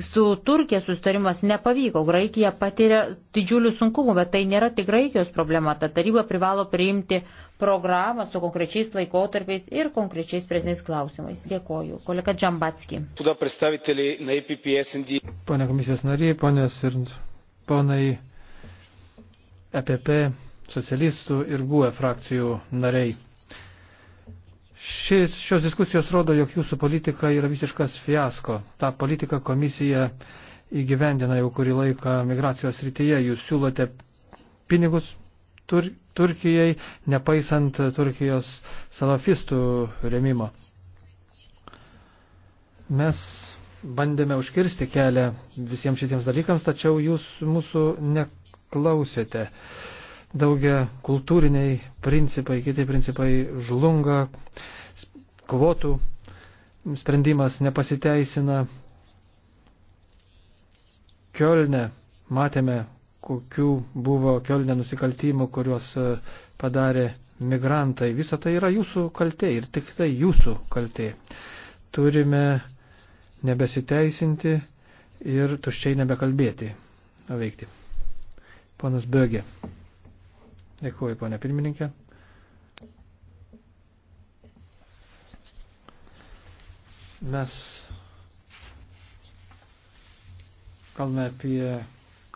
Su Turkija sustarimas nepavyko, Graikija patiria didžiulių sunkumų, bet tai nėra tik Graikijos problema. Ta taryba privalo priimti programą su konkrečiais laikotarpiais ir konkrečiais presniais klausimais. Dėkoju. Kolega Džambatski. Pane e komisijos nariai, ponės ir ponai EPP, socialistų ir GUE frakcijų nariai. Šis, šios diskusijos rodo, jog jūsų politika yra visiškas fiasko. Ta politika komisija įgyvendina jau kurį laiką migracijos rytyje. Jūs siūlote pinigus tur, Turkijai, nepaisant Turkijos salafistų remimo. Mes bandėme užkirsti kelią visiems šitiems dalykams, tačiau jūs mūsų neklausėte. Daugia kultūriniai principai, kiti principai žlunga, kvotų sprendimas nepasiteisina. Kielne matėme, kokių buvo Kielne nusikaltimų, kuriuos e, padarė migrantai. Visa tai yra jūsų kaltė ir tik tai jūsų kaltė. Turime nebesiteisinti ir tuščiai nebekalbėti, o veikti. Ponas Bögė. Dėkuoju, ponė pirmininkė. Mes kalbame apie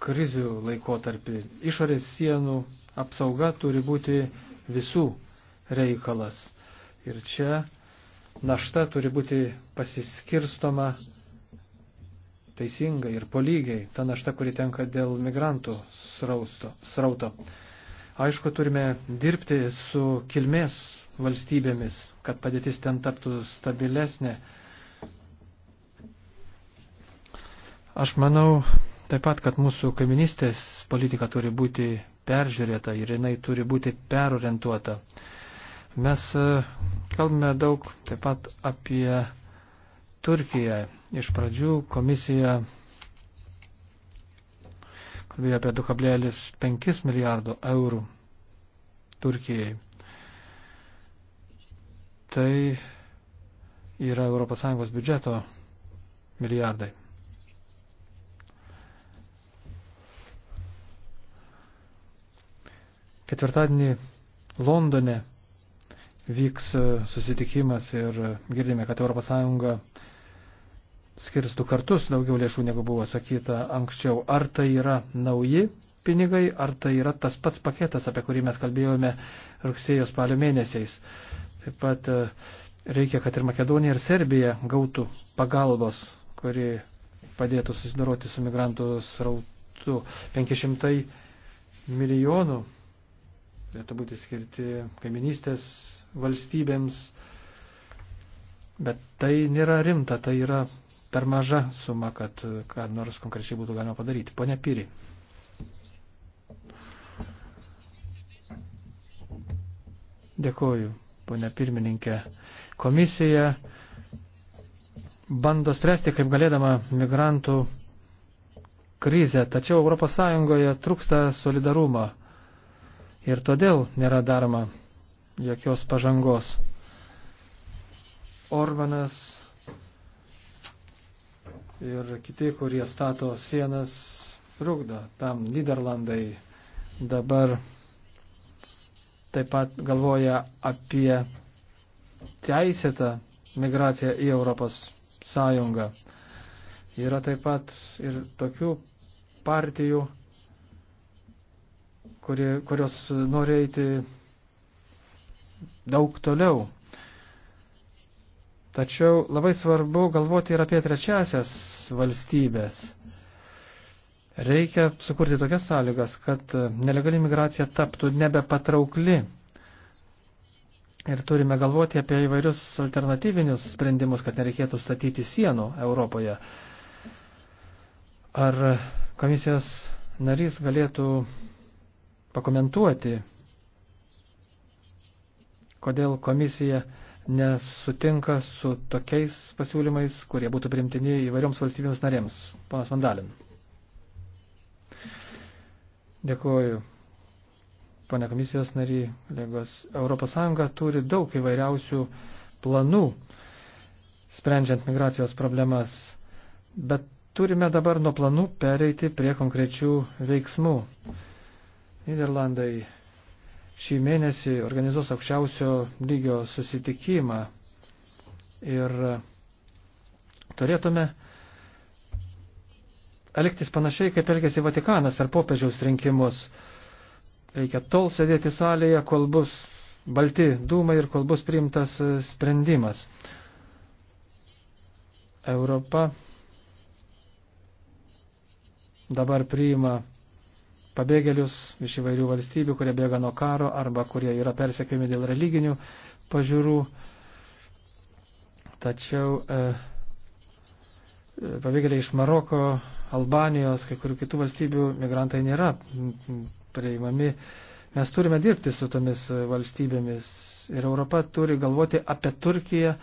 krizių laikotarpį. Išorės sienų apsauga turi būti visų reikalas. Ir čia našta turi būti pasiskirstoma teisingai ir polygiai, ta našta, kuri tenka dėl migrantų srausto, srauto. Aišku, turime dirbti su kilmės valstybėmis, kad padėtis ten taptų stabilesnė Aš manau taip pat, kad mūsų kaiminystės politika turi būti peržiūrėta ir jinai turi būti perorientuota. Mes e, kalbame daug taip pat apie Turkiją. Iš pradžių komisija kalbėjo apie 2,5 milijardų eurų Turkijai. Tai yra ES biudžeto milijardai. Ketvirtadienį Londone vyks e, susitikimas ir girdime, kad ES skirs du kartus daugiau lėšų, negu buvo sakyta anksčiau. Ar tai yra nauji pinigai, ar tai yra tas pats paketas, apie kurį mes kalbėjome rugsėjo spalio mėnesiais. Taip pat e, reikia, kad ir Makedonija, ir Serbija gautų pagalbos, kuri padėtų susidoroti su migrantų srautu 500 milijonų turėtų būti skirti kaiminystės valstybėms, bet tai nėra rimta, tai yra per maža suma, kad ką nors konkrečiai būtų galima padaryti. Pone Pyri. Dėkoju, ponia pirmininkė. Komisija bando spręsti, kaip galėdama, migrantų krizę, tačiau ES trūksta solidarumo ir todėl nėra daroma jokios pažangos. Orbanas ir kiti, kurie stato sienas, trukdo tam Niderlandai dabar taip pat galvoja apie teisėtą migraciją į Europos Sąjungą. Yra taip pat ir tokių partijų, kurie, kurios nori eiti daug toliau. Tačiau labai svarbu galvoti ir apie trečiasias valstybės. Reikia sukurti tokias sąlygas, kad nelegali migracija taptų nebepatraukli. Ir turime galvoti apie įvairius alternatyvinius sprendimus, kad nereikėtų statyti sienų Europoje. Ar komisijos narys galėtų pakomentuoti, kodėl komisija nesutinka su tokiais pasiūlymais, kurie būtų primtini įvairioms valstybėms narėms. Panas Vandalin. Dėkuoju. Pane komisijos nary, kolegos, ES turi daug įvairiausių planų, sprendžiant migracijos problemas, bet turime dabar nuo planų pereiti prie konkrečių veiksmų. Niderlandai šį mėnesį organizuos aukščiausio lygio susitikimą ir turėtume elgtis panašiai, kaip elgėsi Vatikanas per popiežiaus rinkimus. Reikia tol sėdėti salėje, kol bus balti dūmai ir kol bus priimtas sprendimas. Europa dabar priima pabėgėlius iš įvairių valstybių, kurie bėga nuo karo arba kurie yra persekiami dėl religinių pažiūrų. Tačiau e, e, pabėgėliai iš Maroko, Albanijos, kai kurių kitų valstybių migrantai nėra priimami. Mes turime dirbti su tomis valstybėmis ir Europa turi galvoti apie Turkiją e,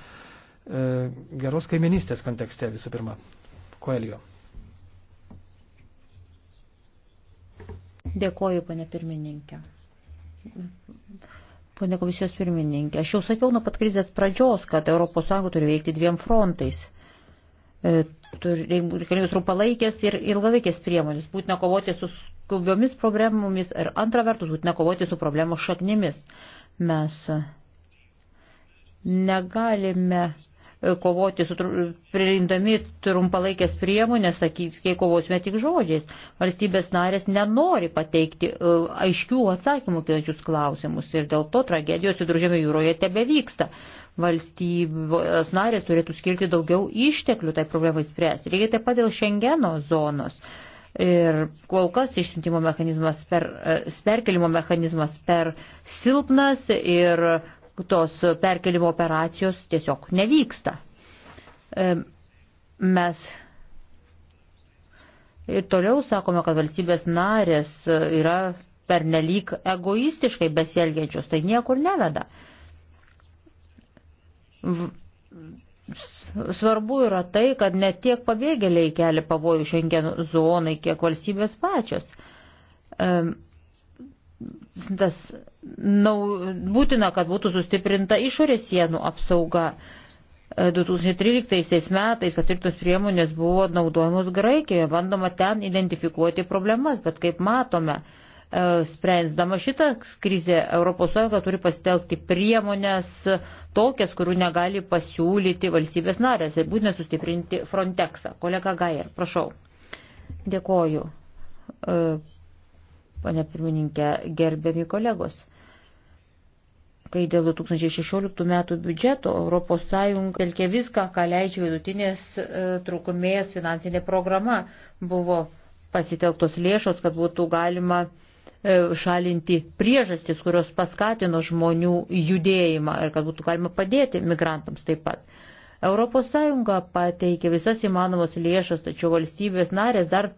geros kaiminystės kontekste visų pirma. Koelio. Dėkoju, ponė pirmininkė. Pone komisijos pirmininkė, aš jau sakiau nuo pat krizės pradžios, kad ES turi veikti dviem frontais. E, Reikalingos trumpalaikės ir ilgalaikės priemonės. Būtina kovoti su skubiomis problemomis ir antra vertus būtina kovoti su problemos šaknimis. Mes negalime kovoti su priimdami trumpalaikės priemonės, sakykime, kovosime tik žodžiais. Valstybės narės nenori pateikti e, aiškių atsakymų kilančius klausimus ir dėl to tragedijos viduržėmio jūroje tebe vyksta. Valstybės narės turėtų skirti daugiau išteklių tai problemai spręsti. Reikia taip pat dėl Šengeno zonos. Ir kol kas išsiuntimo mechanizmas per, e, perkelimo mechanizmas per silpnas ir tos perkelimo operacijos tiesiog nevyksta. E, mes ir toliau sakome, kad valstybės narės yra pernelyg egoistiškai besielgiančios, tai niekur neveda. Svarbu yra tai, kad ne tiek pabėgėliai kelia pavojų šiandien zonai, kiek valstybės pačios. E, tas nau, būtina, kad būtų sustiprinta išorės sienų apsauga. 2013 e, metais patirtos priemonės buvo naudojamos Graikijoje, bandoma ten identifikuoti problemas, bet kaip matome, e, sprendama šitą krizę, ES turi pasitelkti priemonės tokias, kurių negali pasiūlyti valstybės narės ir būtina sustiprinti Frontexą. Kolega Gajer, prašau. Dėkoju, e, pane pirmininkė, gerbiami kolegos kai dėl 2016 metų biudžeto ES telkė viską, ką leidžia vidutinės e, trukmės finansinė programa, buvo pasitelktos lėšos, kad būtų galima e, šalinti priežastis, kurios paskatino žmonių judėjimą ir kad būtų galima padėti migrantams taip pat. ES pateikė visas įmanomas lėšas, tačiau valstybės narės dar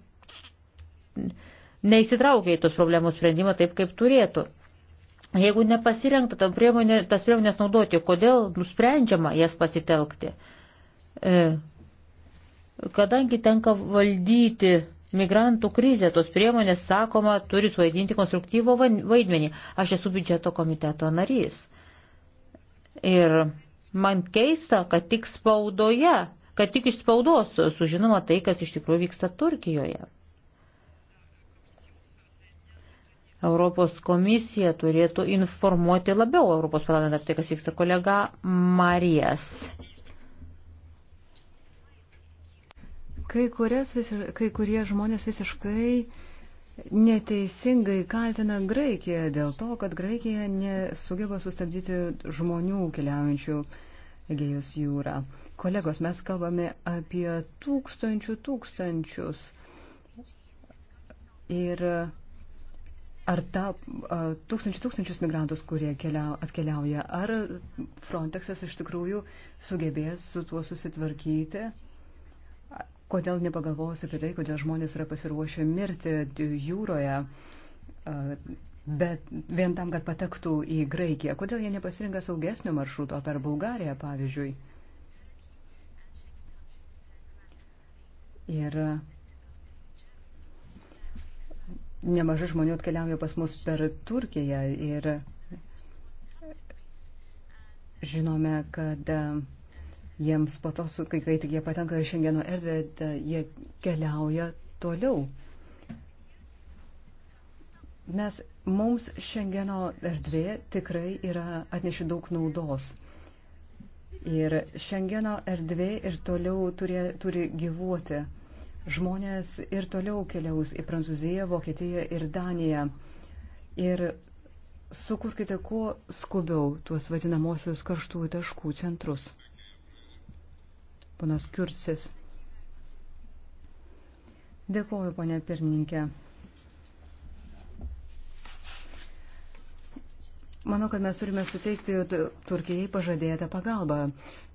neįsitraukė į tos problemos sprendimą taip, kaip turėtų. Jeigu nepasirengta ta priemonė, tas priemonės naudoti, kodėl nusprendžiama jas pasitelkti? E, kadangi tenka valdyti migrantų krizę, tos priemonės, sakoma, turi suvaidinti konstruktyvo vaidmenį. Aš esu biudžeto komiteto narys. Ir man keista, kad tik spaudoje, kad tik iš spaudos sužinoma tai, kas iš tikrųjų vyksta Turkijoje. Europos komisija turėtų informuoti labiau Europos parlamentą apie tai, kas vyksta kolega Marijas. Kai, kurias, kai kurie žmonės visiškai neteisingai kaltina Graikiją dėl to, kad Graikija nesugeba sustabdyti žmonių keliaujančių Egejos jūrą. Kolegos, mes kalbame apie tūkstančių tūkstančius. Ir ar ta tūkstančių tūkstančius migrantus, kurie keliau, atkeliauja, ar Frontexas iš tikrųjų sugebės su tuo susitvarkyti, kodėl nepagalvojus apie tai, kodėl žmonės yra pasiruošę mirti jūroje, bet vien tam, kad patektų į Graikiją, kodėl jie nepasirinka saugesnio maršruto per Bulgariją, pavyzdžiui. Ir nemažai žmonių atkeliauja pas mus per Turkiją ir žinome, kad e, jiems po to, kai, kai tik jie patenka į Šengeno erdvę, jie keliauja toliau. Mes, mums Šengeno erdvė tikrai yra atneši daug naudos. Ir Šengeno erdvė ir toliau turė, turi gyvuoti žmonės ir toliau keliaus į Prancūziją, Vokietiją ir Daniją. Ir sukurkite kuo skubiau tuos vadinamosius karštųjų taškų centrus. Ponas Kirsis. Dėkuoju, ponė pirmininkė. Manau, kad mes turime suteikti Turkijai pažadėtą pagalbą,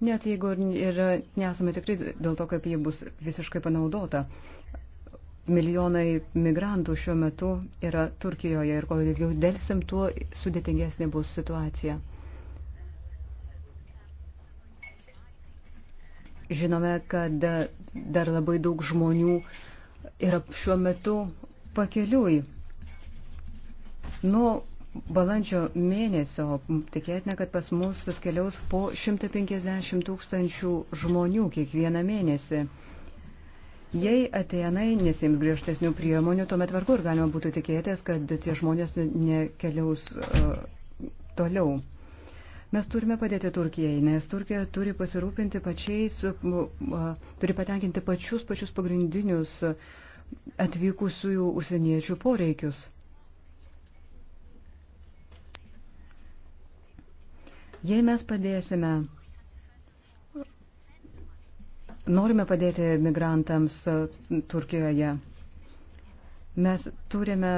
net jeigu ir nesame tikrai dėl to, kaip ji bus visiškai panaudota. Milijonai migrantų šiuo metu yra Turkijoje ir kol ilgiau dėlsim, tuo sudėtingesnė bus situacija. Žinome, kad dar labai daug žmonių yra šiuo metu pakeliui. Nuo balandžio mėnesio tikėtina, kad pas mus atkeliaus po 150 tūkstančių žmonių kiekvieną mėnesį. Jei ateinai nesims griežtesnių priemonių, tuomet vargu ir galima būtų tikėtis, kad tie žmonės nekeliaus uh, toliau. Mes turime padėti Turkijai, nes Turkija turi pasirūpinti pačiais, uh, turi patenkinti pačius pačius pagrindinius atvykusiųjų užsieniečių poreikius. Jei mes padėsime, norime padėti migrantams e, Turkijoje, mes turime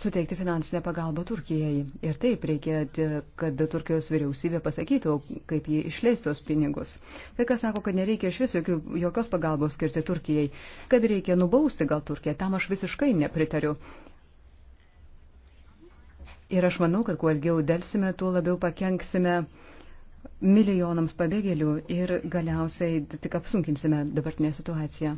suteikti finansinę pagalbą Turkijai. Ir taip reikia, e, kad Turkijos vyriausybė pasakytų, kaip jie išleis tos pinigus. Kai kas sako, kad nereikia iš vis jokios pagalbos skirti Turkijai, kad reikia nubausti gal Turkiją, tam aš visiškai nepritariu. Ir aš manau, kad kuo ilgiau dėlsime, tuo labiau pakenksime milijonams pabėgėlių ir galiausiai tik apsunkinsime dabartinę situaciją.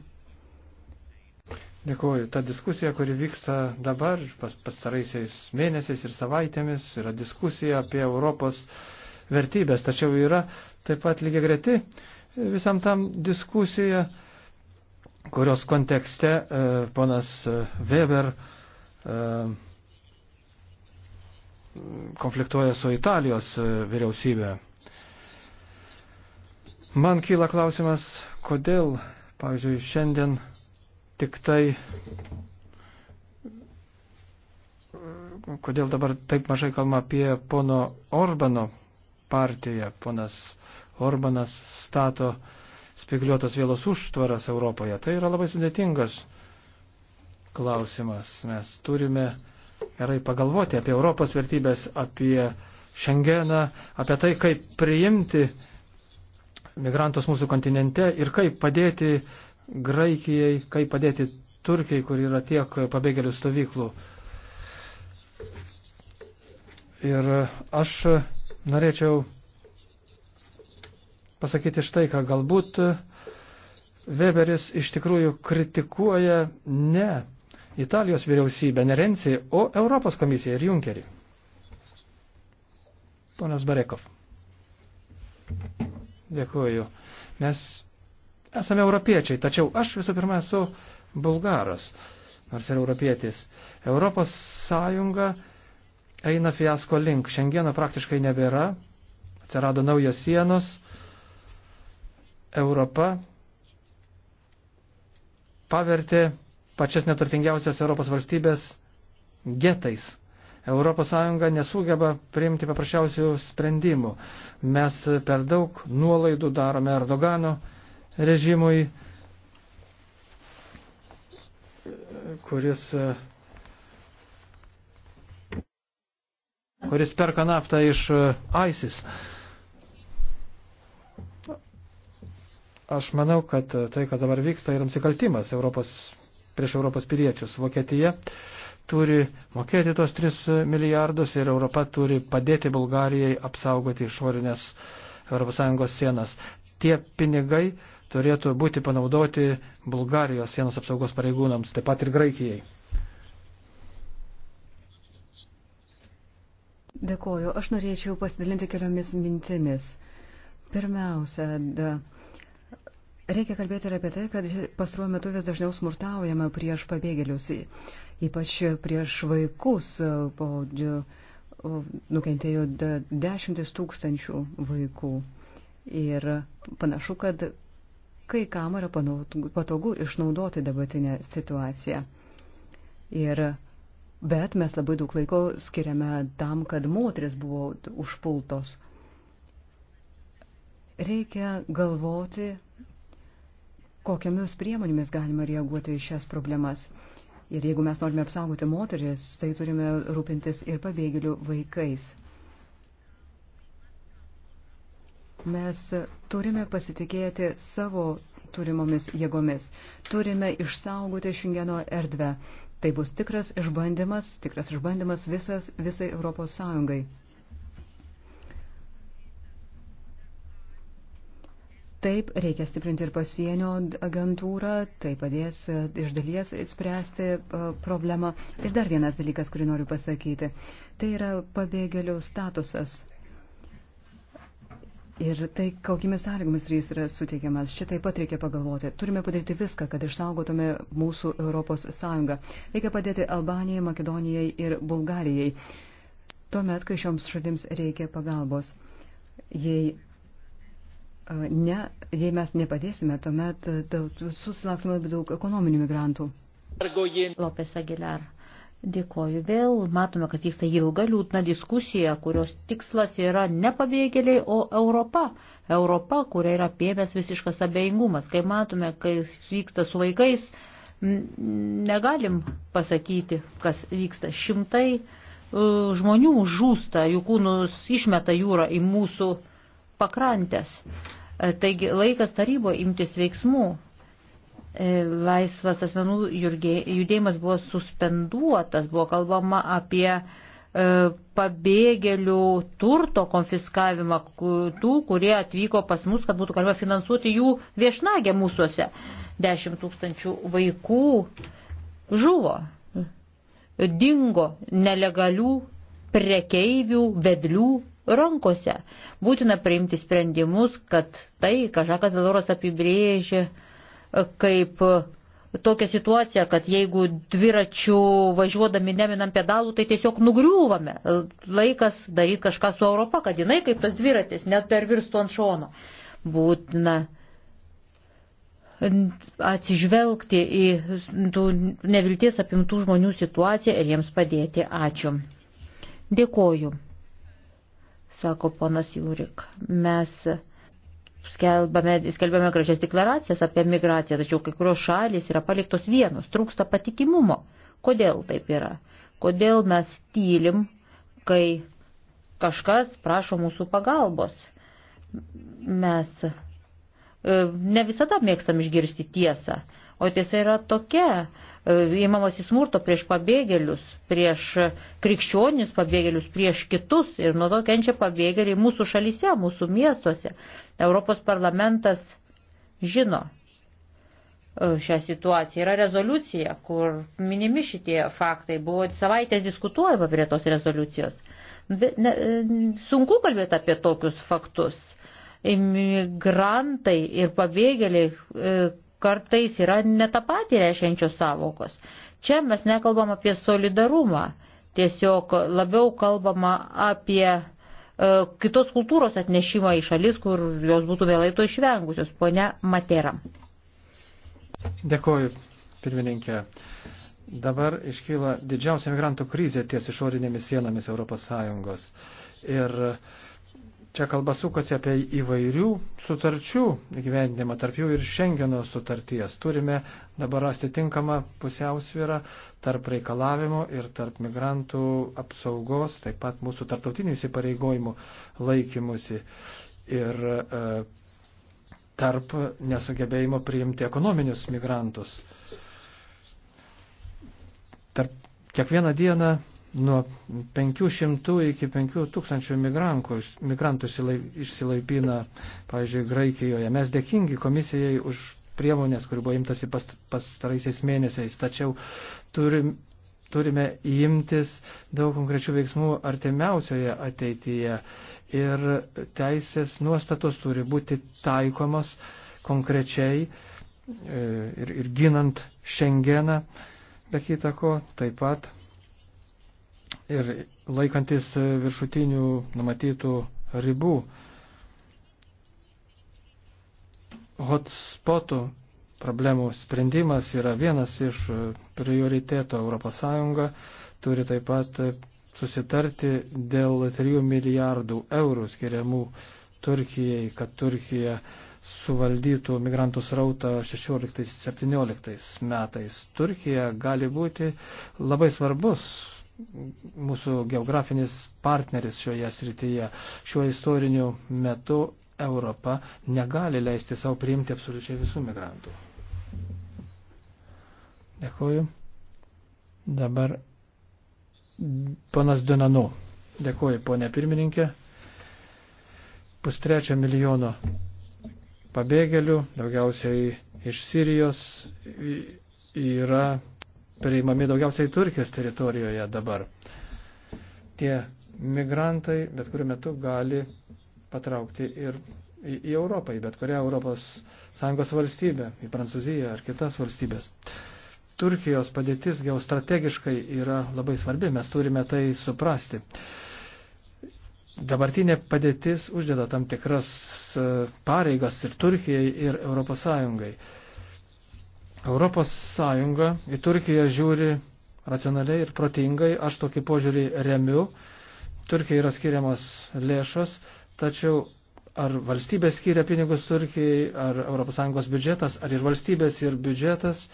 Dėkuoju. Ta diskusija, kuri vyksta dabar, pas, pastaraisiais mėnesiais ir savaitėmis, yra diskusija apie Europos vertybės, tačiau yra taip pat lygiai greti visam tam diskusija, kurios kontekste e, ponas Weber e, konfliktuoja su Italijos e, vyriausybė. Man kyla klausimas, kodėl, pavyzdžiui, šiandien tik tai, kodėl dabar taip mažai kalba apie pono Orbano partiją. Ponas Orbanas stato spigliuotas vėlos užtvaras Europoje. Tai yra labai sudėtingas klausimas. Mes turime gerai pagalvoti apie Europos vertybės, apie Šengeną, apie tai, kaip priimti migrantus mūsų kontinente ir kaip padėti Graikijai, kaip padėti Turkijai, kur yra tiek pabėgėlių stovyklų. Ir aš norėčiau pasakyti štai, ką galbūt Weberis iš tikrųjų kritikuoja ne Italijos vyriausybę, ne Renzi, o Europos komisiją ir Junkerį. Ponas Barekov. Dėkuoju. Mes esame europiečiai, tačiau aš visų pirma esu bulgaras, nors ir europietis. Europos Sąjunga eina fiasko link. Šiandieną praktiškai nebėra, atsirado naujos sienos. Europa pavertė pačias neturtingiausias Europos valstybės getais. ES nesugeba priimti paprasčiausių sprendimų. Mes per daug nuolaidų darome Erdogano režimui, kuris, kuris perka naftą iš ISIS. Aš manau, kad tai, kas dabar vyksta, yra nusikaltimas Europos prieš Europos piliečius. Vokietija turi mokėti tos 3 milijardus ir Europa turi padėti Bulgarijai apsaugoti išorinės ES sienas. Tie pinigai turėtų būti panaudoti Bulgarijos sienos apsaugos pareigūnams, taip pat ir Graikijai. Dėkoju. Aš norėčiau pasidalinti keliomis mintimis. Pirmiausia, da, Reikia kalbėti ir apie tai, kad pastaruoju metu vis dažniau smurtaujama prieš pabėgėlius, ypač prieš vaikus. Po, nukentėjo dešimtis tūkstančių vaikų. Ir panašu, kad kai kam yra patogu išnaudoti dabartinę situaciją. Ir, bet mes labai daug laiko skiriame tam, kad moteris buvo užpultos. Reikia galvoti kokiamis priemonėmis galima reaguoti į šias problemas. Ir jeigu mes norime apsaugoti moteris, tai turime rūpintis ir pabėgėlių vaikais. Mes turime pasitikėti savo turimomis jėgomis. Turime išsaugoti Šengeno erdvę. Tai bus tikras išbandymas, tikras išbandymas visas, visai Europos Sąjungai. Taip, reikia stiprinti ir pasienio agentūrą, tai padės e, iš dalies spręsti e, problemą. Ir dar vienas dalykas, kurį noriu pasakyti, tai yra pabėgėlių statusas. Ir tai, kokiamis sąlygomis jis yra suteikiamas, čia taip pat reikia pagalvoti. Turime padaryti viską, kad išsaugotume mūsų Europos Sąjungą. Reikia padėti Albanijai, Makedonijai ir Bulgarijai. Tuomet, kai šioms šalims reikia pagalbos. Jei ne, jei mes nepadėsime, tuomet e, susilauksime labai daug ekonominių migrantų. Lopes Aguilar. Dėkoju vėl. Matome, kad vyksta ilga liūdna diskusija, kurios tikslas yra ne pabėgėliai, o Europa. Europa, kuria yra pėmės visiškas abejingumas. Kai matome, kai vyksta su vaikais, negalim pasakyti, kas vyksta. Šimtai e, žmonių žūsta, jų kūnus išmeta jūra į mūsų uh, pakrantės. E, taigi laikas tarybo imtis veiksmų. E, laisvas asmenų judėjimas buvo suspenduotas, buvo kalbama apie e, pabėgėlių turto konfiskavimą tų, kurie atvyko pas mus, kad būtų galima finansuoti jų viešnagę mūsųse. 10 tūkstančių vaikų žuvo, dingo nelegalių prekeivių, vedlių rankose. Būtina priimti sprendimus, kad tai, ką Žakas Veloras apibrėžė e, kaip e, tokią situaciją, kad jeigu dviračių važiuodami neminam pedalų, tai tiesiog nugriūvame. Laikas daryti kažką su Europa, kad jinai kaip tas dviratis net pervirstų ant šono. Būtina atsižvelgti į tų nevilties apimtų žmonių situaciją ir jiems padėti. Ačiū. Dėkoju sako ponas Jūrik. Mes skelbame, skelbame gražias deklaracijas apie migraciją, tačiau kai kurios šalis yra paliktos vienos, trūksta patikimumo. Kodėl taip yra? Kodėl mes tylim, kai kažkas prašo mūsų pagalbos? Mes e, ne visada mėgstam išgirsti tiesą. O tiesa yra tokia, e, įmamas į smurto prieš pabėgėlius, prieš krikščionius pabėgėlius, prieš kitus ir nuo to kenčia pabėgėliai mūsų šalyse, mūsų miestuose. Europos parlamentas žino e, šią situaciją. Yra rezoliucija, kur minimi šitie faktai. Buvo savaitės diskutuojama prie tos rezoliucijos. Bet ne, e, sunku kalbėti apie tokius faktus imigrantai ir pabėgėliai kartais yra netapatį reiškiančios savokos. Čia mes nekalbam apie solidarumą, tiesiog labiau kalbama apie e, kitos kultūros atnešimą į šalis, kur jos būtų vėlai to išvengusios. Pone Matera. Dėkoju, pirmininkė. Dabar iškyla didžiausia migrantų krizė ties išorinėmis sienomis ES. Ir Čia kalba sukasi apie įvairių sutarčių gyvendimą, tarp jų ir Šengeno sutarties. Turime dabar rasti tinkamą pusiausvyrą tarp reikalavimo ir tarp migrantų apsaugos, taip pat mūsų tarptautinių įsipareigojimų laikymusi ir e, tarp nesugebėjimo priimti ekonominius migrantus. Tarp kiekvieną dieną Nuo 500 iki 5000 migrantų išsilaipina, pavyzdžiui, Graikijoje. Mes dėkingi komisijai už priemonės, kurių buvo imtasi pastaraisiais mėnesiais, tačiau turim, turime imtis daug konkrečių veiksmų artimiausioje ateityje ir teisės nuostatos turi būti taikomas konkrečiai e, ir, ir ginant Šengeną, be kitako, taip pat ir laikantis viršutinių numatytų ribų. Hotspotų problemų sprendimas yra vienas iš prioritėto ES turi taip pat susitarti dėl 3 milijardų eurų skiriamų Turkijai, kad Turkija suvaldytų migrantų srautą 16-17 metais. Turkija gali būti labai svarbus mūsų geografinis partneris šioje srityje. Šiuo istoriniu metu Europa negali leisti savo priimti absoliučiai visų migrantų. Dėkuoju. Dabar panas Donanu. Dėkuoju, ponė pirmininkė. Pustrečio milijono pabėgėlių, daugiausiai iš Sirijos, yra priimami daugiausiai Turkijos teritorijoje dabar. Tie migrantai bet kuriuo metu gali patraukti ir į, į Europą, į bet kurią Europos Sąjungos valstybę, į Prancūziją ar kitas valstybės. Turkijos padėtis geostrategiškai yra labai svarbi, mes turime tai suprasti. Dabartinė padėtis uždeda tam tikras e, pareigas ir Turkijai, ir Europos Sąjungai. Europos Sąjunga į Turkiją žiūri racionaliai ir protingai, aš tokį požiūrį remiu. Turkija yra skiriamos lėšos, tačiau ar valstybė skiria pinigus Turkijai, ar ES biudžetas, ar ir valstybės ir biudžetas,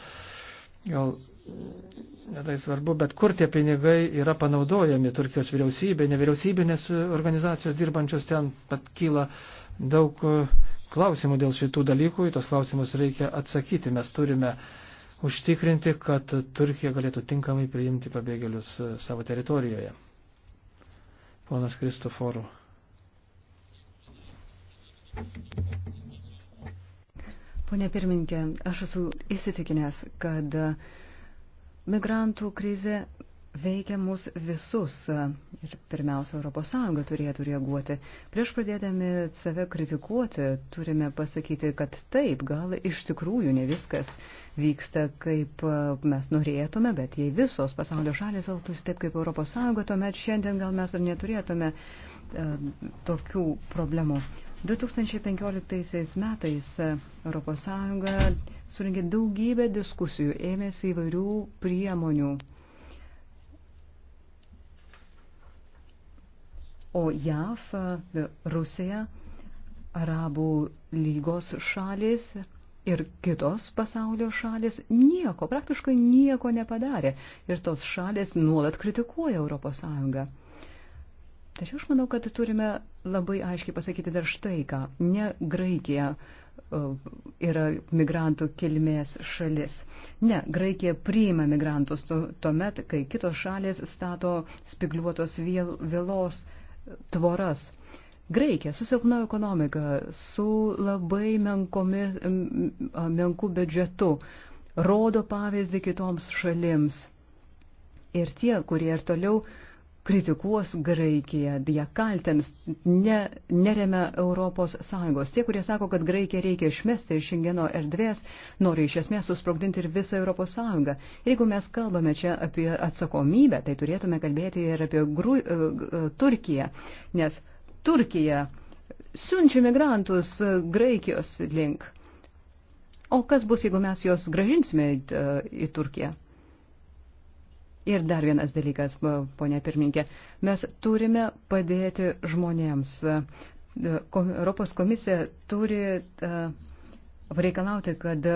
gal netai svarbu, bet kur tie pinigai yra panaudojami Turkijos vyriausybė, nevyriausybinės organizacijos dirbančios ten, pat kyla daug uh, klausimų dėl šitų dalykų, į tos klausimus reikia atsakyti. Mes turime užtikrinti, kad Turkija galėtų tinkamai priimti pabėgėlius e, savo teritorijoje. Ponas Kristoforų. Pone pirmininkė, aš esu įsitikinęs, kad migrantų krize veikia mus visus ir pirmiausia, ES turėtų reaguoti. Prieš pradėdami save kritikuoti, turime pasakyti, kad taip, gal iš tikrųjų ne viskas vyksta, kaip e, mes norėtume, bet jei visos pasaulio šalės elgtųsi taip kaip ES, tuomet šiandien gal mes ir neturėtume e, tokių problemų. 2015 metais ES surinkė daugybę diskusijų, ėmėsi įvairių priemonių o JAV, e, Rusija, Arabų lygos šalis ir kitos pasaulio šalis nieko, praktiškai nieko nepadarė. Ir tos šalis nuolat kritikuoja Europos Sąjungą. Tačiau aš manau, kad turime labai aiškiai pasakyti dar štai ką. Ne Graikija e, yra migrantų kilmės šalis. Ne, Graikija priima migrantus tuomet, kai kitos šalis stato spigliuotos vėlos. Vėl, tvoras. Graikija susilpno ekonomika su labai menkomi, menku biudžetu, rodo pavyzdį kitoms šalims. Ir tie, kurie ir toliau uh, kritikuos Graikiją, ją kaltins, ne, neremia Europos Sąjungos. Tie, kurie sako, kad Graikiją reikia išmesti iš Šengeno erdvės, nori iš esmės susprogdinti ir visą Europos Sąjungą. Ir jeigu mes kalbame čia apie atsakomybę, tai turėtume kalbėti ir apie Gru, uh, uh, Turkiją, nes Turkija siunčia migrantus e, Graikijos link. O kas bus, jeigu mes juos gražinsime į Turkiją? Ir dar vienas dalykas, e, ponė pirminkė, mes turime padėti žmonėms. E, Europos komisija turi e, reikalauti, kad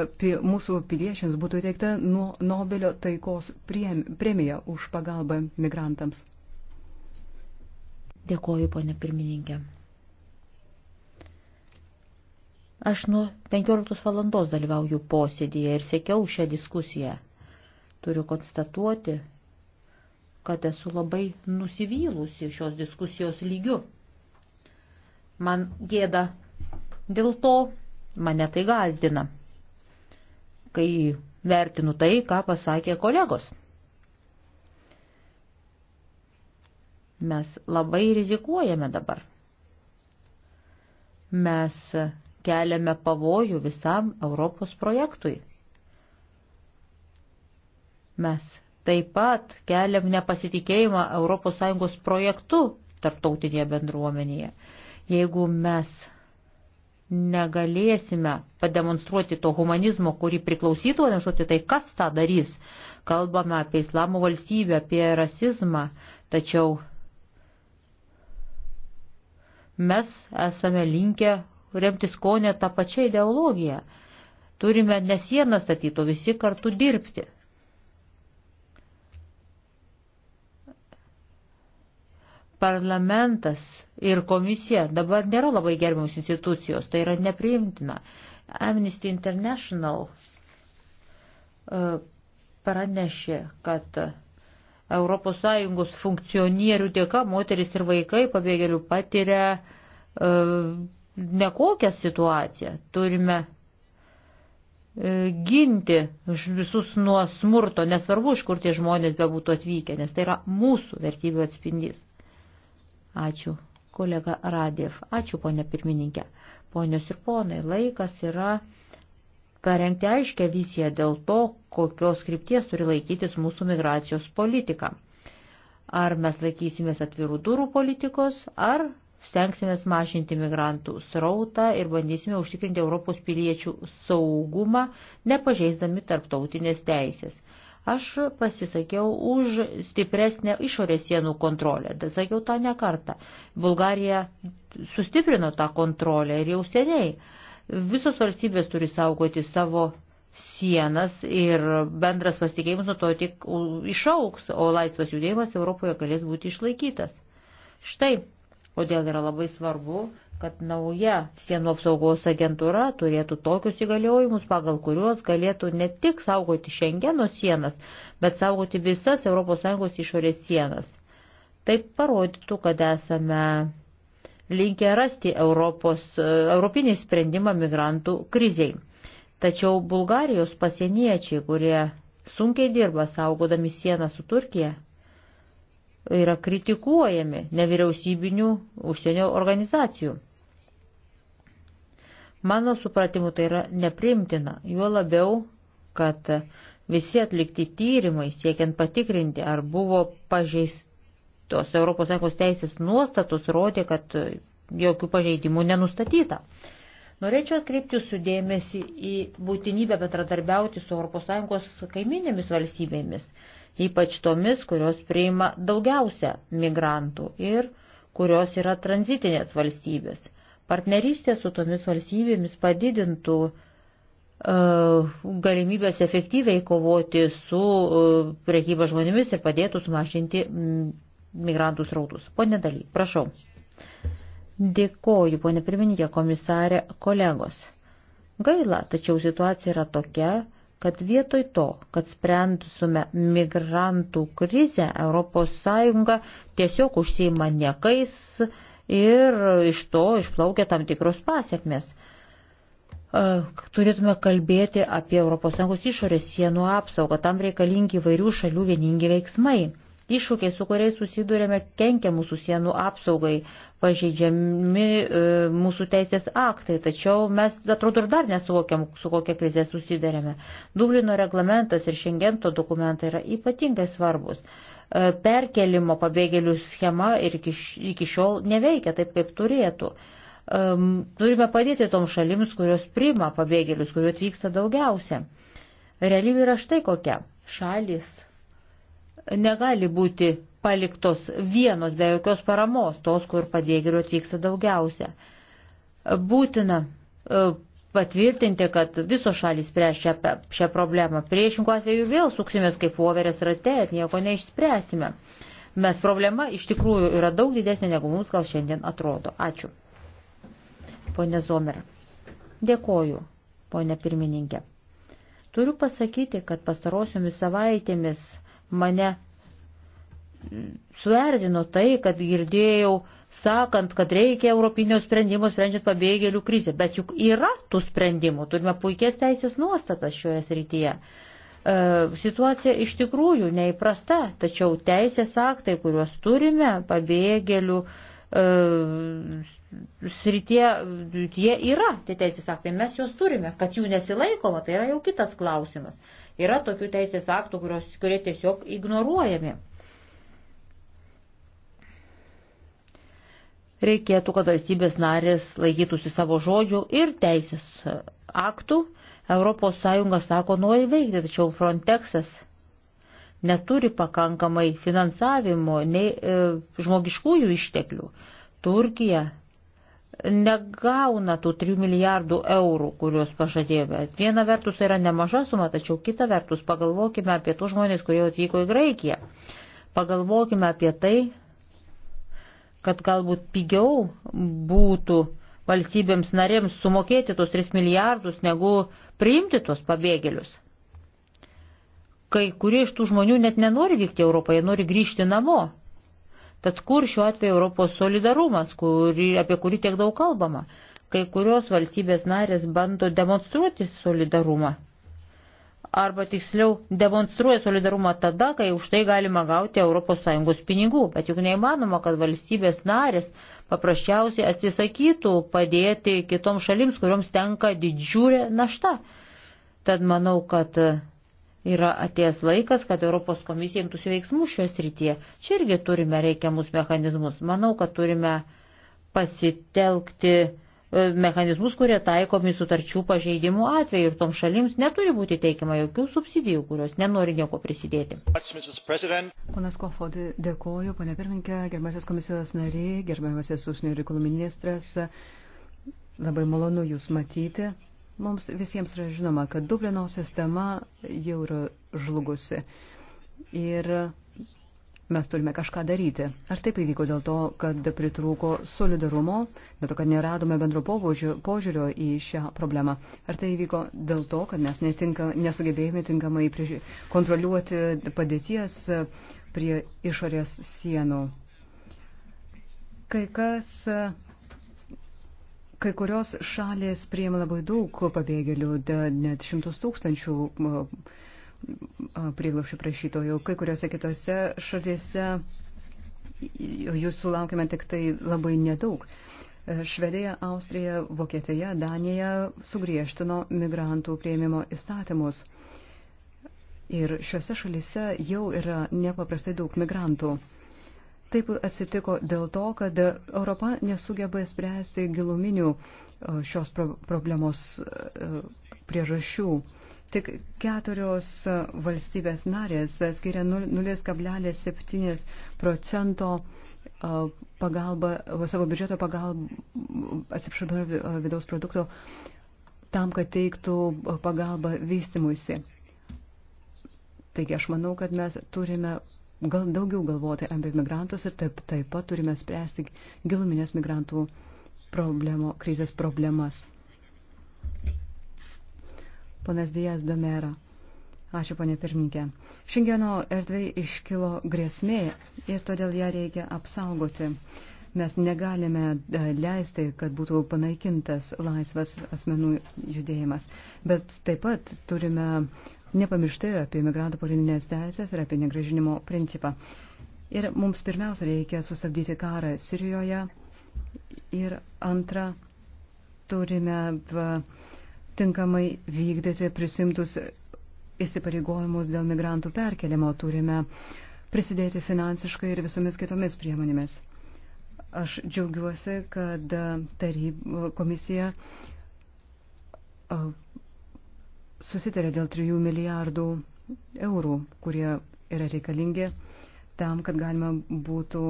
mūsų piliečiams būtų teikta nu- Nobelio taikos premija už pagalbą migrantams. Dėkoju, ponė pirmininkė. Aš nuo 15 valandos dalyvauju posėdėje ir sekiau šią diskusiją. Turiu konstatuoti, kad esu labai nusivylusi šios diskusijos lygiu. Man gėda dėl to, mane tai gazdina, kai vertinu tai, ką pasakė kolegos. Mes labai rizikuojame dabar. Mes keliame pavojų visam Europos projektui. Mes taip pat keliam nepasitikėjimą ES projektu tarptautinėje bendruomenėje. Jeigu mes negalėsime pademonstruoti to humanizmo, kurį priklausytų demonstruoti, tai kas tą darys? Kalbame apie islamo valstybę, apie rasizmą, tačiau mes esame linkę remtis ko ne tą pačią ideologiją. Turime ne sieną statyti, o visi kartu dirbti. parlamentas ir komisija dabar nėra labai gerbiamos institucijos, tai yra nepriimtina. Amnesty International e, pranešė, kad ES funkcionierių dėka moteris ir vaikai pabėgėlių patiria e, nekokią situaciją. Turime e, ginti visus nuo smurto, nesvarbu, iš kur tie žmonės bebūtų atvykę, nes tai yra mūsų vertybių atspindys. Ačiū, kolega Radiev. Ačiū, ponė pirmininkė. Ponios ir ponai, laikas yra parengti aiškę viziją dėl to, kokios krypties turi laikytis mūsų migracijos politika. Ar mes laikysimės atvirų durų politikos, ar stengsimės mažinti migrantų srautą ir bandysime užtikrinti Europos piliečių saugumą, nepažeisdami tarptautinės teisės. Aš pasisakiau už stipresnę išorės sienų kontrolę, tai sakiau tą ne kartą. Bulgarija sustiprino tą kontrolę ir jau seniai. Visos valstybės turi saugoti savo sienas ir bendras pasitikėjimas nuo to tik išauks, o laisvas judėjimas Europoje galės būti išlaikytas. Štai, kodėl yra labai svarbu kad nauja sienų apsaugos agentūra turėtų tokius įgaliojimus, pagal kuriuos galėtų ne tik saugoti Šengeno sienas, bet saugoti visas ES išorės sienas. Tai parodytų, kad esame linkę rasti Europos, europinį sprendimą migrantų kriziai. Tačiau Bulgarijos pasieniečiai, kurie sunkiai dirba saugodami sieną su Turkija, yra kritikuojami nevyriausybinių užsienio organizacijų. Mano supratimu tai yra neprimtina, juo labiau, kad visi atlikti tyrimai siekiant patikrinti, ar buvo pažeistos ES teisės nuostatos, rodė, kad jokių pažeidimų nenustatyta. Norėčiau atkreipti jūsų dėmesį į būtinybę bendradarbiauti su ES kaiminėmis valstybėmis, ypač tomis, kurios priima daugiausia migrantų ir kurios yra tranzitinės valstybės. Partnerystė su tomis valstybėmis padidintų uh, galimybės efektyviai kovoti su uh, priekyba žmonėmis ir padėtų sumažinti mm, migrantų srautus. Pone Daly, prašau. Dėkoju, ponė pirmininkė, komisarė, kolegos. Gaila, tačiau situacija yra tokia, kad vietoj to, kad sprendusume migrantų krizę, ES tiesiog užsieima niekais, ir iš to išplaukia tam tikros pasiekmes. Turėtume kalbėti apie ES išorės sienų apsaugą, tam reikalingi vairių šalių vieningi veiksmai. Iššūkiai, su kuriais susidurėme, kenkia mūsų sienų apsaugai, pažeidžiami e, mūsų teisės aktai, tačiau mes, atrodo, ir dar nesuvokiam, su kokia krize susidurėme. Dublino reglamentas ir šengento dokumentai yra ypatingai svarbus. E, E, perkelimo pabėgėlių schema ir iki, iki šiol neveikia taip, kaip turėtų. E, turime padėti toms šalims, kurios prima pabėgėlius, kurių atvyksta daugiausia. Realybė yra štai kokia. Šalis negali būti paliktos vienos be jokios paramos, tos, kur pabėgėlių atvyksta daugiausia. Būtina e, patvirtinti, kad visos šalis spręs šią, šią problemą. Priešingų atveju vėl suksimės kaip voverės rate ir nieko neišspręsime. Mes problema iš tikrųjų yra daug didesnė, negu mums gal šiandien atrodo. Ačiū. Pone Zomer. Dėkoju, ponė pirmininkė. Turiu pasakyti, kad pastarosiomis savaitėmis mane suerzino tai, kad girdėjau sakant, kad reikia europinio sprendimo sprendžiant pabėgėlių krizę. Bet juk yra tų sprendimų, turime puikias teisės nuostatas šioje srityje. E, situacija iš tikrųjų neįprasta, tačiau teisės aktai, kuriuos turime pabėgėlių e, srityje, jie yra, tie teisės aktai, mes juos turime, kad jų nesilaikoma, tai yra jau kitas klausimas. Yra tokių teisės aktų, kurios, kurie tiesiog ignoruojami. reikėtų, kad valstybės narės laikytųsi savo žodžių ir teisės aktų. ES sako nori veikti, tačiau Frontexas neturi pakankamai finansavimo, nei e, žmogiškųjų išteklių. Turkija negauna tų 3 milijardų eurų, kuriuos pažadėjome. Viena vertus tai yra nemaža suma, tačiau kita vertus pagalvokime apie tų žmonės, kurie atvyko į Graikiją. Pagalvokime apie tai, kad galbūt pigiau būtų valstybėms narėms sumokėti tos 3 milijardus, negu priimti tos pabėgėlius. Kai kurie iš tų žmonių net nenori vykti Europą, jie nori grįžti namo. Tad kur šiuo atveju Europos solidarumas, kuri, apie kurį tiek daug kalbama? Kai kurios valstybės narės bando demonstruoti solidarumą arba tiksliau demonstruoja solidarumą tada, kai už tai galima gauti ES pinigų. Bet juk neįmanoma, kad valstybės narės paprasčiausiai atsisakytų padėti kitoms šalims, kuriuoms tenka didžiulė našta. Tad manau, kad yra atėjęs laikas, kad Europos komisija imtųsi veiksmų šioje srityje. Čia irgi turime reikiamus mechanizmus. Manau, kad turime pasitelkti E, mechanizmus, kurie taikomi sutarčių pažeidimų atveju ir tom šalims neturi būti teikiama jokių subsidijų, kurios nenori nieko prisidėti. Ponas Kofod, dėkoju, ponė pirmininkė, gerbiamasis komisijos nariai, gerbiamasis užsienio reikalų ministras, labai malonu Jūs matyti. Mums visiems yra žinoma, kad Dublino sistema jau yra žlugusi. Ir mes turime kažką daryti. Ar taip įvyko dėl to, kad pritrūko solidarumo, dėl to, kad neradome bendro požiūrio į šią problemą? Ar tai įvyko dėl to, kad mes netinka, nesugebėjome tinkamai prieš, kontroliuoti padėties prie išorės sienų? Kai kas. Kai kurios šalės priima labai daug pabėgėlių, net šimtus tūkstančių prieglaušių prašytojų. Kai kuriuose kitose šalyse jų sulaukime tik tai labai nedaug. Švedija, Austrija, Vokietija, Danija sugriežtino migrantų prieimimo įstatymus. Ir šiuose šalyse jau yra nepaprastai daug migrantų. Taip atsitiko dėl to, kad Europa nesugeba spręsti giluminių šios problemos e, priežasčių. Tik keturios valstybės narės skiria 0,7 procento pagalba, savo biudžeto pagalba, atsiprašau, vidaus produkto tam, kad teiktų pagalbą vystimuisi. Taigi aš manau, kad mes turime gal daugiau galvoti apie migrantus ir taip, taip pat turime spręsti giluminės migrantų problemo, krizės problemas ponas Dijas Domero. Ačiū, ponė pirmininkė. Šengeno erdvai iškilo grėsmė ir todėl ją reikia apsaugoti. Mes negalime e, leisti, kad būtų panaikintas laisvas asmenų judėjimas. Bet taip pat turime nepamiršti apie imigrantų politinės teisės ir apie negražinimo principą. Ir mums pirmiausia reikia sustabdyti karą Sirijoje. Ir antra, turime. Uh, tinkamai vykdyti prisimtus įsipareigojimus dėl migrantų perkelimo. Turime prisidėti finansiškai ir visomis kitomis priemonėmis. Aš džiaugiuosi, kad taryb, komisija susitarė dėl 3 milijardų eurų, kurie yra reikalingi tam, kad galima būtų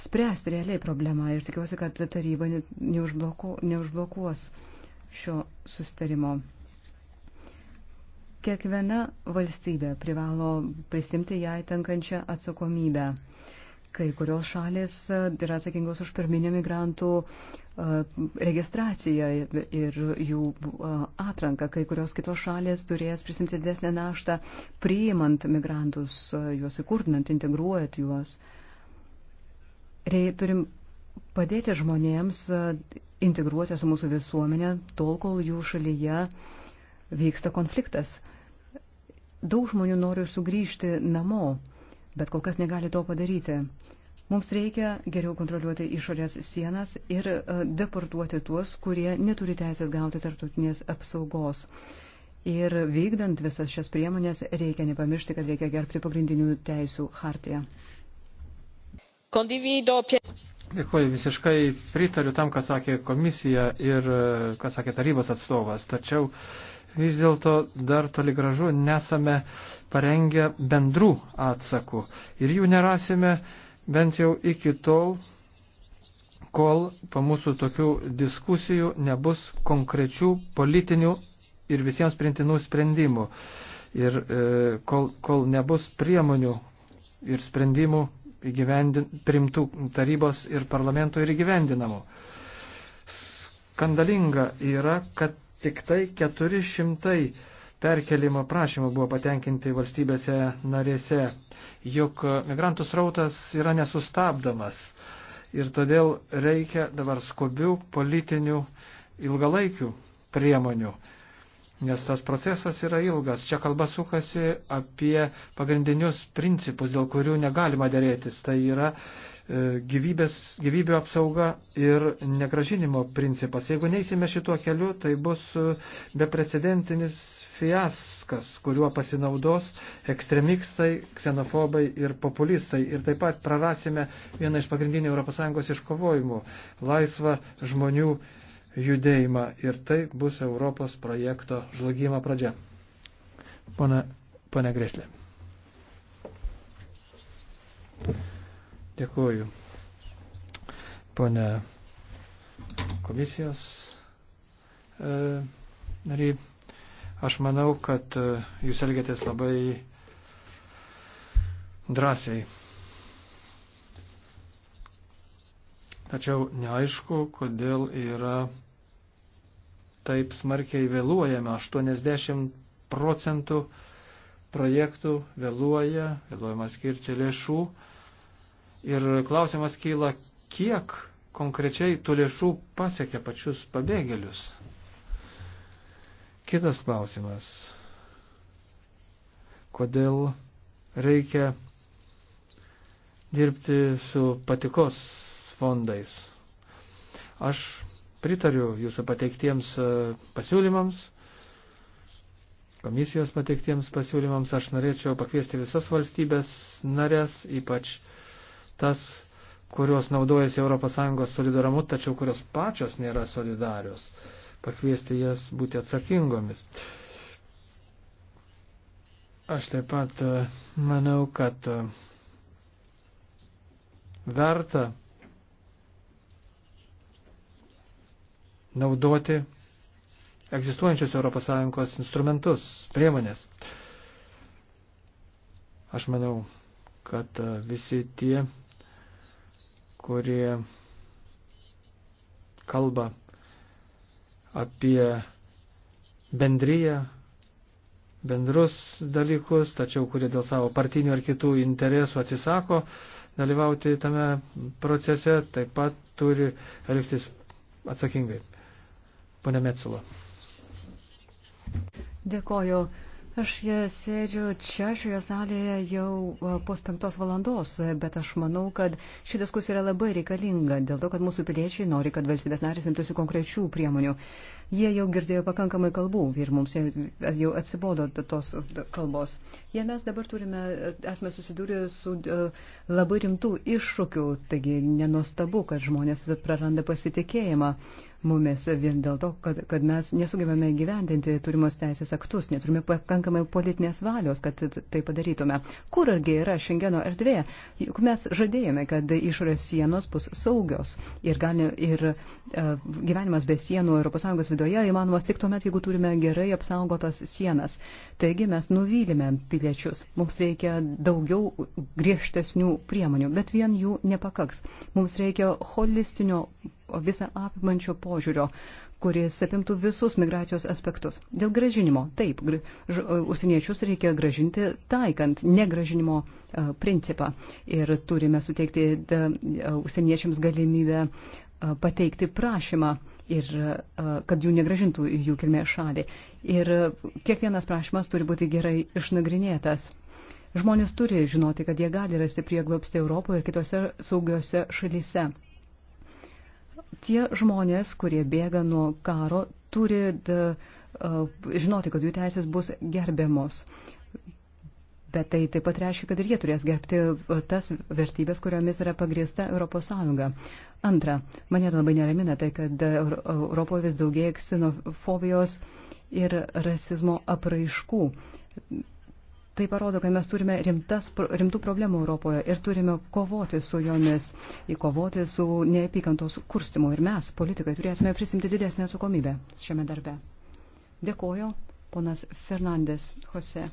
spręsti realiai problemą ir tikiuosi, kad taryba neužbloku, neužblokuos šio sustarimo. Kiekviena valstybė privalo prisimti jai tenkančią atsakomybę. Kai kurios šalis e, yra atsakingos už pirminį migrantų e, registraciją ir jų e, atranką, kai kurios kitos šalės turės prisimti didesnę naštą priimant migrantus, juos įkurdinant, integruojant juos. Rei, turim padėti žmonėms e, integruoti su mūsų visuomenė tol, kol jų šalyje vyksta konfliktas. Daug žmonių nori sugrįžti namo, bet kol kas negali to padaryti. Mums reikia geriau kontroliuoti išorės sienas ir e, deportuoti tuos, kurie neturi teisės gauti tartutinės apsaugos. Ir vykdant visas šias priemonės reikia nepamiršti, kad reikia gerbti pagrindinių teisų hartiją. Condivido Dėkuoju, visiškai pritariu tam, ką sakė komisija ir e, ką sakė tarybos atstovas. Tačiau vis dėlto dar toli gražu nesame parengę bendrų atsakų. Ir jų nerasime bent jau iki tol, kol po mūsų tokių diskusijų nebus konkrečių politinių ir visiems printinų sprendimų. Ir e, kol, kol nebus priemonių ir sprendimų, primtų tarybos ir parlamento ir įgyvendinamų. Skandalinga yra, kad tik tai 400 perkelimo prašymų buvo patenkinti valstybėse narėse, juk migrantų srautas yra nesustabdomas ir todėl reikia dabar skubių politinių ilgalaikių priemonių nes tas procesas yra ilgas. Čia kalba sukasi apie pagrindinius principus, dėl kurių negalima dėrėtis. Tai yra e, gyvybės, gyvybių apsauga ir negražinimo principas. Jeigu neįsime šituo keliu, tai bus e, beprecedentinis fiaskas, kuriuo pasinaudos ekstremistai, ksenofobai ir populistai. Ir taip pat prarasime vieną iš pagrindinių ES iškovojimų - laisvą žmonių judėjimą ir tai bus Europos projekto žlugimo pradžia. Pone, pone Greslė. Dėkuoju. Pone komisijos e, nary, aš manau, kad e, jūs elgėtės labai drąsiai. Tačiau neaišku, kodėl yra taip smarkiai vėluojame. 80 procentų projektų vėluoja, vėluojama skirčia lėšų. Ir klausimas kyla, kiek konkrečiai tų lėšų pasiekia pačius pabėgėlius. Kitas klausimas. Kodėl reikia dirbti su patikos fondais? Aš Pritariu jūsų pateiktiems e, pasiūlymams, komisijos pateiktiems pasiūlymams. Aš norėčiau pakviesti visas valstybės narės, ypač tas, kurios naudojasi ES solidarumu, tačiau kurios pačios nėra solidarios, pakviesti jas būti atsakingomis. Aš taip pat e, manau, kad e, verta naudoti egzistuojančius ES instrumentus, priemonės. Aš manau, kad e, visi tie, kurie kalba apie bendryją, bendrus dalykus, tačiau kurie dėl savo partinių ar kitų interesų atsisako dalyvauti tame procese, taip pat turi elgtis atsakingai. Pone Metsulo. Dėkoju. Aš sėdžiu čia šioje salėje jau pos penktos valandos, bet aš manau, kad ši diskusija yra labai reikalinga dėl to, kad mūsų piliečiai nori, kad valstybės narės imtųsi konkrečių priemonių. Jie jau girdėjo pakankamai kalbų ir mums jau atsibodo tos kalbos. Jie mes dabar turime, esame susidūrę su labai rimtų iššūkių, taigi nenostabu, kad žmonės praranda pasitikėjimą mumis vien dėl to, kad, kad mes nesugebame gyvendinti turimos teisės aktus, neturime pakankamai politinės valios, kad tai padarytume. Kur argi yra Šengeno erdvė? Juk mes žadėjome, kad išorės sienos bus saugios ir, gali, ir e, gyvenimas be sienų ES viduje įmanomas tik tuomet, jeigu turime gerai apsaugotas sienas. Taigi mes nuvylime piliečius. Mums reikia daugiau griežtesnių priemonių, bet vien jų nepakaks. Mums reikia holistinio visą apimančio požiūrio požiūrio, kuris apimtų visus migracijos aspektus. Dėl gražinimo. Taip, e, užsieniečius reikia gražinti taikant negražinimo e, principą ir turime suteikti e, užsieniečiams galimybę pateikti prašymą ir kad jų negražintų į jų kilmės šalį. Ir kiekvienas prašymas turi būti gerai išnagrinėtas. Žmonės turi žinoti, kad jie gali rasti prieglobstį Europoje ir kitose saugiose šalyse tie žmonės, kurie bėga nuo karo, turi da, žinoti, kad jų teisės bus gerbiamos. Bet tai taip pat reiškia, kad ir jie turės gerbti tas vertybės, kuriomis yra pagrįsta ES. Antra, mane labai neramina tai, kad Europoje vis daugėja ksenofobijos ir rasizmo apraiškų. Tai parodo, kad mes turime rimtas, rimtų problemų Europoje ir turime kovoti su jomis, įkovoti su neapykantos kurstimu. Ir mes, politikai, turėtume prisimti didesnę atsakomybę šiame darbe. Dėkoju, ponas Fernandes Jose.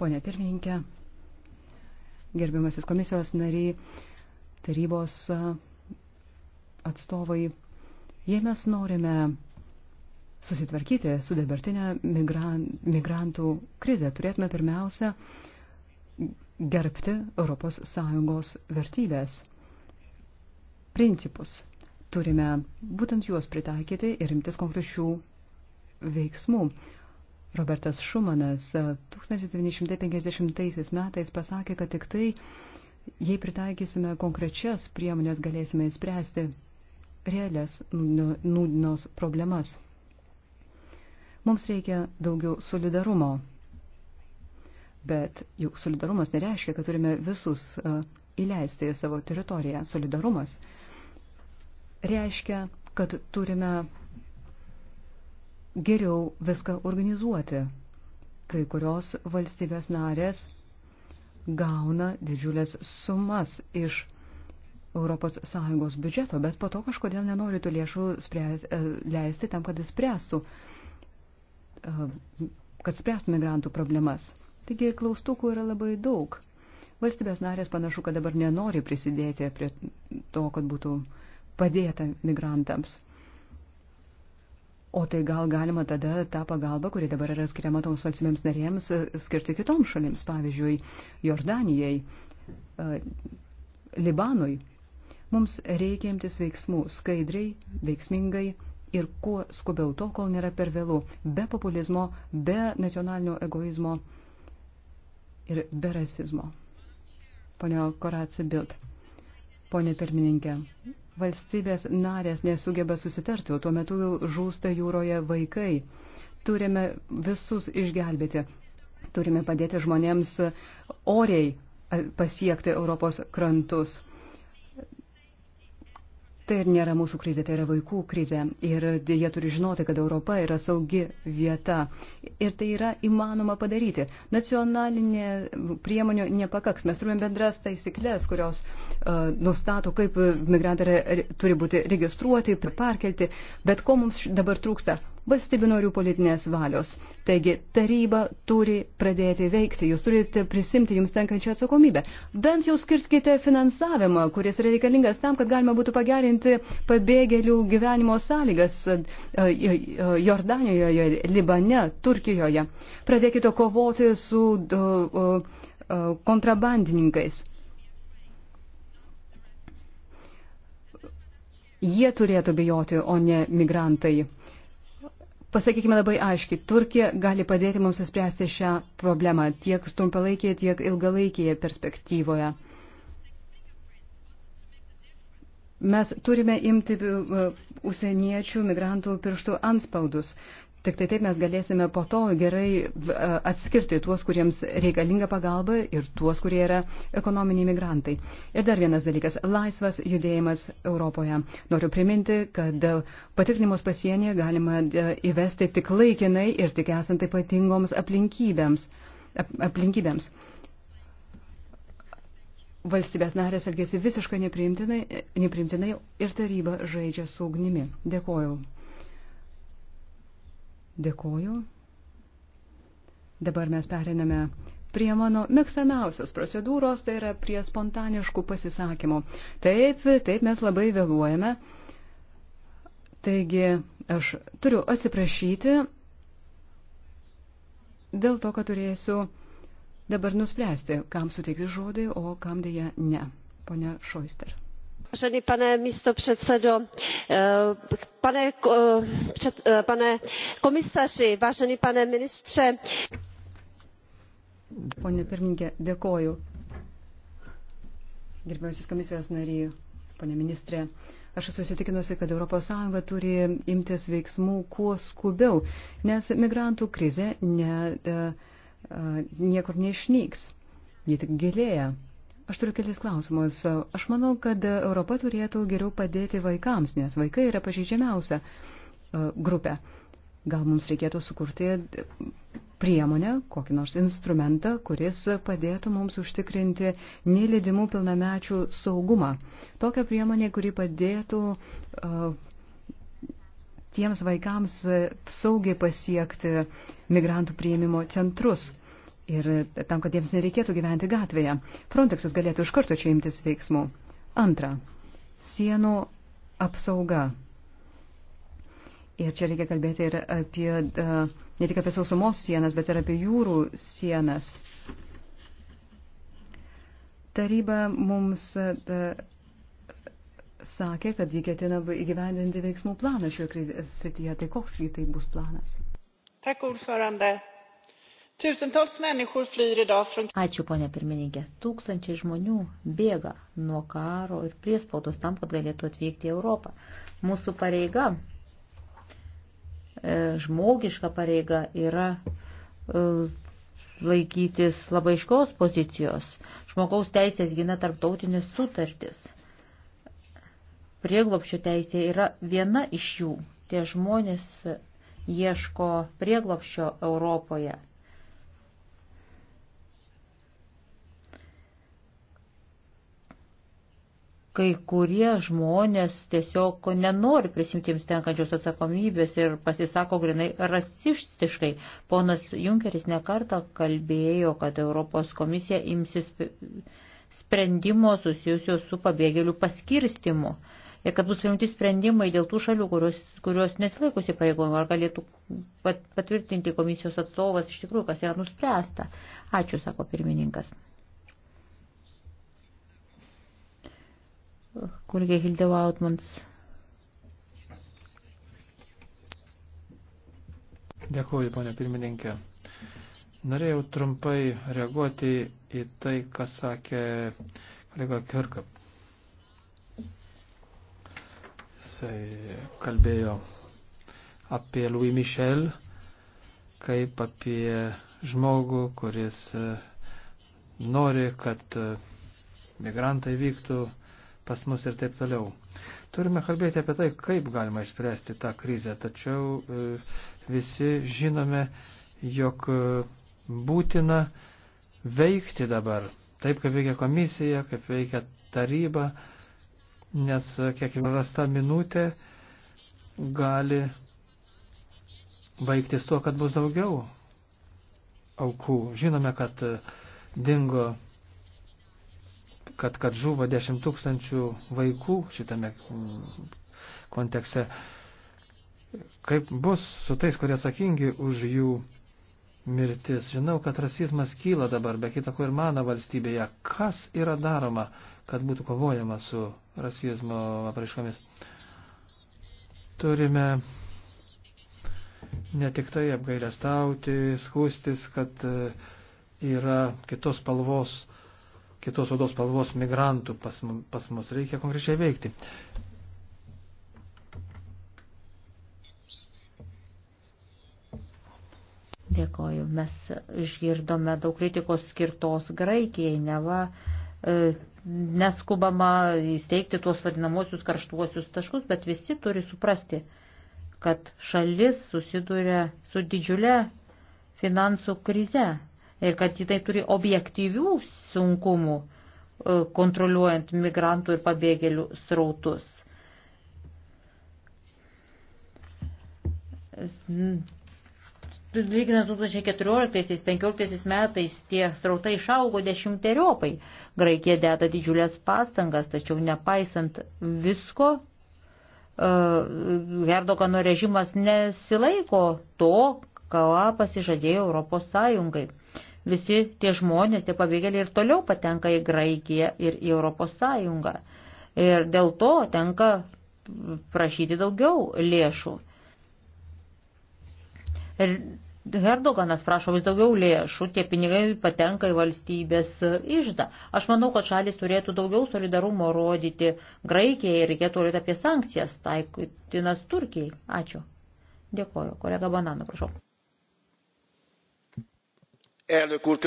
Pone pirmininkė, gerbiamasis komisijos nariai, tarybos atstovai, jei mes norime susitvarkyti su dabartinė migran, migrantų krize, turėtume pirmiausia gerbti ES vertybės, principus. Turime būtent juos pritaikyti ir rimtis konkrečių veiksmų. Robertas Šumanas 1950 e, metais pasakė, kad tik tai, jei pritaikysime konkrečias priemonės, galėsime įspręsti realias nu, nu, nūdienos problemas. Mums reikia daugiau solidarumo. Bet juk solidarumas nereiškia, kad turime visus e, įleisti į savo teritoriją. Solidarumas reiškia, kad turime geriau viską organizuoti. Kai kurios valstybės narės gauna didžiulės sumas iš ES biudžeto, bet po to kažkodėl nenori tų lėšų spręs, e, leisti tam, kad spręstų Uh, kad spręstų migrantų problemas. Taigi klaustukų yra labai daug. Valstybės narės panašu, kad dabar nenori prisidėti prie to, kad būtų padėta migrantams. O tai gal galima tada tą pagalbą, kuri dabar yra skiriama toms valstybėms narėms, skirti kitoms šalims, pavyzdžiui, Jordanijai, uh, Libanui. Mums reikia imtis veiksmų skaidriai, veiksmingai ir kuo skubiau, tol kol nėra per vėlų, be populizmo, be nacionalinio egoizmo ir be rasizmo. Pone Koratsi Bild, pone pirmininkė, valstybės narės nesugeba susitarti, o tuo metu žūsta jūroje vaikai. Turime visus išgelbėti, turime padėti žmonėms oriai pasiekti Europos krantus. Tai ir nėra mūsų krizė, tai yra vaikų krizė. Ir jie turi žinoti, kad Europa yra saugi vieta. Ir tai yra įmanoma padaryti. Nacionalinė priemonių nepakaks. Mes turime bendras taisyklės, kurios uh, nustato, kaip migrantai turi būti registruoti, perkelti. Bet ko mums dabar trūksta? valstybių norių politinės valios. Taigi taryba turi pradėti veikti, jūs turite prisimti jums tenkančią atsakomybę. Bent jau skirskite finansavimą, kuris yra reikalingas tam, kad galima būtų pagerinti pabėgėlių gyvenimo sąlygas e, e, Jordanijoje, Libane, Turkijoje. Pradėkite kovoti su e, kontrabandininkais. Jie turėtų bijoti, o ne migrantai. Pasakykime labai aiškiai, Turkija gali padėti mums spręsti šią problemą tiek trumpalaikėje, tiek ilgalaikėje perspektyvoje. Mes turime imti e, užsieniečių migrantų pirštų anspaudus. Uh, Tik tai taip mes galėsime po to gerai atskirti tuos, kuriems reikalinga pagalba ir tuos, kurie yra ekonominiai migrantai. Ir dar vienas dalykas - laisvas judėjimas Europoje. Noriu priminti, kad patikrinimus pasienyje galima e, įvesti tik laikinai ir tik esant ypatingoms aplinkybėms. aplinkybėms. Valstybės narės elgėsi visiškai nepriimtinai, nepriimtinai ir taryba žaidžia su ugnimi. Dėkoju. Dėkoju. Dabar mes periname prie mano mėgstamiausios procedūros, tai yra prie spontaniškų pasisakymų. Taip, taip mes labai vėluojame. Taigi aš turiu atsiprašyti dėl to, kad turėsiu dabar nuspręsti, kam suteikti žodį, o kam dėja ne. Pone Šoister pane předsedající eh, eh, eh, pane komisaři vážený pane ministře pone pirmininke dėkoju gerbiamasis komisijos nary pone ministre aš esu įsitikinusi kad europos sąjunga turi imtis veiksmų kuo skubiau nes migrantų krizė ne, niekur neišnyks ji tik gilėja Aš turiu kelis klausimus. Aš manau, kad Europa turėtų geriau padėti vaikams, nes vaikai yra pažeidžiamiausia e, grupė. Gal mums reikėtų sukurti priemonę, kokį nors instrumentą, kuris padėtų mums užtikrinti nelidimų pilnamečių saugumą. Tokią priemonę, kuri padėtų e, tiems vaikams saugiai pasiekti migrantų prieimimo centrus ir tam, kad jiems nereikėtų gyventi gatvėje. Frontexas galėtų iš karto čia imtis veiksmų. Antra, sienų apsauga. Ir čia reikia kalbėti ir apie, ne tik apie sausumos sienas, bet ir apie jūrų sienas. Taryba mums sakė, kad jį ketina įgyvendinti veiksmų planą šioje srityje. Tai koks tai bus planas? Tak, ordförande. Ačiū, ponė pirmininkė. Tūkstančiai žmonių bėga nuo karo ir priespaudos tam, kad galėtų atvykti į Europą. Mūsų pareiga, e, žmogiška pareiga yra e, laikytis labai iškios pozicijos. Žmogaus teisės gina tarptautinis sutartis. Prieglopščio teisė yra viena iš jų. Tie žmonės e, ieško prieglopščio Europoje kai kurie žmonės tiesiog nenori prisimti jums tenkančios atsakomybės ir pasisako grinai rasistiškai. Ponas Junkeris nekarta kalbėjo, kad Europos komisija imsis sprendimo susijusio su pabėgėlių paskirstimu. Ir kad bus priimti sprendimai dėl tų šalių, kurios, kurios nesilaikusi pareigojimų, ar galėtų pat, patvirtinti komisijos atstovas iš tikrųjų, kas yra nuspręsta. Ačiū, sako pirmininkas. kolegė Hilde Vautmans. Dėkuoju, ponė pirmininkė. Norėjau trumpai reaguoti į tai, ką sakė kolega Kirkap. Jisai kalbėjo apie Louis Michel, kaip apie žmogų, kuris e, nori, kad e, migrantai vyktų pas mus ir taip toliau. Turime kalbėti apie tai, kaip galima išspręsti tą krizę, tačiau e, visi žinome, jog e, būtina veikti dabar, taip kaip veikia komisija, kaip veikia taryba, nes e, kiekviena rasta minutė gali baigtis tuo, kad bus daugiau aukų. Žinome, kad dingo kad, kad žuvo 10 tūkstančių vaikų šitame mm, kontekste. Kaip bus su tais, kurie atsakingi už jų mirtis? Žinau, kad rasizmas kyla dabar, be kita ko ir mano valstybėje. Kas yra daroma, kad būtų kovojama su rasizmo apraiškomis? Turime ne tik tai apgailestauti, skūstis, kad e, yra kitos spalvos uh, kitos odos spalvos migrantų pas, pas mus. Reikia konkrečiai veikti. Dėkoju. Mes išgirdome daug kritikos skirtos Graikijai, neva e, neskubama įsteigti tuos vadinamosius karštuosius taškus, bet visi turi suprasti, kad šalis susiduria su didžiulė finansų krize ir kad ji tai turi objektyvių sunkumų e, kontroliuojant migrantų ir pabėgėlių srautus. Lyginant 2014-2015 metais tie srautai išaugo dešimteriopai. Graikija deda didžiulės pastangas, tačiau nepaisant visko, Herdogano e, režimas nesilaiko to, ką pasižadėjo Europos Sąjungai visi tie žmonės, tie pabėgėliai ir toliau patenka į Graikiją ir į Europos Sąjungą. Ir dėl to tenka prašyti daugiau lėšų. Ir Herdoganas prašo vis daugiau lėšų, tie pinigai patenka į valstybės išdą. Aš manau, kad šalis turėtų daugiau solidarumo rodyti Graikijai ir reikėtų rodyti apie sankcijas taikytinas Turkijai. Ačiū. Dėkoju. Kolega Bananu, prašau elnök úr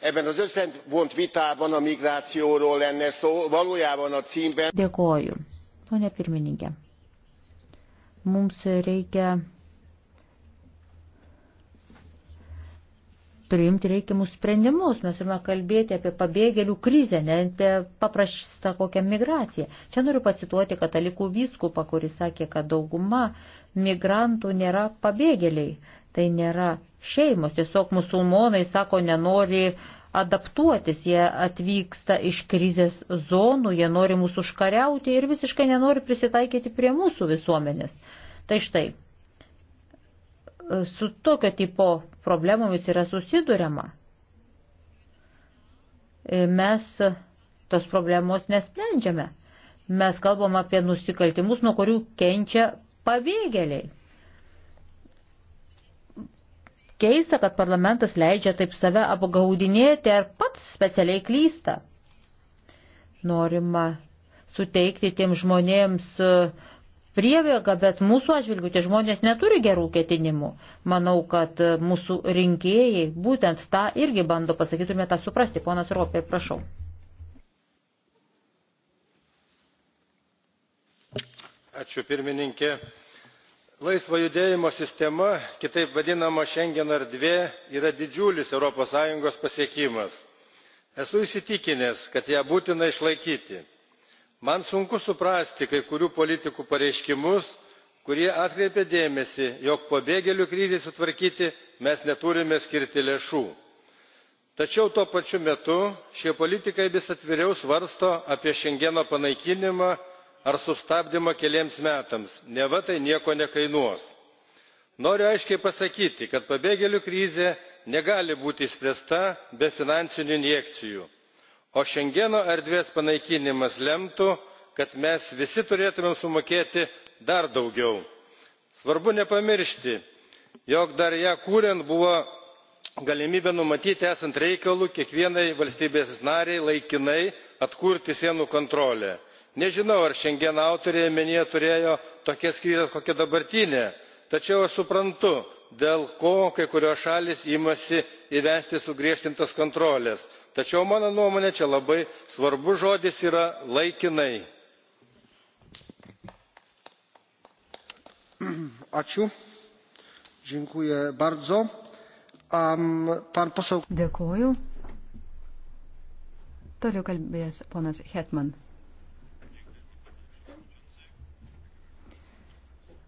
ebben az összevont vitában a migrációról lenne szó valójában a cmben. dėkoju pone pirmininke mums reikia priimti reikiamus sprendimus. Mes turime kalbėti apie pabėgėlių krizę, ne apie paprastą kokią migraciją. Čia noriu pacituoti katalikų vyskupą, kuris sakė, kad dauguma migrantų nėra pabėgėliai. Tai nėra šeimos, tiesiog musulmonai, sako, nenori adaptuotis, jie atvyksta iš krizės zonų, jie nori mūsų užkariauti ir visiškai nenori prisitaikyti prie mūsų visuomenės. Tai štai, su tokio tipo problemomis yra susidurima. Mes tos problemos nesprendžiame. Mes kalbam apie nusikaltimus, nuo kurių kenčia pabėgėliai. Keista, kad parlamentas leidžia taip save apgaudinėti ar pats specialiai klysta. Norima suteikti tiem žmonėms e, priebėgą, bet mūsų atžvilgių tie žmonės neturi gerų ketinimų. Manau, kad e, mūsų rinkėjai būtent tą irgi bando pasakytume tą suprasti. Ponas Ropė, prašau. Ačiū pirmininkė laisvo judėjimo sistema kitaip vadinama šengeno erdvė yra didžiulis europos sąjungos pasiekimas. esu įsitikinęs kad ją būtina išlaikyti. man sunku suprasti kai kurių politikų pareiškimus kurie atkreipia dėmesį jog pabėgėlių krizei sutvarkyti mes neturime skirti lėšų. tačiau tuo pačiu metu šie politikai vis atviriau svarsto apie šengeno panaikinimą ar sustabdymą keliems metams neva tai nieko nekainuos. noriu aiškiai pasakyti kad pabėgėlių krizė negali būti išspręsta be finansinių injekcijų o šengeno erdvės panaikinimas lemtų kad mes visi turėtumėm sumokėti dar daugiau. svarbu nepamiršti jog dar ją kuriant buvo galimybė numatyti esant reikalui kiekvienai valstybei narei laikinai atkurti sienų kontrolę nežinau ar šengeno autoriai omenyje turėjo tokias krizes kokia dabartinė tačiau aš suprantu dėl ko kai kurios šalys imasi įvesti sugriežtintos kontrolės tačiau mano nuomone čia labai svarbus žodis yra laikinai. Dėkuoju. Toliau kalbės ponas Hetman.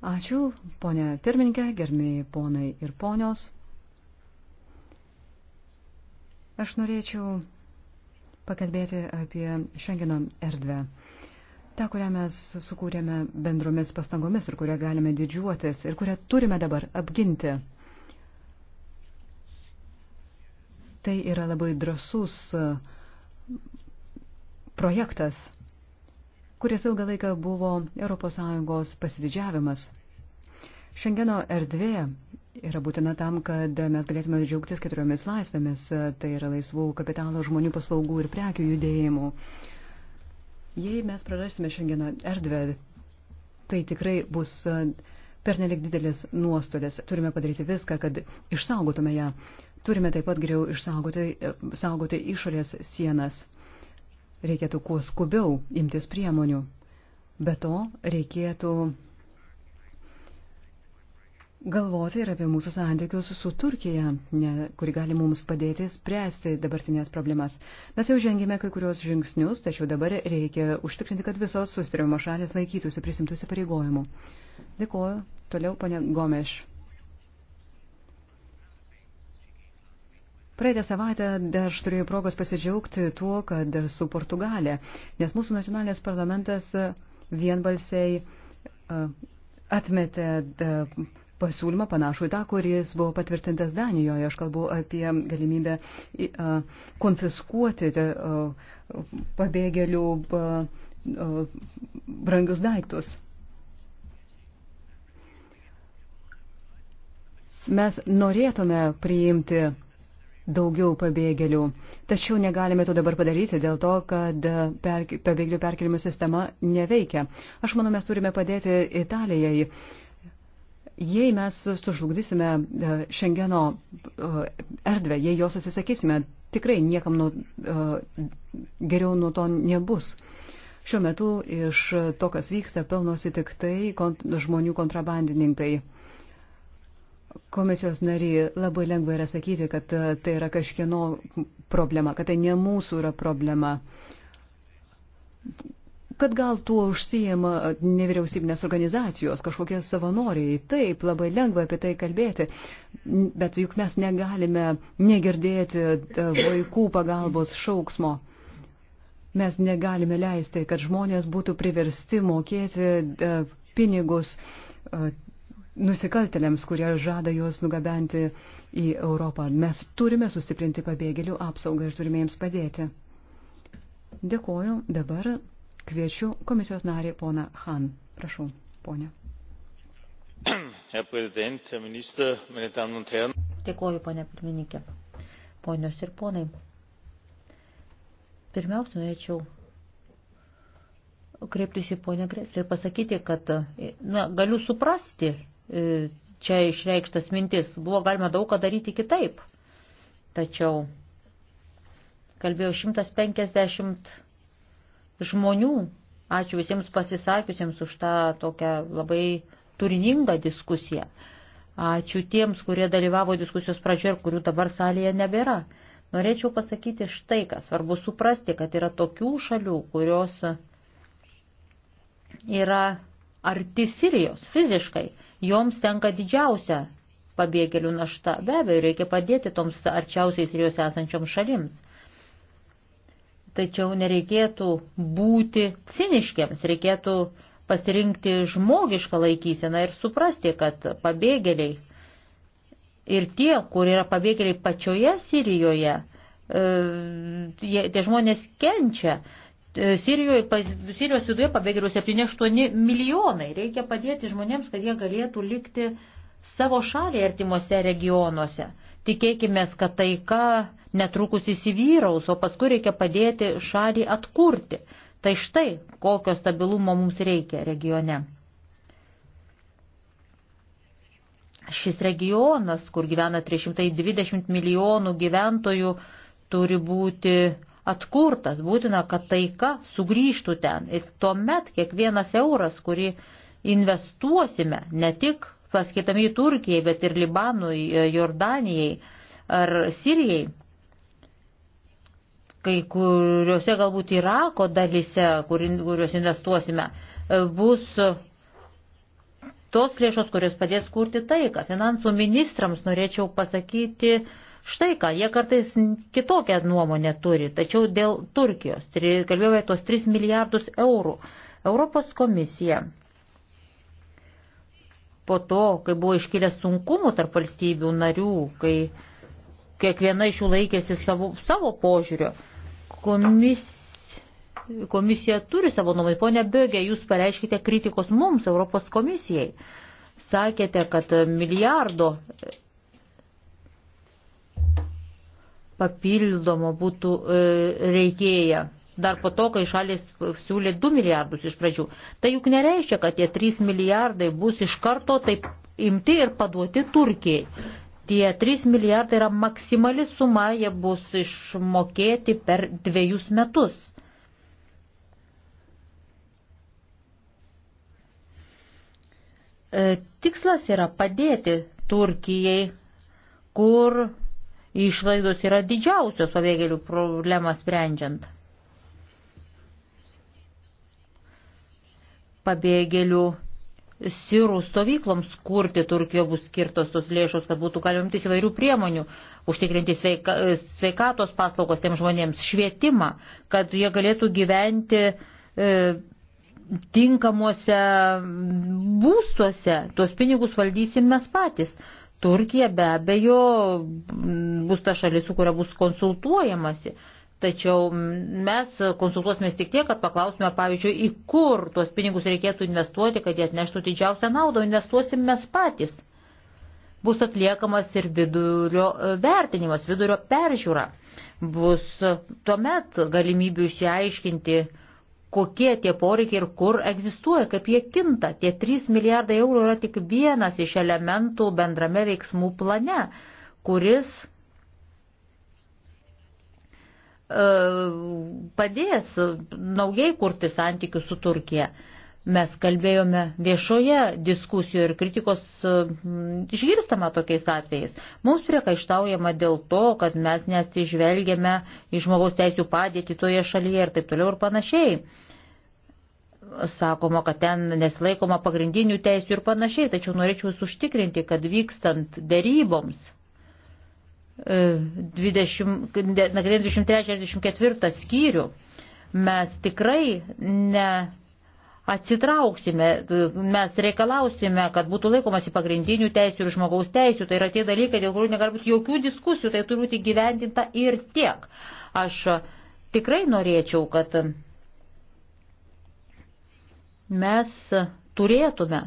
Ačiū, ponė pirmininkė, gerbėjai ponai ir ponios. Aš norėčiau pakalbėti apie Šengino erdvę. Ta, kurią mes sukūrėme bendromis pastangomis ir kurią galime didžiuotis ir kurią turime dabar apginti. Tai yra labai drasus projektas kuris ilgą laiką buvo ES pasididžiavimas. Šengeno erdvė yra būtina tam, kad mes galėtume džiaugtis keturiomis laisvėmis, tai yra laisvų kapitalo žmonių paslaugų ir prekių judėjimų. Jei mes prarasime Šengeno erdvę, tai tikrai bus pernelik didelis nuostolis. Turime padaryti viską, kad išsaugotume ją. Turime taip pat geriau išsaugoti saugoti išorės sienas reikėtų kuo skubiau imtis priemonių. Be to, reikėtų galvoti ir apie mūsų santykius su Turkija, ne, kuri gali mums padėti spręsti dabartinės problemas. Mes jau žengėme kai kurios žingsnius, tačiau dabar reikia užtikrinti, kad visos sustarimo šalės laikytųsi prisimtųsi pareigojimų. Dėkuoju. Toliau, pane Gomeš. Praeitą savaitę dar aš turėjau progos pasidžiaugti tuo, kad dar su Portugalė, nes mūsų nacionalinės parlamentas vienbalsiai e, atmetė e, pasiūlymą panašų į tą, kuris buvo patvirtintas Danijoje. Aš kalbu apie galimybę e, konfiskuoti pabėgėlių brangius daiktus. Mes norėtume priimti daugiau pabėgėlių. Tačiau negalime to dabar padaryti dėl to, kad per, pabėgėlių perkelimo sistema neveikia. Aš manau, mes turime padėti Italijai. Jei mes sužlugdysime e, Šengeno e, erdvę, jei jos atsisakysime, tikrai niekam nuo, e, geriau nuo to nebus. Šiuo metu iš to, kas vyksta, pelnosi tik tai kont žmonių kontrabandininkai. Komisijos nariai labai lengva yra sakyti, kad e, tai yra kažkieno problema, kad tai ne mūsų yra problema. Kad gal tuo užsijama nevyriausybinės organizacijos, kažkokie savanoriai, taip, labai lengva apie tai kalbėti, bet juk mes negalime negirdėti e, vaikų pagalbos šauksmo. Mes negalime leisti, kad žmonės būtų priversti mokėti e, pinigus nusikaltelėms, kurie žada juos nugabenti į Europą. Mes turime sustiprinti pabėgėlių apsaugą ir turime jiems padėti. Dėkoju. Dabar kviečiu komisijos narį poną Han. Prašau, ponė. Dėkoju, ponė pirmininkė. Ponios ir ponai. Pirmiausia, norėčiau kreiptis į ponę Greslį ir pasakyti, kad na, galiu suprasti E, čia išreikštas mintis. Buvo galima daug ką daryti kitaip. Tačiau kalbėjo 150 žmonių. Ačiū visiems pasisakiusiems už tą tokią labai turiningą diskusiją. Ačiū tiems, kurie dalyvavo diskusijos pradžioje ir kurių dabar salėje nebėra. Norėčiau pasakyti štai, kas svarbu suprasti, kad yra tokių šalių, kurios yra arti Sirijos fiziškai, joms tenka didžiausia pabėgėlių našta. Be abejo, reikia padėti toms arčiausiai Sirijos esančioms šalims. Tačiau nereikėtų būti ciniškiams, reikėtų pasirinkti žmogišką laikyseną ir suprasti, kad pabėgėliai ir tie, kur yra pabėgėliai pačioje Sirijoje, e, tie žmonės kenčia. E, E, Sirijoje, Sirijos viduje pabėgėlių 7-8 milijonai. Reikia padėti žmonėms, kad jie galėtų likti savo šaliai artimuose regionuose. Tikėkime, kad taika netrukus įsivyraus, o paskui reikia padėti šalį atkurti. Tai štai, kokio stabilumo mums reikia regione. Šis regionas, kur gyvena 320 milijonų gyventojų, turi būti atkurtas, būtina, kad taika sugrįžtų ten. Ir tuomet kiekvienas euras, kurį investuosime, ne tik paskaitami į Turkiją, bet ir Libanui, e, Jordanijai ar Sirijai, kai kuriuose galbūt Irako dalise, kur, kuriuos investuosime, e, bus tos lėšos, kurios padės kurti taiką. Finansų ministrams norėčiau pasakyti, Štai ką, jie kartais kitokią nuomonę turi, tačiau dėl Turkijos, kalbėjome tos 3 milijardus eurų, Europos komisija po to, kai buvo iškilę sunkumų tarp valstybių narių, kai kiekviena iš jų laikėsi savo, savo požiūrio, komis, komisija turi savo nuomonę. Pone Bögė, jūs pareiškite kritikos mums, Europos komisijai. Sakėte, kad milijardo papildomo būtų e, reikėję. Dar po to, kai šalis siūlė 2 milijardus iš pradžių. Tai juk nereiškia, kad tie 3 milijardai bus iš karto taip imti ir paduoti Turkijai. Tie 3 milijardai yra maksimali suma, jie bus išmokėti per dviejus metus. E, tikslas yra padėti Turkijai, kur išlaidos yra didžiausios pabėgėlių problemą sprendžiant. Pabėgėlių sirų stovykloms kurti Turkijoje bus skirtos tos lėšos, kad būtų galima imtis įvairių priemonių, užtikrinti sveika, sveikatos paslaugos tiem žmonėms, švietimą, kad jie galėtų gyventi e, tinkamuose būstuose. Tuos pinigus valdysim mes patys. Turkija be abejo bus ta šalis, su kuria bus konsultuojamasi. Tačiau mes konsultuosime tik tiek, kad paklausime, pavyzdžiui, į kur tuos pinigus reikėtų investuoti, kad jie atneštų didžiausią naudą, investuosim mes patys. Bus atliekamas ir vidurio vertinimas, vidurio peržiūra. Bus tuomet galimybių išsiaiškinti, kokie tie poreikiai ir kur egzistuoja, kaip jie kinta. Tie 3 milijardai eurų yra tik vienas iš elementų bendrame veiksmų plane, kuris e, padės naujai kurti santykius su Turkija. Mes kalbėjome viešoje diskusijoje ir kritikos e, išgirstama tokiais atvejais. Mums priekaištaujama dėl to, kad mes nesižvelgėme į žmogaus teisų padėtį toje šalyje ir taip toliau ir panašiai. Sakoma, kad ten nesilaikoma pagrindinių teisų ir panašiai, tačiau norėčiau jūs užtikrinti, kad vykstant deryboms 23-24 e, skyrių mes tikrai ne atsitrauksime, mes reikalausime, kad būtų laikomasi pagrindinių teisių ir žmogaus teisių. Tai yra tie dalykai, dėl kurių negali būti jokių diskusijų, tai turi būti gyvendinta ir tiek. Aš tikrai norėčiau, kad mes turėtume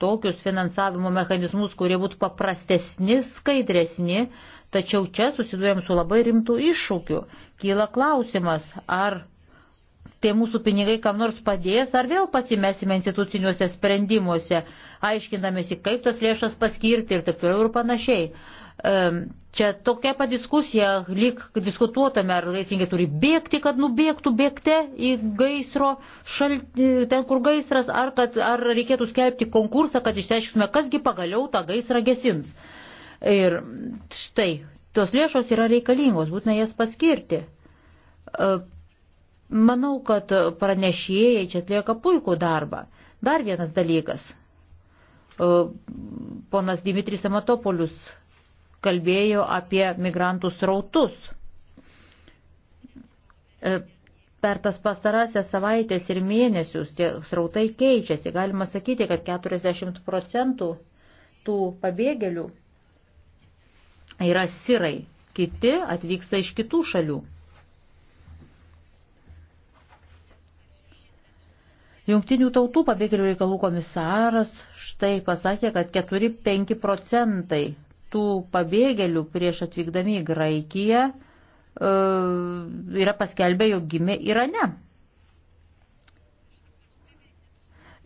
tokius finansavimo mechanizmus, kurie būtų paprastesni, skaidresni, tačiau čia susidurėm su labai rimtų iššūkių. Kyla klausimas, ar tie mūsų pinigai kam nors padės, ar vėl pasimesime instituciniuose sprendimuose, aiškindamėsi, kaip tas lėšas paskirti ir taip toliau ir panašiai. Čia tokia pat diskusija, lyg diskutuotame, ar gaisrinkai turi bėgti, kad nubėgtų bėgte į gaisro šaltį, ten kur gaisras, ar, kad, ar reikėtų skelbti konkursą, kad išsiaiškime, kasgi pagaliau tą gaisrą gesins. Ir štai, tos lėšos yra reikalingos, būtina jas paskirti Manau, kad pranešėjai čia atlieka puikų darbą. Dar vienas dalykas. E, ponas Dimitris Amatopolius kalbėjo apie migrantų srautus. E, per tas pastarąsias savaitės ir mėnesius tie srautai keičiasi. Galima sakyti, kad 40 procentų tų pabėgėlių yra sirai, kiti atvyksta iš kitų šalių. Jungtinių tautų pabėgėlių reikalų komisaras štai pasakė, kad 4-5 procentai tų pabėgėlių prieš atvykdami į Graikiją e, yra paskelbę, jog gimė Irane.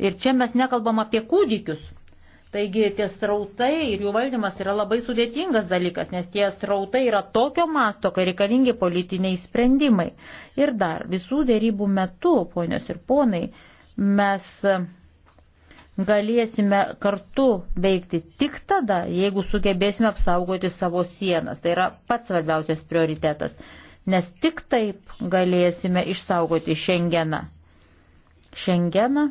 Ir čia mes nekalbam apie kūdikius. Taigi tie srautai ir jų valdymas yra labai sudėtingas dalykas, nes tie srautai yra tokio masto, kai reikalingi politiniai sprendimai. Ir dar visų dėrybų metu, ponios ir ponai, mes galėsime kartu veikti tik tada, jeigu sugebėsime apsaugoti savo sienas. Tai yra pats svarbiausias prioritetas, nes tik taip galėsime išsaugoti Šengeną. Šengeną,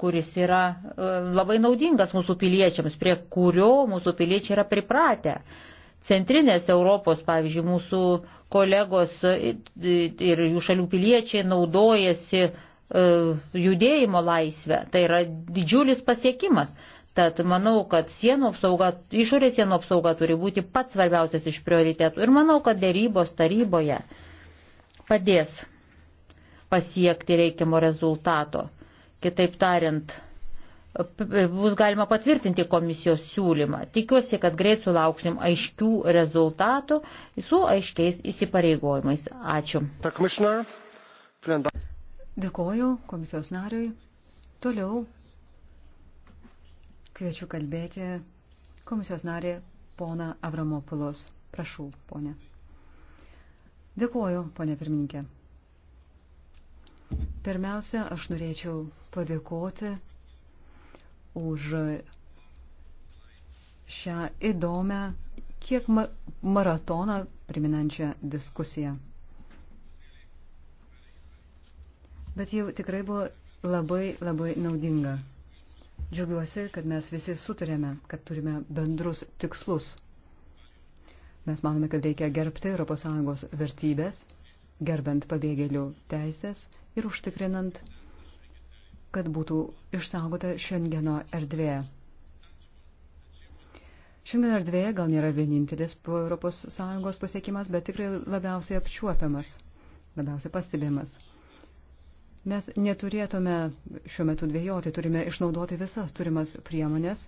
kuris yra e, labai naudingas mūsų piliečiams, prie kurio mūsų piliečiai yra pripratę. Centrinės Europos, pavyzdžiui, mūsų kolegos ir jų šalių piliečiai naudojasi uh, E, judėjimo laisvę. Tai yra didžiulis pasiekimas. Tad manau, kad sienų apsauga, išorės sienų apsauga turi būti pats svarbiausias iš prioritetų. Ir manau, kad dėrybos taryboje padės pasiekti reikiamo rezultato. Kitaip tariant, bus galima patvirtinti komisijos siūlymą. Tikiuosi, kad greit sulauksim aiškių rezultatų su aiškiais įsipareigojimais. Ačiū. Dėkoju komisijos nariui. Toliau kviečiu kalbėti komisijos narį poną Avramopulos. Prašau, ponė. Dėkoju, ponė pirmininkė. Pirmiausia, aš norėčiau padėkoti už šią įdomią, kiek maratoną priminančią diskusiją. bet jau tikrai buvo labai, labai naudinga. Džiaugiuosi, kad mes visi sutarėme, kad turime bendrus tikslus. Mes manome, kad reikia gerbti ES vertybės, gerbent pabėgėlių teisės ir užtikrinant, kad būtų išsaugota Šengeno erdvė. Šiandien erdvėje gal nėra vienintelis ES pasiekimas, bet tikrai labiausiai apčiuopiamas, labiausiai pastebimas. Mes neturėtume šiuo metu dvėjoti, turime išnaudoti visas turimas priemonės.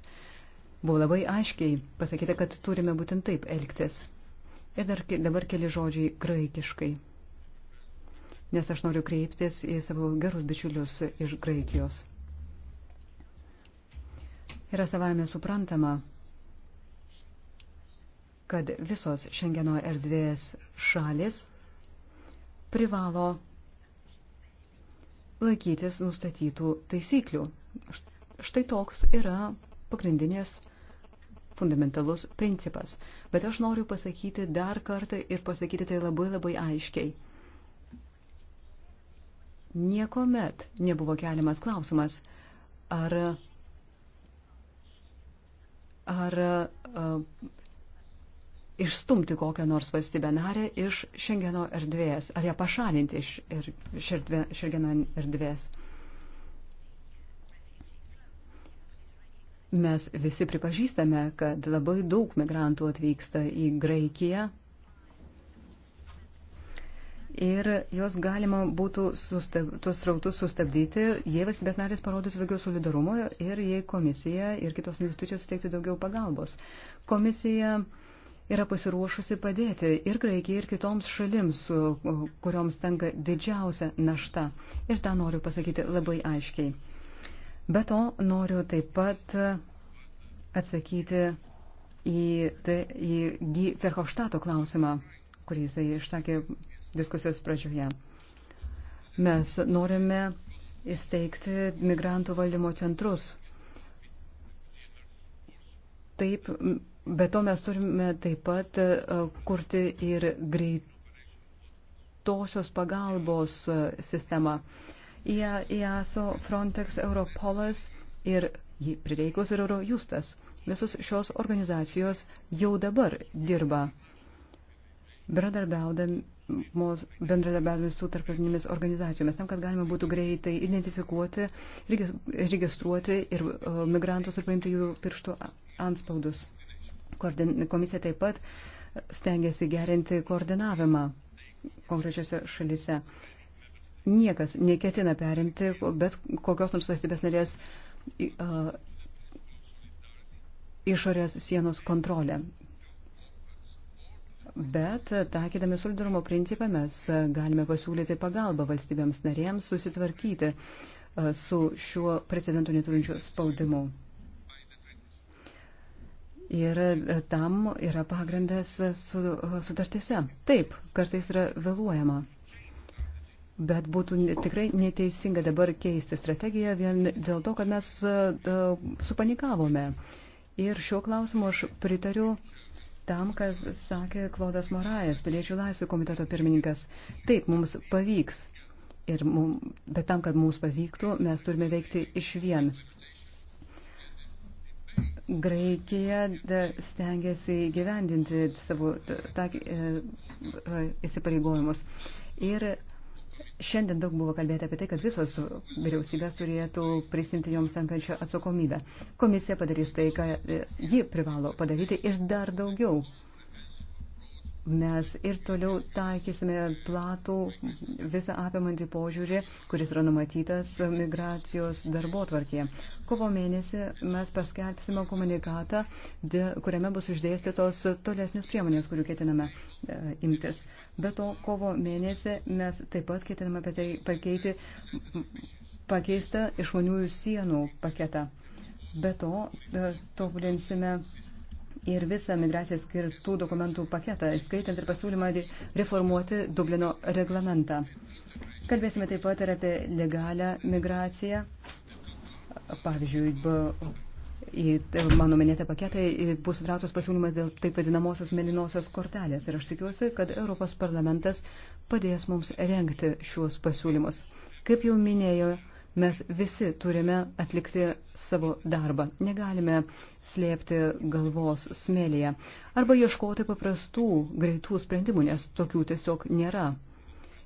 Buvo labai aiškiai pasakyta, kad turime būtent taip elgtis. Ir dar, dabar keli žodžiai graikiškai. Nes aš noriu kreiptis į savo gerus bičiulius iš Graikijos. Yra savame suprantama, kad visos Šengeno erdvės šalis privalo laikytis nustatytų taisyklių. Štai toks yra pagrindinės fundamentalus principas. Bet aš noriu pasakyti dar kartą ir pasakyti tai labai labai aiškiai. Niekuomet nebuvo keliamas klausimas, ar, ar išstumti kokią nors valstybę narę iš Šengeno erdvės, ar ją pašalinti iš Šengeno erdvės. Mes visi pripažįstame, kad labai daug migrantų atvyksta į Graikiją ir jos galima būtų sustab, tuos rautus sustabdyti, jei valstybės narės parodytų daugiau solidarumo ir jei komisija ir kitos institucijos suteiktų daugiau pagalbos. Komisija uh, yra pasiruošusi padėti ir Graikijai, ir kitoms šalims, kurioms tenka didžiausia našta. Ir tą noriu pasakyti labai aiškiai. Be to noriu taip pat atsakyti į, tai, į G. Ferhofštato klausimą, kurį jisai išsakė diskusijos pradžioje. Mes norime įsteigti migrantų valdymo centrus. Taip Be to mes turime taip pat e, kurti ir greitosios pagalbos e, sistemą. IASO, Frontex, Europolas ir jį prireikus ir Eurojustas. Visos šios organizacijos jau dabar dirba bendradarbiavimus su tarptautinėmis organizacijomis, tam, kad galima būtų greitai identifikuoti, registruoti ir e, migrantus ir paimti jų pirštų anspaudus. Komisija taip pat stengiasi gerinti koordinavimą konkrečiose šalise. Niekas neketina perimti bet kokios nors valstybės narės uh, išorės sienos kontrolę. Bet, takydami solidarumo principą, mes galime pasiūlyti pagalbą valstybėms narėms susitvarkyti su šiuo precedentų neturinčiu spaudimu. Ir e, tam yra pagrindas su, sutartise. Taip, kartais yra vėluojama. Bet būtų tikrai neteisinga dabar keisti strategiją vien dėl to, kad mes uh, supanikavome. Ir šiuo klausimu aš pritariu tam, kas sakė Klodas Morajas, Piliečių laisvių komiteto pirmininkas. Taip, mums pavyks. Ir mum, bet tam, kad mums pavyktų, mes turime veikti iš vien. Graikija stengiasi gyvendinti savo e, e, įsipareigojimus. Ir šiandien daug buvo kalbėta apie tai, kad visos vyriausybės turėtų prisimti joms tenkančią atsakomybę. Komisija padarys tai, ką e, ji privalo padaryti ir dar daugiau mes ir toliau taikysime platų visą apimantį požiūrį, kuris yra numatytas migracijos darbo tvarkėje. Kovo mėnesį mes paskelbsime komunikatą, kuriame bus išdėstytos tolesnės priemonės, kurių ketiname e, imtis. Be to, kovo mėnesį mes taip pat ketiname tai pakeiti pakeistą išmaniųjų sienų paketą. Be to, e, tobulinsime ir visą migraciją skirtų dokumentų paketą, skaitant ir pasiūlymą reformuoti Dublino reglamentą. Kalbėsime taip pat ir apie legalią migraciją. Pavyzdžiui, į mano minėtą paketą bus įtrauktas pasiūlymas dėl taip vadinamosios melinosios kortelės. Ir aš tikiuosi, kad Europos parlamentas padės mums rengti šiuos pasiūlymus. Kaip jau minėjo Mes visi turime atlikti savo darbą. Negalime slėpti galvos smėlėje arba ieškoti paprastų, greitų sprendimų, nes tokių tiesiog nėra.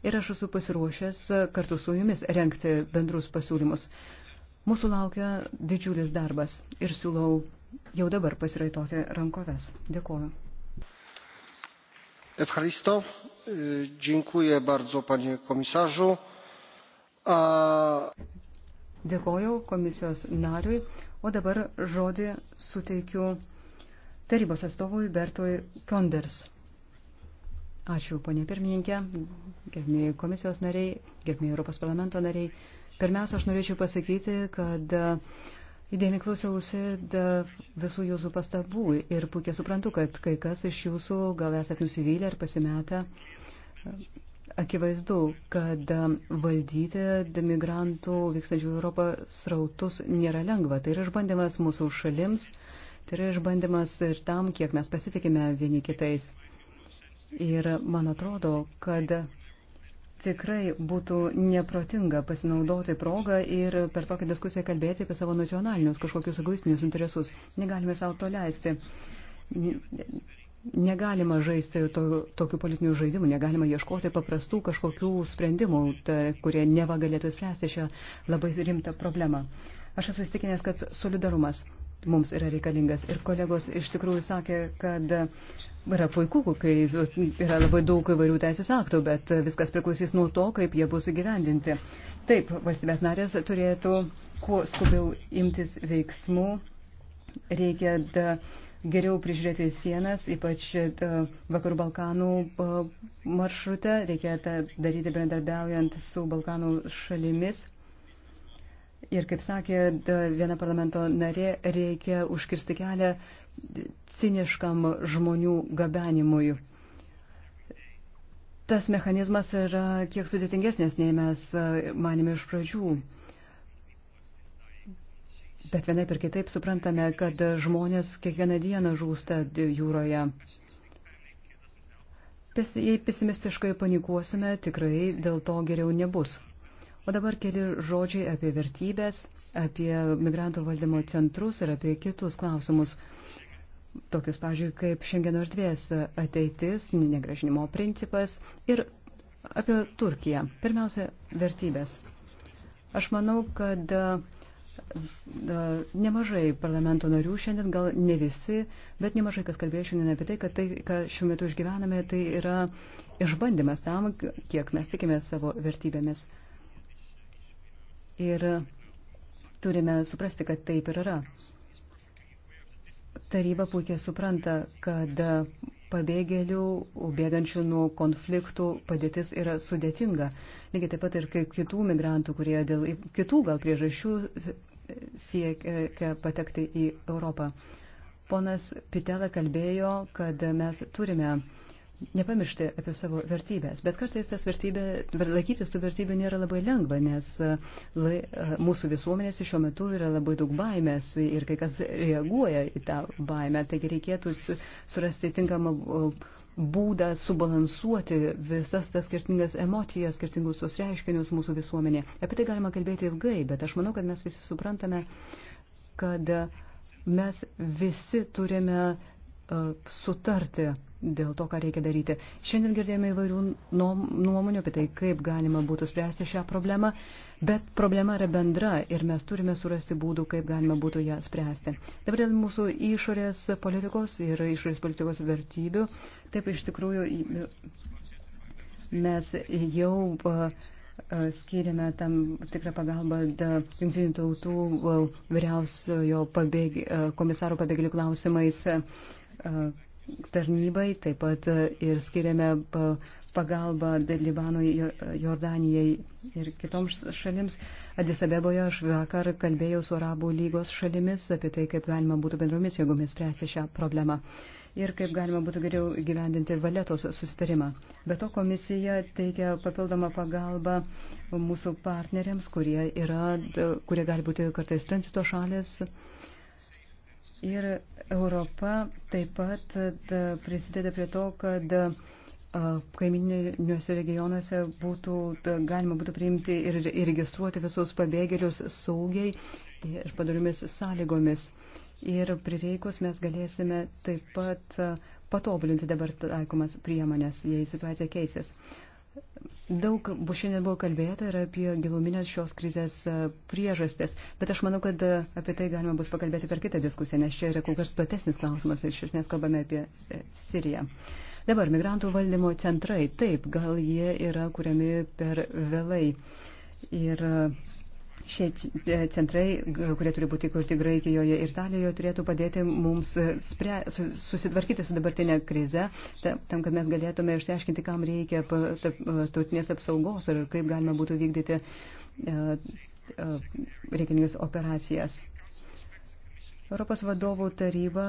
Ir aš esu pasiruošęs kartu su jumis renkti bendrus pasiūlymus. Mūsų laukia didžiulis darbas ir siūlau jau dabar pasiraitoti rankoves. Dėkuoju. Evharisto, dziękuję bardzo panie komisarzu. A... Dėkojau komisijos nariui, o dabar žodį suteikiu tarybos atstovui Bertui Konders. Ačiū, ponė pirmininkė, gerbėjai komisijos nariai, gerbėjai Europos parlamento nariai. Pirmiausia, aš norėčiau pasakyti, kad e, įdėmiai klausiausi e, visų jūsų pastabų ir puikiai suprantu, kad kai kas iš jūsų gal esat nusivylę ar pasimetę. Akivaizdu, kad valdyti migrantų vykstančių į Europą srautus nėra lengva. Tai yra išbandymas mūsų šalims, tai yra išbandymas ir tam, kiek mes pasitikime vieni kitais. Ir man atrodo, kad tikrai būtų neprotinga pasinaudoti progą ir per tokią diskusiją kalbėti apie savo nacionalinius kažkokius egoistinius interesus. Negalime savo to leisti Negalima žaisti to, tokių politinių žaidimų, negalima ieškoti paprastų kažkokių sprendimų, ta, kurie neva galėtų spręsti šią labai rimtą problemą. Aš esu įstikinęs, kad solidarumas mums yra reikalingas. Ir kolegos iš tikrųjų sakė, kad yra puiku, kai yra labai daug įvairių teisės aktų, bet viskas priklausys nuo to, kaip jie bus įgyvendinti. Taip, valstybės narės turėtų kuo skubiau imtis veiksmų. Reikia da, geriau prižiūrėti sienas, ypač e, Vakarų Balkanų e, maršrutą, reikia tą daryti bendarbiaujant su Balkanų šalimis. Ir kaip sakė e, viena parlamento narė, reikia užkirsti kelią ciniškam žmonių gabenimui. Tas mechanizmas yra kiek sudėtingesnės, nei mes manėme iš pradžių. Bet vienaip ir kitaip suprantame, kad žmonės kiekvieną dieną žūsta jūroje. Pes, jei pesimistiškai panikuosime, tikrai dėl to geriau nebus. O dabar keli žodžiai apie vertybės, apie migrantų valdymo centrus ir apie kitus klausimus. Tokius, pažiūrėjau, kaip šiandieno erdvės ateitis, negražinimo principas ir apie Turkiją. Pirmiausia, vertybės. Aš manau, kad Nemažai parlamento narių šiandien, gal ne visi, bet nemažai kas kalbėjo šiandien apie tai, kad tai, ką šiuo metu išgyvename, tai yra išbandymas tam, kiek mes tikime savo vertybėmis. Ir turime suprasti, kad taip ir yra. Taryba puikiai supranta, kad pabėgėlių, bėgančių nuo konfliktų padėtis yra sudėtinga. Lygiai taip pat ir kitų migrantų, kurie dėl kitų gal priežasčių siekia patekti į Europą. Ponas Pitela kalbėjo, kad mes turime nepamiršti apie savo vertybės. Bet kartais tas vertybė, laikytis tų vertybių nėra labai lengva, nes e, lai, e, mūsų visuomenėse šiuo metu yra labai daug baimės ir kai kas reaguoja į tą baimę. Taigi reikėtų surasti tinkamą būdą subalansuoti visas tas skirtingas emocijas, skirtingus tos reiškinius mūsų visuomenėje. Apie tai galima kalbėti ilgai, bet aš manau, kad mes visi suprantame, kad mes visi turime E, sutarti dėl to, ką reikia daryti. Šiandien girdėjome įvairių nuomonių apie tai, kaip galima būtų spręsti šią problemą, bet problema yra bendra ir mes turime surasti būdų, kaip galima būtų ją spręsti. Dabar dėl mūsų išorės politikos ir išorės politikos vertybių, taip iš tikrųjų mes jau e, e, skiriame tam tikrą pagalbą Junktinių tautų vyriausiojo pabėg, komisaro pabėgėlių klausimais tarnybai, taip pat e, ir skiriame e, pagalbą Libanui, Jordanijai ir kitoms šalims. Adisabeboje aš vakar kalbėjau su Arabų lygos šalimis apie tai, kaip galima būtų bendromis jėgomis spręsti šią problemą ir kaip galima būtų geriau gyvendinti valetos susitarimą. Be to komisija teikia papildomą pagalbą mūsų partneriams, kurie, yra, kurie gali būti kartais tranzito šalės Ir Europa taip pat prisideda prie to, kad kaimininiuose regionuose būtų, galima būtų priimti ir, ir registruoti visus pabėgėlius saugiai ir padariomis sąlygomis. Ir prireikus mes galėsime taip pat patobulinti dabar taikomas priemonės, jei situacija keisis. Daug bus šiandien buvo kalbėta ir apie giluminės šios krizės e, priežastis, bet aš manau, kad e, apie tai galima bus pakalbėti per kitą diskusiją, nes čia yra kol kas platesnis klausimas ir iš esmės kalbame apie e, Siriją. Dabar migrantų valdymo centrai, taip, gal jie yra kuriami per vėlai. Ir uh, Šie e, centrai, kurie turi būti kurti Graikijoje ir Italijoje, turėtų padėti mums spre, susitvarkyti su dabartinė krize, tam, kad mes galėtume išsiaiškinti, kam reikia e, tautinės apsaugos ir kaip galima būtų vykdyti e, reikalingas operacijas. Europos vadovų taryba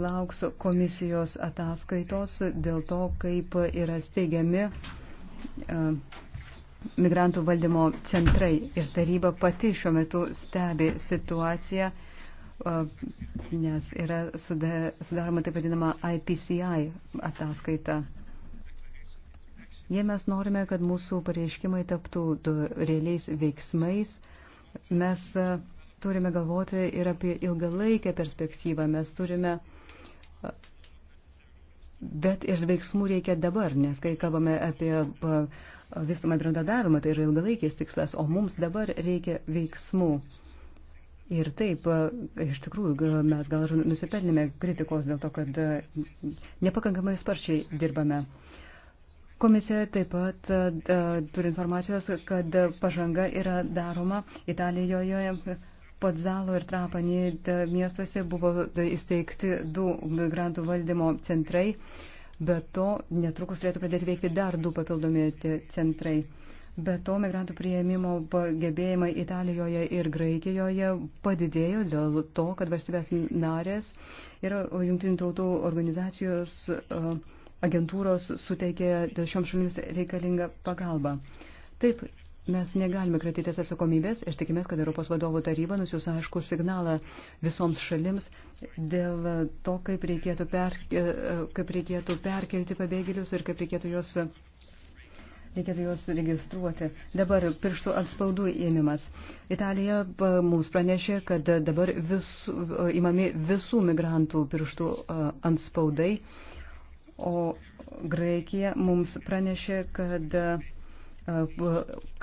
lauks komisijos ataskaitos dėl to, kaip yra steigiami. Uh, migrantų valdymo centrai ir taryba pati šiuo metu stebi situaciją, nes yra sudaroma taip vadinama IPCI ataskaita. Jei mes norime, kad mūsų pareiškimai taptų realiais veiksmais, mes e, turime galvoti ir apie ilgalaikę perspektyvą. Mes turime e, Bet ir veiksmų reikia dabar, nes kai kalbame apie e, vystomą bendradarbiavimą, tai yra ilgalaikis tikslas, o mums dabar reikia veiksmų. Ir taip, iš tikrųjų, mes gal ir nusipelnėme kritikos dėl to, kad e, nepakankamai sparčiai dirbame. Komisija taip pat e, turi informacijos, kad pažanga yra daroma Italijoje. Podzalo ir Trapanį e, miestuose buvo įsteigti du migrantų valdymo centrai. Uh, Be to, netrukus turėtų pradėti veikti dar du papildomi centrai. Be to, migrantų prieimimo gebėjimai Italijoje ir Graikijoje padidėjo dėl to, kad valstybės narės ir jungtinių tautų organizacijos agentūros suteikė šioms šalims reikalingą pagalbą. Taip, Mes negalime kratytis atsakomybės ir tikimės, kad Europos vadovų taryba nusiūs aišku signalą visoms šalims dėl to, kaip reikėtų, per, e, e, kaip reikėtų perkelti pabėgėlius ir kaip reikėtų juos. Reikėtų juos registruoti. Dabar pirštų atspaudų ėmimas. Italija mums pranešė, kad dabar vis, įmami visų migrantų pirštų e, atspaudai, o Graikija mums pranešė, kad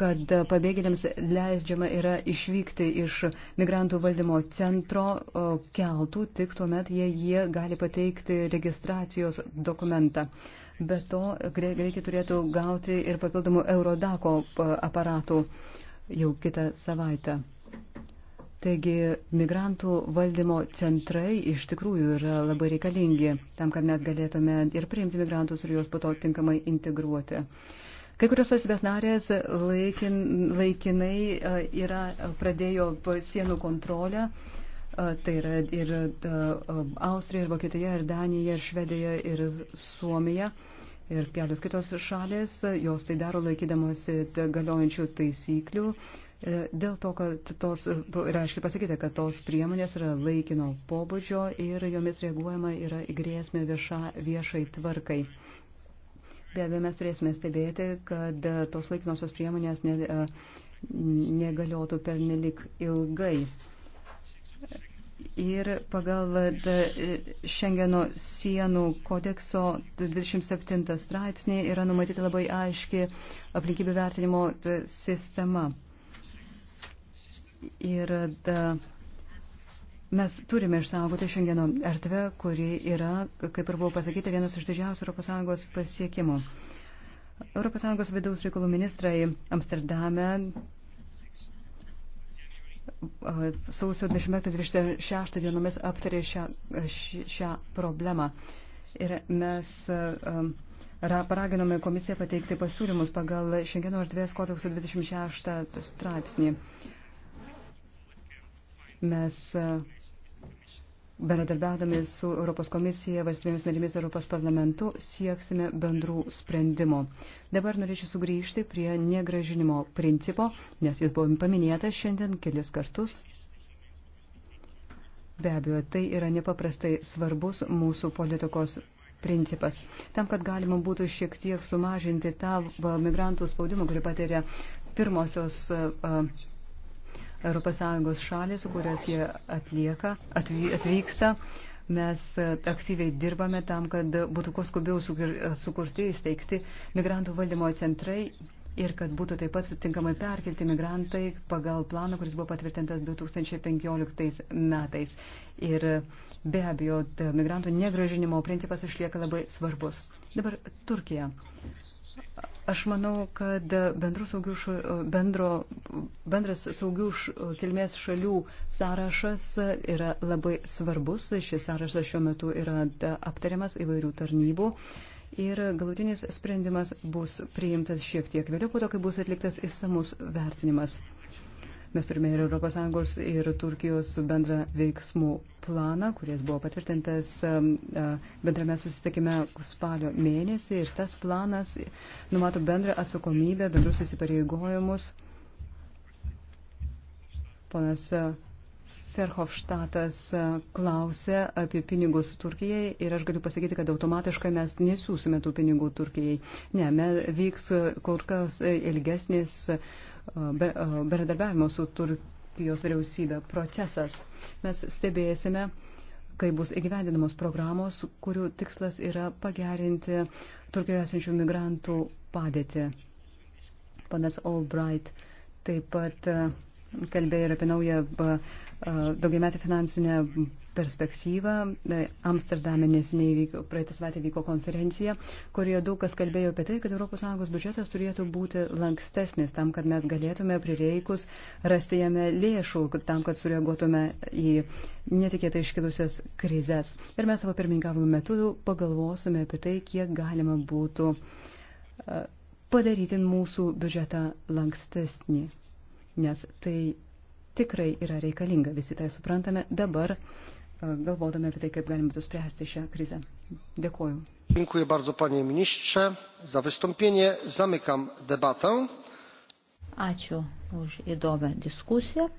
kad pabėgėliams leidžiama yra išvykti iš migrantų valdymo centro keltų, tik tuomet jie, jie gali pateikti registracijos dokumentą. Be to, greikiai turėtų gauti ir papildomų Eurodako aparatų jau kitą savaitę. Taigi, migrantų valdymo centrai iš tikrųjų yra labai reikalingi tam, kad mes galėtume ir priimti migrantus ir juos po to tinkamai integruoti. Uh, Kai kurios valstybės narės laikin, laikinai e, yra, e, pradėjo sienų kontrolę. E, tai yra ir Austrija, ir Vokietija, ir Danija, ir Švedija, ir Suomija. Ir kelios kitos šalės, jos tai daro laikydamosi galiojančių taisyklių. Dėl to, kad tos, reiškia pasakyti, kad tos priemonės yra laikino pobūdžio ir jomis reaguojama yra į grėsmę viešai tvarkai. Be abejo, mes turėsime stebėti, kad e, tos laikinosios priemonės ne, e, negaliotų per nelik ilgai. Ir pagal e, Šengeno sienų kodekso 27 straipsnį yra numatyta labai aiški aplinkybių vertinimo sistema. Ir da, Mes turime išsaugoti šiandieno erdvę, kuri yra, kaip ir buvo pasakyta, vienas iš didžiausių ES pasiekimų. ES vidaus reikalų ministrai Amsterdame sausio 26 dienomis aptarė šią, šią problemą. Ir mes paraginome komisiją pateikti pasiūlymus pagal Šengeno erdvės kodekso 26 straipsnį. Mes e, bendradarbiaudami su Europos komisija, valstybėmis narimis Europos parlamentu sieksime bendrų sprendimų. Dabar norėčiau sugrįžti prie negražinimo principo, nes jis buvo paminėtas šiandien kelis kartus. Be abejo, tai yra nepaprastai svarbus mūsų politikos principas. Tam, kad galima būtų šiek tiek sumažinti tą migrantų spaudimą, kurį patiria pirmosios. Uh, ES šalis, kurias jie atlieka, atvy, atvyksta. Mes aktyviai dirbame tam, kad būtų kuo skubiau sukurti, įsteigti migrantų valdymo centrai ir kad būtų taip pat tinkamai perkelti migrantai pagal planą, kuris buvo patvirtintas 2015 metais. Ir be abejo, migrantų negražinimo principas išlieka labai svarbus. Dabar Turkija. Aš manau, kad saugių, bendro, bendras saugių kilmės šalių sąrašas yra labai svarbus. Šis sąrašas šiuo metu yra aptariamas įvairių tarnybų. Ir galutinis sprendimas bus priimtas šiek tiek vėliau po to, kai bus atliktas įsamus vertinimas. Mes turime ir ES ir Turkijos bendrą veiksmų planą, kuris buvo patvirtintas um, uh, bendrame susitikime spalio mėnesį. Ir tas planas numato bendrą atsakomybę, bendrus įsipareigojimus. Ponas uh, Ferhofštatas uh, klausė apie pinigus Turkijai ir aš galiu pasakyti, kad automatiškai mes nesiūsime tų pinigų Turkijai. Ne, mes vyks kur kas ilgesnis uh, be, bendradarbiavimo su Turkijos vyriausybė procesas. Mes stebėsime, kai bus įgyvendinamos programos, kurių tikslas yra pagerinti Turkijoje esančių migrantų padėtį. Panas Albright taip pat kalbėjo ir apie naują daugiametę finansinę perspektyvą. E, Amsterdame nesiniai vyko, praeitą savaitę vyko konferencija, kurioje daug kas kalbėjo apie tai, kad ES biudžetas turėtų būti lankstesnis tam, kad mes galėtume prireikus rasti jame lėšų, tam, kad sureaguotume į netikėtai iškilusias krizės. Ir mes savo pirmininkavimo metu pagalvosime apie tai, kiek galima būtų e, padaryti mūsų biudžetą lankstesnį, nes tai tikrai yra reikalinga, visi tai suprantame. Dabar E, galvodami apie tai, kaip galima būtų spręsti šią krizę. Dėkuoju. Dziękuję bardzo panie ministrze za wystąpienie. Zamykam debatę. Ačiū už įdomią diskusiją.